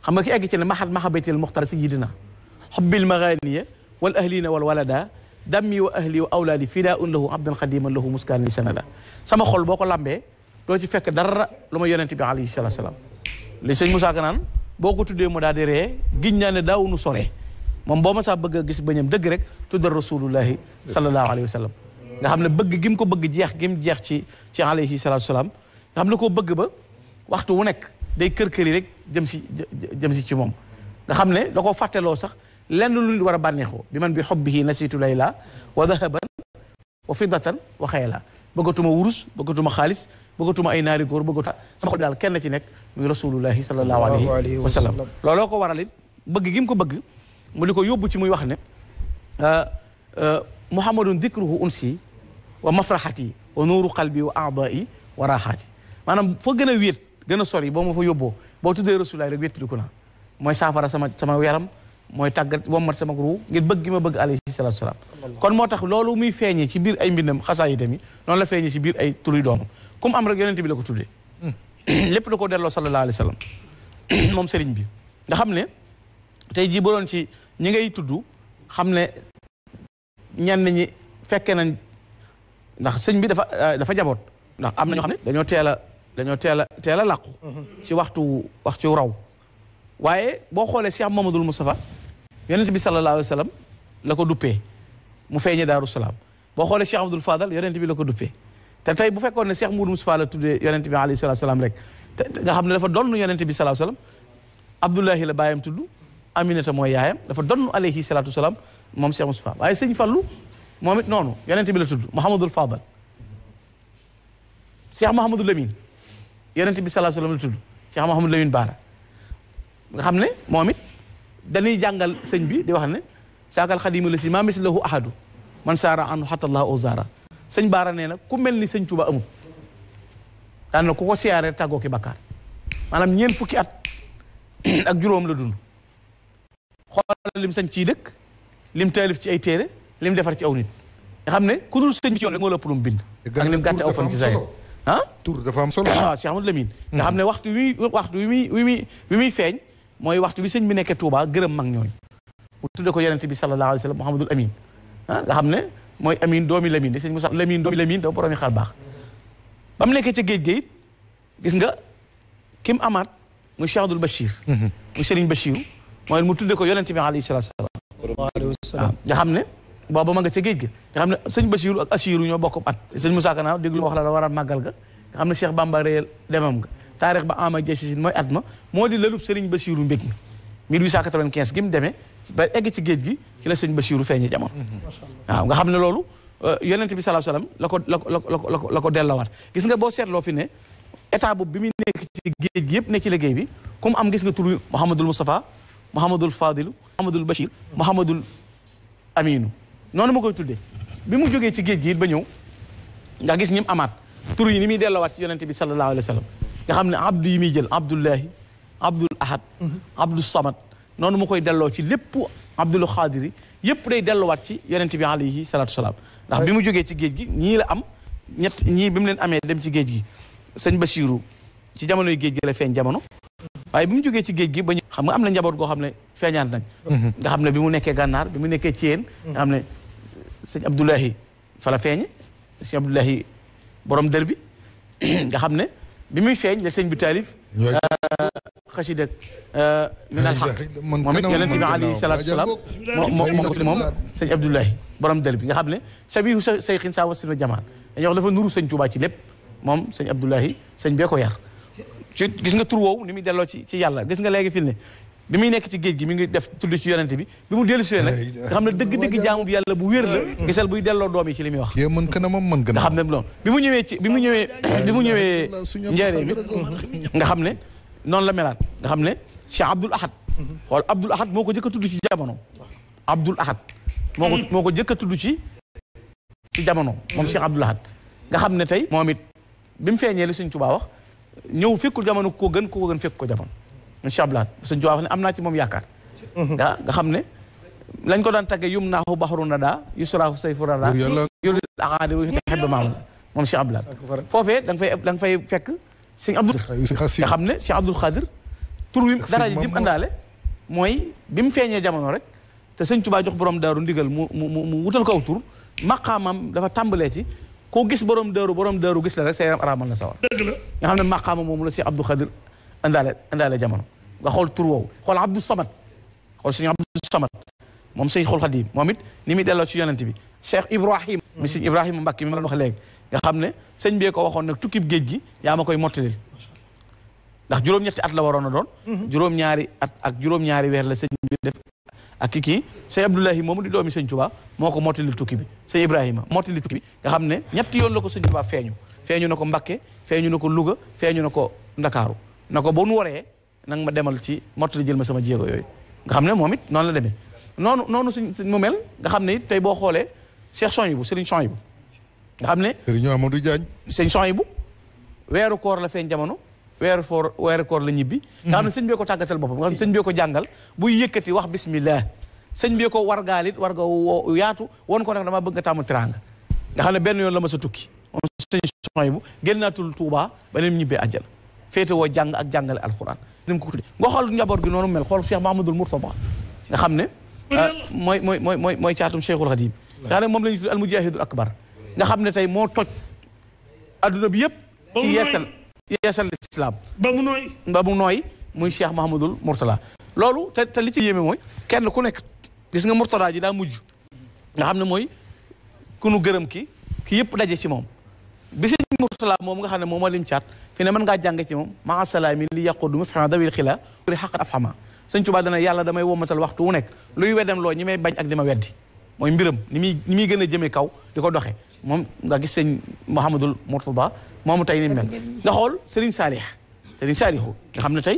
xam nga ki egg ci ne maxat maxabatil muxtar sayyidina xubbil maganiya wal ahlina wal walada dammi wa ahli wa awlaadi fidaa un lahu abdan xadiman lahu muskaan li sanada sama xol boo ko lambee doo ci fekk dara lu ma yonent bi alayhi salaatu salaam li sëñ Moussa Ka naan boo ko tuddee mu daal di ree giñ naa ne daawunu soree moom boo ma saa bëgg a gis bëñam dëgg rek tuddal rasulullahi sallallahu alayhi wa sallam nga xam ne bëgg gim ko bëgg jeex gim jeex ci ci alayhi salatu salaam nga xam koo bëgg ba waxtu wu nekk day kër-kër yi rek jëm si si ci moom nga xam ne da koo fàtteloo sax lenn lu nit war a bànneexoo bi man bi xobbihi nasitu layla wa dahaban wa fidatan wa xayla bëggatuma wurus bëggatuma xaalis bëggatuma ay naari góor bëggatuma sama xol daal kenn ci nekk muy rasulullahi sallallahu alayhi wa sallam looloo ko waral bëgg gi mu ko bëgg mu di ko yóbbu ci muy wax ne ah, ah, muhammadun dikruhu unsi wa mafraxati wa nuuru qalbi wa aadai wa raxaati maanaam foo gën a wéet gën a sori boo ma fa yóbboo boo tuddee rasulullahi rek wéttiliku naa mooy saafara sama sama yaram mooy tàggat wommat sama ruu ngir bëgg ma bëgg alayhi salaatu salaam kon moo tax loolu muy feeñee ci biir ay mbindam xasaa yi tamit noonu la feeñee ci biir ay turi doomam comme am rek yonent bi la ko tuddee hmm. lépp da ko delloo sallallahu alayhi wa [clears throat] moom sëriñ bi nga xam ne tey jii ba ci ñi ngay tudd xam ne ñenn ñi fekkee nañ ndax sëñ bi dafa euh, dafa jaboot ndax am na xam ne dañoo teel a dañoo teel a teel a làqu hmm. ci waxtu wax ci raw waaye boo xoolee Cheikh Mamadou Moustapha yonent bi sallallahu alayhi wa la ko duppee mu feeñee daaru salaam boo xoolee Cheikh Abdoul Fadal yonent bi la ko duppee te tey bu fekkoon ne Cheikh Moudou Moustapha la tuddee yonent bi alayhi salaatu salaam rek te nga xam ne dafa donn yonent bi sallallahu alayhi wa sallam la baayam tudd Aminata mooy yaayam dafa donn alayhi salaatu salaam moom Cheikh Moustapha waaye sëñ Fallou moom noonu yonent bi la tudd Mouhamadul Fadal Cheikh Mouhamadou Lamine yonent bi sallallahu alayhi wa sallam la tudd Cheikh Mouhamadou Lamine Baara nga xam ne moom dañuy jàngal sëñ bi di wax ne saakal xadimu la si maa mislahu ahadu man saara anu xatallah au sëñ baara nee na ku mel ni sëñ Tuba amul daan ku ko siyaare tàggoo ki bakkaar maanaam ñeent fukki at [clears throat] ak juróom la dund xoolal lim sëñ ciy dëkk lim taalif ci ay téere lim defar ci aw nit xam ne ku dul sëñ bi ci yoon rek moo la mu bind ak lim gàtte aw fan ci saa ah tur dafa am solo waaw [coughs] nga xam ne hmm. waxtu wi waxtu wi muy muy feeñ mooy waxtu bi sëñ bi nekkee Touba gërëm mag ñooñu mu tudde ko yonente bi sallallahu alayhi wa sallam Muhammadul ah xam ne mooy Amin doomi Lamine di sëñ Moussa Lamine doomi Lamine dafa boroomi xar baax ba mu nekkee ca géej gis nga kim amaat muy Cheikh Abdoul Bachir mhm. mu Serigne Bachir mooy mu tudde ko yonente bi alayhi salaatu wa salaam ah, nga xam ne booba ma nga ca géej ga nga xam ne sëñ Bachir ak Achiru ñoo bokk at sëñ Moussa Kana déglu ma wax la la waral màggal ga nga xam ne Cheikh Bamba demam nga taarix ba ama jeesi mooy at ma moo di lëlub Serigne Bassirou Mbég mi 1895 gi mu demee ba egg ci géej gi ci la sëñ Bassirou feeñe jamono mm-hmm. waaw nga xam ne loolu euh, yonent bi sallallahu alayhi wasallam la la ko la ko la la ko dellawaat gis nga boo seetloo fi ne état boobu bi muy nekk ci géej yëpp ne ci liggéey bi comme am gis nga turu Mouhamadul Moustapha Mouhamadul Fadilu Mouhamadul Bachir Mouhamadul Aminu noonu ma koy tuddee bi mu jógee ci géej gi ba ñëw nga gis ñim amaat tur yi ni muy dellawaat ci yonent bi sallallahu alayhi wasallam nga xam ne abdu yi muy jël abdullahi abdul ahad abdul samad noonu mu koy delloo ci lépp abdul xaadiri yépp day delluwaat ci yonente bi alayhi salaatu salaam ndax bi mu jógee ci géej gi ñii la am ñett ñii bi mu leen amee dem ci géej gi sëñ Basiiru ci jamonoy géej gi la feeñ jamono waaye bi mu jógee ci géej gi ba ñu xam nga am na njaboot goo xam ne feeñaat nañ nga xam ne bi mu nekkee gànnaar bi mu nekkee ciyeen nga xam ne sëñ Abdoulahi fa la feeñe sëñ Abdoulahi borom dër bi [coughs] nga xam ne bi muy feeñ la sëñ bi taalif. Euh, xasida min euh, al xaq moom it yonent bi alayhi salaatu salaam moom moom sëñ Abdoulaye borom dal bi nga xam ne sabihu sa sayxin saa wasina jamaal dañuy wax dafa nuru sëñ Tuubaa ci lépp moom sëñ Abdoulaye sëñ bee ko yar. ci gis nga tur woowu ni muy delloo ci ci yàlla gis nga léegi fii ne bi muy nekk ci géej gi mi ngi def tudd ci yonente bi bi mu dellu siwee nag nga xam ne dëgg-dëgg jaamu bi yàlla bu wér la gisal buy delloo doom yi ci li muy wax mën ka na moom mën nga xam ne loolu bi mu ñëwee ci bi mu ñëwee bi mu ñëwee njëriñ nga xam ne noonu la melaat nga xam ne Cheikh Abdoul Ahad xool Abdoul Ahad moo ko jëkk a tudd ci jamono Abdoul Ahad moo moo ko jëkk a tudd ci ci jamono moom Cheikh Abdoul Ahad nga xam ne tey moom it bi mu feeñee li suñ Tuubaa wax ñëw fekkul jamono ko gën ko gën fekk ko jamono Cheikh Ablaat sëñ Tuubaa wax ne am naa ci moom yaakaar ah nga xam ne lañ ko daan tagge yum naahu baxru nada yusraahu sayfu rada yuli aadi wu taxibba maamu moom Cheikh Ablaat foofee da nga fay da nga fay fekk sëñ Abdul xam ne Cheikh Abdul Xadir tur wi dara mooy bi mu feeñee jamono rek te sëñ Tuubaa jox borom daaru ndigal mu mu mu wutal ko aw tur maqaamam dafa tàmbalee ci koo gis borom daaru borom daaru gis la rek sa araamal na sawar nga xam ne maqaamam moom la Cheikh Abdul Xadir indaale indaale jamono nga xool tur woowu xool Abdou Samad xool sëñ moom sëñ xul Xadim moom it ni muy delloo ci yonent bi Cheikh Ibrahima mi sëñ Ibrahima Mbàkke mi ma doon wax léegi nga xam ne sëñ bee ko waxoon nag tukkib géej gi yaa ma koy mottalil ndax juróom la waroon a doon mhm. juróom-ñaari at ak juróom-ñaari weer la sëñ bi def ak kii kii sëñ moom moomu di doomi sëñ Tuubaa moo ko mottalil tukki bi sëñ Ibrahima mottalil tukki nga xam ne ñetti yoon la ko sëñ Tuubaa feeñu feeñu na ko Mbàkke feeñu na ko Louga feeñu na ko Ndakaaru na ko boo nu waree nanga ma demal ci mottali jël ma sama jéego yooyu nga xam ne moom it noonu la demee noonu noonu suñ suñ mu mel nga xam ne it tey boo xoolee Cheikh Souhaïbou Serigne Souhaïbou nga xam ne Serigne Amadou Diagne Serigne Souhaïbou weeru koor la feeñ jamono weeru foor weeru koor la ñibbi nga xam ne mhm. sëñ bee ko tàggatal boppam nga xam ne sëñ bee ko jàngal buy yëkkati wax bismillah sëñ bee ko wargaal it war nga yaatu won ko nag damaa bëgg nga tàmm teraanga nga xam ne benn yoon la ma sa tukki moom Serigne Souhaïbou génn naa tul Touba ba ne ñibbee àjjana féetewoo jàng ak jàngale alxuraan ni mu ko tuddee nga xool gi noonu mel xool Cheikh Mahamadul Mourtada nga xam ne mm-hmm. euh, mooy mooy mooy mooy mooy caatum Cheikhul Xadim daa moom la ñuy tudd al mujahidul akbar nga xam ne tey moo toj adduna bi yëpp ci yeesal yeesal islam ba mu nooy ba mu nooy muy Cheikh Mahamadul Mourtada loolu te li ci yéeme mooy kenn ku nekk gis nga Mourtada ji daa mujj nga xam ne mooy ku gërëm ki ki yëpp daje ci moom Mursala moom nga xam ne moom moo lim caat fi ne mën ngaa jàng ci moom maa salaami li yaqudu mu fexma dawil xila uri xaqat af xama sëñ Tuubaa dana yàlla damay womatal waxtu wu nekk luy weddam loo ñi may bañ ak di ma weddi mooy mbiram ni muy gën a jëme kaw di ko doxe moom nga gis sëñ Mouhamadul Mourtada moomu tey ni mel nga xool Serigne Saalih Serigne Saalihu nga xam ne tey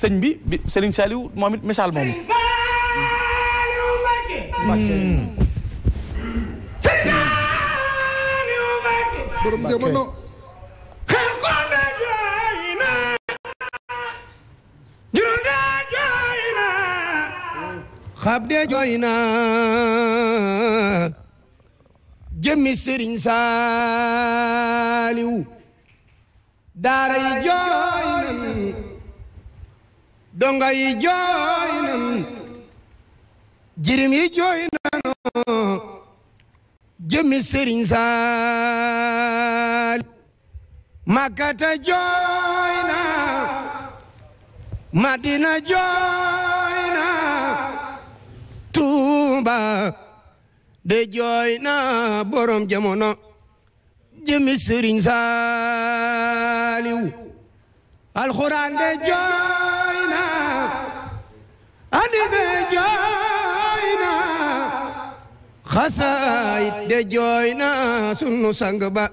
sëñ bi bi Serigne Saalihu moom it misaal moomu borom jamono de jooy na juróom de jooy de jooy na jëmmi sëriñ saaliw daara yi jooy nan jirim yi jooy nano jëmmi sëriñ saal makkata jooy madina jooy tuuba de jooy borom jamono jëmmi sëriñ saaliw alxuraan de jooy na andi xasaayit de jooy na sunu sang ba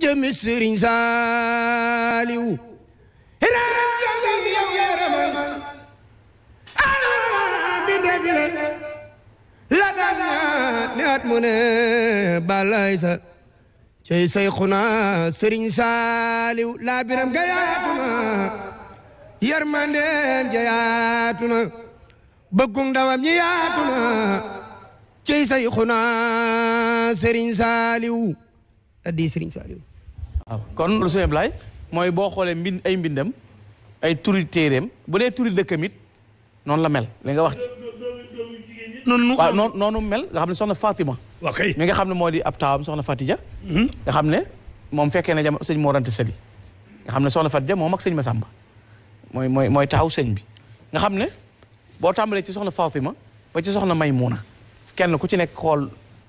jëmi sëriñ saaliw iraam jooy yow yaramal alaa bi ndefi la la daan ni at mu ne balay cey say xuna sëriñ saaliw laa ga yaatuna yarmandeem ja yaatuna bëggung dawam ñi yaatuna cey Sayxuna Serigne Saliou addi Serigne Saliou waaw kon lu sëñ Ablaye mooy boo xoolee mbind ay mbindam ay turi téeréem bu dee turi dëkkam it noonu la mel li nga wax ci noonu waaw noonu mel nga xam ne soxna Fatima ok mi nga xam ne moo di ab taawam soxna Fatija mhm. nga xam ne moom fekkee na jam sëñ Morante Sali nga xam ne soxna Fatija moom ak sëñ Masamba mooy mooy mooy taaw sëñ bi nga xam ne boo tàmbalee ci soxna Fatima ba ci soxna Maymuna kenn ku ci nekk xool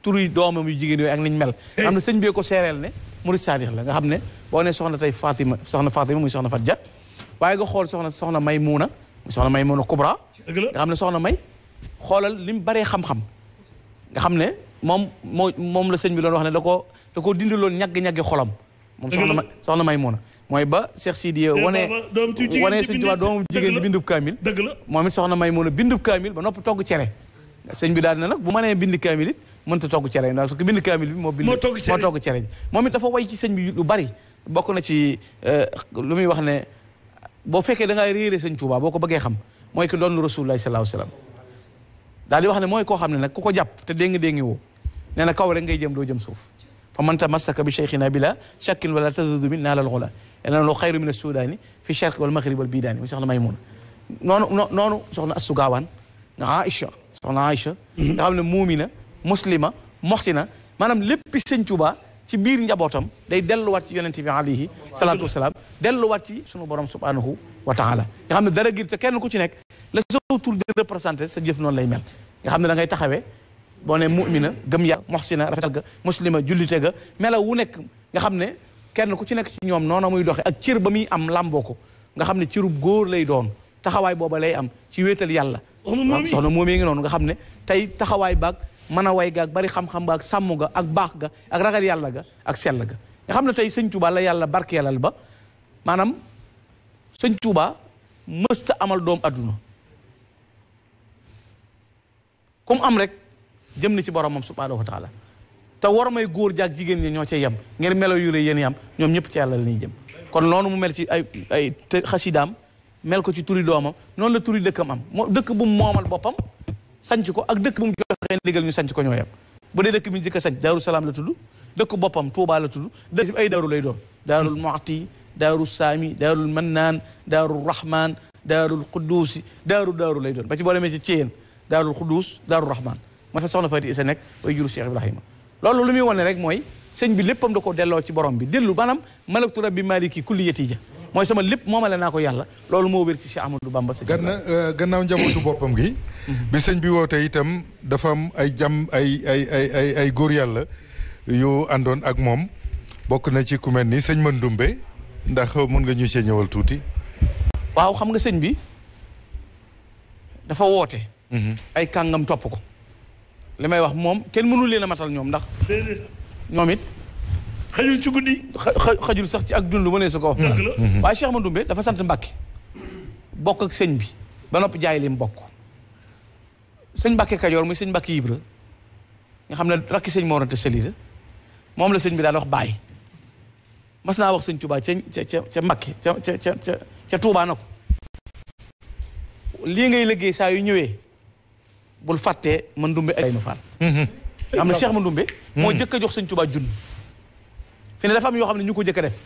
turi doomam yu jigéen yooyu ak niñ mel eh. am na sëñ bee ko seereel ne murid saadix la nga xam ne boo ne soxna tey Fatima soxna Fatima muy soxna Fadja waaye nga xool soxna soxna may muuna muy soxna may muuna Kubra nga xam ne soxna may xoolal li mu baree xam nga xam ne moom moo moom la sëñ bi doon wax ne da koo da koo dindiloon ñagg-ñaggi xolam moom soxna soxna may muuna mooy ba Cheikh Sidi eh, wane wane sëñ Tuubaa doomu jigéen di bindub kaamil dëgg la moom it soxna may muuna bindub kaamil ba nopp togg cere sëñ bi daal na nag bu ma nee bind kaamil it mënta togg cereñ ndax su ko bind kaamil moo bind moo togg cereñ moom it dafa way ci sëñ bi lu bari bokk na ci euh, lu muy wax ne boo fekkee da ngaa réere sëñ boo ko bëggee xam mooy ki doon rasulullah sallallahu alayhi wasallam daal di wax ne mooy koo xam ne nag ku ko jàpp te déngi-déngi woo nee na kaw rek ngay jëm doo jëm suuf fa man tamassaka bi cheikhina bila shakkin wala tazudu la naalal xula ena loo xayru min assudaani fi charq wal maghrib wal bidaani mu soxna Maymuna noonu noonu soxna Assu Gaawaan soxna nga xam ne muumina muslima moxsina maanaam lépp sëñ Tuuba ci biir njabootam day delluwaat ci yonente bi alayhi salaatu wasalaam delluwaat ci sunu borom subhanahu wa taala nga xam ne dara gi te kenn ku ci nekk la sa tur di représenté sa jëf noonu lay mel nga xam ne dangay ngay taxawee boo ne mumina gëm yàlla moxsina rafetal ga muslima jullite ga melaw wu nekk nga xam ne kenn ku ci nekk ci ñoom noona muy doxe ak cër ba muy am làmboo ko nga xam ne cërub góor lay doon taxawaay booba lay am ci wéetal yàlla soxna moomee ngi noonu nga xam ne tey taxawaay baag mën a way ga ak bari xam-xam ga ak sàmm ga ak baax ga ak ragal yàlla ga ak sell ga nga xam ne tey sëñ Touba la yàlla barkeelal ba maanaam sëñ Touba mësta amal doom adduna comme am rek jëm na ci boromam subhaanahu wa taala te war may góor jaag jigéen ñi ñoo cay yem ngir melo yu rëy yéen yam ñoom ñëpp ci yàlla la ñuy jëm kon loolu mu mel ci ay ay mel ko ci turi doomam noonu la turi dëkkam am moo dëkk bu mu moomal boppam sanc ko ak dëkk bu mu joxee ndigal ñu sanc ko ñoo yem bu dee dëkk bi njëkk a sanc daaru salaam la tudd dëkk boppam Touba la tudd dëkk ay daaru lay doon daarul moxti daaru saami daarul mannaan daarul rahman daarul quddus daaru daaru lay doon ba ci boo demee ci Thièyeen daarul quddus daaru rahman ma fa soxna Fati Isa nekk way juru Cheikh Ibrahima loolu lu muy wane rek mooy sëñ bi léppam da ko delloo ci borom bi dellu maanaam malaktu rabbi maliki kulliyati ja mooy sama lépp moomale naa ko yàlla loolu moo wér ci Cheikh Amadou Bamba sëñ ganna euh, gannaaw njabootu boppam gi mhm. bi sëñ bi woote itam dafa am ay jam ay ay ay ay ay góor yàlla yu àndoon ak moom bokk na ci ku mel ni sëñ mën dumbe ndax mën nga ñu see ñëwal tuuti waaw xam nga sëñ bi dafa woote mhm. ay kàngam topp ko li may wax moom kenn mënu leen a matal ñoom ndax ñoom xajul ci guddi. xajul sax ci ak dund mu ne su ko wax. dëgg la mm-hmm. waaye Cheikh dafa sant Mbacke. bokk ak sëñ bi ba noppi jaay lim bokk. sëñ Mbacke Kajoor muy sëñ Mbacke Ibra nga xam ne rakki sëñ Mor Anta Sali moom la sëñ bi daal wax bàyyi. mas naa wax sëñ Touba ca ca ca Mbacke ca ca ca ca Touba na ko. lii ngay liggéey saa yu ñëwee bul fàttee Mandoumbe ay ma faal. Mm-hmm. am na Cheikh Mandoumbe. Mm-hmm. moo jëkk jox sëñ Touba junni. fi ne dafa yoo xam ne ñu ko jëkk a def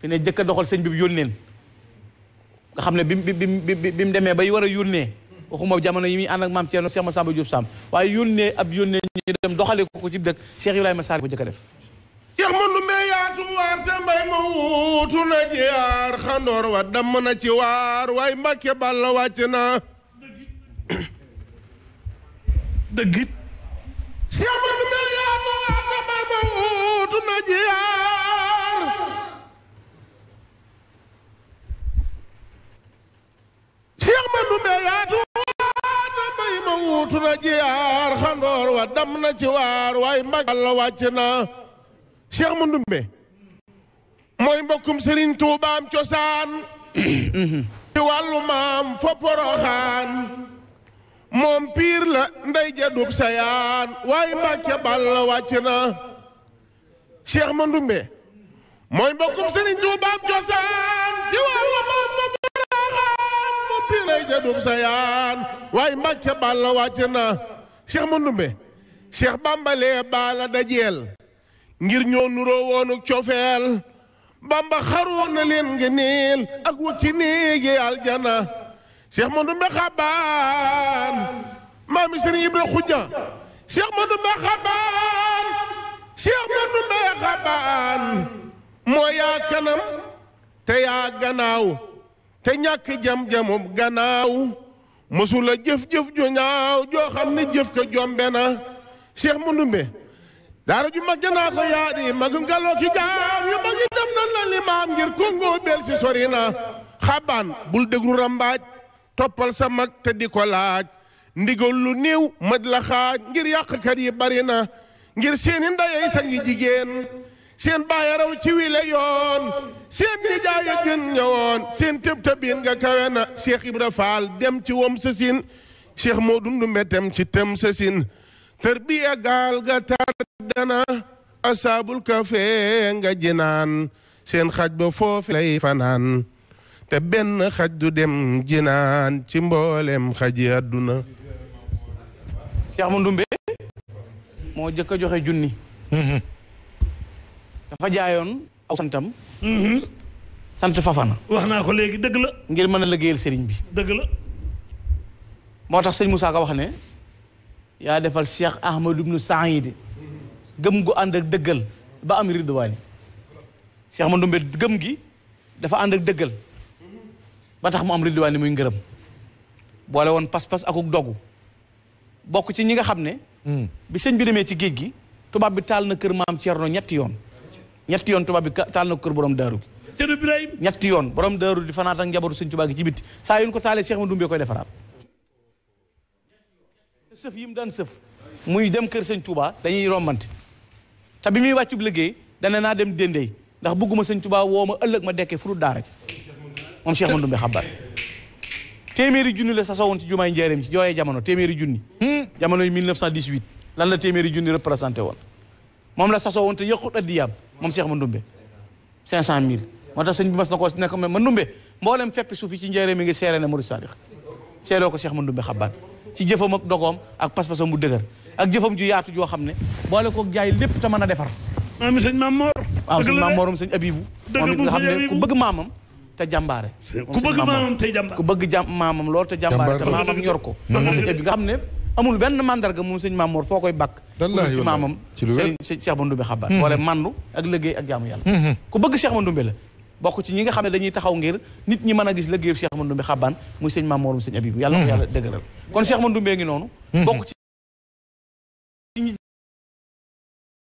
fi ne jëkk a doxal sëñ bi nga xam ne bi bi bi bi mu demee bay war a yónnee waxuma jamono yi muy ànd ak maam Thierno ma Massamba Diop Sam waaye yónnee ab yónnee ñu dem doxale ko ko ci dëkk Cheikh Ibrahima Sall ko jëkk a def Cheikh Mandou Mbaye yaatu waar te mbay ma wuutu na jaar xandoor wa damm na ci waar waaye Mbàkke Balla wàcc na Cheikh Badou Mel yaa doon Adama ba ma wuutu na jiyaar xandoor wa dam na ci waar waaye mbag Yàlla wàcc na Cheikh Mandumbe mooy mbokkum Serigne Touba cosaan [coughs] ci maam fa Poroxaan moom piir la ndey ja dub sayaan waaye mbàkke bal la wàcc na Cheikh Mandoumbe mooy mbokkum Serigne Touba am cosaan ci wàllu maam ma baraaxaan moom piir ndey ja dub sayaan waaye mbàkke bal la wàcc na Cheikh Mandoumbe Cheikh Bambalee baa la dajeel ngir ñoo nuroo woonu cofeel Bamba xaroon leen ngi niil ak wëcci néegi aljana cheikh Mandumbe Xabaan maami Serigne Ibra Khoudia cheikh Mandumbe Xabaan cheikh Mandumbe Xabaan moo yaa kanam te yaa gannaaw te ñàkk jam-jamum gannaaw mësula jëf-jëf ju ñaaw joo xam ne jëf ko jombe na cheikh Mandumbe daara ju mag naa ko yaa di mag ngaloo ki jaam yu magi dem na limaam ngir Congo bel sori na Xabaan bul déglu rambaaj toppal sa mag te di ko laaj ndigal lu néew maj la xaaj ngir yàqkat yi bari na ngir seeni ndeyay sa ngi jigéen seen baay raw ci wile yoon seen nijaay a gën ñëwoon seen tëb tëbin nga kawe Ibra Fall dem ci wom sa sin Cheikh moo dundumbe tem ci tem sa sin gaal ga tardana asaabul kafe nga jinaan seen xaj ba foofu lay fanaan te benn xaj du dem jinaan ci mboolem xaji àdduna Cheikh Mandumbe moo jëkk a joxe junni mhm. dafa jaayoon aw santam mhm. sant Fafana wax naa ko léegi dëgg la ngir mën a liggéeyal sëriñ bi dëgg la moo tax sëñ Moussa Ka wax ne yaa defal Cheikh Ahmad ibnu Saïd gëm gu ànd ak dëggal ba am ridwaani Cheikh Mandumbe gëm gi dafa ànd ak dëggal ba tax mu am ridwaan ni muy ngërëm boole woon pas-pas akuk dogu bokk ci ñi nga xam ne hmm. bi sëñ bi demee ci géej gi tubaab bi taal na kër maam Thierno ñetti yoon ñetti yoon tubaab bi taal na kër borom daaru gi ñetti yoon borom daaru di fanaat ak njabootu sëñ Tuubaa gi ci bitti saa yu ñu ko taalee Cheikh ma dumbee koy defaraat sëf yi mu daan sëf muy dem kër sëñ Touba dañuy rombante te bi muy wàccub liggéey dana naa dem déndey ndax bëgguma sëñ Touba woo ma ëllëg ma dekkee furu moom Cheikh Mandoumbe Xabaar téeméeri junni la sasowoon ci jumaay njaareem ci yooyee jamono téeméeri junni hmm. jamono yi 1918 lan la téeméeri junni représenté woon moom la sasowoon te yëqut addiyaam moom Cheikh Mandoumbe cinq mboolem feppi suufi ci njaareem mi ngi seere ne Murid Saadix seeroo ko Cheikh Mandoumbe Xabaar ci jëfam ak dogoom ak pas-pasam bu dëgër ak jëfam ju yaatu joo xam ne boole ko jaay lépp te mën a defar maam sëñ Maam Mor te jàmbaare. ku bëgg maamam te jàmbaare ku bëgg jàmm maamam lool te jàmbaare te maamam yor ko. nga xam ne amul benn mandarga moom sëñ Maam foo koy bàkk. wallaahi ci maamam Serigne Cheikh Mandoumbe xabaar. wala mm-hmm. mandu ak liggéey ak jaamu yàlla. Mm-hmm. bëgg Cheikh Mandoumbe la. bokk ci ñi nga xam ne dañuy taxaw ngir nit ñi mën a gis liggéeyu Cheikh Mandoumbe xabaan muy sëñ Maam Mor mu sëñ Abibu yàlla ko mm-hmm. yàlla dëgëral kon Cheikh Mandoumbe ngi noonu bokk ci ñi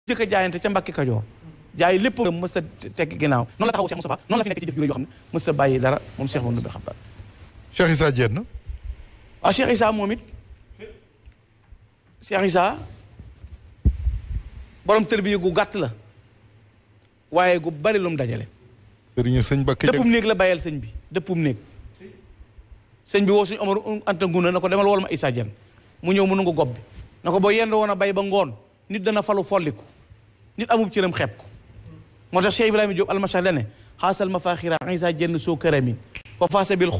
jëkk a jaayante ca Mbàkke Kajoor jaay lépp mës a teg ginnaaw noonu la taxaw Cheikh Moustapha noonu la fi nekk bàyyi dara moom Cheikh Mouhamadou Bamba Xabaar Cheikh Issa Diène waaw ah, Cheikh Issa moom gu gàtt la waaye gu bari lu mu dajale sëriñu sëñ Bakké dëppum néeg la bàyyal sëñ bi dëppum néeg sëñ bi woo suñu Omar Anta na ko demal wol ma mu ñëw mu nangu gob bi na ko boo yend woon a bay ba ngoon nit dana falu folliku nit amub cëram xeeb ko moo tax Cheikh Ibrahima Diop almasah dane xaasal mafaaxira isa jenn soo kërami wa faasa bil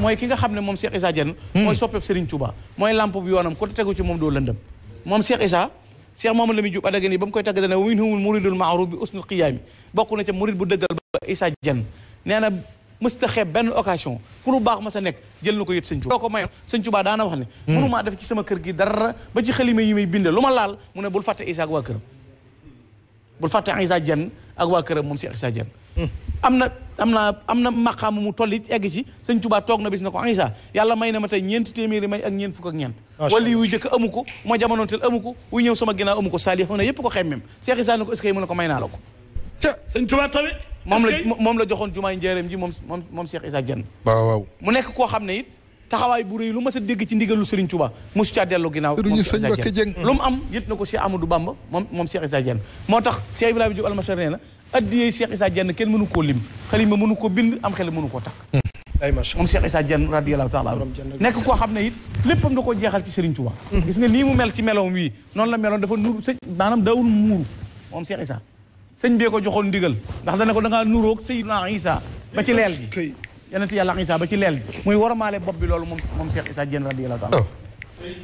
mooy ki nga xam ne moom Cheikh Isa Dieng hmm. mooy soppeb Serigne Touba mooy lamp bu yoonam ku tegu ci moom doo lëndëm moom Cheikh Isa Cheikh Mamadou Lamine koy tagg dane wa minhumul muridul maaruf bi usnul qiyaami bokk na ca murid bu dëggal ba Isa Dieng mësta xeeb benn occasion fu lu baax ma sa nekk jël na ko yët sëñ daana wax ne mënumaa hmm. def ci sama kër gi dara ba ci xalima yi may binde lu ma laal mu ne bul fàtte Isaa ak waa këram bul fàtte Isaa Jenn ak waa këram moom si Isaa Jenn am na am na am na maqaam mu toll it egg ci sëñ Tuubaa toog na bis na ko Isaa yàlla may na ma tey ñeenti téeméeri may ak ñeent fukk ak ñeent wala wuy jëkk amu ko ma jamonoonteel amu ko wuy ñëw sama ginnaaw amu ko saali xam ne yépp ko xemmem Seex Isaa ne ko est-ce que ko may naa moom la moom la joxoon jumaay njëreem ji moom moom moom Cheikh Issa mu nekk koo xam ne it taxawaay bu rëy lu ma sa dégg ci ndigalu Serigne Touba mosu caa dellu ginnaaw moom Cheikh Issa Dieng lu mu am yët na ko Cheikh Amadou Bamba moom moom Cheikh Issa Dieng moo tax Cheikh Ibrahima Diop Almasar nee na addiyey Cheikh Issa Dieng kenn mënu koo lim xalima mënu koo bind am xel mënu koo takk moom Cheikh Issa Dieng radiyallahu taala nekk koo xam ne it léppam da koo jeexal ci Serigne Touba mhm. gis nga nii mu mel ci meloom wii noonu la meloon dafa nur sëñ d daawul muuru moom Cheikh Issa señ bee ko joxoon ndigal ndax dana ko da ngaa nuróog Seydina Isa ba ci leel gi yonent yàlla Isa ba ci leel gi muy warmaale bopp bi loolu moom moom Cheikh Isa Diène radiyallahu taala oh.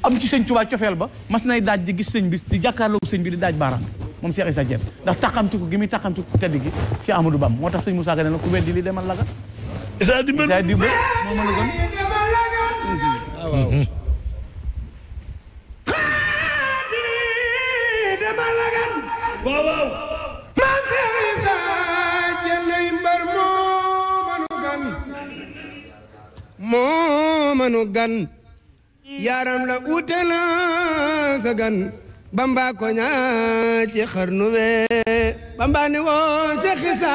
am ci sëñ Tuubaa cofeel ba mas nay daaj di gis sëñ bi di jàkkaarloo sëñ bi di daaj baaraam moom Cheikh Isa Diène ndax taxamtiku gi muy taxamtiku ko gi Cheikh Amadou Bam moo tax sëñ Moussa Gane la ku weddi li demal laga Isa Dimba Isa Dimba moo a gën mm-hmm. ah, moo manu gan yaaram la utela sa gan bamba ko ñaa ci xarnu we bamba ni woon se xisa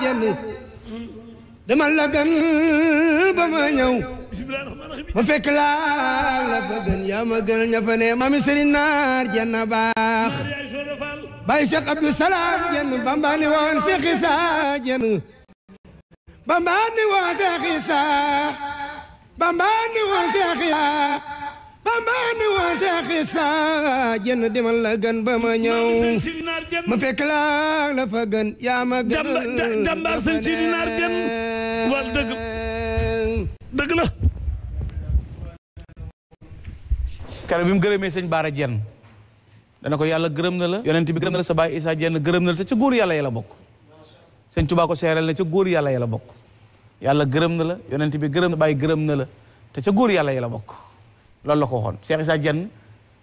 jenn demal gan ba ma ma fekk laa la fa gën yaa ma gënal ña fa ne mami sëriñ naar jenn baax bay Cheikh Abdou Salam jenn Bamba woon Cheikh Issa jenn Bamba ni la gën ba ma ñëw ma fekk laa la fa gën yaa ma gën damba sëñ si dinaar gën dëgg dëgg la kare bi mu gërëmee sëñ Baara Jenn dana ko yàlla gërëm na la yonent bi gërëm la sa baay Isaa Jenn gërëm na la te ca góor yàlla ya la bokk sëñ Tuubaa ko seeral ne ca góor yàlla ya la bokk yàlla gërëm na la yonent bi gërëm na bàyyi gërëm na la te ca góor yàlla ya la bokk loolu la ko waxoon Cheikh Isaa Jenn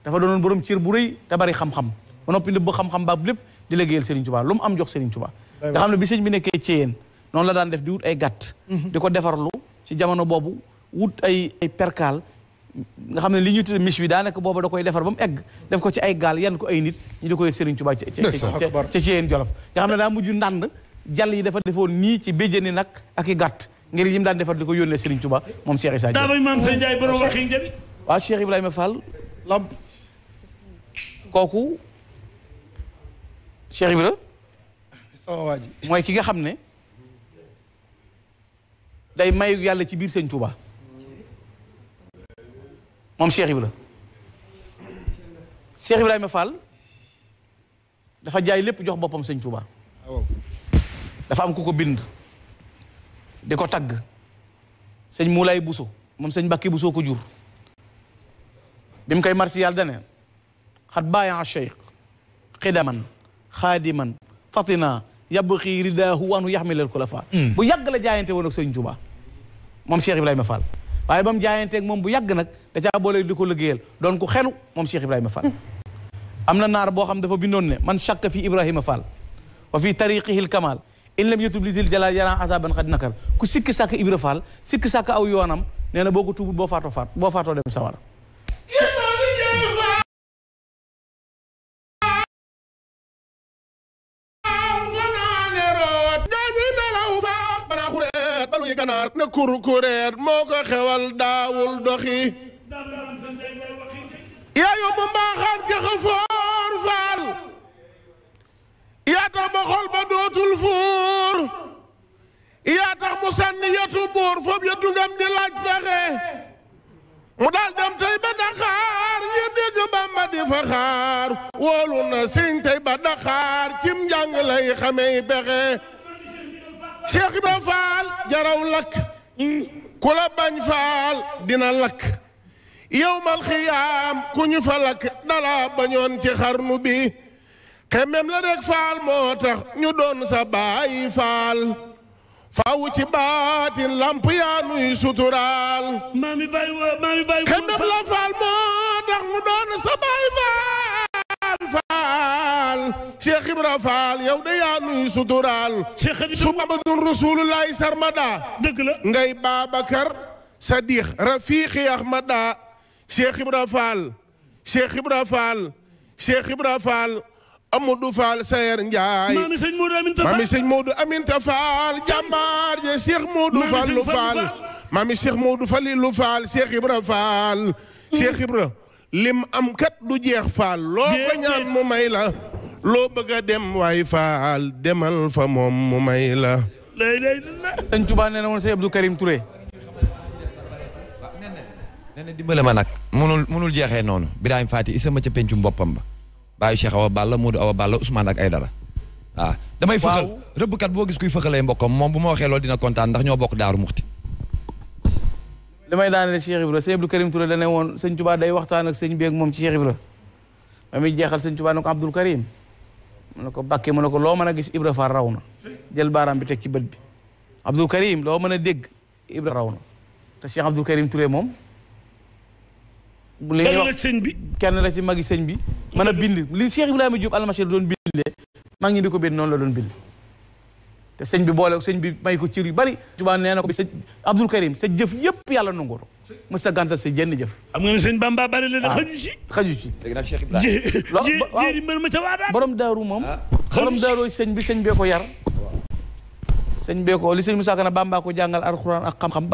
dafa doonoon borom cër bu rëy te bari xam-xam ba noppi nëbb xam-xam baab lépp di liggéeyal Serigne Touba lu mu am jox Serigne Touba nga xam ne bi sëñ bi nekkee ci yéen noonu la daan def di wut ay gàtt mhm. di ko defarlu ci jamono boobu wut ay ay nga xam ne li ñuy tuddee miche bi daanaka booba da koy defar ba mu egg def ko ci ay gaal yan ko ay nit ñu di koy Serigne Touba ci ci Ceyeen Jolof nga xam ne daa mujj ndànd jàll yi dafa defoon nii ci béjjëni nag ak i gàtt ngir yim daan defar di ko yónnee Serigne Touba moom Cheikh Issa Diagne maam Sëñ Ndiaye borom waxi njëriñ waaw Cheikh Ibrahima Fall lamp kooku Cheikh Ibrahima ji mooy ki nga xam ne day mayu yàlla ci biir Sëñ Touba moom Cheikh Ibra Cheikh Ibrahima Fall dafa jaay lépp jox boppam sëñ Touba. Ah, dafa am ku ko bind. di ko tagg sëñ Moulay buso moom sëñ Mbàkke Bousso ko jur. bi mu koy marsi yàlla dane xat baayaa cheikh xidaman xaadiman fatina yabxi ridaahu anu yaxmilal kulafa hmm. bu yàgg la jaayante woon ak sëñ Touba moom Cheikh Ibrahima Fall. waaye ba mu jaayanteeg moom bu yàgg nag da caa boole di ko liggéeyal doon ku xelu moom Cheikh Ibrahima Fall am na naar boo xam dafa bindoon ne man shakka fi Ibrahima Fall wa fi tariqihil kamal in lam yatub lisil jalal yaran asaban xad nakar ku sikki sàkk Ibra Fall sikk sàkk aw yoonam nee na boo ko tuubul boo faatoo faat boo faatoo dem sawar ganaar na kur kureer moo daawul doxi yaa yóbbu mbaaxaan ca xafoor faal yaa tax ba xol ba dootul fuur yaa tax mu sànni yetu buur foofu yetu ngam di laaj pexe mu daal dem tey ba Dakar ñu dégg Bamba di fa xaar wóolu na sëñ tey ba Dakar cim njàng lay xamee pexe Cheikh Ibra Faal jaraw lakk ku la bañ faal dina lakk yowmal xiyaam ku ñu fa lakk dala bañoon ci xarnu bi xemem la rek faal moo tax ñu doon sa bàyyi faal faaw ci baatin lamp yaa nuy suturaal xemem la faal moo tax ñu doon sa faal faal Cheikh Ibra Faal yow de yaa nuy suturaal su abadun rasulullahi sarmada dëgg la ngay Babacar Sadiq rafiqi ahmada Cheikh Ibra Faal Cheikh Ibra Faal Cheikh Ibra Faal Amadou Fall Sayer Ndiaye maami sëñ Modou Aminta Fall maami sëñ Modou Aminta Fall jàmbaar je Cheikh Modou Fall lu Fall maami Cheikh Modou Falilou Fall Cheikh Ibra Fall Cheikh Ibra lim am kat du jeex faal loo ko ñaan mu may la loo bëgg a dem waay faal demal fa moom mu may la sëñ Tuubaa ne na woon sëñ Abdou Karim Touré nee na dimbale ma nag munul munul jeexee noonu Birahim Fati isama ca pencu boppam ba bàyyi Cheikh Awa Balla Modou Awa Balla Ousmane ak Aydara waaw damay fëxal rëbbkat boo gis kuy fëxalee mbokkam moom bu ma waxee loolu dina kontaan ndax ñoo bokk daaru muxti damay daanele Cheikh Ibra sëñ Abdou Karim Touré dane woon sëñ Tuubaa day waxtaan ak sëñ bi ak moom ci Cheikh Ibra ma muy jeexal sëñ Tuubaa na ko Abdou Karim mu na ko Bakke ma ne ko loo man a gis Ibra Faal raw na jël baaraam bi teg ci bët bi Abdou Karim loo mën a dégg Ibra raw na te Cheikh Abdou Karim Touré moom bu léegi wax sëñ bi kenn la ci magi sëñ bi mën a bind li Cheikh Ibrahima Diop almachir doon bindee maa ngi di ko bind noonu la doon bind te sëñ bi boole sëñ bi may ko cir yu bari Tuubaa nee na ko bi sëñ Abdul Karim sa jëf yëpp yàlla nangu ko mës sa gàntal sa jenn jëf am nga ne sëñ Bamba bari la ah. xaju ci xaju ci ah. sëñ bi sëñ bee ko yar li sëñ Musaa Ka na jàngal alxuraan ak xam-xam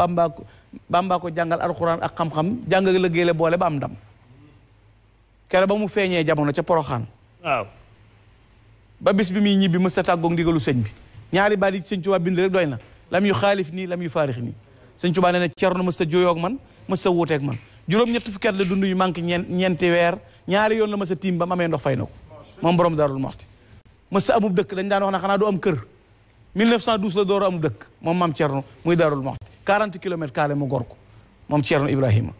Bamba jàngal alxuraan ak xam-xam jàng liggéey boole ba am ndam kere ba mu feeñee jamono ca Poroxaan waaw ba bis bi muy ñibbi mës sa tàggoog ndigalu sëñ bi ñaari baat yi sëñ Tuubaa bind rek doy na lam yu xaalif nii lam yu faarix nii sëñ Tuubaa nee na cerno jooyoog man mës ta wuuteeg man juróom-ñett fukki at la dund yu manqué ñeen ñeenti weer ñaari yoon la mës a tiim ba mamee ndox fay na ko moom borom darul moxti mës ta amub dëkk dañ daan wax na xanaa doo am kër 1912 la door a amub dëkk moom maam cerno muy darul moxti 40 kilomètres kaale mu gor ko moom cerno ibrahima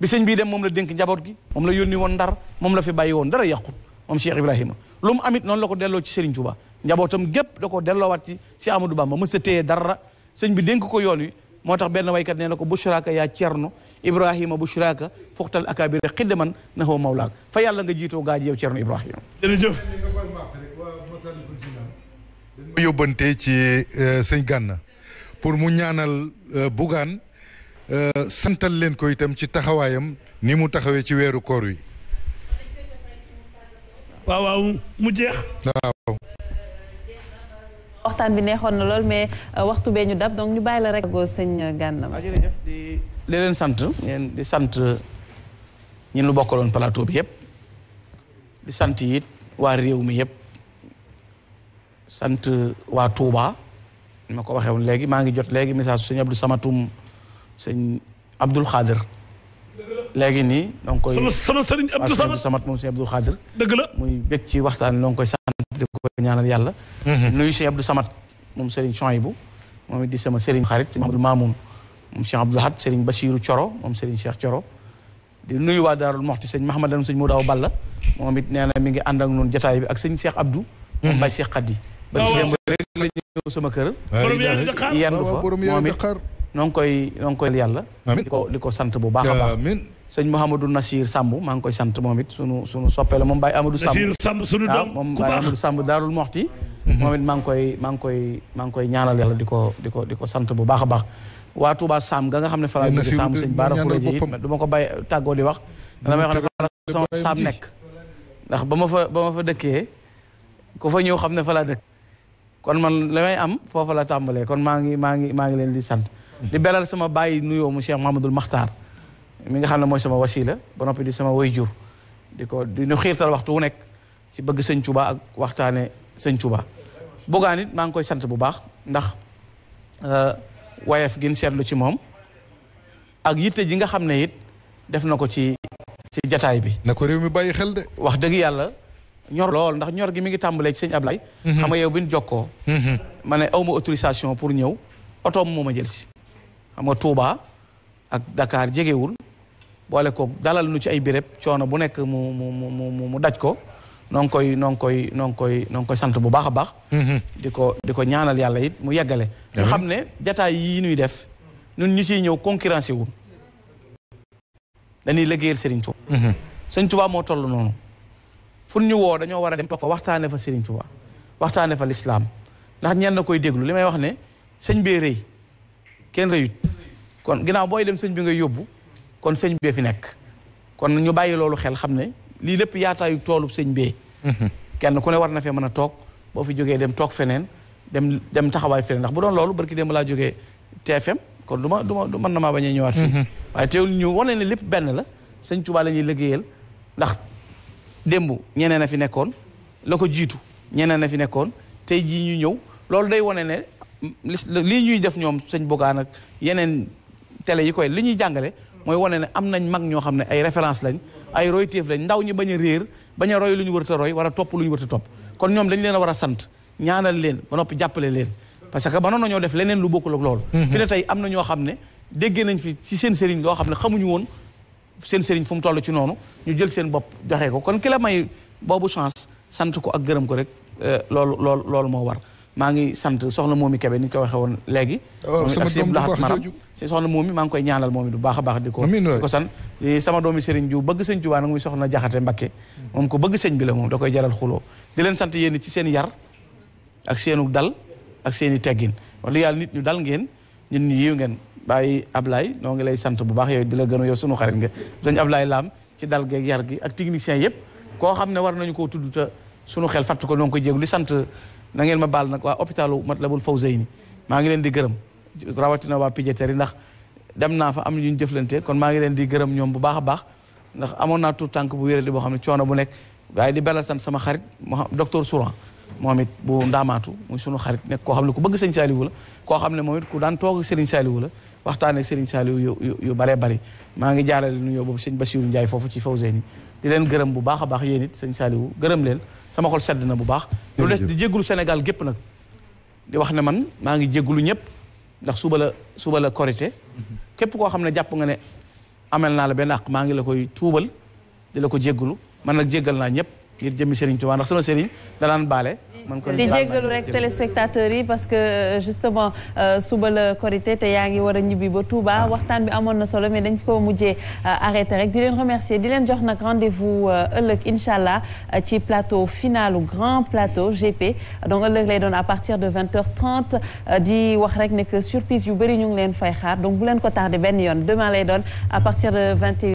bi sëñ bii dem moom la dénk njaboot gi moom la yónni woon ndar moom la fi bàyyi woon dara yàqut moom Cheikh noonu la ko delloo ci Serigne Touba njabootam gépp da ko delloowaat ci si Amadou Bamba mës a dara sëñ bi dénk ko yoon wi moo tax benn waykat nee na ko bushraka yaa cerno ibrahima bushraka fuxtal akabira na xaw mawlaak fa yàlla nga jiitoo gaa ji yow cerno ibrahima jërëjëf ma yóbbante ci euh, sëñ Gànna pour mu ñaanal euh, Bougane euh, santal leen ko itam ci taxawaayam ni mu taxawee ci weeru koor wi waaw waaw mu jeex waaw waxtaan bi neexoon na lool mais euh, waxtu bee ñu dab donc ñu bàyyi la rek. go sëñ Gana Messere. Ah, jërëjëf di leen sant ngeen di sant ñun lu bokkaloon plateau bi yëpp di sant it waa réew mi yëpp sant waa Touba ma ko waxee woon léegi maa ngi jot léegi message sëñ Abdou Samatum sëñ Abdoul Khader. léegi nii donc koy sama sëriñ Abdou Samad Samat moom sëriñ Abdou Khadir la muy bég ci waxtaan noo ngi koy sant di ko ñaanal yàlla mhm. nuyu sëriñ Abdou Samad moom sëriñ Chouaïbou moom it di sama sëriñ xarit Abdou Mamoun moom sëriñ Abdou Lahad sëriñ Bachirou Thioro moom sëriñ mi ngi ànd ak bi ak sëñ Cheikh Abdou moom Baye Cheikh Khadi ba sëñ rek la ñëw sama kër yendu fa moom it sant bu baax a baax sëñ Mouhamadou Nasir Samb maa ngi koy sant moom it sunu sunu soppe la moom Baye Amadou Samb Nasir Samb sunu doom ah, Samb Daarul Moxti mhm. moom it maa ngi koy maa ngi koy maa ngi koy ñaanal yàlla di ko di ko di ko sant bu baax a baax waa Touba Samb ga nga xam ne falaa jóge Samb sëñ Baara Furaji it du ma ko bàyyi tàggoo di wax dana may wax ne fala sama Samb nekk ndax ba ma fa ba ma fa dëkkee ku fa ñëw xam ne falaa dëkk kon man la may am foofa la tàmbalee kon maa ngi maa ngi maa ngi leen di sant di beral sama bàyyi nuyoo mu Cheikh Mahamadul mi nga xam ne mooy sama wasila ba noppi di sama way jur di ko di nu xiirtal waxtu wu nekk ci bëgg sëñ Tuubaa ak waxtaane sëñ Tuubaa buggaan it maa ngi koy sant bu baax ndax euh, wayef gin seetlu ci moom ak yitte ji nga xam ne it def na ko ci ci jataay bi. na ko réew mi bàyyi xel de. wax dëgg yàlla ñor lool ndax ñor gi mi ngi tàmbalee ci sëñ Ablaye. Mhm. xam nga yow bi jokkoo. Mhm. ma ne aw autorisation pour ñëw otoom moo ma jël si. xam nga Touba ak Dakar jegewul boole ko dalal nu ci ay béréb coono bu nekk mu mu mu mu mu daj ko non koy noo ngi koy koy noo sant bu baax a baax. Mm-hmm. di ko di ko ñaanal yàlla it mu yeggale. ñu xam ne jataay yii nuy def ñun ñu ciy ñëw concurrence wu. dañuy liggéeyal Serigne Touba. Mm-hmm. Serigne moo toll noonu. fu ñu woo dañoo war a dem toog fa waxtaane fa Serigne Touba waxtaane fa lislaam ndax ñenn na koy déglu li may wax ne sëñ bee rëy kenn rëyut kon ginnaaw booy dem sëñ bi ngay yóbbu. kon sëñ bee fi nekk kon ñu bàyyi loolu xel xam ne lii lépp yaataayu toolu sëñ bee mhm. kenn ku ne war na fee mën a toog boo fi jógee dem toog feneen dem dem taxawaay feneen ndax bu doon loolu barki démb laa jógee TFM kon du ma du ma du mën na maa bañ a ñëwaat fii mhm. waaye teewul ñu wane ne lépp benn la sëñ Tuubaa la ñuy liggéeyal ndax démb ñeneen a fi nekkoon la ko jiitu ñeneen a fi nekkoon tey jii ñuy ñëw loolu day wane ne lii ñuy def ñoom sëñ Bogaan ak yeneen télé yi koy li ñuy jàngale mooy wane ne am nañ mag ñoo xam ne ay référence lañ ay royteef lañ ndaw ñi bañ a réer bañ a roy lu ñu wër ta roy war topp lu ñu wër ta topp kon ñoom dañ leen a war a sant ñaanal leen ba noppi jàppale leen parce que mënoon nañoo def leneen lu bokk ak loolu mhm. fi ne tey am na ñoo xam ne déggee nañ fi ci seen sëriñ loo xam ne xamuñu woon seen sëriñ fu mu toll ci noonu ñu jël seen bopp joxe ko kon ki la may boobu chance sant ko ak gërëm ko rek euh, loolu loolu loolu moo war maa ngi sant soxna moomi Kebe ni ñu ko waxee woon léegi oh, sama doom bu baax jooju si soxna moomi maa ngi koy ñaanal moomi du baax a baax di ko ko san sama doomi sëriñ ju bëgg sëñ Tuubaa nag muy soxna jaxate Mbakke moom ko bëgg sëñ bi la moom da koy jaral xuloo di leen sant yéen ci seen yar ak seenu dal ak seeni teggin wax dëgg yàlla nit ñu dal ngeen ñun ñu yiw ngeen bàyyi Ablaye noo ngi lay sant bu baax yooyu di la gën a yow sunu xarit nga sëñ Ablaye Lam ci dal geeg yar gi ak technicien yëpp koo xam ne war nañu koo tudd te sunu xel fàtt ko noo ngi li sant na ngeen ma baal nag waa hôpitalu Matlaboul Fawzeyni maa ngi leen di gërëm rawatina waa piétari ndax dem naa fa am ñu ñu jëflante kon maa ngi leen di gërëm ñoom bu baax a baax ndax amoon naa tout tànk bu wéral di boo xam ne coono bu nekk waaye di belal sant sama xarit docteur Souran moom it bu ndaamaatu muy sunu xarit nekk koo xam ne ku bëgg sëñ Saliou la koo xam ne moom it ku daan toog Serigne Saliou la waxtaane Serigne Saliou yu yu baree bari maa ngi jaarale nuyoo boobu sëñ Bassirou Ndiaye foofu ci Fawzeyni di leen gërëm bu baax a baax yéen it sëñ Saliou gërëm leen sama xol sedd na bu baax lu des di jéggulu Sénégal gépp nag di wax ne man maa ngi jéggulu ñëpp ndax suba la suba la korité képp koo xam ne jàpp nga ne amel naa la benn àq maa ngi la koy tuubal di la ko jéggulu man nag jéggal naa ñëpp ngir jëmmi Serigne Touba ndax sama Serigne danaan baale di jéggalu rek téléspectateurs yi parce que euh, justement euh, suba la korité te yaa ngi war a ñibbi ba Touba ah. waxtaan bi amoon na solo mais dañ ko mujjee euh, arrêté rek di leen remercier di leen jox nag rendez-vous ëllëg incha allah ci plateau finalu grand plateau GP donc ëllëg lay doon à partir de 20h30 di wax rek ne que surprise yu bëri ñu ngi leen fay xaar donc bu leen ko tardé benn yoon demain lay doon à partir de